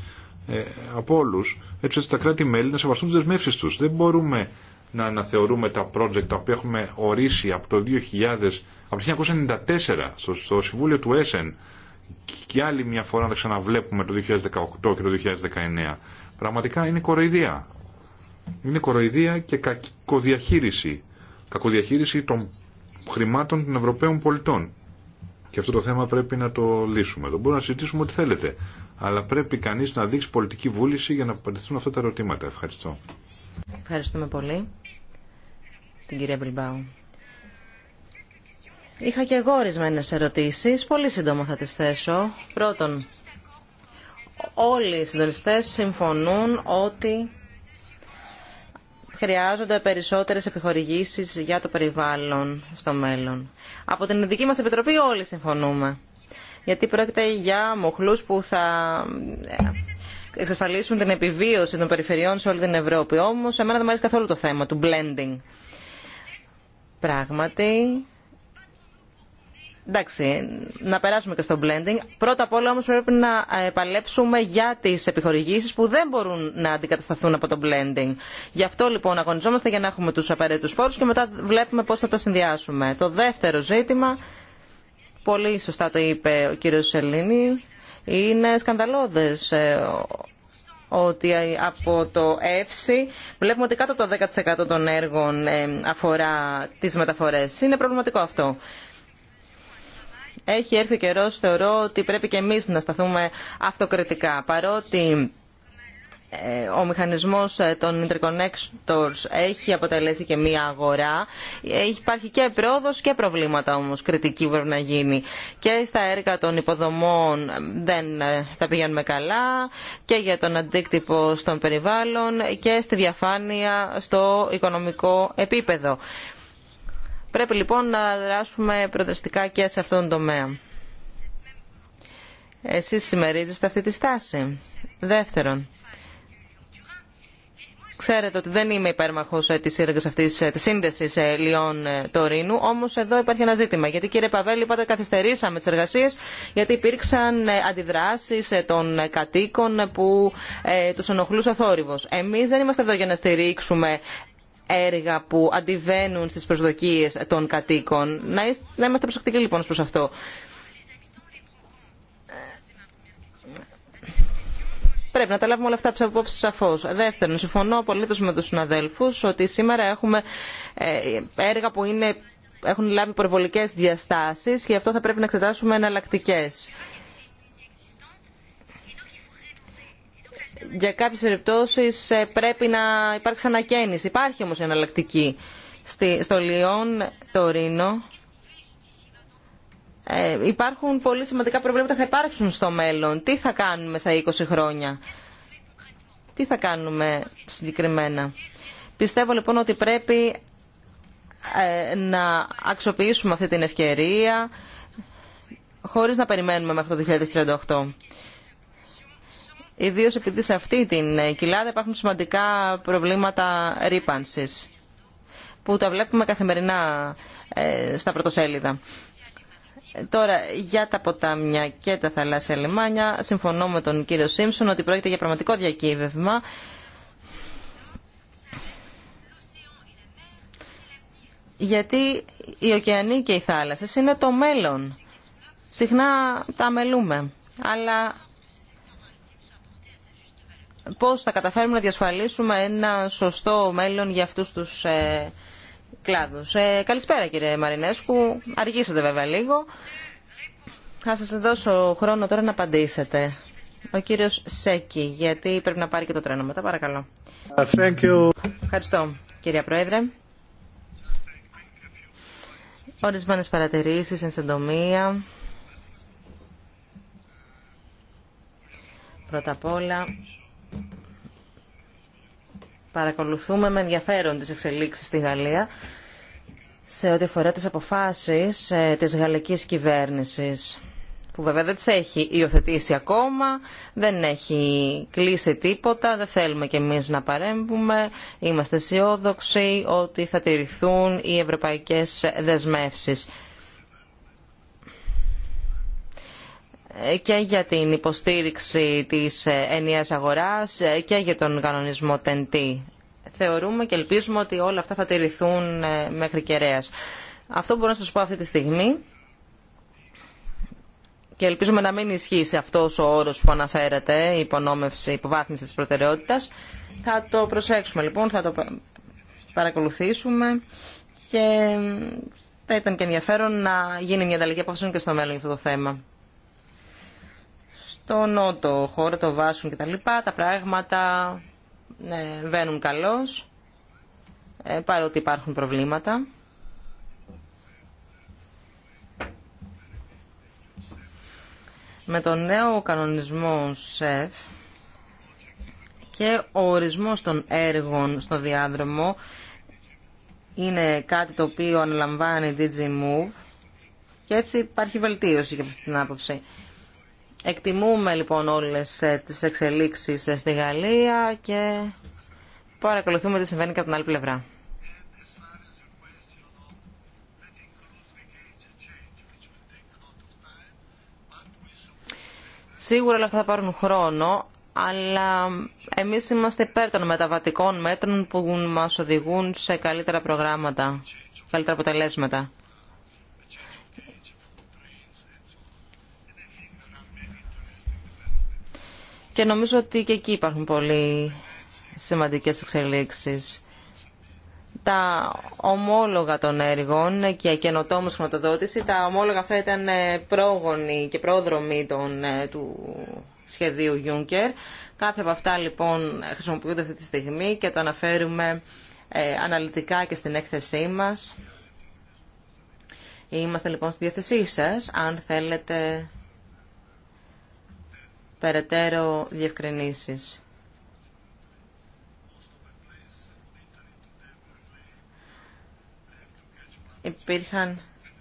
ε, από όλου, έτσι ώστε τα κράτη-μέλη να σεβαστούν τι δεσμεύσει του. Δεν μπορούμε να αναθεωρούμε τα project τα οποία έχουμε ορίσει από το 2000, από το 1994 στο, στο Συμβούλιο του ΕΣΕΝ και άλλη μια φορά να ξαναβλέπουμε το 2018 και το 2019. Πραγματικά είναι κοροϊδία. Είναι κοροϊδία και κακοδιαχείριση. Κακοδιαχείριση των χρημάτων των Ευρωπαίων πολιτών. Και αυτό το θέμα πρέπει να το λύσουμε. Δεν μπορούμε να συζητήσουμε ό,τι θέλετε. Αλλά πρέπει κανεί να δείξει πολιτική βούληση για να απαντηθούν αυτά τα ερωτήματα. Ευχαριστώ. Ευχαριστούμε πολύ την κυρία Μπριμπάου. Είχα και εγώ ορισμένε ερωτήσει. Πολύ σύντομα θα τι θέσω. Πρώτον, όλοι οι συντονιστέ συμφωνούν ότι χρειάζονται περισσότερες επιχορηγήσεις για το περιβάλλον στο μέλλον. Από την δική μας Επιτροπή όλοι συμφωνούμε. Γιατί πρόκειται για μοχλούς που θα εξασφαλίσουν την επιβίωση των περιφερειών σε όλη την Ευρώπη. Όμως, εμένα δεν μου αρέσει καθόλου το θέμα του blending. Πράγματι, εντάξει, να περάσουμε και στο blending. Πρώτα απ' όλα όμως πρέπει να ε, παλέψουμε για τις επιχορηγήσεις που δεν μπορούν να αντικατασταθούν από το blending. Γι' αυτό λοιπόν αγωνιζόμαστε για να έχουμε τους απαραίτητους πόρους και μετά βλέπουμε πώς θα τα συνδυάσουμε. Το δεύτερο ζήτημα, πολύ σωστά το είπε ο κύριος Σελήνη, είναι σκανδαλώδες ε, ότι από το ΕΦΣΥ βλέπουμε ότι κάτω από το 10% των έργων ε, αφορά τις μεταφορές. Είναι προβληματικό αυτό έχει έρθει ο καιρός, θεωρώ ότι πρέπει και εμείς να σταθούμε αυτοκριτικά. Παρότι ε, ο μηχανισμός ε, των interconnectors έχει αποτελέσει και μία αγορά. Υπάρχει και πρόοδος και προβλήματα όμως, κριτική πρέπει να γίνει. Και στα έργα των υποδομών ε, δεν τα πηγαίνουμε καλά και για τον αντίκτυπο στον περιβάλλον και στη διαφάνεια στο οικονομικό επίπεδο. Πρέπει λοιπόν να δράσουμε προδραστικά και σε αυτόν τον τομέα. Εσείς συμμερίζεστε αυτή τη στάση. Δεύτερον, ξέρετε ότι δεν είμαι υπέρμαχος ε, ε, της σύνδεσης αυτής της σύνδεσης Λιών-Τωρίνου, όμως εδώ υπάρχει ένα ζήτημα. Γιατί κύριε Παβέλη είπατε καθυστερήσαμε τις εργασίες, γιατί υπήρξαν ε, αντιδράσεις των κατοίκων που τους ενοχλούσε ο θόρυβος. Εμείς δεν είμαστε εδώ για να στηρίξουμε έργα που αντιβαίνουν στις προσδοκίες των κατοίκων. Να, να είμαστε προσεκτικοί λοιπόν προς αυτό. Πρέπει να τα λάβουμε όλα αυτά από απόψη σαφώ. Δεύτερον, συμφωνώ απολύτω με του συναδέλφου ότι σήμερα έχουμε ε, έργα που είναι, έχουν λάβει προβολικέ διαστάσει και αυτό θα πρέπει να εξετάσουμε εναλλακτικέ. για κάποιες περιπτώσεις ε, πρέπει να υπάρξει ανακαίνιση. Υπάρχει όμως εναλλακτική. Στο Λιόν, το Ρήνο, ε, υπάρχουν πολύ σημαντικά προβλήματα θα υπάρξουν στο μέλλον. Τι θα κάνουμε στα 20 χρόνια. Τι θα κάνουμε συγκεκριμένα. Πιστεύω λοιπόν ότι πρέπει ε, να αξιοποιήσουμε αυτή την ευκαιρία χωρίς να περιμένουμε μέχρι το 2038 ιδίως επειδή σε αυτή την κοιλάδα υπάρχουν σημαντικά προβλήματα ρήπανσης που τα βλέπουμε καθημερινά ε, στα πρωτοσέλιδα. Τώρα, για τα ποτάμια και τα θαλάσσια λιμάνια, συμφωνώ με τον κύριο Σίμψον ότι πρόκειται για πραγματικό διακύβευμα. Γιατί οι ωκεανοί και οι θάλασσες είναι το μέλλον. Συχνά τα αμελούμε. Αλλά Πώ θα καταφέρουμε να διασφαλίσουμε ένα σωστό μέλλον για αυτού τους ε, κλάδους. Ε, καλησπέρα κύριε Μαρινέσκου, αργήσατε βέβαια λίγο. Θα σας δώσω χρόνο τώρα να απαντήσετε. Ο κύριος Σέκη, γιατί πρέπει να πάρει και το τρένο μετά, παρακαλώ. Uh, thank you. Ευχαριστώ κύριε Πρόεδρε. Ορισμένες παρατηρήσεις, εν συντομία. Πρώτα απ' όλα, Παρακολουθούμε με ενδιαφέρον τις εξελίξεις στη Γαλλία σε ό,τι αφορά τις αποφάσεις ε, της γαλλικής κυβέρνησης που βέβαια δεν τις έχει υιοθετήσει ακόμα, δεν έχει κλείσει τίποτα, δεν θέλουμε κι εμείς να παρέμβουμε, είμαστε αισιόδοξοι ότι θα τηρηθούν οι ευρωπαϊκές δεσμεύσεις. και για την υποστήριξη της ενιαίας αγοράς και για τον κανονισμό TNT. Θεωρούμε και ελπίζουμε ότι όλα αυτά θα τηρηθούν ε, μέχρι κεραίας. Αυτό μπορώ να σας πω αυτή τη στιγμή και ελπίζουμε να μην ισχύσει αυτός ο όρος που αναφέρατε, η υπονόμευση, η υποβάθμιση της προτεραιότητας. Θα το προσέξουμε λοιπόν, θα το παρακολουθήσουμε και θα ήταν και ενδιαφέρον να γίνει μια ανταλλαγή αποφασίων και στο μέλλον για αυτό το θέμα στο νότο χώρο, το Βάσουν και Τα, τα πράγματα ναι, βαίνουν καλώς, ε, παρότι υπάρχουν προβλήματα. Με τον νέο κανονισμό ΣΕΦ και ο ορισμός των έργων στο διάδρομο είναι κάτι το οποίο αναλαμβάνει Move και έτσι υπάρχει βελτίωση για αυτή την άποψη. Εκτιμούμε λοιπόν όλες ε, τις εξελίξεις ε, στη Γαλλία και παρακολουθούμε τι συμβαίνει και από την άλλη πλευρά. Σίγουρα όλα αυτά θα πάρουν χρόνο, αλλά εμείς είμαστε υπέρ των μεταβατικών μέτρων που μας οδηγούν σε καλύτερα προγράμματα, καλύτερα αποτελέσματα. και νομίζω ότι και εκεί υπάρχουν πολύ σημαντικές εξελίξεις. Τα ομόλογα των έργων και καινοτόμους χρηματοδότηση, τα ομόλογα αυτά ήταν ε, πρόγονοι και πρόδρομοι των, ε, του σχεδίου Juncker. Κάποια από αυτά λοιπόν χρησιμοποιούνται αυτή τη στιγμή και το αναφέρουμε ε, αναλυτικά και στην έκθεσή μας. Είμαστε λοιπόν στη διάθεσή σας, αν θέλετε περαιτέρω διευκρινήσεις. Υπήρχαν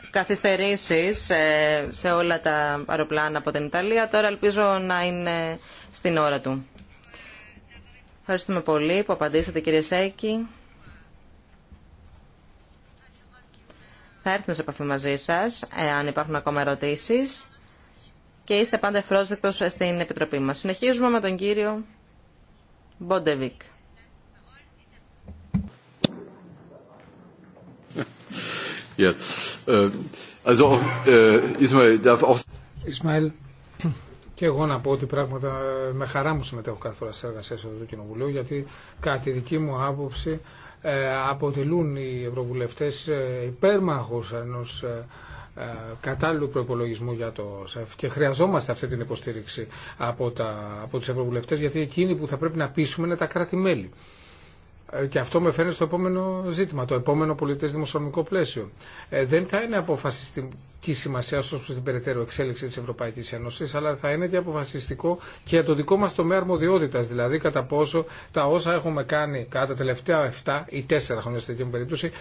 καθυστερήσεις ε, σε όλα τα αεροπλάνα από την Ιταλία. Τώρα ελπίζω να είναι στην ώρα του. Ευχαριστούμε πολύ που απαντήσατε κύριε Σέκη. Θα έρθουμε σε επαφή μαζί σας, εάν υπάρχουν ακόμα ερωτήσεις και είστε πάντα ευπρόσδεκτο στην Επιτροπή μα. Συνεχίζουμε με τον κύριο Μποντεβίκ. Ισμαήλ, ε, ε, και εγώ να πω ότι πράγματα ε, με χαρά μου συμμετέχω κάθε φορά στι εργασίε του Κοινοβουλίου, γιατί κατά τη δική μου άποψη αποτελούν οι ευρωβουλευτέ υπέρμαχου ενό ε, κατάλληλου προπολογισμού για το ΣΕΦ και χρειαζόμαστε αυτή την υποστήριξη από, τα, από τους ευρωβουλευτές γιατί εκείνοι που θα πρέπει να πείσουμε είναι τα κράτη-μέλη. Ε, και αυτό με φέρνει στο επόμενο ζήτημα, το επόμενο πολιτέ δημοσιονομικό πλαίσιο. Ε, δεν θα είναι αποφασιστική σημασία ω προ την περαιτέρω εξέλιξη τη Ευρωπαϊκή Ένωση, αλλά θα είναι και αποφασιστικό και για το δικό μα τομέα αρμοδιότητα. Δηλαδή, κατά πόσο τα όσα έχουμε κάνει κατά τα τελευταία 7 ή 4 χρόνια στην δική μου περίπτωση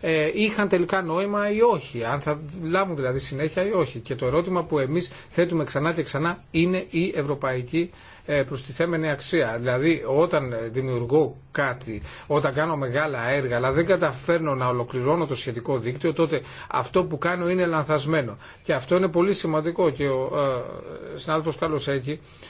ε, είχαν τελικά νόημα ή όχι. Αν θα λάβουν δηλαδή συνέχεια ή όχι. Και το ερώτημα που εμεί θέτουμε ξανά και ξανά είναι η Ευρωπαϊκή ε, προστιθέμενη αξία. Δηλαδή όταν δημιουργώ κάτι, όταν κάνω μεγάλα έργα αλλά δεν καταφέρνω να ολοκληρώνω το σχετικό δίκτυο τότε αυτό που κάνω είναι λανθασμένο. Και αυτό είναι πολύ σημαντικό και ο ε, συνάδελφος Κάλλο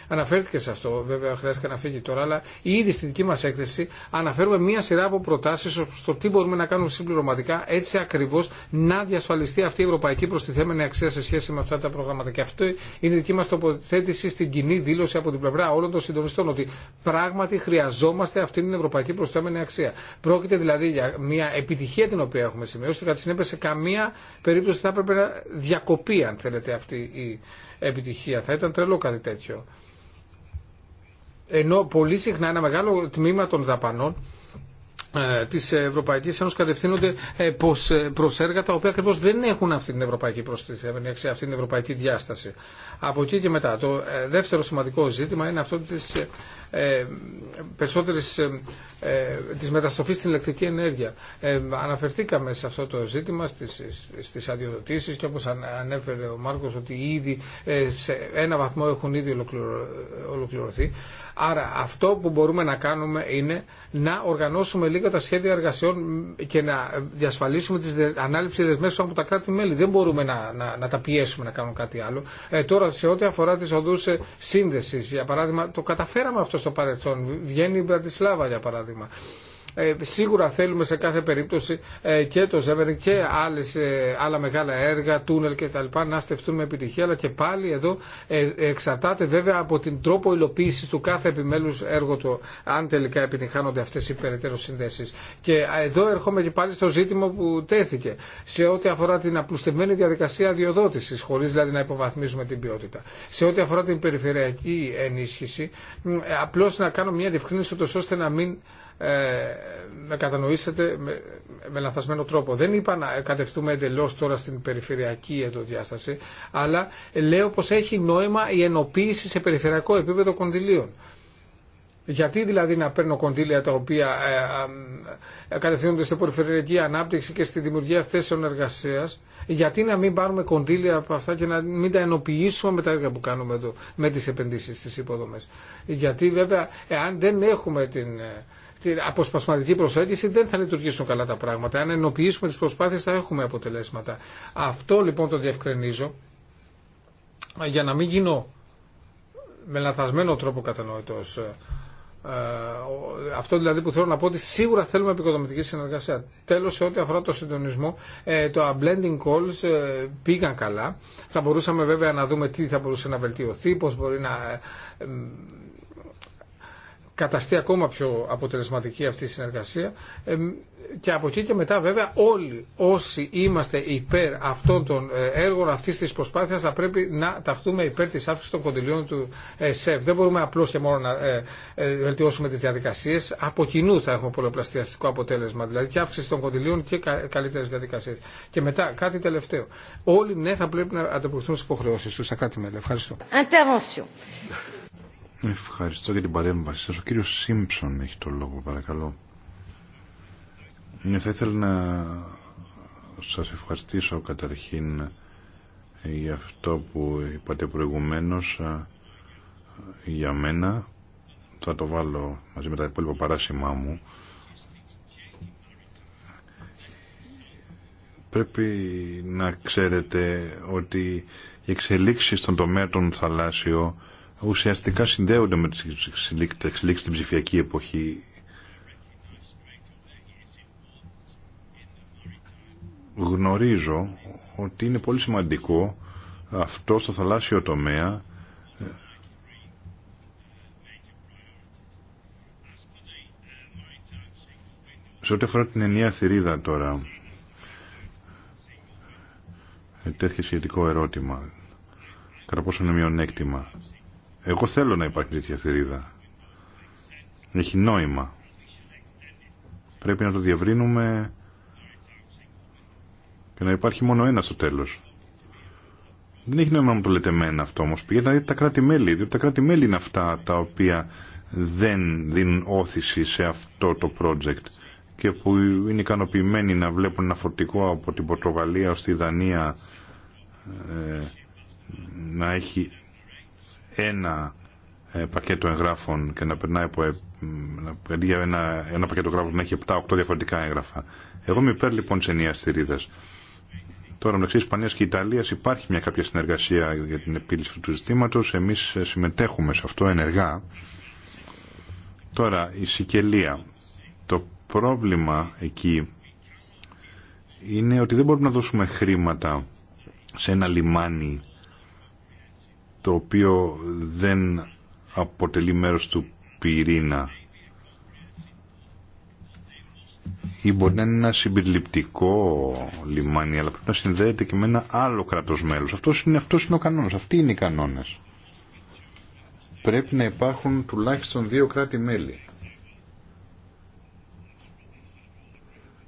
αναφέρθηκε σε αυτό, βέβαια χρειάστηκε να φύγει τώρα, αλλά ήδη στη δική μα έκθεση αναφέρουμε μία σειρά από προτάσεις στο τι μπορούμε να κάνουμε συμπληρωματικά έτσι ακριβώ να διασφαλιστεί αυτή η ευρωπαϊκή προστιθέμενη αξία σε σχέση με αυτά τα προγράμματα. Και αυτό είναι η δική μα τοποθέτηση στην κοινή δήλωση από την πλευρά όλων των συντονιστών ότι πράγματι χρειαζόμαστε αυτή την ευρωπαϊκή προστέμενη αξία. Πρόκειται δηλαδή για μια επιτυχία την οποία έχουμε σημειώσει, κατά τη συνέπεια σε καμία περίπτωση θα έπρεπε να διακοπεί αν θέλετε αυτή η επιτυχία. Θα ήταν τρελό κάτι τέτοιο. Ενώ πολύ συχνά ένα μεγάλο τμήμα των δαπανών ε, τη Ευρωπαϊκή Ένωση κατευθύνονται ε, προ ε, έργα τα οποία ακριβώ δεν έχουν αυτή την ευρωπαϊκή προστιθέμενη αξία, αυτή την ευρωπαϊκή διάσταση. Από εκεί και μετά. Το δεύτερο σημαντικό ζήτημα είναι αυτό τη. Ε, περισσότερης ε, ε, της μεταστροφής στην ηλεκτρική ενέργεια. Αναφερθήκαμε σε αυτό το ζήτημα στις, στις αδειοδοτήσεις και όπως ανέφερε ο Μάρκος ότι ήδη σε ένα βαθμό έχουν ήδη ολοκληρωθεί. Άρα αυτό που μπορούμε να κάνουμε είναι να οργανώσουμε λίγο τα σχέδια εργασιών και να διασφαλίσουμε τις ανάληψη δεσμεύσεων από τα κράτη-μέλη. Δεν μπορούμε να, να, να, τα πιέσουμε να κάνουν κάτι άλλο. Ε, τώρα σε ό,τι αφορά τις οδούς σύνδεσης, για παράδειγμα, το καταφέραμε αυτό στο παρελθόν. Βγαίνει η Μπρατισλάβα για παράδειγμα. Ε, σίγουρα θέλουμε σε κάθε περίπτωση ε, και το Ζέβερν και άλλες, ε, άλλα μεγάλα έργα, τούνελ κτλ. να στεφτούν με επιτυχία, αλλά και πάλι εδώ εξαρτάται βέβαια από την τρόπο υλοποίηση του κάθε επιμέλου έργο του, αν τελικά επιτυχάνονται αυτέ οι περαιτέρω συνδέσει. Και εδώ έρχομαι και πάλι στο ζήτημα που τέθηκε σε ό,τι αφορά την απλουστευμένη διαδικασία διοδότηση, χωρί δηλαδή να υποβαθμίζουμε την ποιότητα. Σε ό,τι αφορά την περιφερειακή ενίσχυση, απλώ να κάνω μια διευκρίνηση ώστε να μην ε, να κατανοήσετε με, με λανθασμένο τρόπο. Δεν είπα να κατευθούμε εντελώ τώρα στην περιφερειακή εντοδιάσταση, αλλά λέω πως έχει νόημα η ενοποίηση σε περιφερειακό επίπεδο κονδυλίων. Γιατί δηλαδή να παίρνω κονδύλια τα οποία ε, ε, κατευθύνονται στην περιφερειακή ανάπτυξη και στη δημιουργία θέσεων εργασία, γιατί να μην πάρουμε κονδύλια από αυτά και να μην τα ενοποιήσουμε με τα έργα που κάνουμε εδώ, με τι επενδύσει στι υποδομέ. Γιατί βέβαια, εάν δεν έχουμε την την αποσπασματική προσέγγιση δεν θα λειτουργήσουν καλά τα πράγματα. Αν ενοποιήσουμε τις προσπάθειες θα έχουμε αποτελέσματα. Αυτό λοιπόν το διευκρινίζω για να μην γίνω με λαθασμένο τρόπο κατανοητός. Ε, αυτό δηλαδή που θέλω να πω ότι σίγουρα θέλουμε επικοδομητική συνεργασία. Τέλος, σε ό,τι αφορά το συντονισμό, ε, το blending calls ε, πήγαν καλά. Θα μπορούσαμε βέβαια να δούμε τι θα μπορούσε να βελτιωθεί, πώς μπορεί να καταστεί ακόμα πιο αποτελεσματική αυτή η συνεργασία και από εκεί και μετά βέβαια όλοι όσοι είμαστε υπέρ αυτών των ε, έργων αυτής της προσπάθειας θα πρέπει να ταχθούμε υπέρ της αύξησης των κοντιλιών του ε, ΣΕΒ. Δεν μπορούμε απλώς και μόνο να ε, βελτιώσουμε τις διαδικασίες. Από κοινού θα έχουμε πολλαπλασιαστικό αποτέλεσμα. Δηλαδή και αύξηση των κοντιλιών και καλύτερες διαδικασίες. Και μετά κάτι τελευταίο. Όλοι ναι θα πρέπει να ανταποκριθούν στις υποχρεώσεις τους. Ευχαριστώ. Intervention. Ευχαριστώ για την παρέμβαση σας. Ο κύριος Σίμψον έχει το λόγο, παρακαλώ. Ναι, θα ήθελα να σας ευχαριστήσω καταρχήν για αυτό που είπατε προηγουμένως για μένα. Θα το βάλω μαζί με τα υπόλοιπα παράσημά μου. Πρέπει να ξέρετε ότι οι εξελίξεις στον τομέα των θαλάσσιων ουσιαστικά συνδέονται με τις εξελίξεις στην ψηφιακή εποχή. Γνωρίζω ότι είναι πολύ σημαντικό αυτό στο θαλάσσιο τομέα σε ό,τι αφορά την ενιαία θηρίδα τώρα τέτοιο σχετικό ερώτημα κατά πόσο είναι μειονέκτημα εγώ θέλω να υπάρχει τέτοια θηρίδα. Έχει νόημα. Πρέπει να το διευρύνουμε και να υπάρχει μόνο ένα στο τέλος. Δεν έχει νόημα να μου το λέτε εμένα αυτό όμως. Πηγαίνετε να δείτε τα κράτη-μέλη, διότι τα κράτη-μέλη είναι αυτά τα οποία δεν δίνουν όθηση σε αυτό το project και που είναι ικανοποιημένοι να βλέπουν ένα φορτικό από την Πορτογαλία ως τη Δανία ε, να έχει ένα ε, πακέτο εγγράφων και να περνάει από ε, για ένα, ένα πακέτο γράφων να έχει 7-8 διαφορετικά έγγραφα. Εγώ είμαι υπέρ λοιπόν τη ενιαία θηρίδα. Τώρα μεταξύ Ισπανία και Ιταλία υπάρχει μια κάποια συνεργασία για την επίλυση του ζητήματο. Εμεί ε, συμμετέχουμε σε αυτό ενεργά. Τώρα η Σικελία. Το πρόβλημα εκεί είναι ότι δεν μπορούμε να δώσουμε χρήματα σε ένα λιμάνι το οποίο δεν αποτελεί μέρος του πυρήνα ή μπορεί να είναι ένα συμπεριληπτικό λιμάνι αλλά πρέπει να συνδέεται και με ένα άλλο κράτος μέλος αυτός είναι, αυτός είναι ο κανόνας, αυτοί είναι οι κανόνες πρέπει να υπάρχουν τουλάχιστον δύο κράτη-μέλη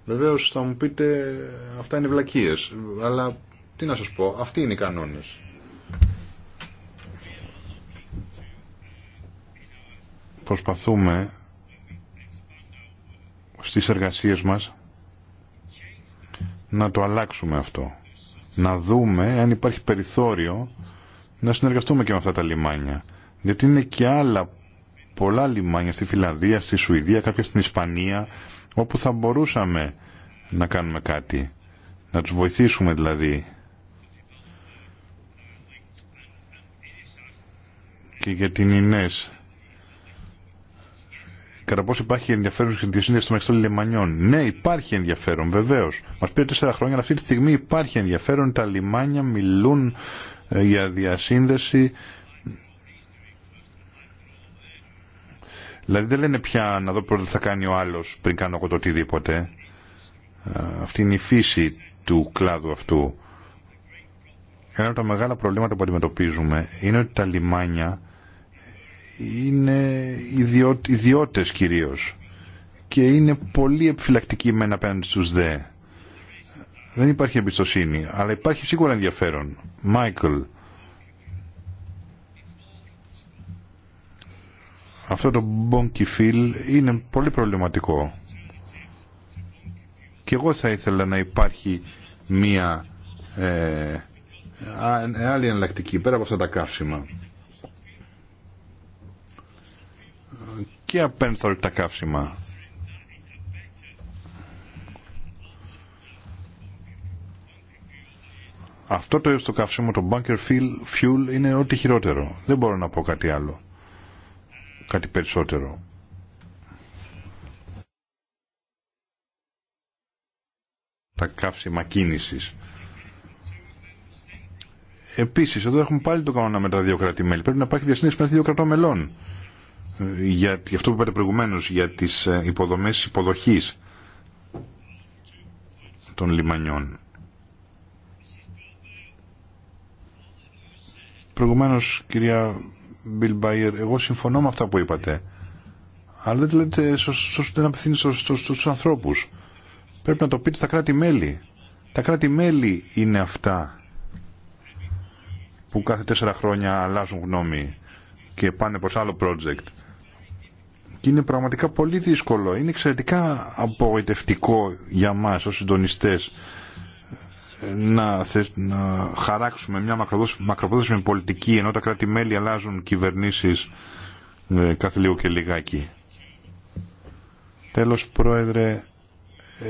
Βεβαίω θα μου πείτε αυτά είναι βλακίες αλλά τι να σας πω, αυτοί είναι οι κανόνες προσπαθούμε στις εργασίες μας να το αλλάξουμε αυτό. Να δούμε αν υπάρχει περιθώριο να συνεργαστούμε και με αυτά τα λιμάνια. Γιατί είναι και άλλα πολλά λιμάνια στη Φιλανδία, στη Σουηδία, κάποια στην Ισπανία, όπου θα μπορούσαμε να κάνουμε κάτι. Να τους βοηθήσουμε δηλαδή. Και για την Ινές κατά πόσο υπάρχει ενδιαφέρον στην διασύνδεση των Μαξιτών λιμανιών. Ναι, υπάρχει ενδιαφέρον, βεβαίω. Μα πήρε τέσσερα χρόνια, αλλά αυτή τη στιγμή υπάρχει ενδιαφέρον. Τα λιμάνια μιλούν ε, για διασύνδεση. Δηλαδή δεν λένε πια να δω πρώτα τι θα κάνει ο άλλο πριν κάνω εγώ το οτιδήποτε. Ε, αυτή είναι η φύση του κλάδου αυτού. Ένα από τα μεγάλα προβλήματα που αντιμετωπίζουμε είναι ότι τα λιμάνια είναι ιδιώτε ιδιώτες κυρίως και είναι πολύ επιφυλακτικοί μεν απέναντι στους δε. Δεν υπάρχει εμπιστοσύνη, αλλά υπάρχει σίγουρα ενδιαφέρον. Μάικλ, αυτό το bonky feel είναι πολύ προβληματικό. Και εγώ θα ήθελα να υπάρχει μία ε, άλλη εναλλακτική πέρα από αυτά τα καύσιμα. και τα καύσιμα. Αυτό το στο καύσιμο, το bunker fuel, είναι ό,τι χειρότερο. Δεν μπορώ να πω κάτι άλλο. Κάτι περισσότερο. Τα καύσιμα κίνησης. Επίσης, εδώ έχουμε πάλι το κανόνα με τα δύο κράτη-μέλη. Πρέπει να υπάρχει διασύνδεση με τα δύο κρατών μελών για, αυτό που είπατε προηγουμένω για τι ε, υποδομέ υποδοχή των λιμανιών. Προηγουμένως, κυρία Μπιλμπαϊρ, εγώ συμφωνώ με αυτά που είπατε, αλλά δεν λέτε σωστό, δεν απευθύνει στους ανθρώπους. Πρέπει να το πείτε στα κράτη-μέλη. Τα κράτη-μέλη είναι αυτά που κάθε τέσσερα χρόνια αλλάζουν γνώμη και πάνε προς άλλο project. Και είναι πραγματικά πολύ δύσκολο. Είναι εξαιρετικά απογοητευτικό για μας ως συντονιστές να, να χαράξουμε μια μακροπρόθεσμη πολιτική ενώ τα κράτη-μέλη αλλάζουν κυβερνήσεις ε, κάθε λίγο και λιγάκι. Τέλος, Πρόεδρε,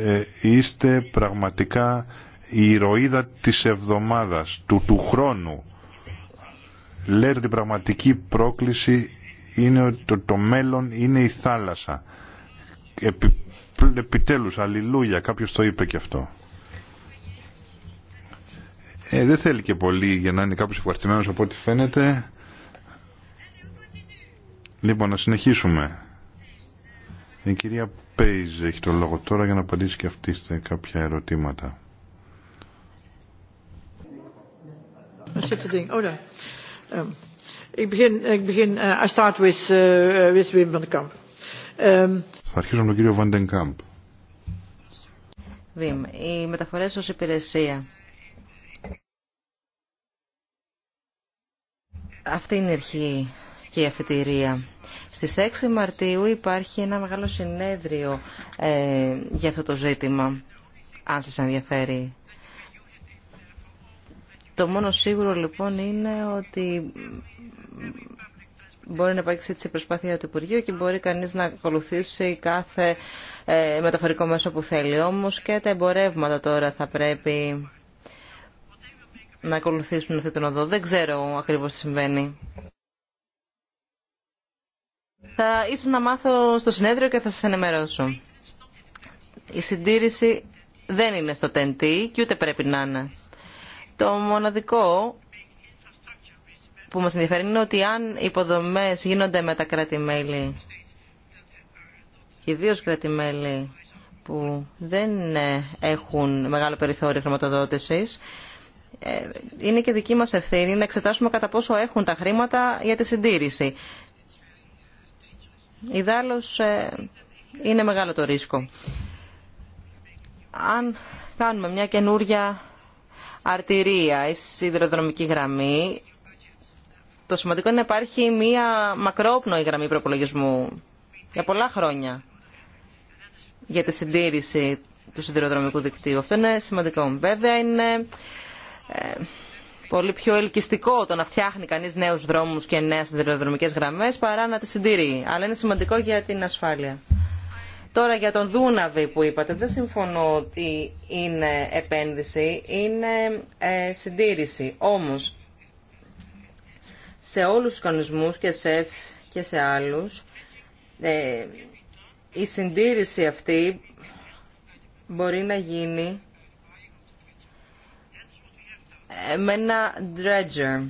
ε, είστε πραγματικά η ηρωίδα της εβδομάδας, του, του χρόνου. Λέτε την πραγματική πρόκληση είναι ότι το, το μέλλον είναι η θάλασσα. Επι, επιτέλους, αλληλούια, κάποιος το είπε και αυτό. Ε, δεν θέλει και πολύ για να είναι κάποιος ευχαριστημένος από ό,τι φαίνεται. Λοιπόν, να συνεχίσουμε. Η κυρία Πέιζ έχει το λόγο τώρα για να απαντήσει και αυτή σε κάποια ερωτήματα. Ik begin, ik begin, eh, I start with, eh, eh, with Wim van ehm, Θα αρχίσω με τον κύριο Βαντεν Κάμπ. Βιμ, οι μεταφορές ως υπηρεσία. Αυτή είναι η αρχή και η αφετηρία. Στις 6 Μαρτίου υπάρχει ένα μεγάλο συνέδριο ε, για αυτό το ζήτημα, αν σας ενδιαφέρει. Το μόνο σίγουρο λοιπόν είναι ότι μπορεί να υπάρξει έτσι η προσπάθεια του Υπουργείου και μπορεί κανείς να ακολουθήσει κάθε ε, μεταφορικό μέσο που θέλει. Όμως και τα εμπορεύματα τώρα θα πρέπει να ακολουθήσουν αυτή την οδό. Δεν ξέρω ακριβώς τι συμβαίνει. Θα ίσως να μάθω στο συνέδριο και θα σας ενημερώσω. Η συντήρηση δεν είναι στο TNT και ούτε πρέπει να είναι. Το μοναδικό που μας ενδιαφέρει είναι ότι αν οι υποδομές γίνονται με τα κράτη-μέλη ιδίω κράτη-μέλη που δεν ε, έχουν μεγάλο περιθώριο χρηματοδότησης, ε, είναι και δική μας ευθύνη να εξετάσουμε κατά πόσο έχουν τα χρήματα για τη συντήρηση. Ιδάλλως ε, είναι μεγάλο το ρίσκο. Αν κάνουμε μια καινούρια αρτηρία ή σιδηροδρομική γραμμή, το σημαντικό είναι να υπάρχει μία μακρόπνοη γραμμή προπολογισμού για πολλά χρόνια για τη συντήρηση του σιδηροδρομικού δικτύου. Αυτό είναι σημαντικό. Βέβαια είναι ε, πολύ πιο ελκυστικό το να φτιάχνει κανείς νέους δρόμους και νέες σιδηροδρομικές γραμμές παρά να τη συντηρεί. Αλλά είναι σημαντικό για την ασφάλεια. Τώρα για τον Δούναβη που είπατε, δεν συμφωνώ ότι είναι επένδυση, είναι ε, συντήρηση. Όμως σε όλους τους κανονισμούς και σε ΕΦ και σε άλλους ε, η συντήρηση αυτή μπορεί να γίνει ε, με ένα dredger.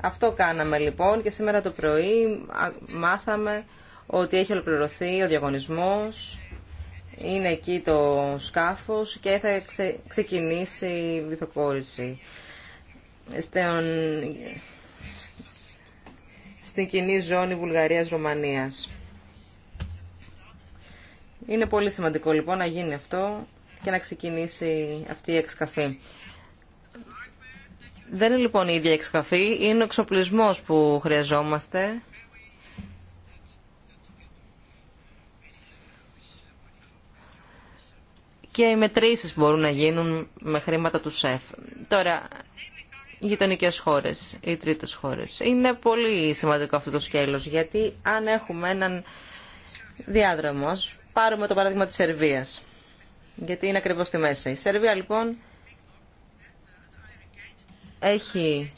Αυτό κάναμε λοιπόν και σήμερα το πρωί μάθαμε ότι έχει ολοκληρωθεί ο διαγωνισμός, είναι εκεί το σκάφος και θα ξεκινήσει η βυθοκόρηση στην κοινή ζώνη Βουλγαρίας-Ρωμανίας. Είναι πολύ σημαντικό λοιπόν να γίνει αυτό και να ξεκινήσει αυτή η εξκαφή. Δεν είναι λοιπόν η ίδια εξκαφή, είναι ο εξοπλισμός που χρειαζόμαστε. Και οι μετρήσεις μπορούν να γίνουν με χρήματα του ΣΕΦ. Τώρα, γειτονικέ χώρε ή τρίτε χώρε. Είναι πολύ σημαντικό αυτό το σκέλο γιατί αν έχουμε έναν διάδρομο, πάρουμε το παράδειγμα τη Σερβία. Γιατί είναι ακριβώ στη μέση. Η Σερβία λοιπόν έχει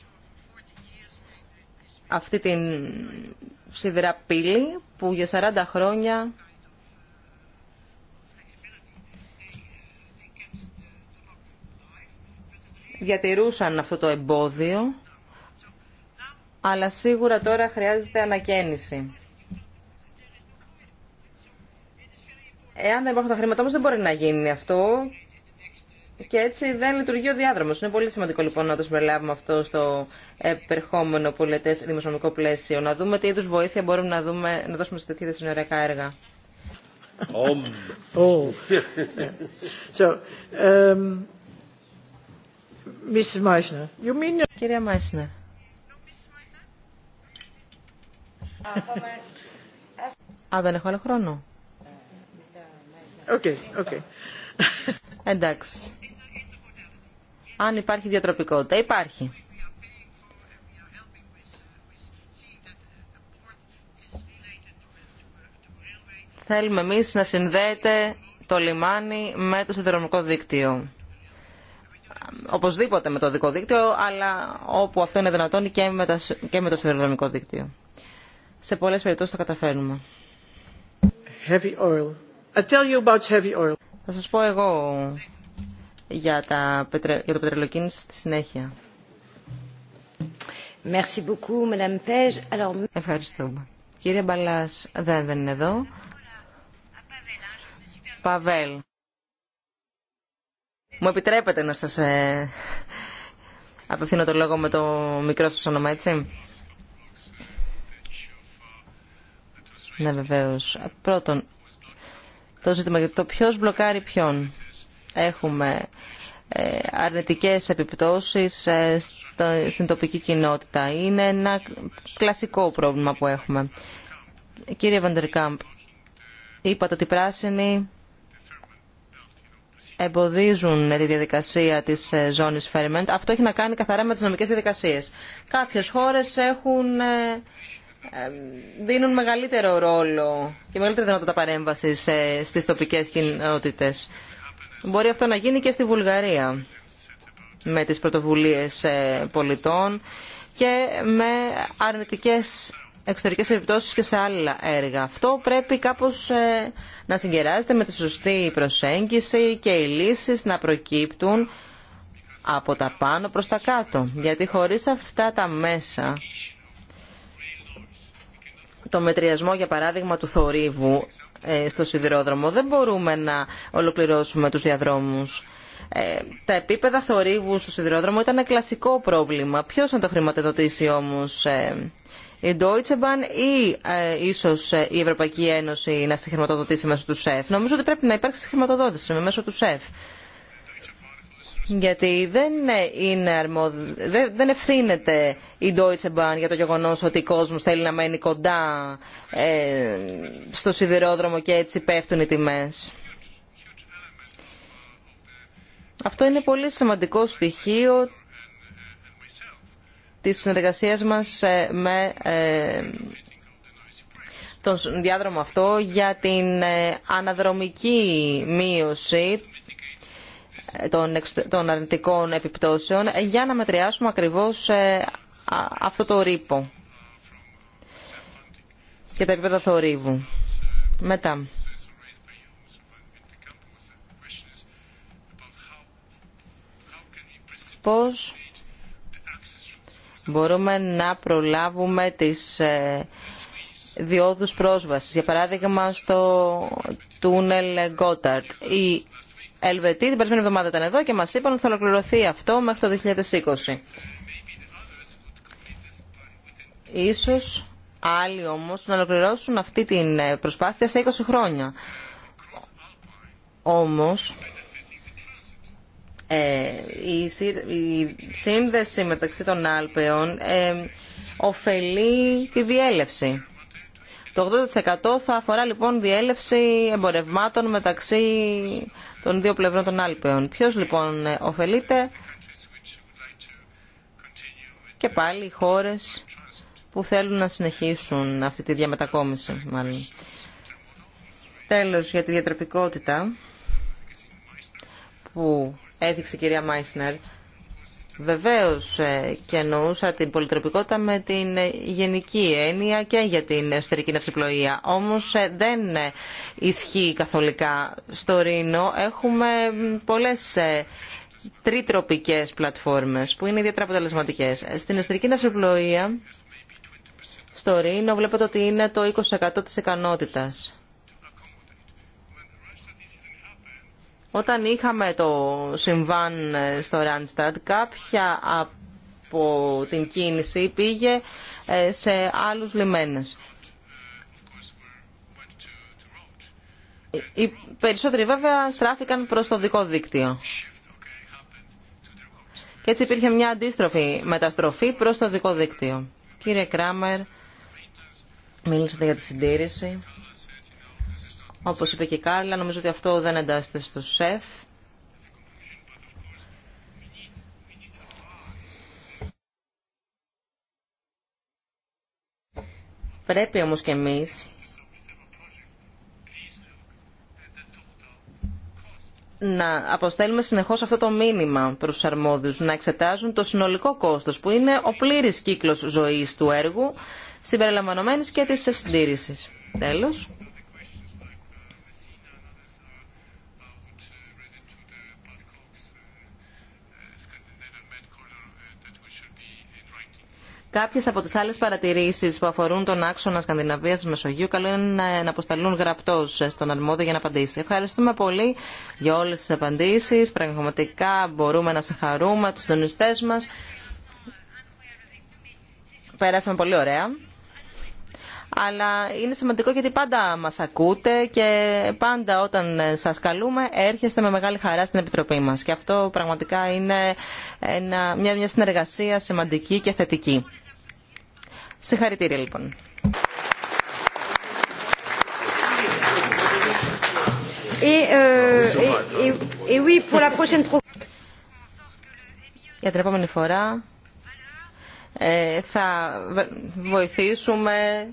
αυτή την σιδερά πύλη που για 40 χρόνια διατηρούσαν αυτό το εμπόδιο, αλλά σίγουρα τώρα χρειάζεται ανακαίνιση. Εάν δεν υπάρχουν τα χρήματα όμως δεν μπορεί να γίνει αυτό και έτσι δεν λειτουργεί ο διάδρομος. Είναι πολύ σημαντικό λοιπόν να το συμπεριλάβουμε αυτό στο επερχόμενο πολιτέ δημοσιονομικό πλαίσιο. Να δούμε τι είδους βοήθεια μπορούμε να, δούμε, να δώσουμε σε τέτοια συνοριακά έργα. Oh. so, um, Κυρία Μάισνερ. Α, δεν έχω άλλο χρόνο. Okay, Εντάξει. Αν υπάρχει διατροπικότητα, υπάρχει. Θέλουμε εμείς να συνδέεται το λιμάνι με το σιδηροδρομικό δίκτυο οπωσδήποτε με το δικό δίκτυο, αλλά όπου αυτό είναι δυνατόν και με, το σιδηροδρομικό δίκτυο. Σε πολλές περιπτώσεις το καταφέρνουμε. Heavy oil. I tell you about heavy oil. Θα σας πω εγώ για, τα, για το πετρελοκίνηση στη συνέχεια. Ευχαριστούμε. Κύριε Μπαλάς δεν, δεν είναι εδώ. Παβέλ. Μου επιτρέπετε να σας ε, απευθύνω το λόγο με το μικρό σας όνομα, έτσι. Ναι, βεβαίως. Πρώτον, το ζήτημα για το ποιο μπλοκάρει ποιον. Έχουμε ε, αρνητικές επιπτώσεις ε, στην τοπική κοινότητα. Είναι ένα κλασικό πρόβλημα που έχουμε. Κύριε Βαντερκάμπ, είπατε ότι οι πράσινοι εμποδίζουν τη διαδικασία της ε, ζώνη Φέρμεντ. Αυτό έχει να κάνει καθαρά με τι νομικέ διαδικασίε. Κάποιες χώρες έχουν, ε, ε, δίνουν μεγαλύτερο ρόλο και μεγαλύτερη δυνατότητα παρέμβασης στις τοπικές κοινότητε. Μπορεί αυτό να γίνει και στη Βουλγαρία με τις πρωτοβουλίες πολιτών και με αρνητικές εξωτερικές επιπτώσει και σε άλλα έργα. Αυτό πρέπει κάπως ε, να συγκεράζεται με τη σωστή προσέγγιση και οι λύσει να προκύπτουν από τα πάνω προς τα κάτω. Γιατί χωρίς αυτά τα μέσα, το μετριασμό για παράδειγμα του θορύβου ε, στο σιδηρόδρομο, δεν μπορούμε να ολοκληρώσουμε τους διαδρόμους. Ε, τα επίπεδα θορύβου στο σιδηρόδρομο ήταν ένα κλασικό πρόβλημα. Ποιο να το χρηματοδοτήσει όμω η Deutsche Bahn ή ε, ίσως ε, η Ευρωπαϊκή Ένωση να στη χρηματοδοτήσει μέσω του ΣΕΦ. Νομίζω ότι πρέπει να υπάρξει χρηματοδότηση μέσω του ΣΕΦ. Γιατί δεν, ε, είναι δεν ευθύνεται η Deutsche Bahn για το γεγονός ότι ο κόσμος θέλει να μένει κοντά ε, στο σιδηρόδρομο και έτσι πέφτουν οι τιμές. Αυτό είναι πολύ σημαντικό στοιχείο της συνεργασίας μας ε, με ε, τον διάδρομο αυτό για την ε, αναδρομική μείωση των αρνητικών επιπτώσεων για να μετριάσουμε ακριβώς αυτό το ρήπο και τα επίπεδα θορύβου. Μετά. Πώς Μπορούμε να προλάβουμε τις ε, διόδους πρόσβασης. Για παράδειγμα, στο τούνελ Γκόταρτ. Οι Ελβετοί την περσμένη εβδομάδα ήταν εδώ και μας είπαν ότι θα ολοκληρωθεί αυτό μέχρι το 2020. Ίσως άλλοι όμως να ολοκληρώσουν αυτή την ε, προσπάθεια σε 20 χρόνια. Όμως, ε, η, σύνδεση μεταξύ των Άλπαιων ε, ωφελεί τη διέλευση. Το 80% θα αφορά λοιπόν διέλευση εμπορευμάτων μεταξύ των δύο πλευρών των Άλπαιων. Ποιος λοιπόν ε, ωφελείται και πάλι οι χώρες που θέλουν να συνεχίσουν αυτή τη διαμετακόμιση μάλλον. Τέλος για τη διατροπικότητα που έδειξε η κυρία Μάισνερ, βεβαίως ε, και εννοούσα την πολυτροπικότητα με την ε, γενική έννοια και για την εσωτερική ναυσιπλοεία. Όμως ε, δεν ισχύει καθολικά. Στο Ρήνο έχουμε πολλές τριτροπικές πλατφόρμες που είναι ιδιαίτερα αποτελεσματικέ. Στην εσωτερική ναυσιπλοεία, στο Ρήνο βλέπετε ότι είναι το 20% της ικανότητα. Όταν είχαμε το συμβάν στο Ράνστατ, κάποια από την κίνηση πήγε ε, σε άλλους λιμένες. Οι περισσότεροι βέβαια στράφηκαν προς το δικό δίκτυο. Και έτσι υπήρχε μια αντίστροφη μεταστροφή προς το δικό δίκτυο. Κύριε Κράμερ, μίλησατε για τη συντήρηση. Όπως είπε και η Κάρλα, νομίζω ότι αυτό δεν εντάσσεται στο ΣΕΦ. Πρέπει όμως και εμείς να αποστέλουμε συνεχώς αυτό το μήνυμα προς τους αρμόδιους, να εξετάζουν το συνολικό κόστος που είναι ο πλήρης κύκλος ζωής του έργου, συμπεριλαμβανομένης και της συντήρησης. Τέλος. Κάποιε από τι άλλε παρατηρήσει που αφορούν τον άξονα Σκανδιναβία τη Μεσογείου, καλό είναι να αποσταλούν γραπτό στον αρμόδιο για να απαντήσει. Ευχαριστούμε πολύ για όλε τι απαντήσει. Πραγματικά μπορούμε να συγχαρούμε του συντονιστέ μα. Περάσαμε πολύ ωραία. Αλλά είναι σημαντικό γιατί πάντα μας ακούτε και πάντα όταν σας καλούμε έρχεστε με μεγάλη χαρά στην Επιτροπή μας. Και αυτό πραγματικά είναι μια, μια συνεργασία σημαντική και θετική. Συγχαρητήρια, λοιπόν. Euh, Για την επόμενη φορά ε, θα βοηθήσουμε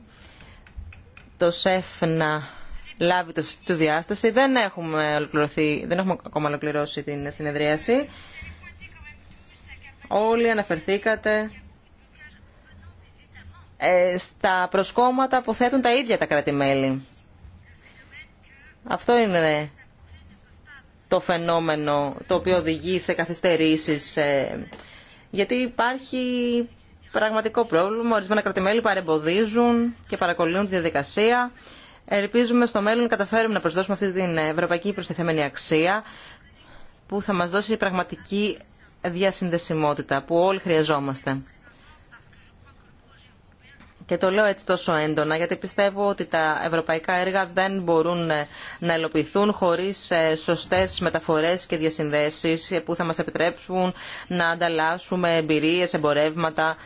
το ΣΕΦ να λάβει το του διάσταση. Δεν έχουμε, ολοκληρωθεί, δεν έχουμε ακόμα ολοκληρώσει την συνεδρίαση. Όλοι αναφερθήκατε ε, στα προσκόμματα που θέτουν τα ίδια τα κράτη-μέλη. Αυτό είναι το φαινόμενο το οποίο οδηγεί σε καθυστερήσεις ε, γιατί υπάρχει πραγματικό πρόβλημα. Ορισμένα κράτη-μέλη παρεμποδίζουν και παρακολουθούν τη διαδικασία. Ελπίζουμε στο μέλλον να καταφέρουμε να προσδώσουμε αυτή την ευρωπαϊκή προστιθέμενη αξία που θα μας δώσει πραγματική διασυνδεσιμότητα που όλοι χρειαζόμαστε. Και το λέω έτσι τόσο έντονα, γιατί πιστεύω ότι τα ευρωπαϊκά έργα δεν μπορούν να ελοπιθούν χωρίς ε, σωστές μεταφορές και διασυνδέσεις που θα μας επιτρέψουν να ανταλλάσσουμε εμπειρίες, εμπορεύματα.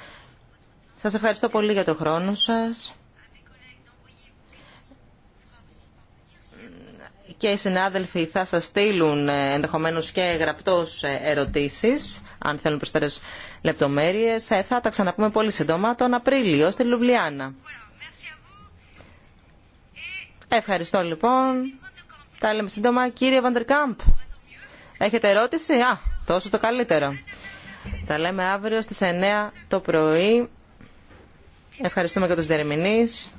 σα ευχαριστώ πολύ για το χρόνο σας. και οι συνάδελφοι θα σας στείλουν ε, ενδεχομένως και γραπτός ε, ερωτήσεις, αν θέλουν προσθέρες λεπτομέρειες. Ε, θα τα ξαναπούμε πολύ σύντομα τον Απρίλιο στη Λουβλιάνα. Ευχαριστώ λοιπόν. Τα λέμε σύντομα. Κύριε Βαντερκάμπ, έχετε ερώτηση? Α, τόσο το καλύτερο. Τα λέμε αύριο στις 9 το πρωί. Ευχαριστούμε και τους διερμηνείς.